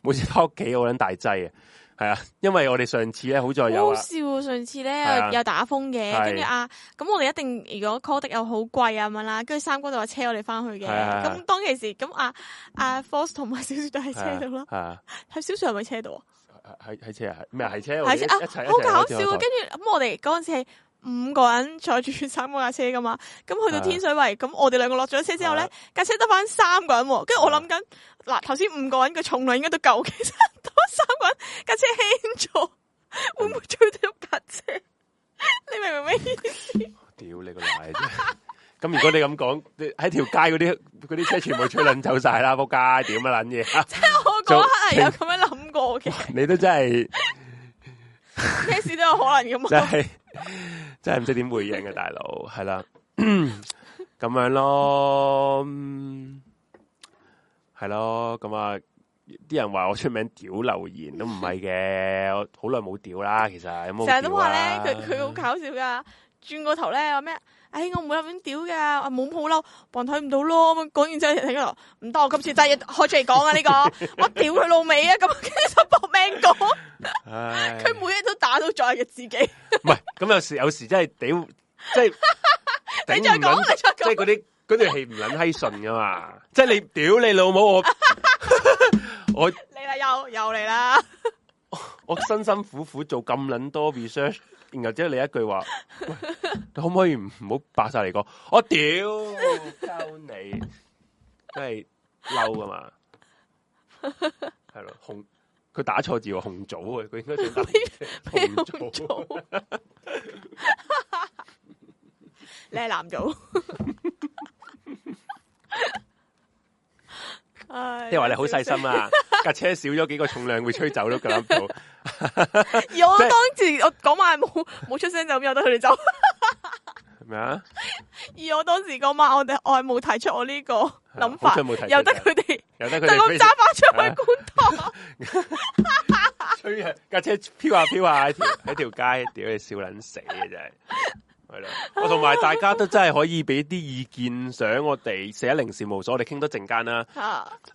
冇車翻屋企好卵大劑啊！係啊，因為我哋上次咧好在有、啊，好笑、哦、上次咧、啊、有打風嘅，跟住啊，咁、啊、我哋一定如果 call 的又好貴啊咁樣啦，跟住三哥就話車我哋翻去嘅，咁當其時咁阿阿 force 同埋小雪都喺車度咯，係小雪係咪車度啊？喺喺車啊？咩啊？喺、啊啊啊啊啊、車、啊啊啊、車，車，車，車我哋一齊好搞笑、哦，跟住咁我哋嗰陣時。五個人坐住三架車噶嘛，咁去到天水圍，咁、啊、我哋兩個落咗車之後咧，架、啊、車得翻三個人，跟住我諗緊，嗱頭先五個人嘅重量應該都夠其實多三個人架車輕咗，會唔會吹到架車？嗯、 你明唔明咩意思？屌你個賴！咁 如果你咁講，喺條街嗰啲嗰啲車全部吹撚走晒啦，仆街點樣捻嘢？即係 我講係有咁樣諗過嘅，你都真係。咩事都有可能噶嘛，真係真係唔知點回應嘅大佬，係啦，咁樣咯，係 咯，咁啊，啲人話我出名屌留言都唔係嘅，我好耐冇屌啦，其實成日、啊、都話咧，佢佢好搞笑噶，轉個頭咧，有咩？哎，我唔會咁屌噶，我冇好嬲，望睇唔到咯。咁講完之後，唔得，我今次真係開出嚟講啊！呢個我屌佢老味啊！咁跟住搏命講，佢每日都打到左嘅自己。唔係，咁有時有時真係屌，即係你再講，你即係嗰啲嗰段戲唔捻閪順噶嘛？即係你屌你老母我，我嚟啦，又又嚟啦！我辛辛苦苦做咁捻多 research。然後只係你一句話，喂，你可唔可以唔好白晒嚟講？我、oh, 屌， 教你都係嬲㗎嘛，係 咯紅，佢打錯字喎，紅組啊，佢應該想打 紅組組笑，紅組笑 你係是男組。 即係話你好細心啊，架 車少咗幾個重量會吹走都估唔到。 而我當時 我講冇冇出聲，就咁由得佢哋走。咩 啊？而我當時講埋我哋我係冇提出我呢個諗法，啊、由得佢哋， 由得佢哋咁揸翻出去觀塘，吹 架 車飄下飄下喺條條街屌 你笑撚死真係。係我同埋大家都真係可以俾啲意見， 想我哋寫零事務所，我哋傾多陣間啦。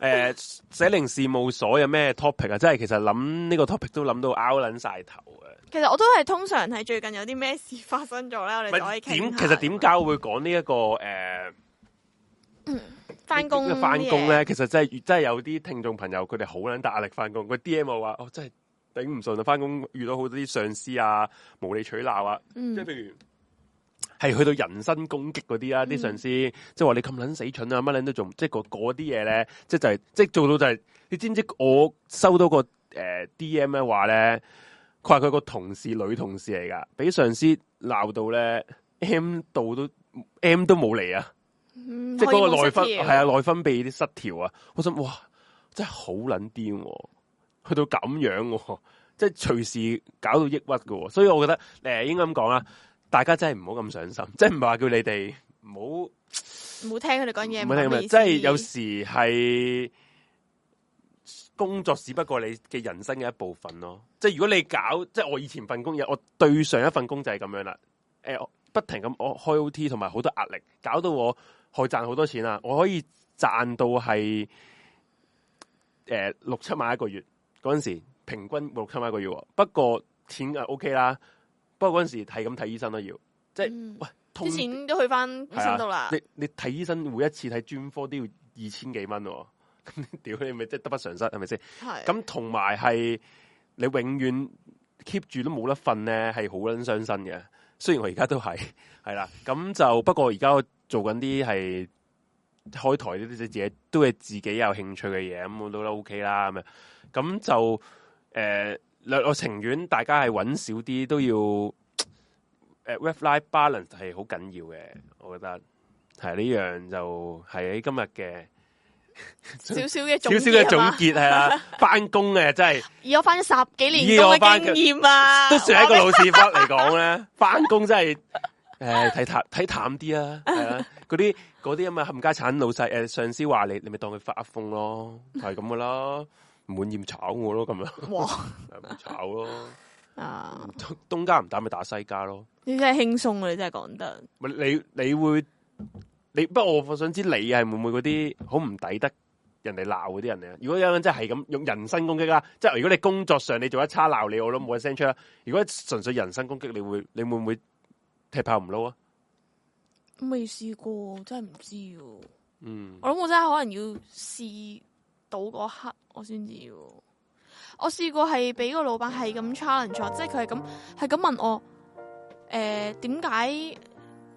寫誒，寫零事務所有咩 topic 啊？真係其實諗呢個 topic 都諗到 out 捻晒頭啊。其實我都係通常喺最近有啲咩事發生咗咧，我哋可以傾下。點其實點解我會講、這個呃嗯、呢一個誒，翻工嘅翻工咧，其實真係真係有啲聽眾朋友佢哋好捻大壓力翻工。佢 D M 我話哦，真係頂唔順啊，翻工遇到好多啲上司啊，無理取鬧啊，嗯、即係譬如。係去到人身攻擊嗰啲啊，啲上司、嗯、即係話你咁撚死蠢啊，乜撚都做，即係嗰嗰啲嘢咧，即係就係即係做到就係、是，你知唔知我收到個誒、呃、D M 咧話咧，佢話佢個同事女同事嚟噶，俾上司鬧到咧 M 到都 M 都冇嚟啊，即係嗰個內分係啊，內分泌啲失調啊，我心哇真係好撚癲，去到咁樣，即係隨時搞到抑鬱噶、啊，所以我覺得誒、呃、應該咁講啦。嗯大家真係唔好咁上心，即係唔係話叫你哋唔好唔好聽佢哋講嘢，唔好聽，即係有時係工作，只不過你嘅人生嘅一部分咯。即係如果你搞，即係我以前份工我對上一份工就係咁樣啦。誒，我不停咁我開 O T 同埋好多壓力，搞到我係賺好多錢啦。我可以賺到係誒六七萬一個月嗰陣時，平均六七萬一個月，不過錢就 O K 啦。不過嗰陣時係咁睇醫生都要即係、嗯、喂。之前都去翻醫生度啦、啊。你你睇醫生，每一次睇專科都要二千幾蚊、哦，屌 你咪即係得不償失，係咪先？係。咁同埋係你永遠 keep 住都冇得瞓咧，係好撚傷身嘅。雖然我而家都係，係啦。咁就不過而家做緊啲係開台呢啲嘢，都係自己有興趣嘅嘢，咁我都都 OK 啦。咁樣咁就誒。呃我我情願大家係搵少啲，都要誒 work-life balance 係好緊要嘅，我覺得係呢樣就係喺今日嘅少少嘅少少嘅總結係啦，翻工嘅真係。以我翻咗十幾年工嘅經驗啊， 都算係一個老屎忽嚟講咧。翻工真係誒睇淡，睇淡啲啊，係 啦，嗰啲啲咁嘅冚家產老細誒、呃、上司話你，你咪當佢發瘋咯，係咁噶啦 滿厭炒我咯，咁樣哇，炒咯啊東，東家唔打咪打西家咯，你輕鬆。你真係輕鬆啊！你真係講得。係你你會，你不過我想知你係會唔會嗰啲好唔抵得人哋鬧嗰啲人嚟啊？如果有人真係咁用人身攻擊啦，即係如果你工作上你做一叉鬧你，我都冇得聲出啦。如果純粹人身攻擊，你會你會唔會踢炮唔撈啊？未試過，真係唔知哦。嗯，我諗我真係可能要試。到嗰刻我先知，哦、我試過係俾個老闆係咁 challenge 我，即係佢係咁係咁問我，誒點解？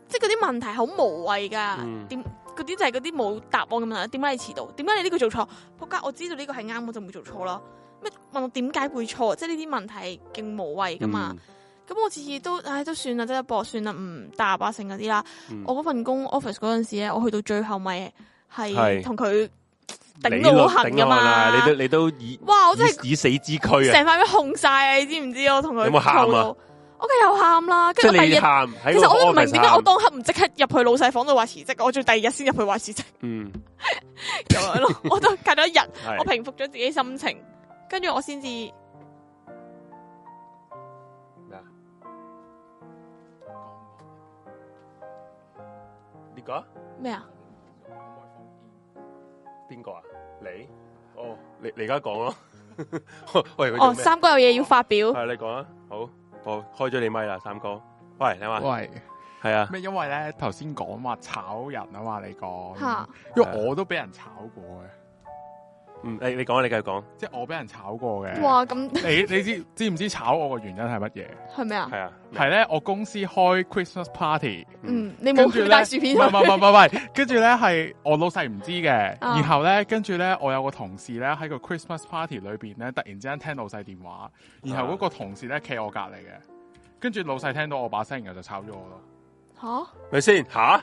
即係嗰啲問題好無謂噶，嗯、點嗰啲就係嗰啲冇答案嘅問題。點解你遲到？點解你呢個做錯？仆街！我知道呢個係啱，我就唔會做錯咯。咩問我點解會錯？即係呢啲問題勁無謂噶嘛？咁、嗯、我次次都唉都算，算、啊、等等啦，即係搏算啦，唔答把成嗰啲啦。我嗰份工 office 嗰陣時咧，我去到最後咪係同佢。頂到好行噶嘛？你都你都以哇！我真係以死之軀啊！成塊面紅晒啊！你知唔知我同佢？有冇喊啊？Okay，我佢又喊啦。跟住第二日，其實我都唔明點解我當刻唔即刻入去老細房度話辭職，我仲第二日先入去話辭職。嗯，咁樣咯，我都隔咗一日，我平復咗自己心情，跟住我先至咩啊？呢個咩啊？邊個啊？你，哦，你你而家講咯，喂，哦，三哥有嘢要發表，係，哦、你講啊，好，我、哦、開咗你咪啦，三哥，喂，你話？喂，係啊，咩？因為咧，頭先講話炒人啊嘛，你講，因為我都俾人炒過嘅。嗯，你你講你繼續講。即係我俾人炒過嘅。哇，咁你你知知唔知炒我嘅原因係乜嘢？係咩啊？係啊，係咧、啊，我公司開 Christmas party。嗯，你冇帶薯片。唔唔唔唔唔， 跟住咧係我老細唔知嘅、啊。然後咧，跟住咧，我有個同事咧喺個 Christmas party 裏邊咧，突然之間聽老細電話，啊、然後嗰個同事咧企我隔籬嘅，跟住老細聽到我把聲音，然後就炒咗我咯。吓？咪先吓？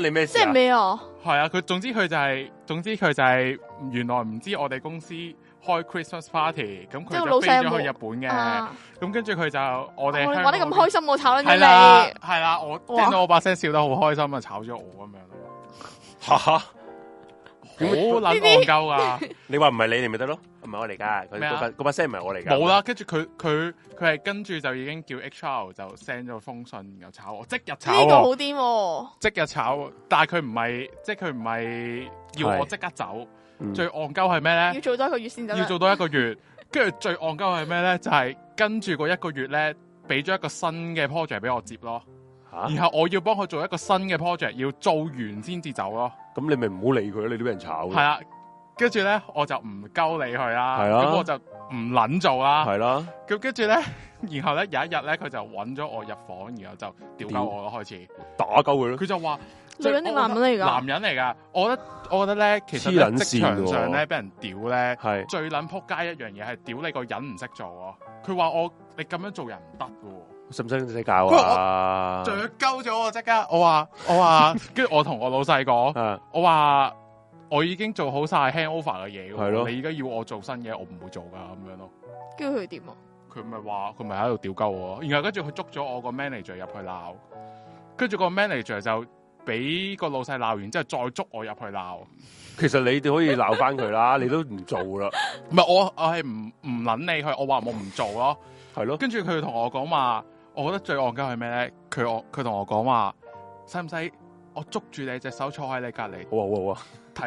即係咩啊？係啊，佢總之佢就係，總之佢就係、是，總之就原來唔知我哋公司開 Christmas party，咁佢飛咗去日本嘅。咁、就是啊、跟住佢就、啊、我哋玩得咁開心，我炒咗你。係啦，我聽到我把聲笑得好開心啊，炒咗我咁樣咯。哈哈。 好撚戇鳩啊，你話唔係你你咪得咯，唔係我嚟噶。咩？嗰把嗰把聲唔係我嚟噶。冇啦，跟住佢佢佢係跟住就已經叫 HR 就 send 咗封信，然後炒我即日炒。呢、這個好啲，即日炒。但係佢唔係，即係佢唔係要我即刻走。最戇鳩係咩咧？要做多一個月先走。要做多一個月，跟 住最戇鳩係咩咧？就係、是、跟住嗰一個月咧，俾咗一個新嘅 project 俾我接咯、啊。然後我要幫佢做一個新嘅 project，要做完先至走咯。咁你咪唔好理佢咯，你都俾人炒。係啦、啊，跟住咧我就唔鳩理佢啦，咁、啊、我就唔捻做啦。係啦、啊，咁跟住咧，然後咧有一日咧，佢就搵咗我入房，然後就屌鳩我開始打鳩佢咯。佢就話，就是、女人定男人嚟噶？男人嚟噶。我，我覺得咧，其實職場上咧俾人屌咧，係最捻撲街一樣嘢係屌你個人唔識做。佢話我你咁樣做人唔得噶。使唔使再教啊？着鳩咗我即刻，我話我話， 我跟住我同我老細講， 我話我已經做好晒 handover 嘅嘢，係咯，你而家要我做新嘢，我唔會做噶咁樣咯。跟住佢點啊？佢唔係話佢咪喺度屌鳩我，然後跟住佢捉咗我個 manager 入去鬧，跟住個 manager 就俾個老細鬧完之後再捉我入去鬧。其實你哋可以鬧翻佢啦， 你都唔做啦。唔係我我係唔唔捻你去，我話我唔做咯，係咯。跟住佢同我講話。我覺得最戇鳩係咩咧？佢我佢同我講話，使唔使我捉住你隻手坐喺你隔籬？好啊好啊，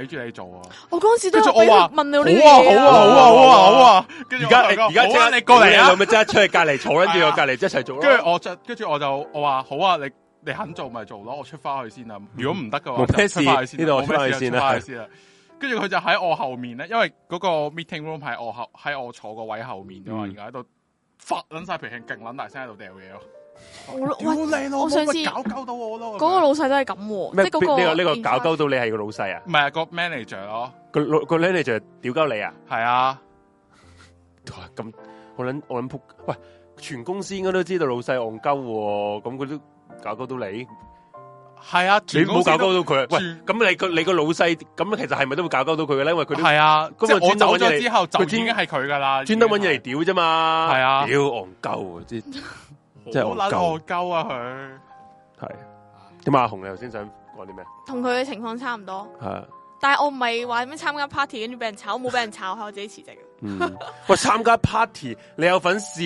睇住你做啊！ 我嗰陣時都做，我問你好啊好啊好啊好啊好啊！而家而家即刻你過嚟啊！咁咪即刻出去隔籬坐，跟住我隔籬一齊做咯。跟住我就跟住我就我話好啊！你啊你， 啊你，你肯做咪做咯，我出翻去先啦，嗯。如果唔得嘅話出去先，冇咩呢度我出去先啦。跟住佢就喺我後面咧，因為嗰個 meeting room 喺我後喺我坐個位後面嘅嘛，而家喺度。發捻晒脾氣，勁捻大聲喺度掉嘢咯！好喂你咯，我上次搞鳩到我咯，嗰、那個老細都係咁、啊，即係、那個呢、那個呢、這個搞、這個、鳩到你係個老細啊？唔係、啊那個 manager 咯，那個個 manager 屌鳩你啊？係啊，咁 我捻我捻扑，喂，全公司應該都知道老細戇鳩，咁佢都搞鳩到你。係啊，你冇搞鳩到佢啊，喂，咁你個你個老細，咁其實係咪都會搞鳩到佢嘅咧？因為佢係啊，即我走咗之後就，就、啊啊、已經係佢噶啦，專登揾嘢嚟屌啫嘛，係啊，屌憨鳩，即係好憨鳩啊佢，係。咁阿紅你頭先想講啲咩？同佢嘅情況差唔多，係、啊。但係我唔係話點樣參加 party，跟住俾人炒，冇俾人炒，係 我自己辭職嘅。喂、嗯，參 加 party，你有份笑？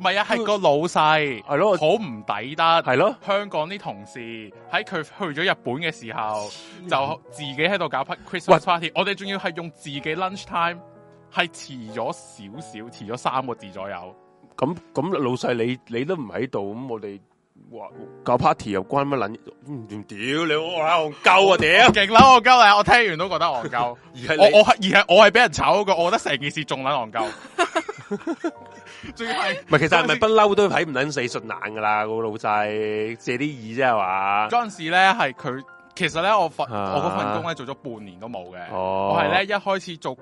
唔係啊，係個老細，係咯，好唔抵得，係咯。香港啲同事喺佢去咗日本嘅時候，就自己喺度搞 party Christmas party。我哋仲要係用自己 lunch time，係遲咗少少，遲咗三個字左右。咁咁老細你你都唔喺度，咁我哋搞 party 又關乜捻？屌你我係戇鳩啊！屌，勁捻戇鳩啊！我聽完都覺得戇鳩。 而係我我而係我係俾人炒過。我覺得成件事仲捻戇鳩。 最係唔係？其實係咪不嬲都睇唔捻死順眼噶啦？個老細借啲意啫係嘛？嗰陣時咧係佢，其實咧我份我嗰份工咧做咗半年都冇嘅。哦、我係咧一開始做。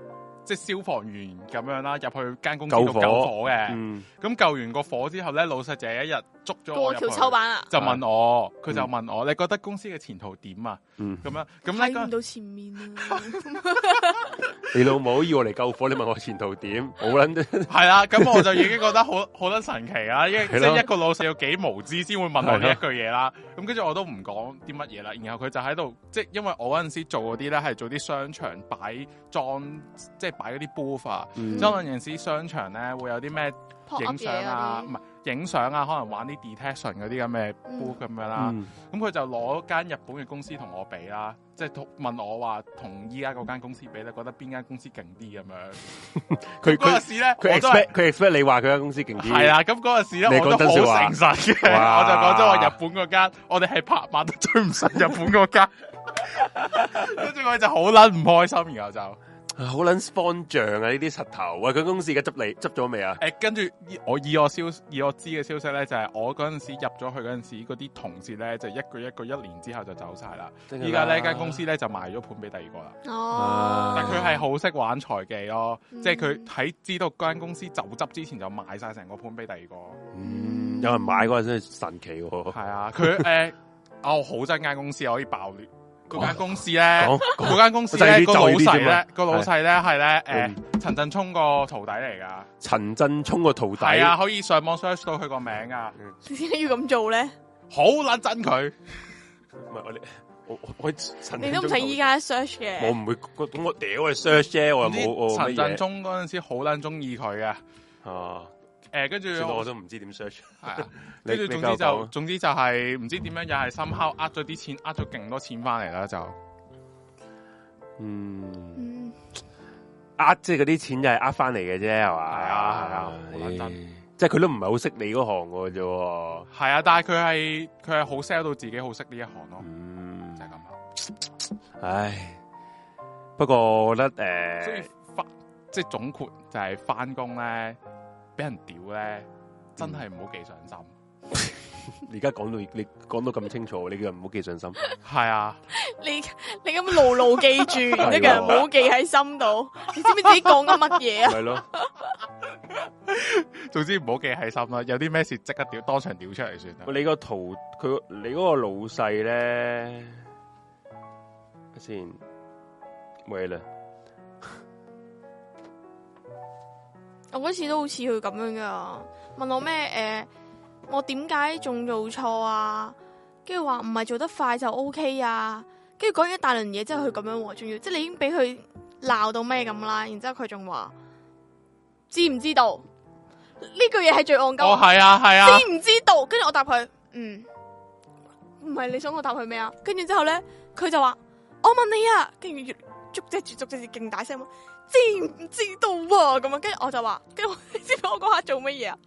即消防員咁樣啦，入去間公司救火嘅。咁救，、嗯、救完個火之後咧，老細就一日捉咗我入去，過橋抽板，啊，就問我，佢，嗯、就問我，你覺得公司嘅前途點啊？咁，嗯、樣咁睇唔到前面，啊、 你老母要我嚟救火，你問我前途點？冇捻得係啦。咁我就已經覺得好好捻神奇啦，因為即一個老細要幾無知先會問我呢一句嘢啦。咁跟住我都唔講啲乜嘢啦。然後佢就喺度，即因為我嗰陣時做嗰啲咧，係做啲商場擺裝，即係。買嗰啲 book 啊，即、嗯、陣時商場咧會有啲咩影相啊，唔係影相啊，可能玩啲 detection 嗰啲咁嘅 book 咁樣啦。咁、嗯、佢、啊嗯、就攞間日本嘅公司同我比啦、啊，即、就、係、是、問我話同依家嗰間公司比咧，覺得邊間公司勁啲咁樣。佢嗰陣時咧，佢 expect 佢 expect 你話佢間公司勁啲，係啊，咁嗰陣時咧，我都好誠實嘅，我就講咗我日本嗰間，我哋係拍馬都追唔上日本嗰間。跟 住 我就好捻唔開心，然後就。好捻方丈啊！呢啲石頭，佢公司嘅執嚟執咗未啊？誒，跟住我以我消息，以我知嘅消息咧，就係、是、我嗰陣時入咗去嗰陣時，嗰啲同事咧就一句一句，一年之後就走晒啦。依家呢間公司咧就賣咗盤俾第二個啦。哦，但佢係好識玩財技咯、嗯，即係佢喺知道間公司走執之前就賣晒成個盤俾第二個。嗯，有人買嗰陣真係神奇喎。係啊，佢誒，哦 啊，好憎間公司可以爆裂。嗰間公司咧，嗰、哦、間 公司咧個 老細闆咧呢，個 老細咧係咧，誒，陳振聰個徒弟嚟噶。陳振聰個徒弟係啊，可以上網 search 到佢個名啊。點、嗯、解 要咁做咧？好捻憎佢。唔係我哋，我我陳你都唔使依家 search 嘅。我唔會，咁我屌佢 search 啫，我冇我。陳振聰嗰陣時好捻中意佢噶。啊誒，跟住我都唔知點 search，係啊，跟 住總之就總之就係唔知點樣，又係深敲，呃咗啲錢，呃咗勁多錢翻嚟啦，就，嗯，呃、嗯，即係嗰啲錢又係呃翻嚟嘅啫，係嘛，係啊，係啊，好捻真，即係佢都唔係好識你嗰行嘅啫，係啊，但係佢係佢係好 sell 到自己好識呢一行咯、嗯，就係咁啊，唉，不過我覺得誒，即、欸、係、就是就是、總括就係翻工咧。俾人屌咧，真係唔好記上心。而家講到你講到咁清楚，你叫人唔好記上心。係啊，你你咁牢牢記住，你 叫人唔好記喺心度。 你知唔知自己講緊乜嘢啊？係咯， 總之唔好記喺心啦。有啲咩事即刻屌，當場屌出嚟算啦。你個圖佢你嗰個老細咧，先，冇嘢啦。我嗰次都好似佢咁樣噶、啊，問我咩誒、呃，我點解仲做錯啊？跟住話唔係做得快就 OK 啊，跟住講完一大輪嘢之後、啊，佢咁樣，仲要即係你已經俾佢鬧到咩咁啦？然之後佢仲話知唔知道呢句嘢係最戇鳩？係、哦、啊係啊，知唔知道？跟住我答佢，嗯，唔係你想我答佢咩啊？跟住之後咧，佢就話我問你啊，跟住越捉即係捉住捉住勁大聲、啊。知唔知道啊？咁啊，跟住我就話，跟住你知唔知我嗰刻做乜嘢啊？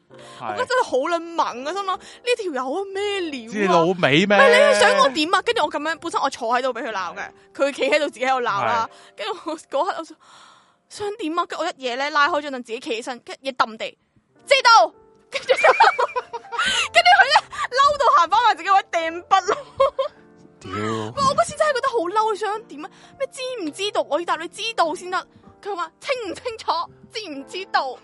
我真係好撚猛啊！心諗呢條友啊咩料啊？知老味咩？你係想我點啊？跟住我咁樣，本身我坐喺度俾佢鬧嘅，佢企喺度自己喺度鬧啦。跟住我嗰刻我說想點啊？跟住我一嘢咧拉開張凳，自己企起身，跟住一嘢揼地，知道。跟住跟住佢咧嬲到行翻埋，自己位，掟筆咯。屌！Yeah. 我嗰次真係覺得好嬲，想點啊？咩知唔知道？我要答你知道先得。佢話清唔清楚，知唔知道？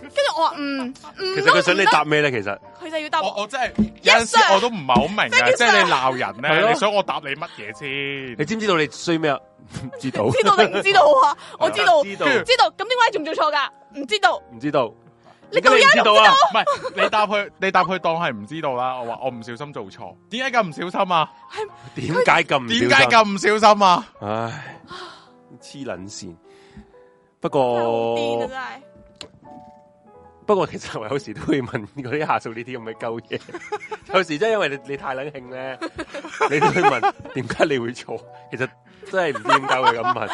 跟住我話唔唔。其實佢想你答咩咧？其實佢就要答我，我。我真係一啲我都唔係好明啊！You, 即係你鬧人咧、啊，你想我答你乜嘢先？你知唔知道你衰咩啊？ 知，道唔知，道知道，知道，你唔知道啊？我知道，知道，知道。咁點解做唔做錯噶？唔知道，唔知道。你咁樣唔知道啊？唔係你答佢，你答佢當係唔知道啦、啊。我話我唔小心做錯，點解咁唔小心啊？點解咁點解咁唔小心啊？唉，黐捻線。不過不過，其實我有時都會問嗰啲下屬呢啲咁嘅鳩嘢，有時真係因為你你太冷氣咧，你都會問點解你會錯？其實真係唔知點解會咁問，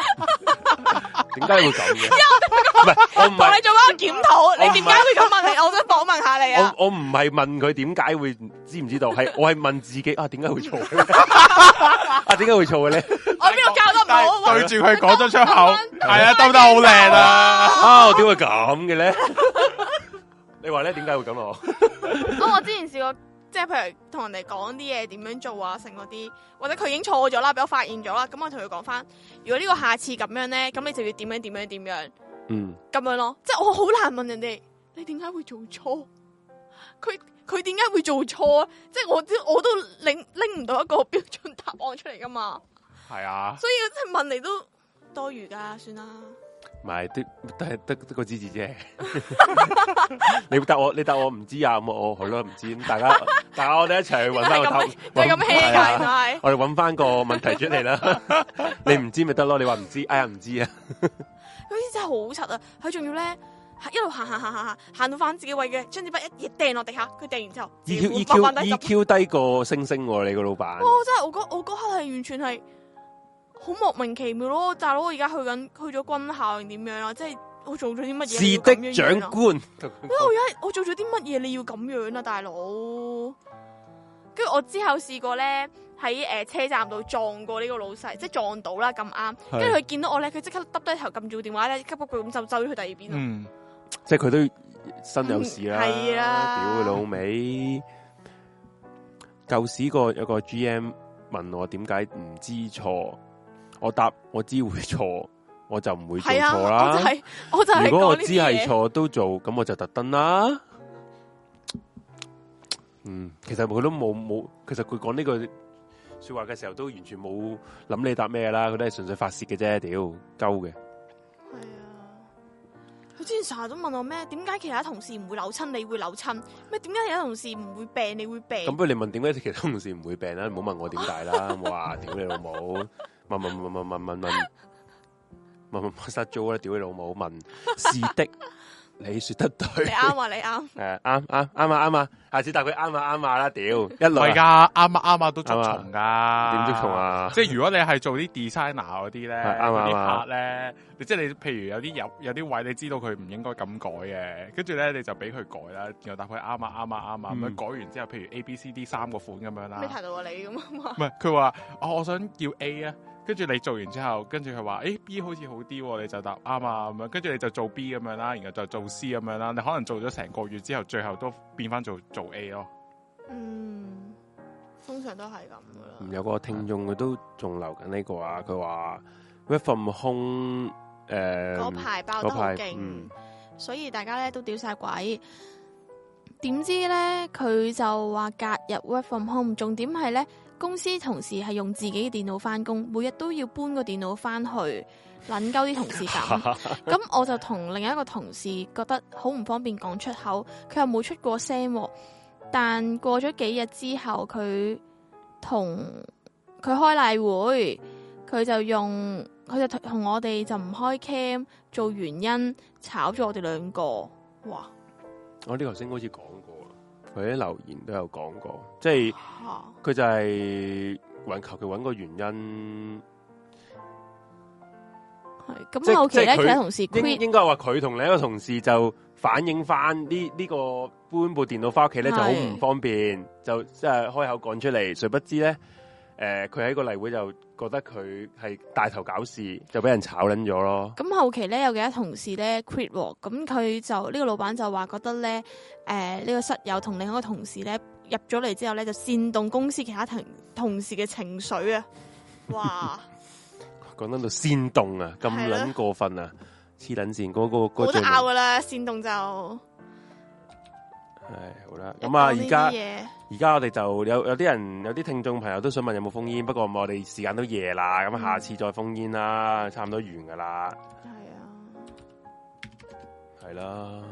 點解會咁嘅？唔 係我同你做翻個檢討，你點解會咁問？我我想訪問下你啊！我唔係問佢點解會知唔知道，係 我係問自己啊！點解會錯 啊？點解會錯嘅咧？邊個教得唔好對住佢講咗出口，係啊，兜得好靚啊！啊，點會咁嘅咧？ 你話咧，點解會咁啊？咁 我之前試過，即係譬如同人哋講啲嘢點樣做啊，成嗰啲，或者佢已經錯咗啦，俾我發現咗啦，咁我同佢講翻，如果呢個下次咁樣咧，咁你就要點樣點樣點樣，嗯，咁樣咯。即係我好難問人哋，你點解會做錯？佢佢點解會做錯？即係我，我都我都拎拎唔到一個標準答案出嚟噶嘛。係啊，所以即係問嚟都多餘噶，算啦。唔係，都都係得得個支持啫。 你答我，你答我唔知啊？咁我好咯，唔知道。咁大家，大家我哋一齊去搵翻個頭。就咁奇怪，我哋搵翻個問題出嚟啦。 你唔知咪得咯？你話唔知，哎呀唔知道啊，啊。嗰啲真係好柒啊！佢仲要咧，一路行行行行行，行到翻自己位嘅，將支筆一掟落地下，佢掟完之後二 Q E Q E Q 低過星星，你個老闆。哇！真係我嗰我嗰刻係完全係。好莫名其妙咯，大佬，我而家去緊去咗軍校定點樣啊？即係我做咗啲乜嘢？是的，長官。我而家我做咗啲乜嘢？你要咁樣啊，大佬。跟住我之後試過咧喺誒車站度撞過呢個老細，即係撞到啦咁啱。跟住佢見到我咧，佢即刻耷低頭撳住個電話咧，急嗰句咁就走咗去第二邊。即係佢都身有事啦。係、嗯、啊，屌佢老味。舊 時個有個 G M 問我點解唔知錯。我答我知會錯，我就唔會做錯啦，啊。我就係，我就係。如果我知係錯都做，咁我就特登啦。嗯，其實佢都冇冇，其實佢講呢句說話嘅時候，都完全冇諗你答咩啦。佢都係純粹發洩嘅啫。屌鳩嘅。係啊，佢之前成日都問我咩，點解其他同事唔會扭親，你會扭親？咩，點解其他同事唔會病，你會病？咁不如你問點解其他同事唔會病啦？唔好問我點解啦。哇，屌你老母！ 問問問問問問問問問失足咧，屌你老母！問是的，你說得對，你啱，你啱啊，你啱，誒啱啊，啱啊，啱啊，下次答佢啱啊，啱啊啦，屌，係咪噶？啱啊，啱啊，都捉蟲噶，點捉蟲啊？即係如果你係做啲 designer 嗰啲咧，啱啊啱啊，咧、啊，即係你譬如有啲有有啲位，你知道佢唔應該咁改嘅，跟住咧你就俾佢改啦，然後答佢啱啊啱啊啱啊，咁樣、啊嗯、改完之後，譬如 A B C D 三個款咁樣啦，咩態度你咁啊嘛？唔係，佢話我我想要 A 啊。跟住你做完之後，跟住佢話，誒 B 好似好啲，哦，你就答啱啊咁樣。跟住你就做 B 咁樣啦，然後就做 C 咁樣啦。你可能做咗成個月之後，最後都變翻做做 A 咯。嗯，通常都係咁噶啦。有個聽眾佢都仲留緊呢個啊，佢話 work from home，誒嗰排爆得好勁，嗯，所以大家咧都屌晒鬼。點知咧佢就話隔日 work from home，重點係咧。公司同事係用自己嘅電腦翻工，每日都要搬個電腦翻去，捻鳩啲同事搞。咁 我就同另一個同事覺得好唔方便講出口，佢又冇出過聲，哦。但過咗幾日之後，佢同佢開例會，佢就用佢就同我哋就唔開 cam 做原因炒咗我哋兩個。哇！我呢頭先開始講過。佢啲留言都有講過，即係佢就係揾求其搵個原因，係咁。即其他同事應該話佢同另一個同事就反映翻呢呢個搬部電腦翻屋企咧就好唔方便，就即係開口講出嚟，誰不知咧。誒、呃，佢喺個例會就覺得佢係帶頭搞事，就俾人炒捻咗咯、嗯。咁、嗯、後期咧，有幾多同事咧 quit 喎、嗯，咁佢就呢、呢個老闆就話覺得咧，誒、呃、呢、呢個室友同另一個同事咧入咗嚟之後咧，就煽動公司其他同同事嘅情緒啊！哇，講 到到煽動啊，咁捻過分啊，黐捻線，嗰、嗰個嗰、嗰個好拗噶啦，煽動就。係好啦，咁啊而家而家我哋就有有啲人有啲聽眾朋友都想問有冇封煙，不過我哋時間都夜啦，咁下次再封煙啦、嗯，差唔多完噶啦。係啊，係啦、啊。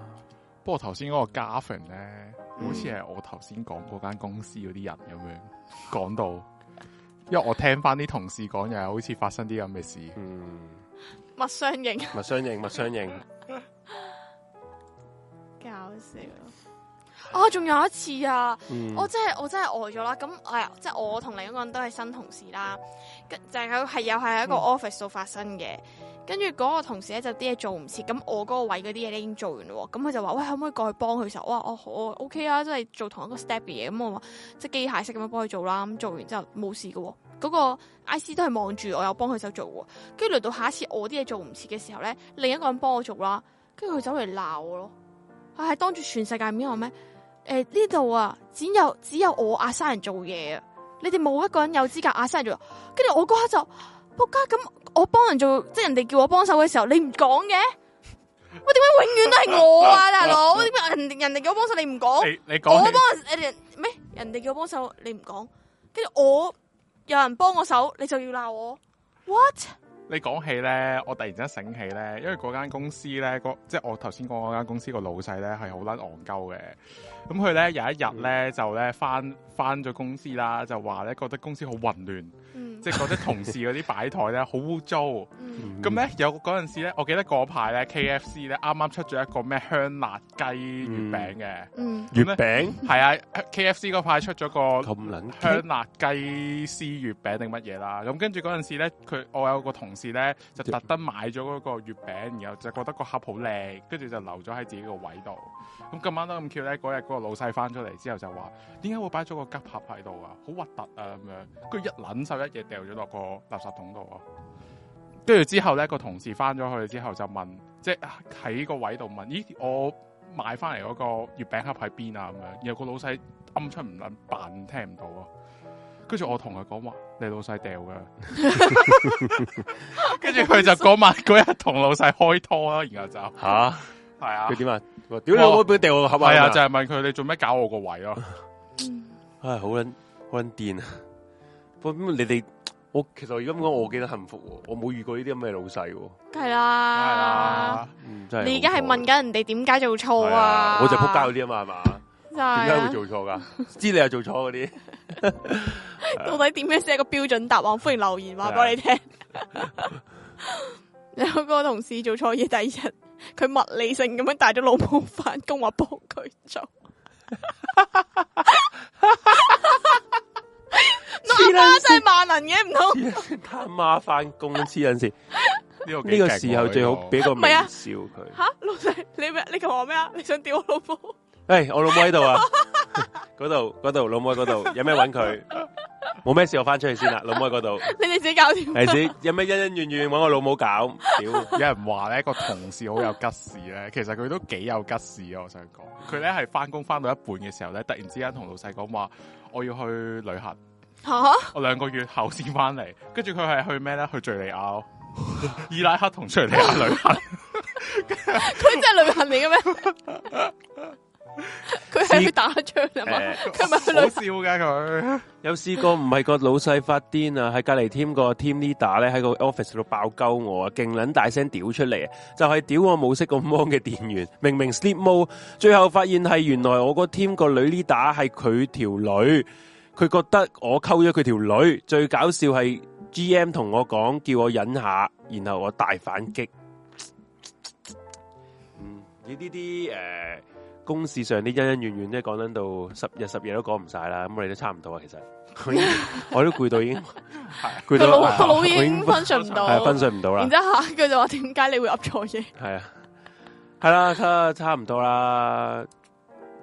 不過頭先嗰個嘉賓咧，好似係我頭先講嗰間公司嗰啲人咁樣講、嗯、到，因為我聽翻啲同事講又係好似發生啲咁嘅事。嗯，物相應，物相應， 物相應，搞笑。啊，仲有一次啊，嗯、我真係我真係呆咗啦。咁誒、即、哎、係、就是、我同另一個人都係新同事啦，跟就係又係一個 office 度發生嘅。跟住嗰個同事咧就啲嘢做唔切，咁我嗰個位嗰啲嘢已經做完喎。咁佢就話喂，可唔可以過去幫佢手？哇，我話我好 OK 啊，即、就、係、是、做同一個 step 嘢。咁我話即係機械式咁樣幫佢做啦。咁做完之後冇事喎。哦。嗰，那個 IC 都係望住我有幫佢手做喎。跟住嚟到下一次我啲嘢做唔切嘅時候咧，另一個人幫我做啦。跟住佢走嚟鬧我咯。佢、啊、係當住全世界面話咩？誒、欸，呢度啊，只有只有我阿生人做嘢啊！你哋冇一個人有資格阿生人做，跟住我嗰刻就，仆街。咁， 我幫人做，即係人哋叫我幫手嘅時候，你唔講嘅，我點解永遠都係我啊大佬？點解人哋人哋叫我幫手你唔講？你你講，我幫人人咩？人哋叫我幫手你唔講，跟住我有人幫我手，你就要鬧我，What？你講起咧，我突然間醒起咧，因為嗰間公司咧，即係我頭先講嗰間公司個老細咧，係好撚戇鳩嘅。咁佢咧有一日咧，就咧翻翻咗公司啦，就話咧覺得公司好混亂。嗯、即係覺得同事嗰啲擺台咧，好污糟。咁咧有嗰陣時咧，我記得嗰排咧 K F C 咧啱啱出咗一個咩香辣雞月餅嘅、嗯。月餅係啊，K F C 嗰排出咗個香辣雞絲月餅定乜嘢啦？咁跟住嗰陣時咧，佢我有個同事咧就特登買咗嗰個月餅，然後就覺得個盒好靚，跟住就留咗喺自己個位度。咁今晚都咁巧咧，嗰日個個老細翻咗嚟之後就話，點解會擺咗個吉盒喺度啊？好核突啊！咁樣，跟住一捻手一嘢掉咗落個垃圾桶度啊！跟住之後咧，那個同事翻咗去之後就問，即係喺個位度問，咦？我買翻嚟嗰個月餅盒喺邊啊？咁樣，然後個老細鵪鶉唔捻扮聽唔到啊！跟住我同佢講話，你老細掉嘅， 他 那那跟住佢就講埋嗰日同老細開拖咯，然後就吓，係啊，佢點啊？屌，你會唔會，我俾掉個盒啊！係啊，就係、是、問佢你做咩搞我個位咯？嗯、唉，好撚好撚癲們啊！你哋我其實而家咁講，我幾得幸福喎，我冇遇過呢啲咁嘅老細喎。係啦，你而家係問緊人哋點解做錯啊，啊？我就撲街嗰啲啊嘛，係嘛？點、就、解、是啊、會做錯噶？ 知你又做錯嗰啲？到底點樣寫個標準答案？我歡迎留言話俾你聽、啊。 有個同事做錯嘢，第一。日……佢物理性咁樣帶咗老婆翻工，話幫佢做 我媽媽。阿媽真係萬能嘅，唔 通？阿媽翻工黐緊線，呢 個呢個時候最好俾個名、啊、笑佢。吓、啊，老細，你咩？你同我咩啊？你想屌我老婆？喂，我老母喺度啊！嗰度嗰度，老母喺嗰度有咩揾佢？冇 咩事，我翻出去先啦。老母喺嗰度， 你哋自己搞掂。係自有咩恩恩怨怨，怨，揾我老母搞。屌， 有人話咧、個同事好有吉事咧，其實佢都幾有吉事啊！我想講，佢咧係翻工翻到一半嘅時候咧，突然之間同老細講話我要去旅行，啊、我兩個月後先翻嚟。跟住佢係去咩咧？去敘利亞、 伊拉克同敘利亞旅行。佢 真係旅行嚟嘅咩？ 佢係去打仗啊嘛，佢咪、欸、好笑嘅佢 有試過唔係個老細發癲啊，喺隔籬 team 個 team leader 咧喺個 office 度爆鳩我啊，勁撚大聲屌出嚟啊，就係、是、屌我冇識個 mon 嘅電源，明明 sleep mode，最後發現係原來我個 team 個女 leader 係佢條女，佢覺得我溝咗佢條女，最搞笑係 GM 同我講叫我忍下，然後我大反擊，嗯，呢啲啲誒。呃公事上啲恩恩怨怨，即係講緊到十日十夜都講唔晒啦，咁我哋都差唔多啊。其實我都攰到已經，攰 累到 老，老 已經分水唔到，分唔到啦。然之後下句就話：點解你會噏錯嘢？係啊，係啦，差差唔多啦。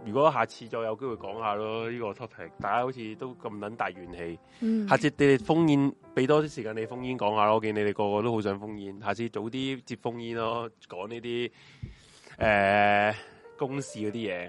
如果下次再有機會講下咯，呢、這個 topic，大家好似都咁捻大怨氣。嗯，下次你哋封煙，俾多啲時間你封煙講下咯。我見你哋個個都好想封煙，下次早啲接封煙咯，講呢啲誒。呃公事嗰啲嘢，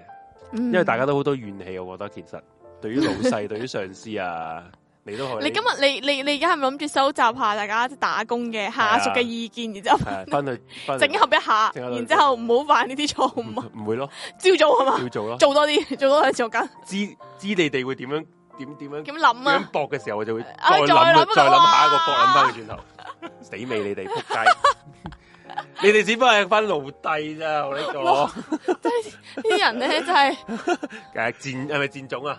因為大家都好多怨氣，我覺得其實對於老細、 對於上司啊，你都可以。你今日你你你而家係咪諗住收集下大家打工嘅下屬嘅意見，啊、然之後翻去，去整合一下，一下然之後唔好犯呢啲錯誤啊？唔會咯， 朝早係嘛？要做咯做，做多啲，做多幾次我知知你哋會點樣，點點樣點諗啊？點搏嘅時候，我就會再諗，再諗下，、啊、下個一個搏，諗翻個轉頭，死未你哋撲街。你哋只不過係翻奴隸咋，我 呢個！即係啲人咧，真係誒， 戰係咪戰種啊？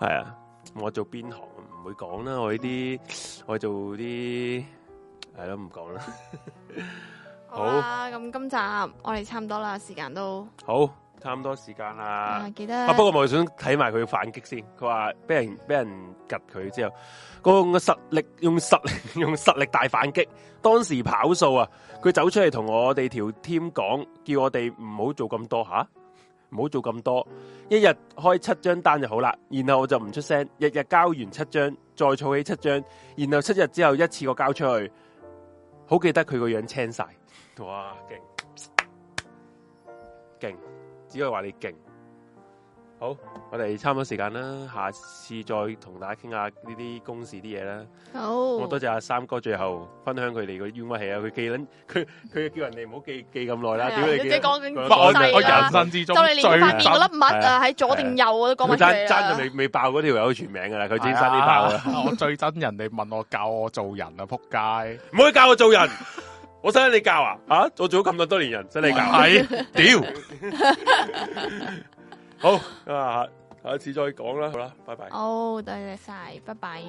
係 啊，我做邊行唔會講啦，我呢啲我做啲係咯，唔講啦。好，咁今集我哋差唔多啦，時間都好差唔多時間啦、啊。記得、啊，不過我想睇埋佢反擊先。佢話俾人俾人及佢之後。用個實力，用實力，用實力大反擊。當時跑數啊，佢走出嚟同我哋條 team 講，叫我哋唔好做咁多吓，唔好做咁多，一日開七張單就好啦。然後我就唔出聲，日日交完七張，再儲起七張，然後七日之後一次過交出去。好記得佢個樣青晒，哇勁，勁，只可以話你勁。好，我哋差唔多時間啦，下次再同大家傾下呢啲公事啲嘢啦。好，我多謝阿三哥最後分享佢哋個冤屈係啊，佢記捻佢佢叫人哋唔好記記咁耐啦，屌你！我人生之中最發面嗰粒麥啊，喺左定右我都講埋。爭爭住未未爆嗰條友全名噶啦，佢自己啲爆啊！我最憎人哋問我教我做人啊，撲街！唔好教我做人，我想你教啊，吓我做咗咁多多年人，使你教係屌。好，啊，下一次再講啦，好啦，拜拜。哦，多謝晒，拜拜。